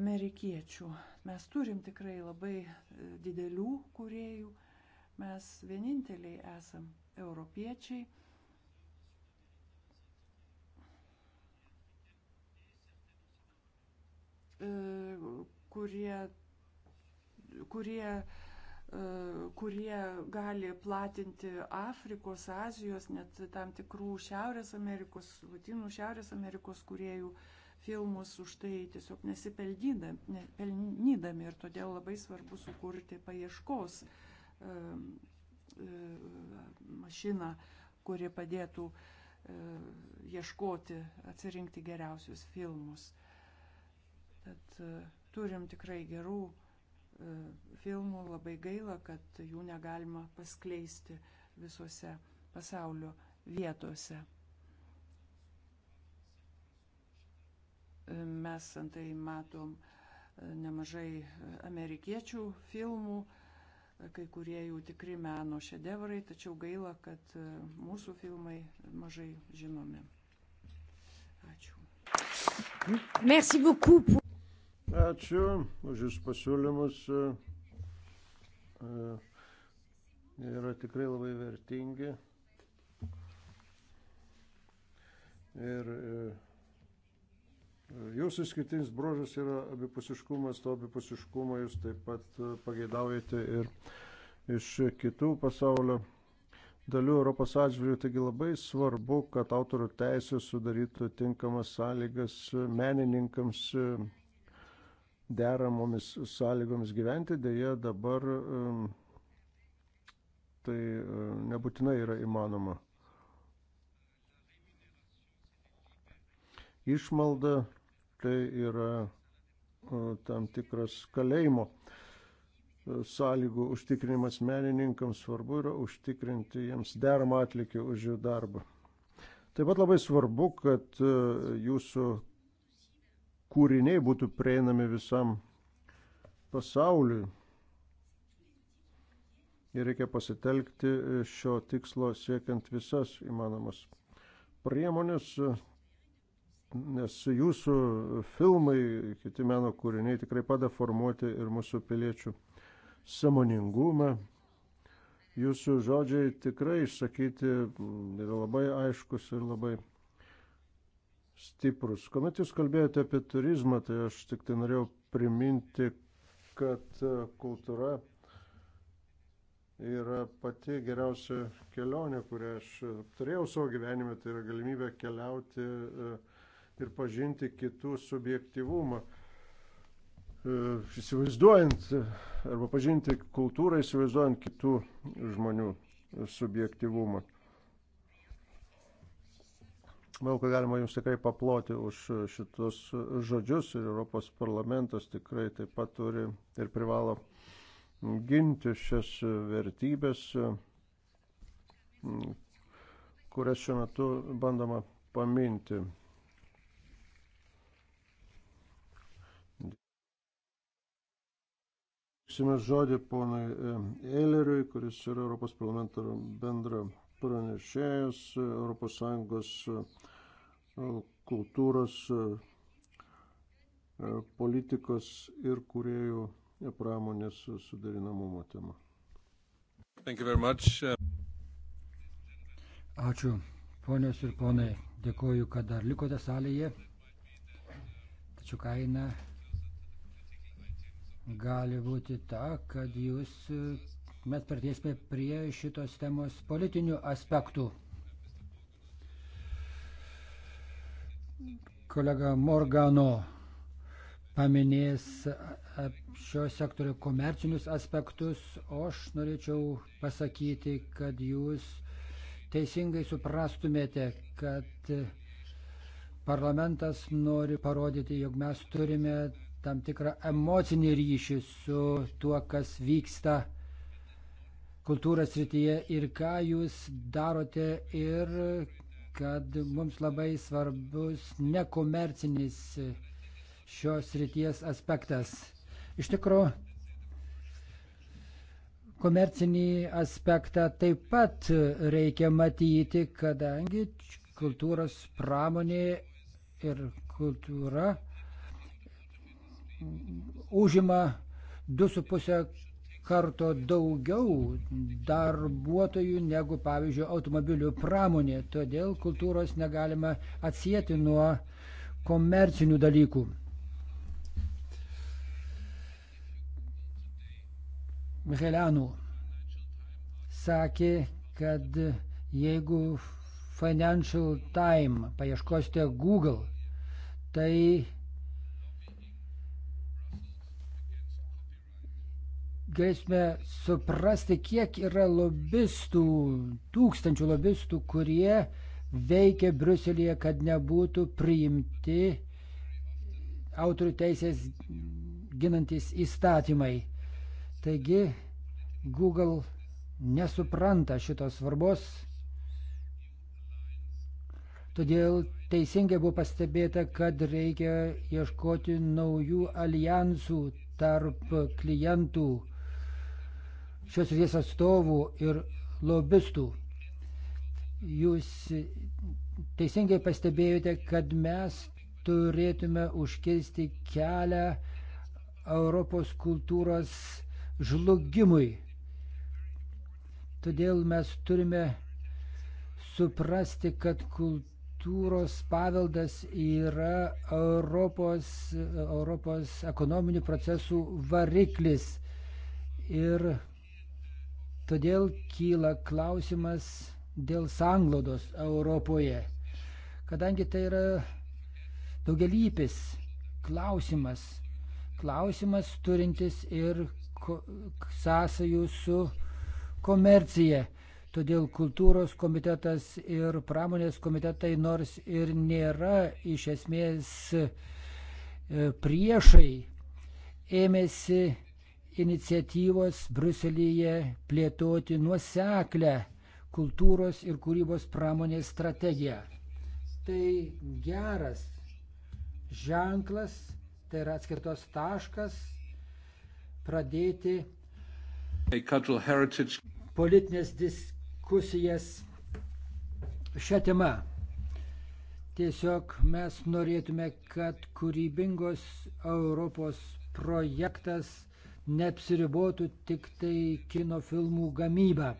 amerikiečių. Mes turim tikrai labai e, didelių kuriejų, mes vieninteliai esam europiečiai. E, kurie, kurie E, kurie gali platinti Afrikos, Azijos, net tam tikrų Šiaurės Amerikos, Latinų Šiaurės Amerikos kuriejų filmus už tai tiesiog nesipelnydami ir todėl labai svarbu sukurti paieškos e, e, mašiną, kuri padėtų ieškoti, atsirinkti geriausius filmus. Tad turim tikrai gerų filmų, labai gaila, kad jų negalima paskleisti visose pasaulio vietose. Mes antai matom e, nemažai amerikiečių filmų, e, kai kurie jau tikri meno šedevrai, tačiau gaila, kad e, mūsų filmai mažai žinomi. Ačiū. Merci beaucoup. Ačiū už Jūsų pasiūlymus. E, e, yra tikrai labai vertingi. Ir e, Jūsų išskirtinis brožas yra abipusiškumas, to abipusiškumo jūs taip pat pageidaujate ir iš kitų pasaulio dalių Europos atžvilgių. Taigi labai svarbu, kad autorių teisės sudarytų tinkamas sąlygas menininkams deramomis sąlygomis gyventi, dėja dabar tai e, nebūtinai yra įmanoma. Išmalda tai yra e, tam tikras kalėjimo e, sąlygų užtikrinimas menininkams svarbu yra užtikrinti jiems deramą atlikį už jų darbą. Taip pat labai svarbu, kad jūsų kūriniai būtų prieinami visam pasauliui. Ir reikia pasitelkti šio tikslo siekiant visas įmanomas priemonės, nes jūsų filmai, kiti meno kūriniai tikrai padeda formuoti ir mūsų piliečių samoningumą. Jūsų žodžiai tikrai išsakyti yra labai aiškus ir labai stiprus. Komet jūs kalbėjote apie turizmą, tai aš tik tai norėjau priminti, kad e, kultūra yra pati geriausia kelionė, kurią aš e, turėjau savo gyvenime, tai yra galimybė keliauti e, ir pažinti kitų subjektivumą. Įsivaizduojant arba pažinti kultūrą, įsivaizduojant kitų žmonių subjektivumą. Manau, kad galima jums tikrai paploti už šitus žodžius ir Europos parlamentas tikrai taip pat turi ir privalo ginti šias vertybės, kurias šiuo metu bandoma paminti. Sime žodį ponui e, Eileriui, kuris yra Europos parlamento bendra pranešėjas ES E, kultūros e, e, politikos ir kuriejų pramonės sudarinamumo tema. Ačiū, ponios ir ponai, dėkoju, kad dar likote salėje. Tačiau kaina gali būti ta, kad jūs mes pradėsime prie šitos temos politinių aspektų. kolega Morgano paminės šio sektorio komercinius aspektus, o aš norėčiau pasakyti, kad jūs teisingai suprastumėte, kad parlamentas nori parodyti, jog mes turime tam tikrą emocinį ryšį su tuo, kas vyksta kultūros rytyje ir ką jūs darote ir kad mums labai svarbus nekomercinis šios ryties aspektas. Iš tikrųjų, komercinį aspektą taip pat reikia matyti, kadangi kultūros pramonė ir kultūra užima 2,5 karto daugiau darbuotojų negu, pavyzdžiui, automobilių pramonė. Todėl kultūros negalima atsijėti nuo komercinių dalykų. Michelianų sakė, kad jeigu Financial Time paieškosite Google, tai galėsime suprasti, kiek yra lobistų, tūkstančių lobistų, kurie veikia Bruselėje, kad nebūtų priimti autorių teisės ginantis įstatymai. Taigi Google nesupranta šitos svarbos. Todėl teisingai buvo pastebėta, kad reikia ieškoti naujų alijansų tarp klientų šios srities atstovų ir lobistų. Jūs teisingai pastebėjote, kad mes turėtume užkirsti kelią Europos kultūros žlugimui. Todėl mes turime suprasti, kad kultūros paveldas yra Europos, Europos ekonominių procesų variklis. Ir Todėl kyla klausimas dėl sanglodos Europoje, kadangi tai yra daugelypis klausimas, klausimas turintis ir sąsajų su komercija. Todėl kultūros komitetas ir pramonės komitetai nors ir nėra iš esmės e, priešai, ėmėsi iniciatyvos Bruselyje plėtoti nuoseklę kultūros ir kūrybos pramonės strategiją. Tai geras ženklas, tai yra atskirtos taškas pradėti politinės diskusijas šią temą. Tiesiog mes norėtume, kad kūrybingos Europos projektas neapsiribotų tik tai kino filmų gamyba.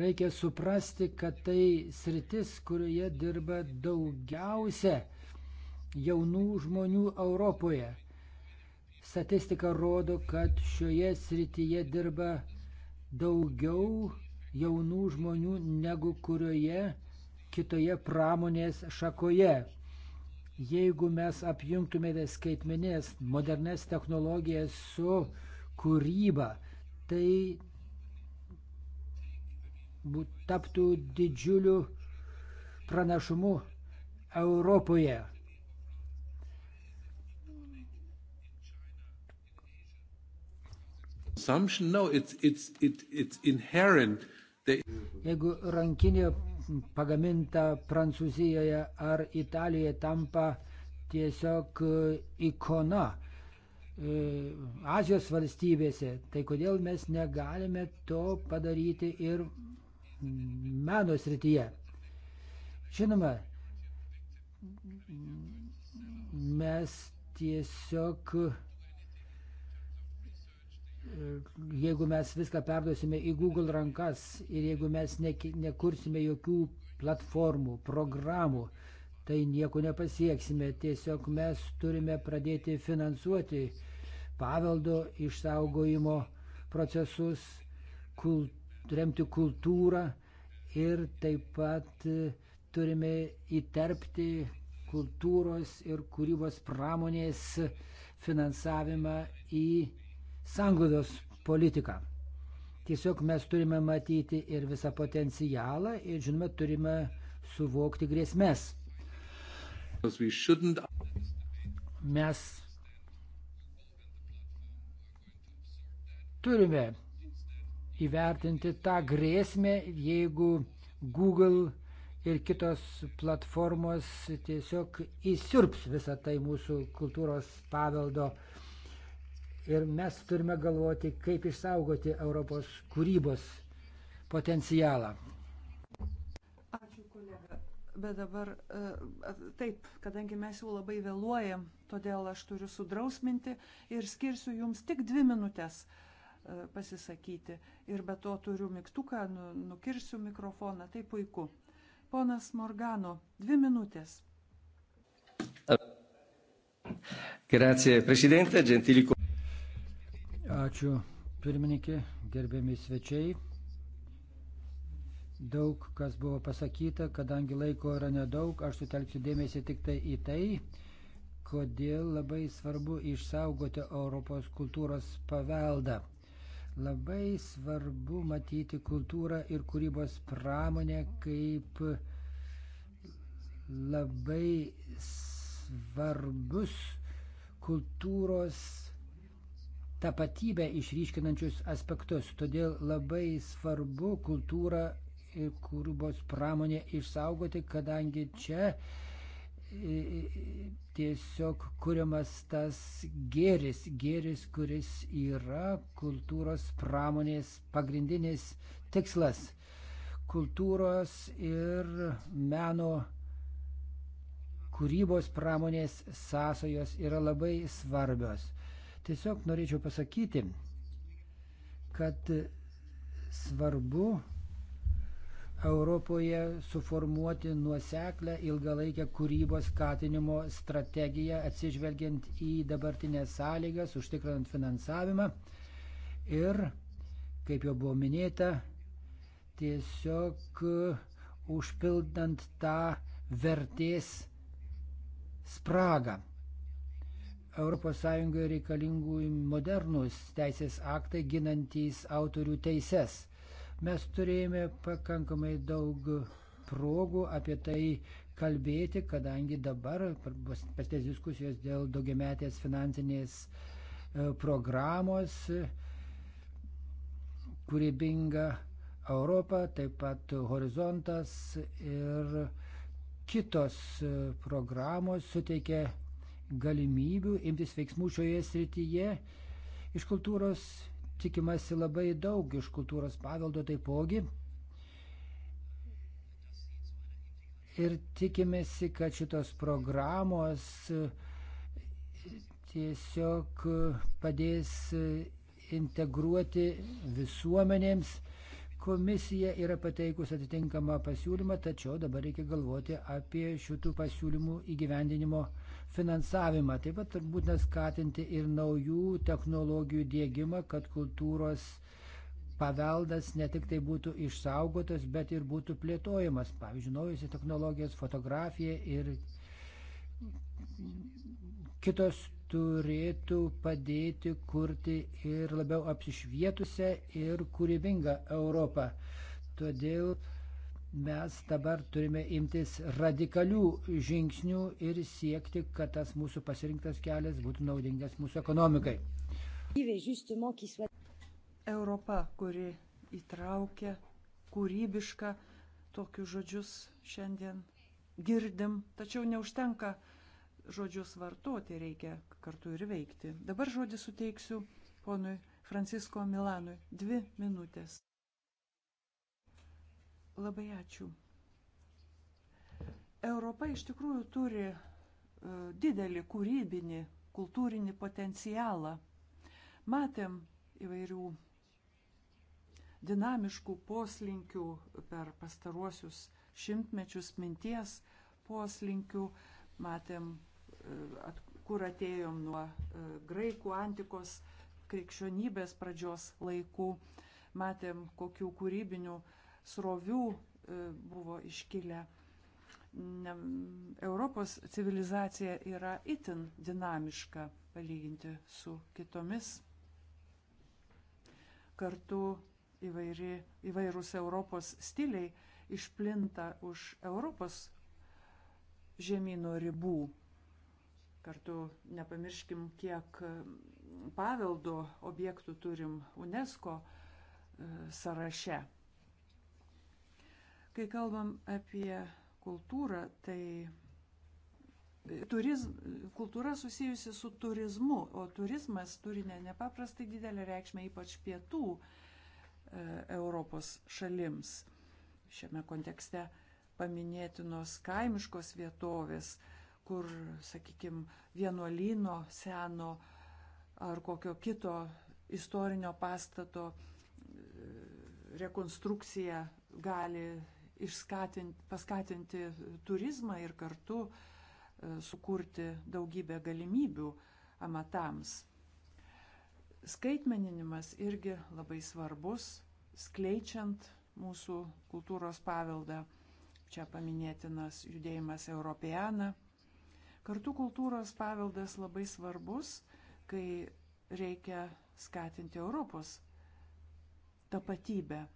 Reikia suprasti, kad tai sritis, kurioje dirba daugiausia jaunų žmonių Europoje. Statistika rodo, kad šioje srityje dirba daugiau jaunų žmonių negu kurioje kitoje pramonės šakoje. Jeigu mes apjungtumėte skaitmenės modernes technologijas su kūryba, tai taptų didžiuliu pranašumu Europoje. Jeigu rankinė pagaminta Prancūzijoje ar Italijoje tampa tiesiog e, ikona e, Azijos valstybėse, tai kodėl mes negalime to padaryti ir meno srityje. Žinoma, mes tiesiog jeigu mes viską perduosime į Google rankas ir jeigu mes ne, nekursime jokių platformų, programų, tai nieko nepasieksime. Tiesiog mes turime pradėti finansuoti paveldo išsaugojimo procesus, kult, remti kultūrą ir taip pat e, turime įterpti kultūros ir kūrybos pramonės finansavimą į sanglados politiką. Tiesiog mes turime matyti ir visą potencialą ir, žinoma, turime suvokti grėsmės. Mes turime įvertinti tą grėsmę, jeigu Google ir kitos platformos tiesiog įsirps visą tai mūsų kultūros paveldo uh, ir mes turime galvoti, kaip išsaugoti Europos kūrybos potencialą. Ačiū, kolega. Bet dabar e, taip, kadangi mes jau labai vėluojam, todėl aš turiu sudrausminti ir skirsiu jums tik dvi minutės e, pasisakyti. Ir be to turiu mygtuką, nu, nukirsiu mikrofoną, tai puiku. Ponas Morgano, dvi minutės. Grazie Presidente, gentili Ačiū pirmininkė, gerbiami svečiai. Daug kas buvo pasakyta, kadangi laiko yra nedaug, aš sutelksiu dėmesį tik tai į tai, kodėl labai svarbu išsaugoti Europos kultūros paveldą. Labai svarbu matyti kultūrą ir kūrybos pramonę kaip labai svarbus kultūros tapatybę išryškinančius aspektus. Todėl labai svarbu kultūrą ir kūrybos pramonę išsaugoti, kadangi čia e, tiesiog kuriamas tas gėris, gėris, kuris yra kultūros pramonės pagrindinis tikslas. Kultūros ir meno kūrybos pramonės sąsojos yra labai svarbios. Tiesiog norėčiau pasakyti, kad svarbu Europoje suformuoti nuoseklę ilgalaikę kūrybos skatinimo strategiją atsižvelgiant į dabartinės sąlygas, užtikrinant finansavimą ir, kaip jau buvo minėta, tiesiog užpildant tą vertės spragą. ES reikalingų modernus teisės aktai ginantys autorių teises. Mes turėjome pakankamai daug progų apie tai kalbėti, kadangi dabar pastės diskusijos dėl daugiametės finansinės e, programos kūrybinga Europa, taip pat horizontas ir kitos e, programos suteikia galimybių imtis veiksmų šioje srityje. Iš kultūros tikimasi labai daug, iš kultūros paveldo taipogi. Ir tikimėsi, kad šitos programos tiesiog padės integruoti visuomenėms. Komisija yra pateikus atitinkamą pasiūlymą, tačiau dabar reikia galvoti apie šitų pasiūlymų įgyvendinimo uh, finansavimą. Taip pat būtina skatinti ir naujų technologijų dėgymą, kad kultūros paveldas ne tik tai būtų išsaugotas, bet ir būtų plėtojamas. Pavyzdžiui, naujose technologijos fotografija ir kitos turėtų padėti kurti ir labiau apsišvietusią ir kūrybingą Europą. Todėl mes dabar turime imtis radikalių žingsnių ir siekti, kad tas mūsų pasirinktas kelias būtų naudingas mūsų ekonomikai. Europa, kuri įtraukia kūrybišką, tokius žodžius šiandien girdim, tačiau neužtenka žodžius vartoti, reikia kartu ir veikti. Dabar žodį suteiksiu ponui Francisko Milanui. Dvi minutės. Labai ačiū. Europa iš tikrųjų turi e, didelį kūrybinį, kultūrinį potencialą. Matėm įvairių dinamiškų poslinkių per pastaruosius šimtmečius minties poslinkių. Matėm, e, at, kur atėjom nuo e, graikų antikos krikščionybės pradžios laikų. Matėm, kokių kūrybinių uh, srovių e, buvo iškilę. Europos civilizacija yra itin dinamiška palyginti su kitomis. Kartu įvairi, įvairūs Europos stiliai išplinta už Europos žemynų ribų. Kartu nepamirškim, kiek paveldo objektų turim UNESCO e, sąraše. Kai kalbam apie kultūrą, tai turiz, kultūra susijusi su turizmu, o turizmas turi ne, nepaprastai didelę reikšmę ypač pietų e, Europos šalims. Šiame kontekste paminėtinos kaimiškos vietovės, kur, sakykime, vienuolino seno ar kokio kito istorinio pastato e, rekonstrukcija gali paskatinti turizmą ir kartu e, sukurti daugybę galimybių amatams. Skaitmeninimas irgi labai svarbus, skleidžiant mūsų kultūros paveldą. Čia paminėtinas judėjimas Europeana. Kartu kultūros paveldas labai svarbus, kai reikia skatinti Europos tapatybę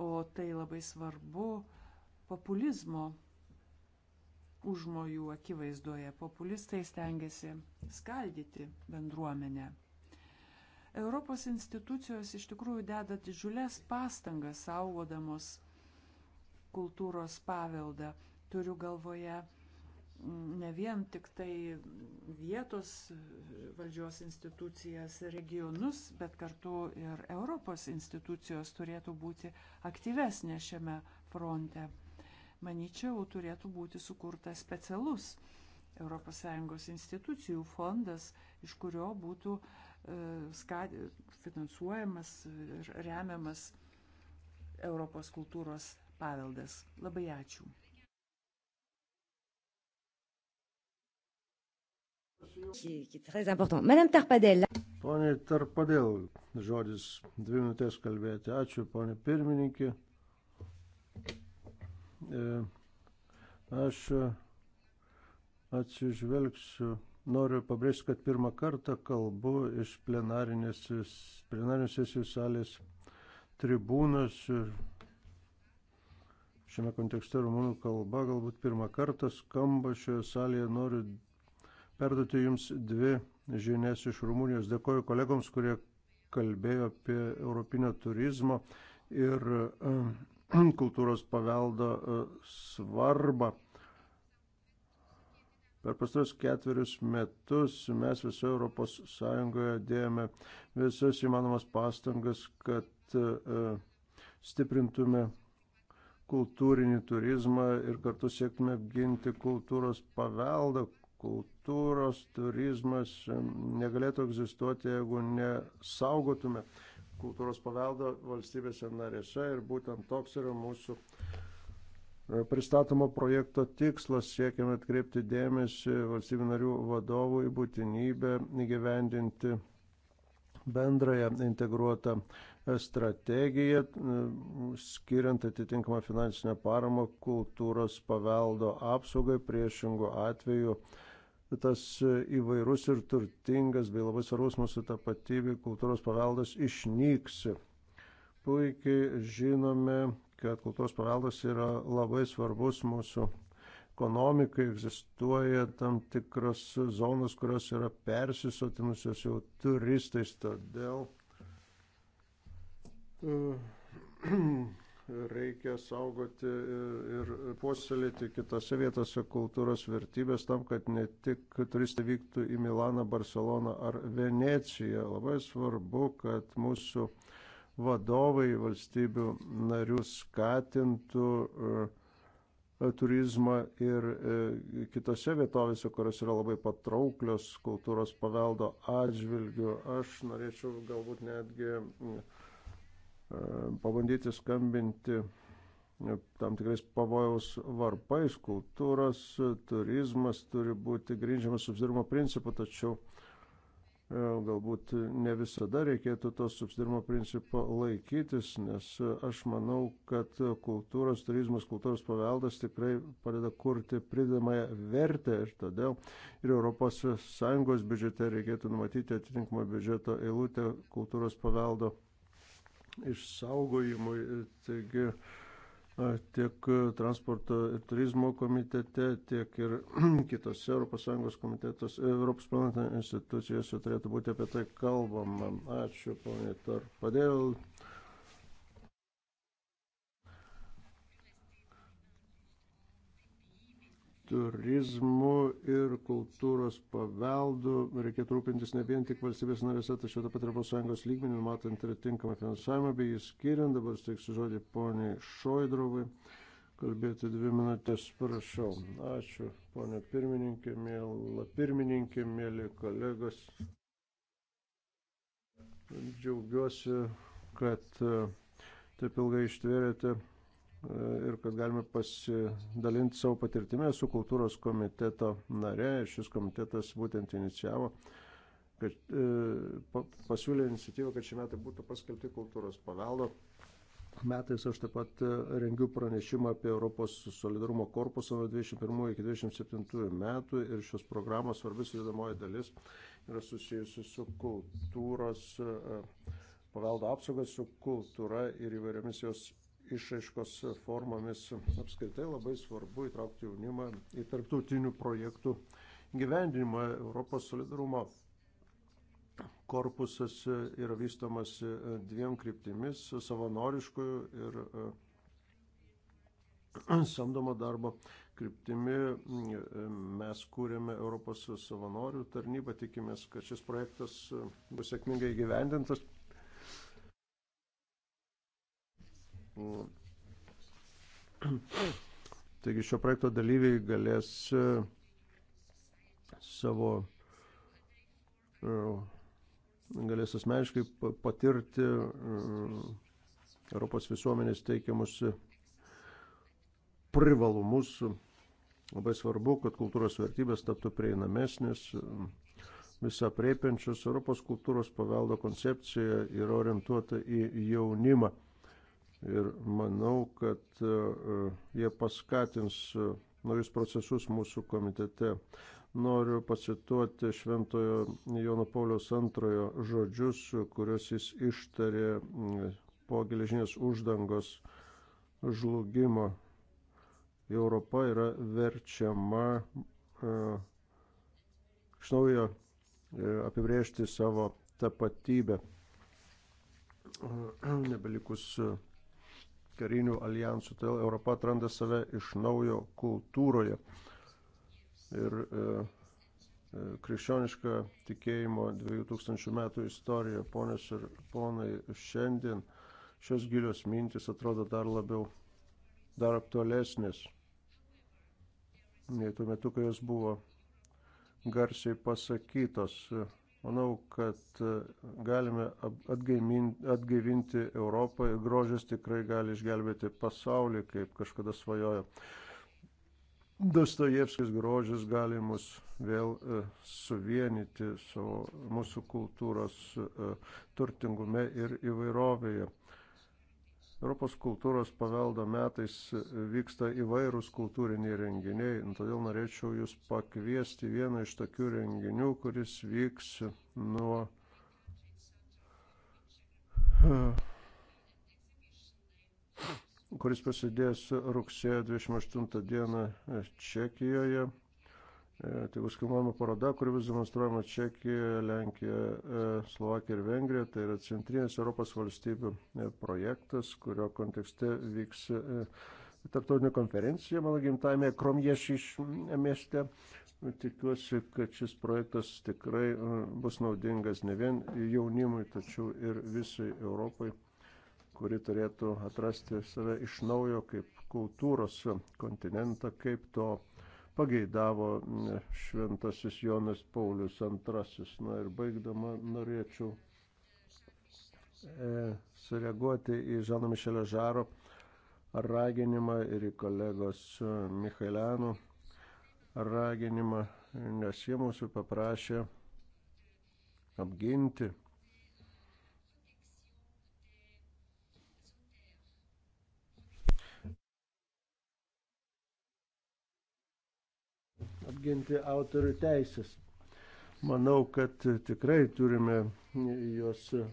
o tai labai svarbu populizmo užmojų akivaizdoje. Populistai stengiasi skaldyti bendruomenę. Europos institucijos iš tikrųjų deda didžiulės pastangas saugodamos kultūros paveldą. Turiu galvoje ne vien tik tai vietos valdžios institucijas, regionus, bet kartu ir Europos institucijos turėtų būti aktyvesnė šiame fronte. Maničiau, turėtų būti sukurtas specialus ES institucijų fondas, iš kurio būtų e, finansuojamas ir remiamas Europos kultūros paveldas. Labai ačiū. Pone Tarpadėl, žodis dvi minutės kalbėti. Ačiū, pone pirmininkė. E, aš atsižvelgsiu, noriu pabrėžti, kad pirmą kartą kalbu iš plenarinės sesijų salės tribūnos ir šiame kontekste rumunų kalba galbūt pirmą kartą skamba šioje salėje. Noriu perduoti jums dvi žinias iš Rumunijos. Dėkoju kolegoms, kurie kalbėjo apie europinio turizmo ir ehm, [CLEARS THROAT] kultūros paveldo e, svarbą. Per pastarus ketverius metus mes visoje Europos Sąjungoje dėjome visas įmanomas pastangas, kad e, stiprintume kultūrinį turizmą ir kartu siektume apginti kultūros paveldą, kultūros, turizmas negalėtų egzistuoti, jeigu nesaugotume kultūros paveldo valstybėse narėse ir būtent toks yra mūsų e, pristatomo projekto tikslas siekiame atkreipti dėmesį valstybių narių vadovų į būtinybę įgyvendinti bendrąją integruotą e, strategiją, e, skiriant atitinkamą finansinę paramą kultūros paveldo apsaugai priešingų atveju tas e, įvairus ir turtingas bei labai svarbus mūsų tapatybė kultūros paveldas išnyks. Puikiai žinome, kad kultūros paveldas yra labai svarbus mūsų ekonomikai, egzistuoja tam tikros zonos, kurios yra persisotinusios jau turistais, todėl e, [CLEARS THROAT] reikia saugoti ir puoselėti kitose vietose kultūros vertybės tam, kad ne tik turistai vyktų į Milaną, Barceloną ar Veneciją. Labai svarbu, kad mūsų vadovai valstybių narių skatintų e, turizmą ir e, kitose vietovėse, kurios yra labai patrauklios kultūros paveldo atžvilgių. Aš norėčiau galbūt netgi pabandyti skambinti tam tikrais pavojaus varpais, kultūros, turizmas turi būti grindžiamas subsidirimo principu, tačiau e, galbūt ne visada reikėtų tos subsidirimo principo laikytis, nes aš manau, kad kultūros, turizmas, kultūros paveldas tikrai padeda kurti pridamąją vertę ir todėl ir ES biudžete reikėtų numatyti atitinkamą biudžeto eilutę kultūros paveldo išsaugojimui. Taigi tiek transporto ir turizmo komitete, tiek ir [CLEARS THROAT] kitose ES komitetos, e, Europos parlamento institucijose turėtų būti apie tai kalbama. Ačiū, ponė Tarpadėl. turizmu ir kultūros paveldu reikėtų rūpintis ne vien tik valstybės narėse, tačiau taip pat ir ES lygmenį, numatant ir tinkamą finansavimą bei jį skiriant. Dabar steiksiu žodį poniai Šoidrovai. Kalbėti dvi minutės, prašau. Ačiū, ponė pirmininkė, mėla pirmininkė, mėly kolegos. Džiaugiuosi, kad e, taip ilgai ištvėrėte ir kad galime pasidalinti savo patirtimę su kultūros komiteto nare. Šis komitetas būtent inicijavo, kad e, pasiūlė iniciatyvą, kad šie metai būtų paskelbti kultūros paveldo. Metais aš taip pat e, rengiu pranešimą apie Europos solidarumo korpusą nuo 21 iki 27 metų ir šios programos svarbis įdomoji dalis yra susijusi su kultūros e, paveldo apsauga, su kultūra ir įvairiomis jos išraiškos formomis. Apskritai labai svarbu įtraukti jaunimą į tarptautinių projektų gyvendinimą. Europos solidarumo korpusas yra vystomas dviem kryptimis - savanoriškųjų ir e, [CLEARS THROAT] samdomo darbo kryptimi. Mes kūrėme Europos savanorių tarnybą, tikimės, kad šis projektas bus sėkmingai gyvendintas. [COUGHS] Taigi šio projekto dalyviai galės e, savo e, galės asmeniškai patirti e, Europos visuomenės teikiamus privalumus. Labai svarbu, kad kultūros vertybės taptų prieinamesnės, visapreipiančios. Europos kultūros paveldo koncepcija yra orientuota į jaunimą ir manau, kad e, e, jie paskatins e, naujus procesus mūsų komitete. Noriu pacituoti Šventojo Jono Pauliaus antrojo žodžius, kuriuos jis ištarė po geležinės uždangos žlugimo. Europa yra verčiama iš naujo apibrėžti savo tapatybę, nebelikus karinių alijansų, todėl Europa atranda save iš naujo kultūroje. Ir e, e krikščioniška tikėjimo 2000 metų istorija, ponės ir ponai, šiandien šios gilios mintis atrodo dar labiau, dar aktualesnės nei tuo metu, kai jos buvo garsiai pasakytos. Manau, kad e, galime atgaivinti Europą ir grožis tikrai gali išgelbėti pasaulį, kaip kažkada svajojo. Dostojevskis grožis gali mus vėl e, suvienyti su mūsų kultūros e, turtingume ir įvairovėje. Europos kultūros paveldo metais vyksta įvairūs kultūriniai renginiai, nu, todėl norėčiau Jūs pakviesti vieną iš tokių renginių, kuris vyks nuo kuris prasidės rugsėjo 28 dieną Čekijoje E, tai bus kilnojama paroda, kuri bus demonstruojama Čekijoje, Lenkijoje, e, Slovakijoje ir Vengrijoje. Tai yra centrinės Europos valstybių e, projektas, kurio kontekste vyks tarptautinė konferencija mano gimtajame Kromješiš mieste. Tikiuosi, kad šis projektas tikrai bus naudingas ne vien jaunimui, tačiau ir visai Europai, kuri turėtų atrasti save iš naujo kaip kultūros kontinentą, kaip to pageidavo šventasis Jonas Paulius II. Na ir baigdama norėčiau e, sureaguoti į Žano Mišelio Žaro raginimą ir į kolegos e, Michaelianų raginimą, nes jie mūsų paprašė apginti ginti autorių teisės. Manau, kad tikrai turime juos e,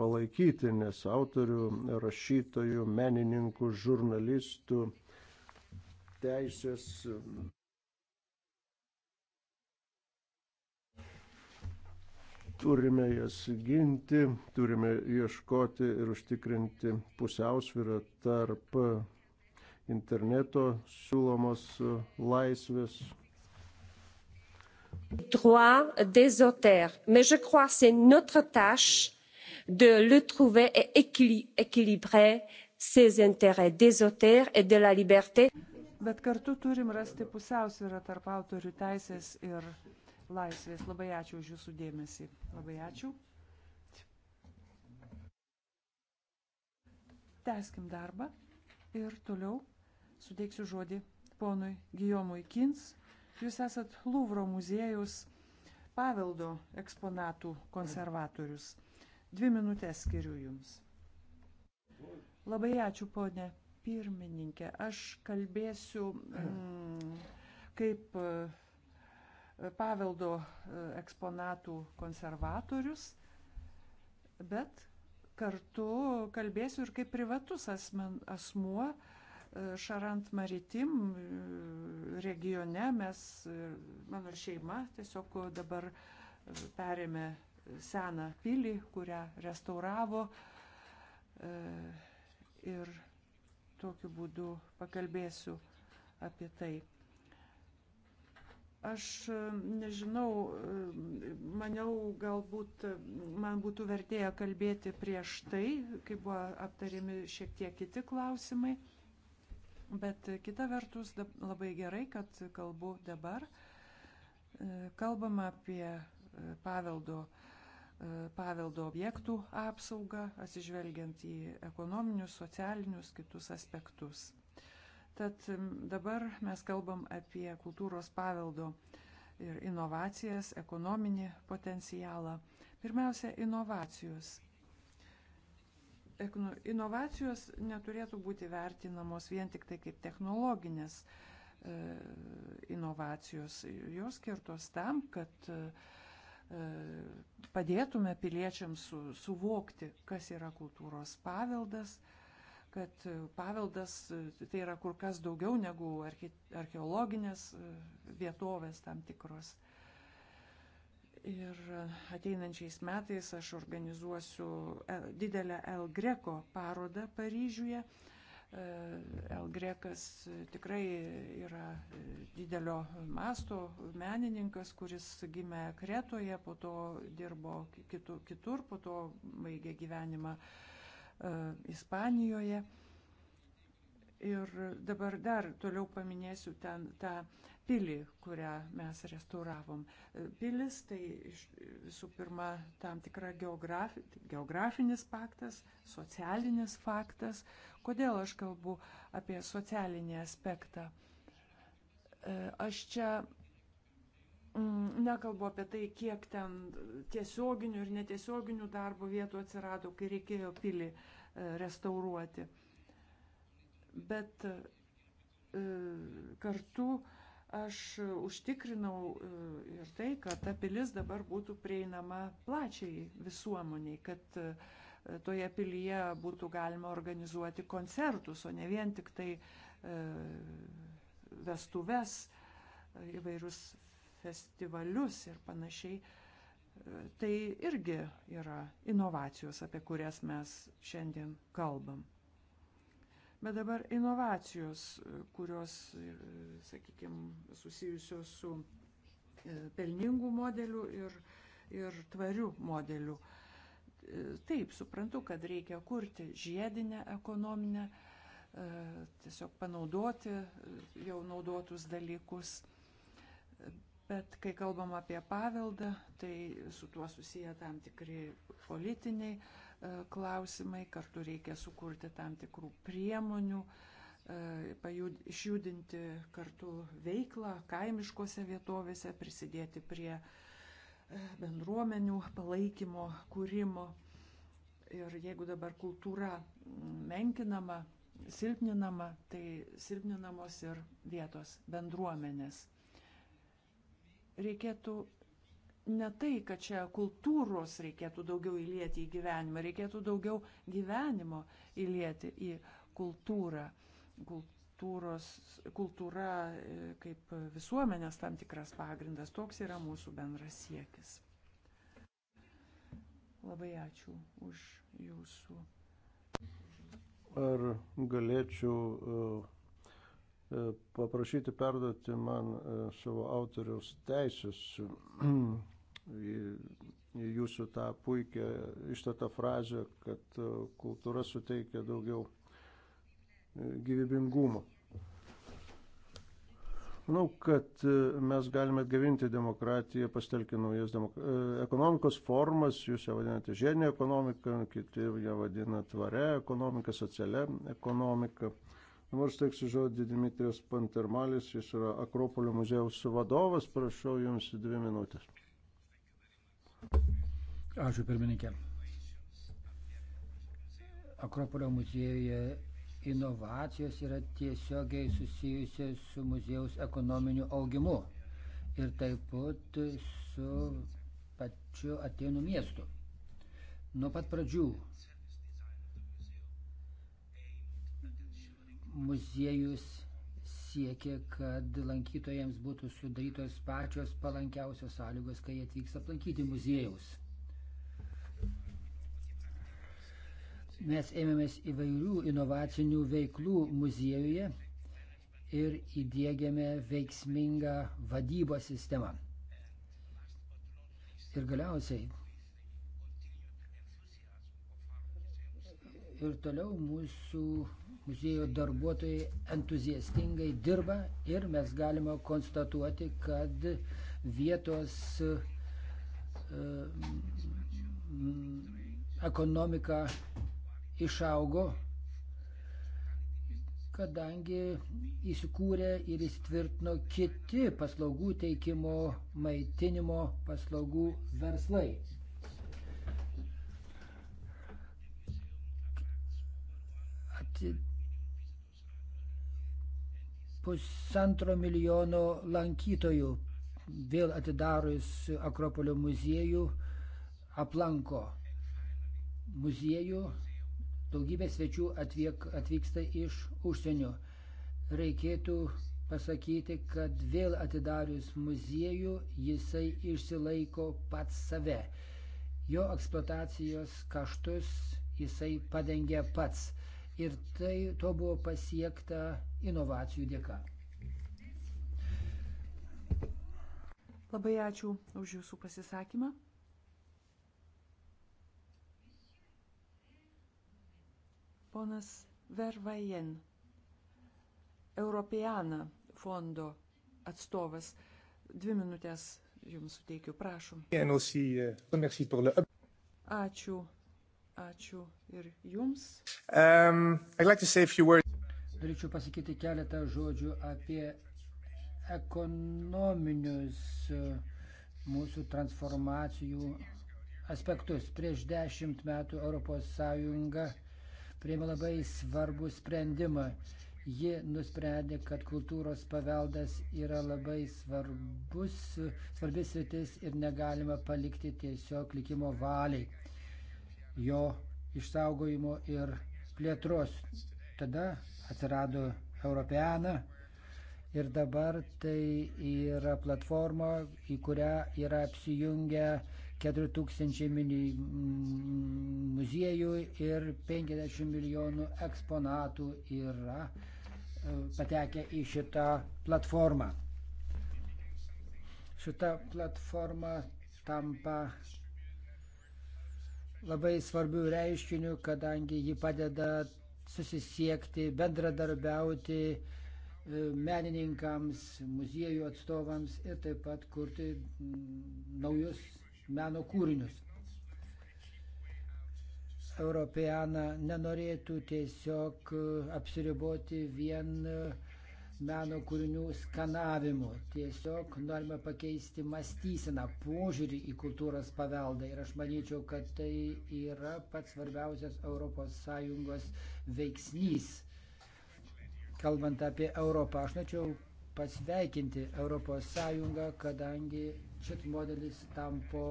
palaikyti, nes autorių, rašytojų, menininkų, žurnalistų teisės. Turime jas ginti, turime ieškoti ir užtikrinti pusiausvyrą tarp interneto siūlomos e, laisvės. Droit des auteurs. Mais je crois que c'est notre tâche de le trouver et équil équilibrer ces intérêts des auteurs et de la liberté. Bet kartu turim rasti pusiausvyrą tarp autorių teisės ir laisvės. Labai ačiū už Jūsų dėmesį. Labai ačiū. Teskim darbą ir toliau suteiksiu žodį ponui Gijomui Kins. Jūs esat Luvro muziejaus paveldo eksponatų konservatorius. Dvi minutės skiriu jums. Labai ačiū, ponė pirmininkė. Aš kalbėsiu mm, kaip e, paveldo e, eksponatų konservatorius, bet kartu kalbėsiu ir kaip privatus asmen, asmuo, Šarant Maritim e, regione mes, e, mano šeima tiesiog dabar e, perėmė seną pilį, kurią restauravo ir tokiu būdu pakalbėsiu apie tai. Aš nežinau, maniau, galbūt man būtų vertėję kalbėti prieš tai, kai buvo aptariami šiek tiek kiti klausimai. Bet kita vertus labai gerai, kad kalbu dabar. E, Kalbama apie e, paveldo, e, paveldo objektų apsaugą, atsižvelgiant į ekonominius, socialinius, kitus aspektus. Tad dabar mes kalbam apie kultūros paveldo ir inovacijas, ekonominį potencialą. Pirmiausia, inovacijos inovacijos neturėtų būti vertinamos vien tik tai kaip technologinės e, inovacijos. Jos skirtos tam, kad e, padėtume piliečiams su, suvokti, kas yra kultūros paveldas, kad paveldas e, tai yra kur kas daugiau negu archeologinės vietovės tam tikros. Ir ateinančiais metais aš organizuosiu e, didelę El Greco parodą Paryžiuje. E, El Grekas tikrai yra e, didelio masto menininkas, kuris gimė Kretoje, po to dirbo kitur, po to baigė gyvenimą Ispanijoje. Ir dabar dar toliau paminėsiu ten tą. Ta pilį, kurią mes restauravom. Pilis tai iš, visų pirma tam tikra geografi, geografinis faktas, socialinis faktas. Kodėl aš kalbu apie socialinį aspektą? E, aš čia mm, nekalbu apie tai, kiek ten tiesioginių ir netiesioginių darbo vietų atsirado, kai reikėjo pilį e, restauruoti. Bet e, kartu Aš užtikrinau e, ir tai, kad ta pilis dabar būtų prieinama plačiai visuomeniai, kad e, toje pilyje būtų galima organizuoti koncertus, o ne vien tik tai e, vestuves, įvairius festivalius ir panašiai. Tai irgi yra inovacijos, apie kurias mes šiandien kalbam. Bet dabar inovacijos, kurios, sakykime, susijusios su e, pelningų modelių ir, ir tvarių modelių. E, taip, suprantu, kad reikia kurti žiedinę ekonominę, e, tiesiog panaudoti jau naudotus dalykus. Bet kai kalbam apie paveldą, tai su tuo susiję tam tikri politiniai E, klausimai, kartu reikia sukurti tam tikrų priemonių, e, pajud, išjudinti kartu veiklą kaimiškose vietovėse, prisidėti prie e, bendruomenių palaikymo, kūrimo. Ir jeigu dabar kultūra menkinama, silpninama, tai silpninamos ir vietos bendruomenės. Reikėtų ne tai, kad čia kultūros reikėtų daugiau įlieti į gyvenimą, reikėtų daugiau gyvenimo įlieti į kultūrą. Kultūros, kultūra e, kaip visuomenės tam tikras pagrindas, toks yra mūsų bendras siekis. Labai ačiū už jūsų. Ar galėčiau uh, paprašyti perduoti man savo autoriaus teisės [CLEARS THROAT] jūsų tą puikią ištatą frazę, kad e, kultūra suteikia daugiau e, gyvybingumo. Manau, kad e, mes galime atgavinti demokratiją, pastelkinti naujas demok... ekonomikos formas, jūs ją vadinate žiedinė ekonomika, kiti ją vadina tvare ekonomika, socialia ekonomika. Dabar steiksiu žodį Dimitrijos Pantermalis, jis yra Akropolio muziejaus vadovas, prašau jums dvi minutės. Ačiū pirmininkė. Akropolio muziejuje inovacijos yra tiesiogiai susijusios su muziejaus ekonominiu augimu ir taip pat su pačiu Atenų miestu. Nuo pat pradžių muziejus siekia, kad lankytojams būtų sudarytos pačios palankiausios sąlygos, kai jie atvyks aplankyti muziejaus. Mes ėmėmės įvairių inovacinių veiklų muziejuje ir įdėgėme veiksmingą vadybos sistemą. Ir galiausiai ir toliau mūsų muziejo darbuotojai entuziastingai dirba ir mes galime konstatuoti, kad vietos e, ekonomika išaugo, kadangi įsikūrė ir įsitvirtino kiti paslaugų teikimo, maitinimo paslaugų verslai. Ati... Pusantro milijono lankytojų vėl atidarius Akropolio muziejų aplanko muziejų Daugybė svečių atvyk, atvyksta iš užsienio. Reikėtų pasakyti, kad vėl atidarius muziejų jisai išsilaiko pats save. Jo eksploatacijos kaštus jisai padengia pats. Ir tai to buvo pasiekta inovacijų dėka. Labai ačiū už Jūsų pasisakymą. ponas Vervajen, Europeana fondo atstovas. Dvi minutės jums suteikiu, prašom. Euh, ačiū. Ačiū ir jums. Um, like Norėčiau pasakyti keletą žodžių apie ekonominius uh, mūsų transformacijų aspektus. Prieš dešimt metų ES priėmė labai svarbų sprendimą. Ji nusprendė, kad kultūros paveldas yra labai svarbus, svarbis rytis ir negalima palikti tiesiog likimo valiai jo išsaugojimo ir plėtros. Tada atsirado Europeana, ir dabar tai yra platforma, į kurią yra apsijungę 4000 mini mm, muziejų ir 50 milijonų eksponatų yra e, patekę į šitą platformą. Šita platforma tampa labai svarbių reiškinių, kadangi ji padeda susisiekti, bendradarbiauti e, menininkams, muziejų atstovams ir taip pat kurti mm, naujus meno kūrinius. Europeana nenorėtų tiesiog e, apsiriboti vien e, meno kūrinių skanavimu. Tiesiog norime pakeisti mąstyseną, požiūrį į kultūros paveldą. Ir aš manyčiau, kad tai yra pats svarbiausias ES veiksnys. Kalbant apie Europą, aš norėčiau pasveikinti ES, kadangi šis modelis tampo,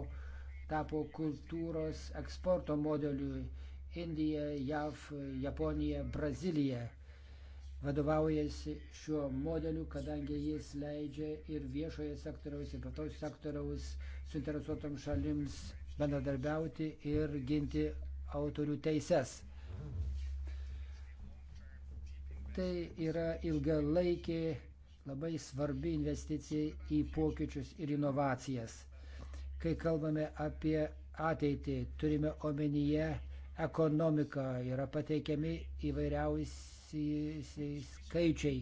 tapo kultūros eksporto modeliu Indija, JAV, Japonija, Brazilija vadovaujasi šiuo modeliu, kadangi jis leidžia ir viešoje sektoriaus, ir plataus sektoriaus suinteresuotom šalims bendradarbiauti ir ginti autorių teises. Tai yra ilgalaikė labai svarbi investicija į pokyčius ir inovacijas. Kai kalbame apie ateitį, turime omenyje ekonomiką, yra pateikiami įvairiausiai skaičiai.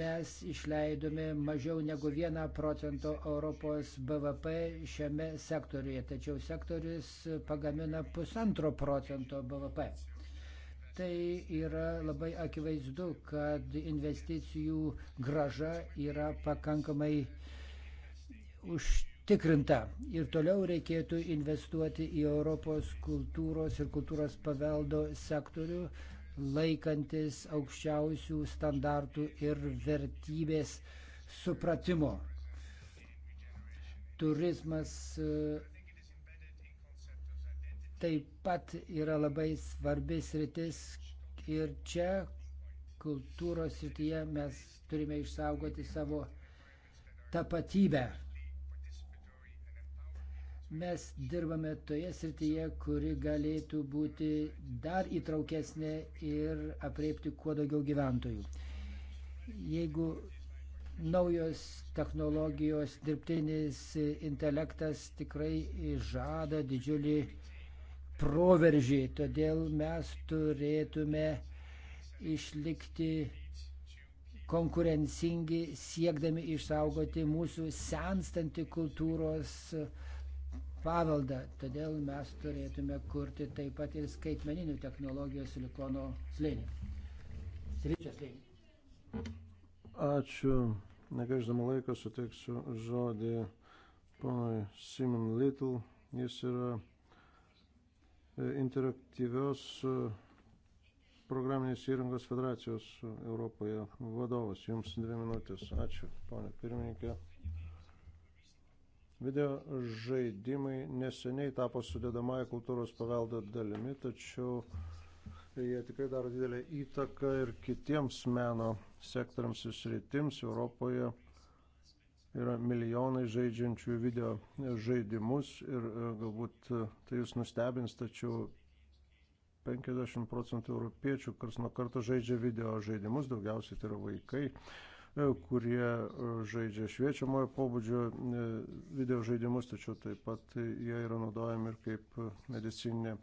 Mes išleidome mažiau negu 1 procento Europos BVP šiame sektoriuje, tačiau sektorius pagamina pusantro procento BVP tai yra labai akivaizdu, kad investicijų graža yra pakankamai užtikrinta. Ir toliau reikėtų investuoti į Europos kultūros ir kultūros paveldo sektorių, laikantis aukščiausių standartų ir vertybės supratimo. Turizmas taip pat yra labai svarbi sritis ir čia kultūros srityje mes turime išsaugoti savo tapatybę. Mes dirbame toje srityje, kuri galėtų būti dar įtraukesnė ir apreipti kuo daugiau gyventojų. Jeigu naujos technologijos, dirbtinis intelektas tikrai žada didžiulį proveržį, todėl mes turėtume išlikti konkurencingi, siekdami išsaugoti mūsų senstantį kultūros paveldą. Todėl mes turėtume kurti taip pat ir skaitmeninių technologijų silikono slėnį. Silicio slėnį. Ačiū. Negaiždama laiko suteiksiu žodį ponui Simon Little. Jis yra E, interaktyvios e, programinės įrangos federacijos Europoje vadovas. Jums dvi minutės. Ačiū, ponė pirmininkė. Video žaidimai neseniai tapo sudėdamąją kultūros paveldo dalimi, tačiau jie tikrai daro didelę įtaką ir kitiems meno sektoriams ir sritims Europoje yra milijonai žaidžiančių video žaidimus ir e, galbūt e, tai jūs nustebins, tačiau 50 procentų europiečių kars nuo karto žaidžia video žaidimus, daugiausiai tai yra vaikai e, kurie žaidžia šviečiamojo pobūdžio video žaidimus, tačiau taip pat jie yra naudojami ir kaip medicinė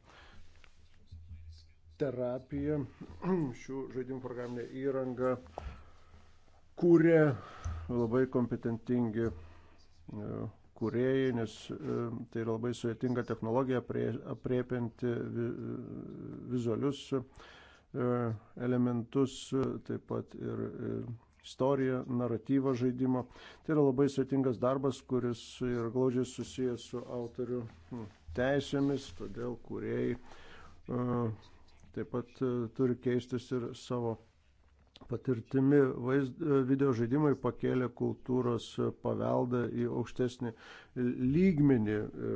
terapija. [CLEARS THROAT] Šių žaidimų programinė įranga kūrė labai kompetentingi e, kūrėjai, nes e, tai yra labai sudėtinga technologija apriepinti vizualius e, elementus, taip pat ir istoriją, naratyvą žaidimo. Tai yra labai sudėtingas darbas, kuris yra glaudžiai susijęs su autorių teisėmis, todėl kūrėjai taip pat turi keistis ir savo patirtimi vaizd, e, video žaidimai pakėlė kultūros paveldą į aukštesnį lygmenį. E,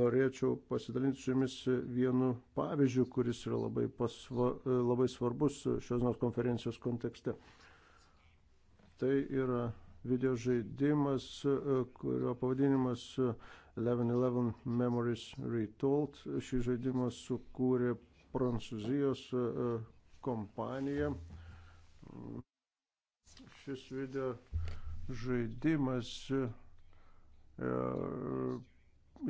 norėčiau pasidalinti su jumis vienu pavyzdžiu, kuris yra labai, pasva, e, labai svarbus šios dienos konferencijos kontekste. Tai yra video žaidimas, kurio pavadinimas 1111 Memories Retold. Šį žaidimą sukūrė prancūzijos kompaniją. Šis video žaidimas e,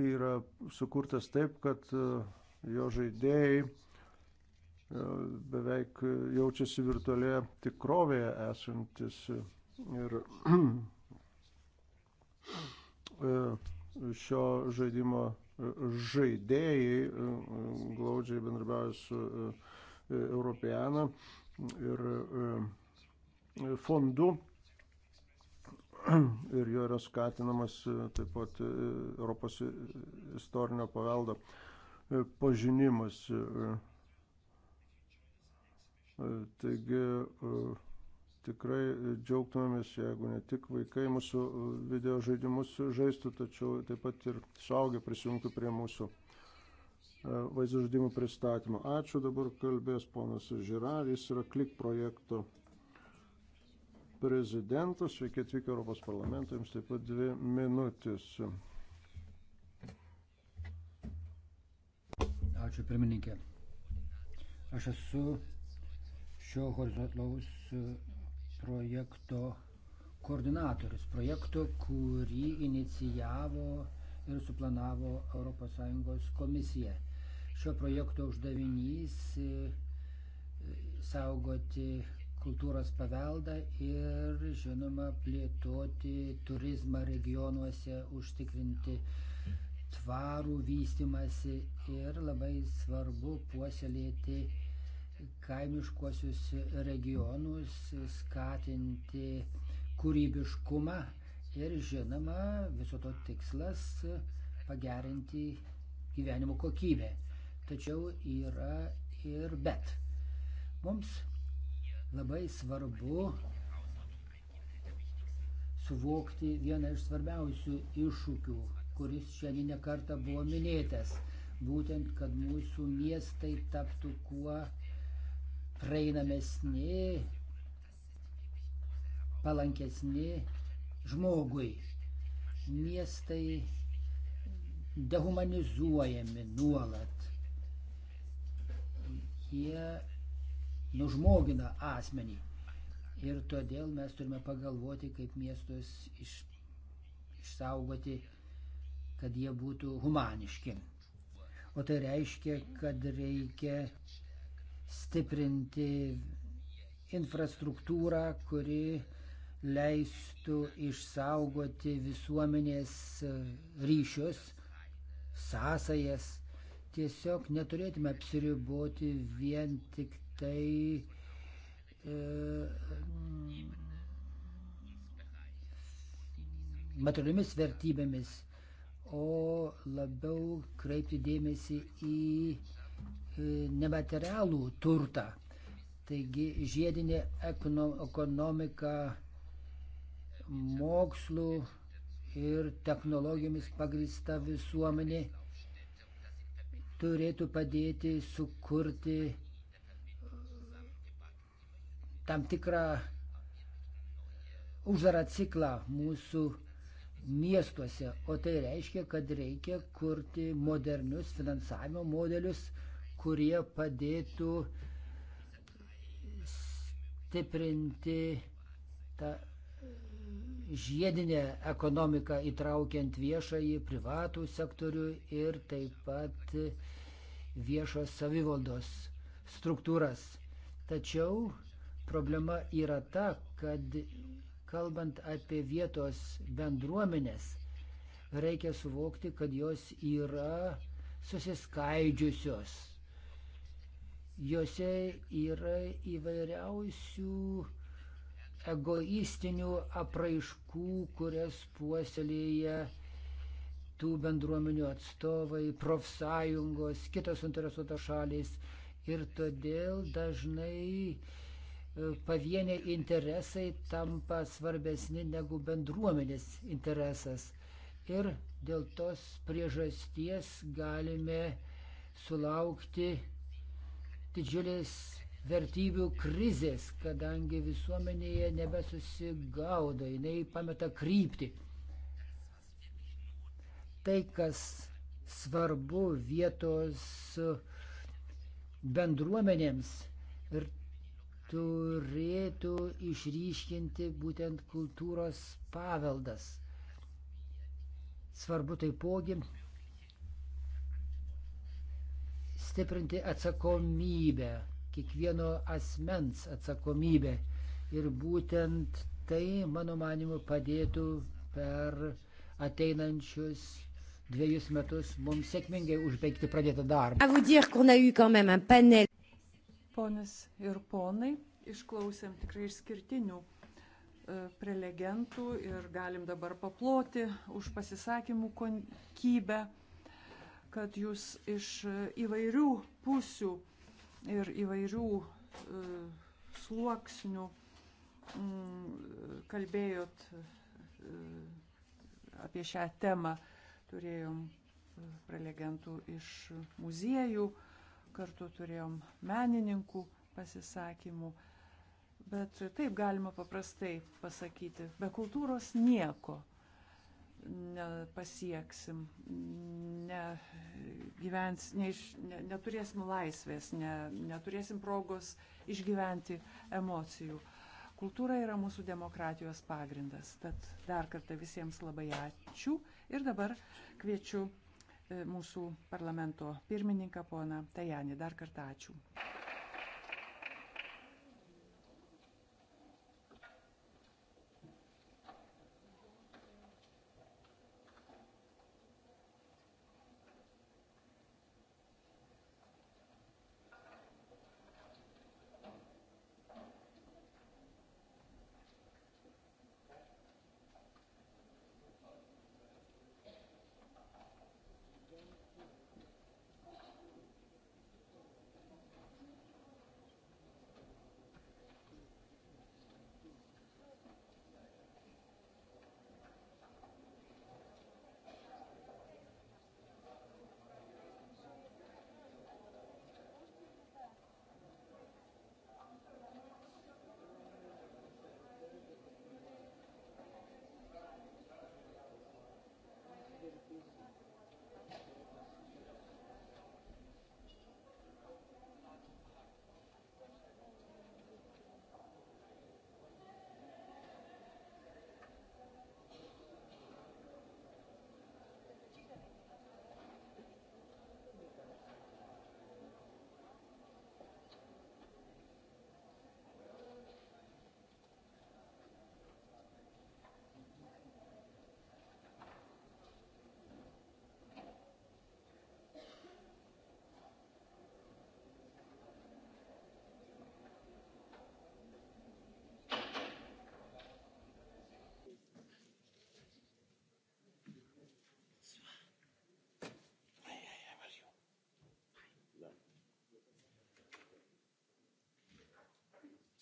yra sukurtas taip, kad e, jo žaidėjai e, beveik jaučiasi virtualioje tikrovėje esantis ir šio žaidimo žaidėjai glaudžiai bendrabiauja su Europeaną ir e, fondu. Ir jo yra skatinamas e, taip pat e, Europos istorinio paveldo pažinimas. Taigi tikrai džiaugtumėmės, jeigu ne tik vaikai mūsų video žaidimus žaistų, tačiau taip pat ir suaugę prisijungtų prie mūsų E, vaizdo žaidimų pristatymo. Ačiū, dabar kalbės ponas Žirar, jis yra klik projekto prezidentas, sveiki atvykę Europos parlamentą, jums taip pat dvi minutės. Ačiū pirmininkė. Aš esu šio horizontalaus projekto koordinatorius, projekto, kurį inicijavo ir suplanavo ES komisija šio projekto uždavinys e, saugoti kultūros paveldą ir, žinoma, plėtoti turizmą regionuose, užtikrinti tvarų vystimasi ir labai svarbu puoselėti kaimiškuosius regionus, skatinti kūrybiškumą ir, žinoma, viso to tikslas pagerinti gyvenimo kokybę tačiau yra ir bet. Mums labai svarbu suvokti vieną iš svarbiausių iššūkių, kuris šiandien nekarta buvo minėtas, būtent, kad mūsų miestai taptų kuo prieinamesni, palankesni žmogui. Miestai dehumanizuojami nuolat jie nužmogina asmenį. Ir todėl mes turime pagalvoti, kaip miestus iš, išsaugoti, kad jie būtų humaniški. O tai reiškia, kad reikia stiprinti infrastruktūrą, kuri leistų išsaugoti visuomenės ryšius, sąsajas tiesiog neturėtume apsiriboti vien tik tai e, materialiomis vertybėmis, o labiau kreipti dėmesį į e, nematerialų turtą. Taigi žiedinė ekonomika mokslu ir technologijomis pagrįsta visuomenė turėtų padėti sukurti uh, tam tikrą uždarą ciklą mūsų miestuose. O tai reiškia, kad reikia kurti modernius finansavimo modelius, kurie padėtų stiprinti tą uh, žiedinę ekonomiką, įtraukiant viešąjį, privatų sektorių ir taip pat viešos savivaldos struktūras. Tačiau problema yra ta, kad kalbant apie vietos bendruomenės, reikia suvokti, kad jos yra susiskaidžiusios. Jose yra įvairiausių egoistinių apraiškų, kurias puoselėja tų bendruomenių atstovai, profsąjungos, kitos interesuotos šalys. Ir todėl dažnai e, pavieniai interesai tampa svarbesni negu bendruomenės interesas. Ir dėl tos priežasties galime sulaukti didžiulės vertybių krizės, kadangi visuomenėje nebesusigaudo, jinai pameta kryptį tai, kas svarbu vietos bendruomenėms ir turėtų išryškinti būtent kultūros paveldas. Svarbu taipogi stiprinti atsakomybę, kiekvieno asmens atsakomybę. Ir būtent tai, mano manimu, padėtų per ateinančius dviejus metus mums sėkmingai užbaigti pradėtą darbą. Ponas ir ponai, išklausėm tikrai išskirtinių e, prelegentų ir galim dabar paploti už pasisakymų kokybę, kad jūs iš e, įvairių pusių ir įvairių e, sluoksnių mm, kalbėjot apie šią temą turėjom e, prelegentų iš muziejų, kartu turėjom menininkų pasisakymų. Bet taip galima paprastai pasakyti, be kultūros nieko nepasieksim, ne, gyvens, ne iš, ne, neturėsim laisvės, ne, neturėsim progos išgyventi emocijų. Kultūra yra mūsų demokratijos pagrindas. Tad dar kartą visiems labai ačiū. Ir dabar kviečiu e, mūsų parlamento pirmininką poną Tajanį. Dar kartą ačiū.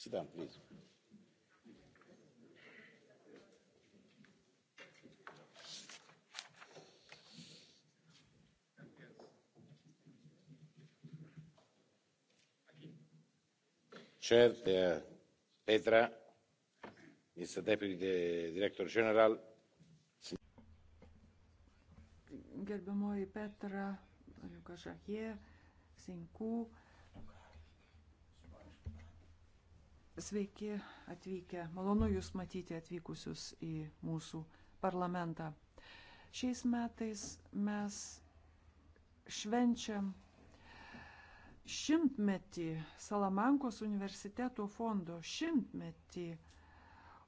Sit down, please. Chair uh, Petra is the Deputy Director General. Gerbiamoji Petra, Lukas Žahė, Sinkų Sveiki atvykę. Malonu Jūs matyti atvykusius į mūsų parlamentą. Šiais metais mes švenčiam šimtmetį Salamankos universiteto fondo šimtmetį,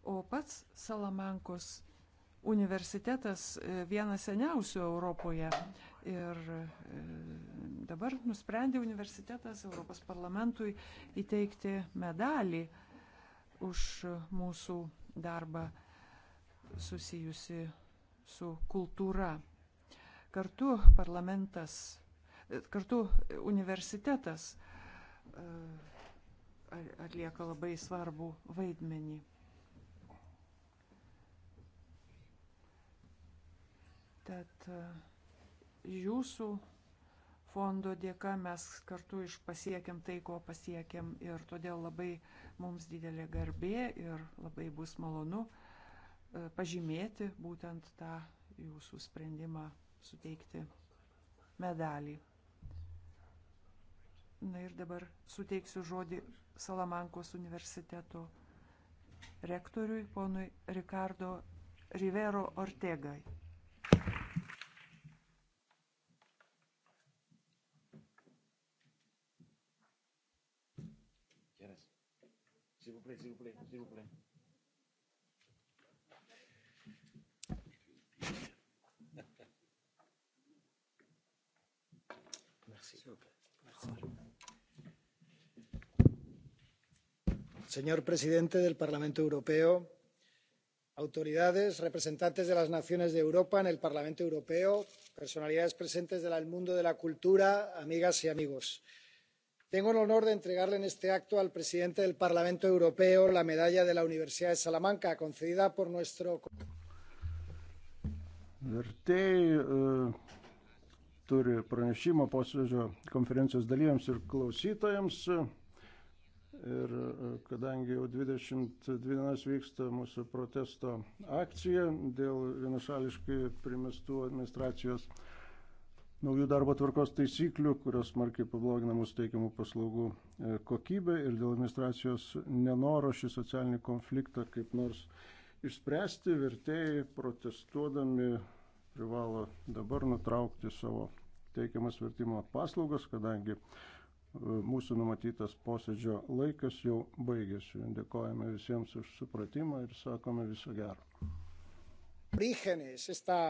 o pats Salamankos universitetas e, vienas seniausių Europoje. Ir e, dabar nusprendė universitetas Europos parlamentui įteikti medalį už mūsų darbą susijusi su kultūra. Kartu parlamentas, kartu universitetas e, atlieka labai svarbų vaidmenį. Tad e, jūsų fondo dėka mes kartu iš pasiekėm tai, ko pasiekėm ir todėl labai mums didelė garbė ir labai bus malonu e, pažymėti būtent tą jūsų sprendimą suteikti medalį. Na ir dabar suteiksiu žodį Salamankos universiteto rektoriui, ponui Ricardo Rivero Ortegai. S'il vous plaît, s'il vous plaît, s'il vous plaît. Merci. S'il vous plaît. Merci. Señor presidente del Parlamento Europeo, autoridades, representantes de las naciones de Europa en el Parlamento Europeo, personalidades presentes del mundo de la cultura, amigas y amigos. Eh, tengo el honor de entregarle en este acto al presidente del parlamento europeo la medalla de la universidad de salamanca concedida por nuestro. vertėjai uh, e, turi pranešimą posėdžio konferencijos dalyviams ir klausytojams. Ir e, kadangi jau 22 dienas vyksta mūsų protesto akcija dėl vienašališkai primestų administracijos naujų darbo tvarkos taisyklių, kurios smarkiai pablogina mūsų teikiamų paslaugų e, kokybę ir dėl administracijos nenoro šį socialinį konfliktą kaip nors išspręsti, vertėjai protestuodami privalo dabar nutraukti savo teikiamas vertimo paslaugas, kadangi e, mūsų numatytas posėdžio laikas jau baigėsi. Dėkojame visiems už supratimą ir sakome viso gero. Prígenes, esta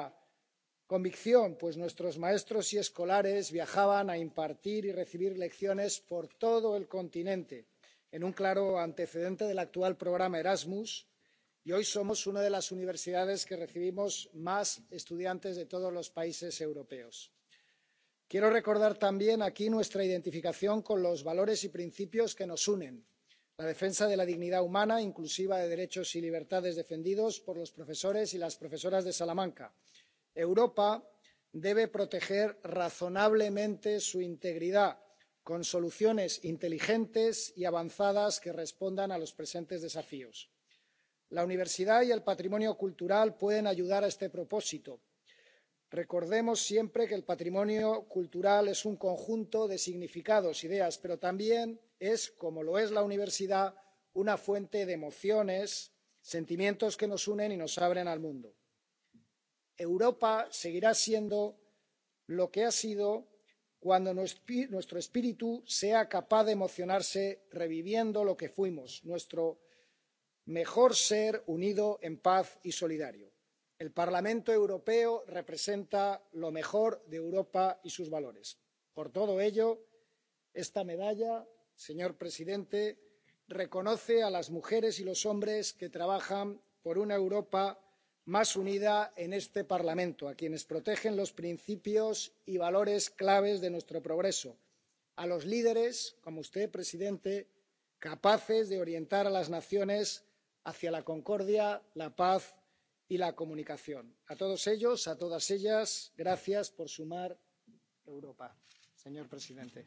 convicción pues nuestros maestros y escolares viajaban a impartir y recibir lecciones por todo el continente en un claro antecedente del actual programa erasmus y hoy somos una de las universidades que recibimos más estudiantes de todos los países europeos. quiero recordar también aquí nuestra identificación con los valores y principios que nos unen la defensa de la dignidad humana inclusiva de derechos y libertades defendidos por los profesores y las profesoras de salamanca; europa debe proteger razonablemente su integridad con soluciones inteligentes y avanzadas que respondan a los presentes desafíos. la universidad y el patrimonio cultural pueden ayudar a este propósito. recordemos siempre que el patrimonio cultural es un conjunto de significados e ideas pero también es como lo es la universidad una fuente de emociones sentimientos que nos unen y nos abren al mundo europa seguirá siendo lo que ha sido cuando nuestro espíritu sea capaz de emocionarse reviviendo lo que fuimos nuestro mejor ser unido en paz y solidario. el parlamento europeo representa lo mejor de europa y sus valores. por todo ello esta medalla señor presidente reconoce a las mujeres y los hombres que trabajan por una europa más unida en este parlamento a quienes protegen los principios y valores claves de nuestro progreso a los líderes como usted presidente capaces de orientar a las naciones hacia la concordia la paz y la comunicación. a todos ellos a todas ellas gracias por sumar europa señor presidente.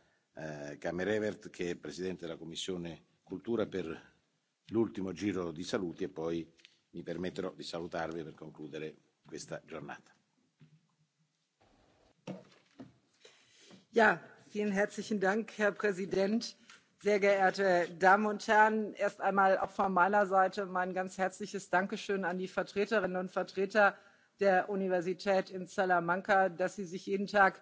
kamerevert eh, che è presidente della commissione cultura per l'ultimo giro di saluti e poi mi permetterò di salutarvi per concludere questa giornata. Ja, vielen herzlichen Dank, Herr Präsident. Sehr geehrte Damen und Herren, erst einmal auch von meiner Seite mein ganz herzliches Dankeschön an die Vertreterinnen und Vertreter der Universität in Salamanca, dass sie sich jeden Tag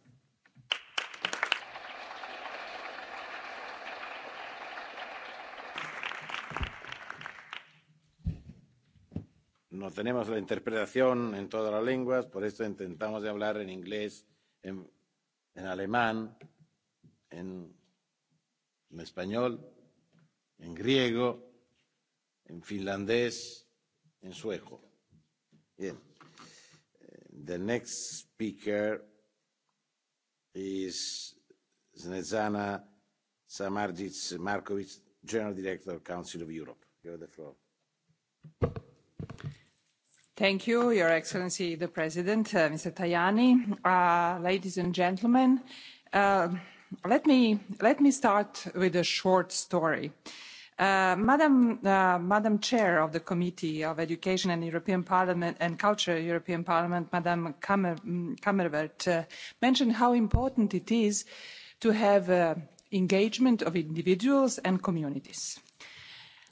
no tenemos la interpretación en todas las lenguas, por eso intentamos de hablar en inglés, en, en alemán, en, en español, en griego, en finlandés, en sueco. Bien. Eh, the next speaker is Snezana Samardzic Markovic, General Director, Council of Europe. You have the floor. Thank you, Your Excellency the President, uh, Mr. Tajani. Uh, ladies and gentlemen, uh, let, me, let me start with a short story. Uh, Madam, uh, Madam Chair of the Committee of Education and European Parliament and Culture, European Parliament, Madam Kammer, Kammerwert, uh, mentioned how important it is to have uh, engagement of individuals and communities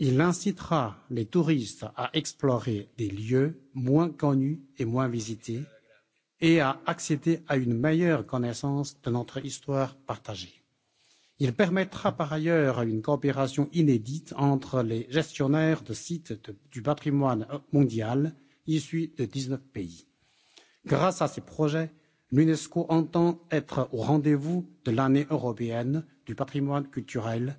il incitera les touristes à explorer des lieux moins connus et moins visités et à accéder à une meilleure connaissance de notre histoire partagée. il permettra par ailleurs une coopération inédite entre les gestionnaires de sites de, du patrimoine mondial issus de dix neuf pays. grâce à ces projets l'unesco entend être au rendez vous de l'année européenne du patrimoine culturel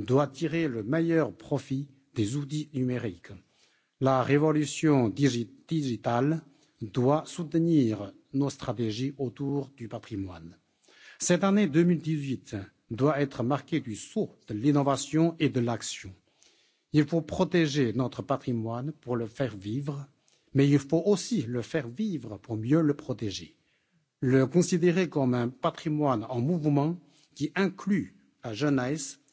doit tirer le meilleur profit des outils numériques. La révolution digi digitale doit soutenir nos stratégies autour du patrimoine. Cette année 2018 doit être marquée du saut de l'innovation et de l'action. Il faut protéger notre patrimoine pour le faire vivre, mais il faut aussi le faire vivre pour mieux le protéger. Le considérer comme un patrimoine en mouvement qui inclut la jeunesse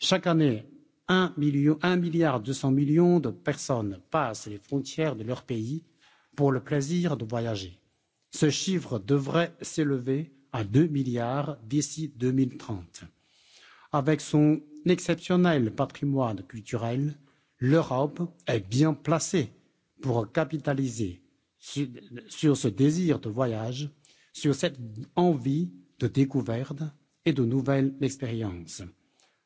chaque année un milliard deux cents millions de personnes passent les frontières de leur pays pour le plaisir de voyager. ce chiffre devrait s'élever à deux milliards d'ici deux mille trente avec son exceptionnel patrimoine culturel l'europe est bien placée pour capitaliser sur ce désir de voyage sur cette envie de découverte et de nouvelles expériences.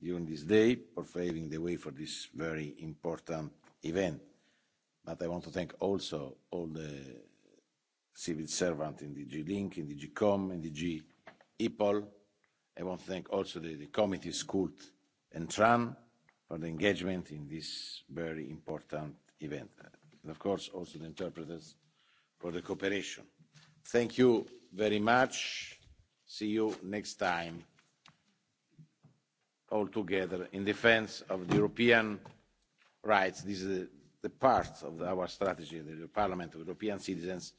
during this day for paving the way for this very important event. But I want to thank also all the civil servants in DG Link, in DG Com, in DG EPOL. I want to thank also the, the committees Kult and Tran for the engagement in this very important event. And of course, also the interpreters for the cooperation. Thank you very much. See you next time all together in defence of the European rights. This is the, the part of the, our strategy, the Parliament of European citizens.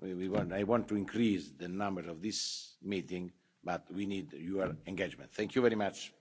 We, we want, I want to increase the number of this meeting, but we need your engagement. Thank you very much.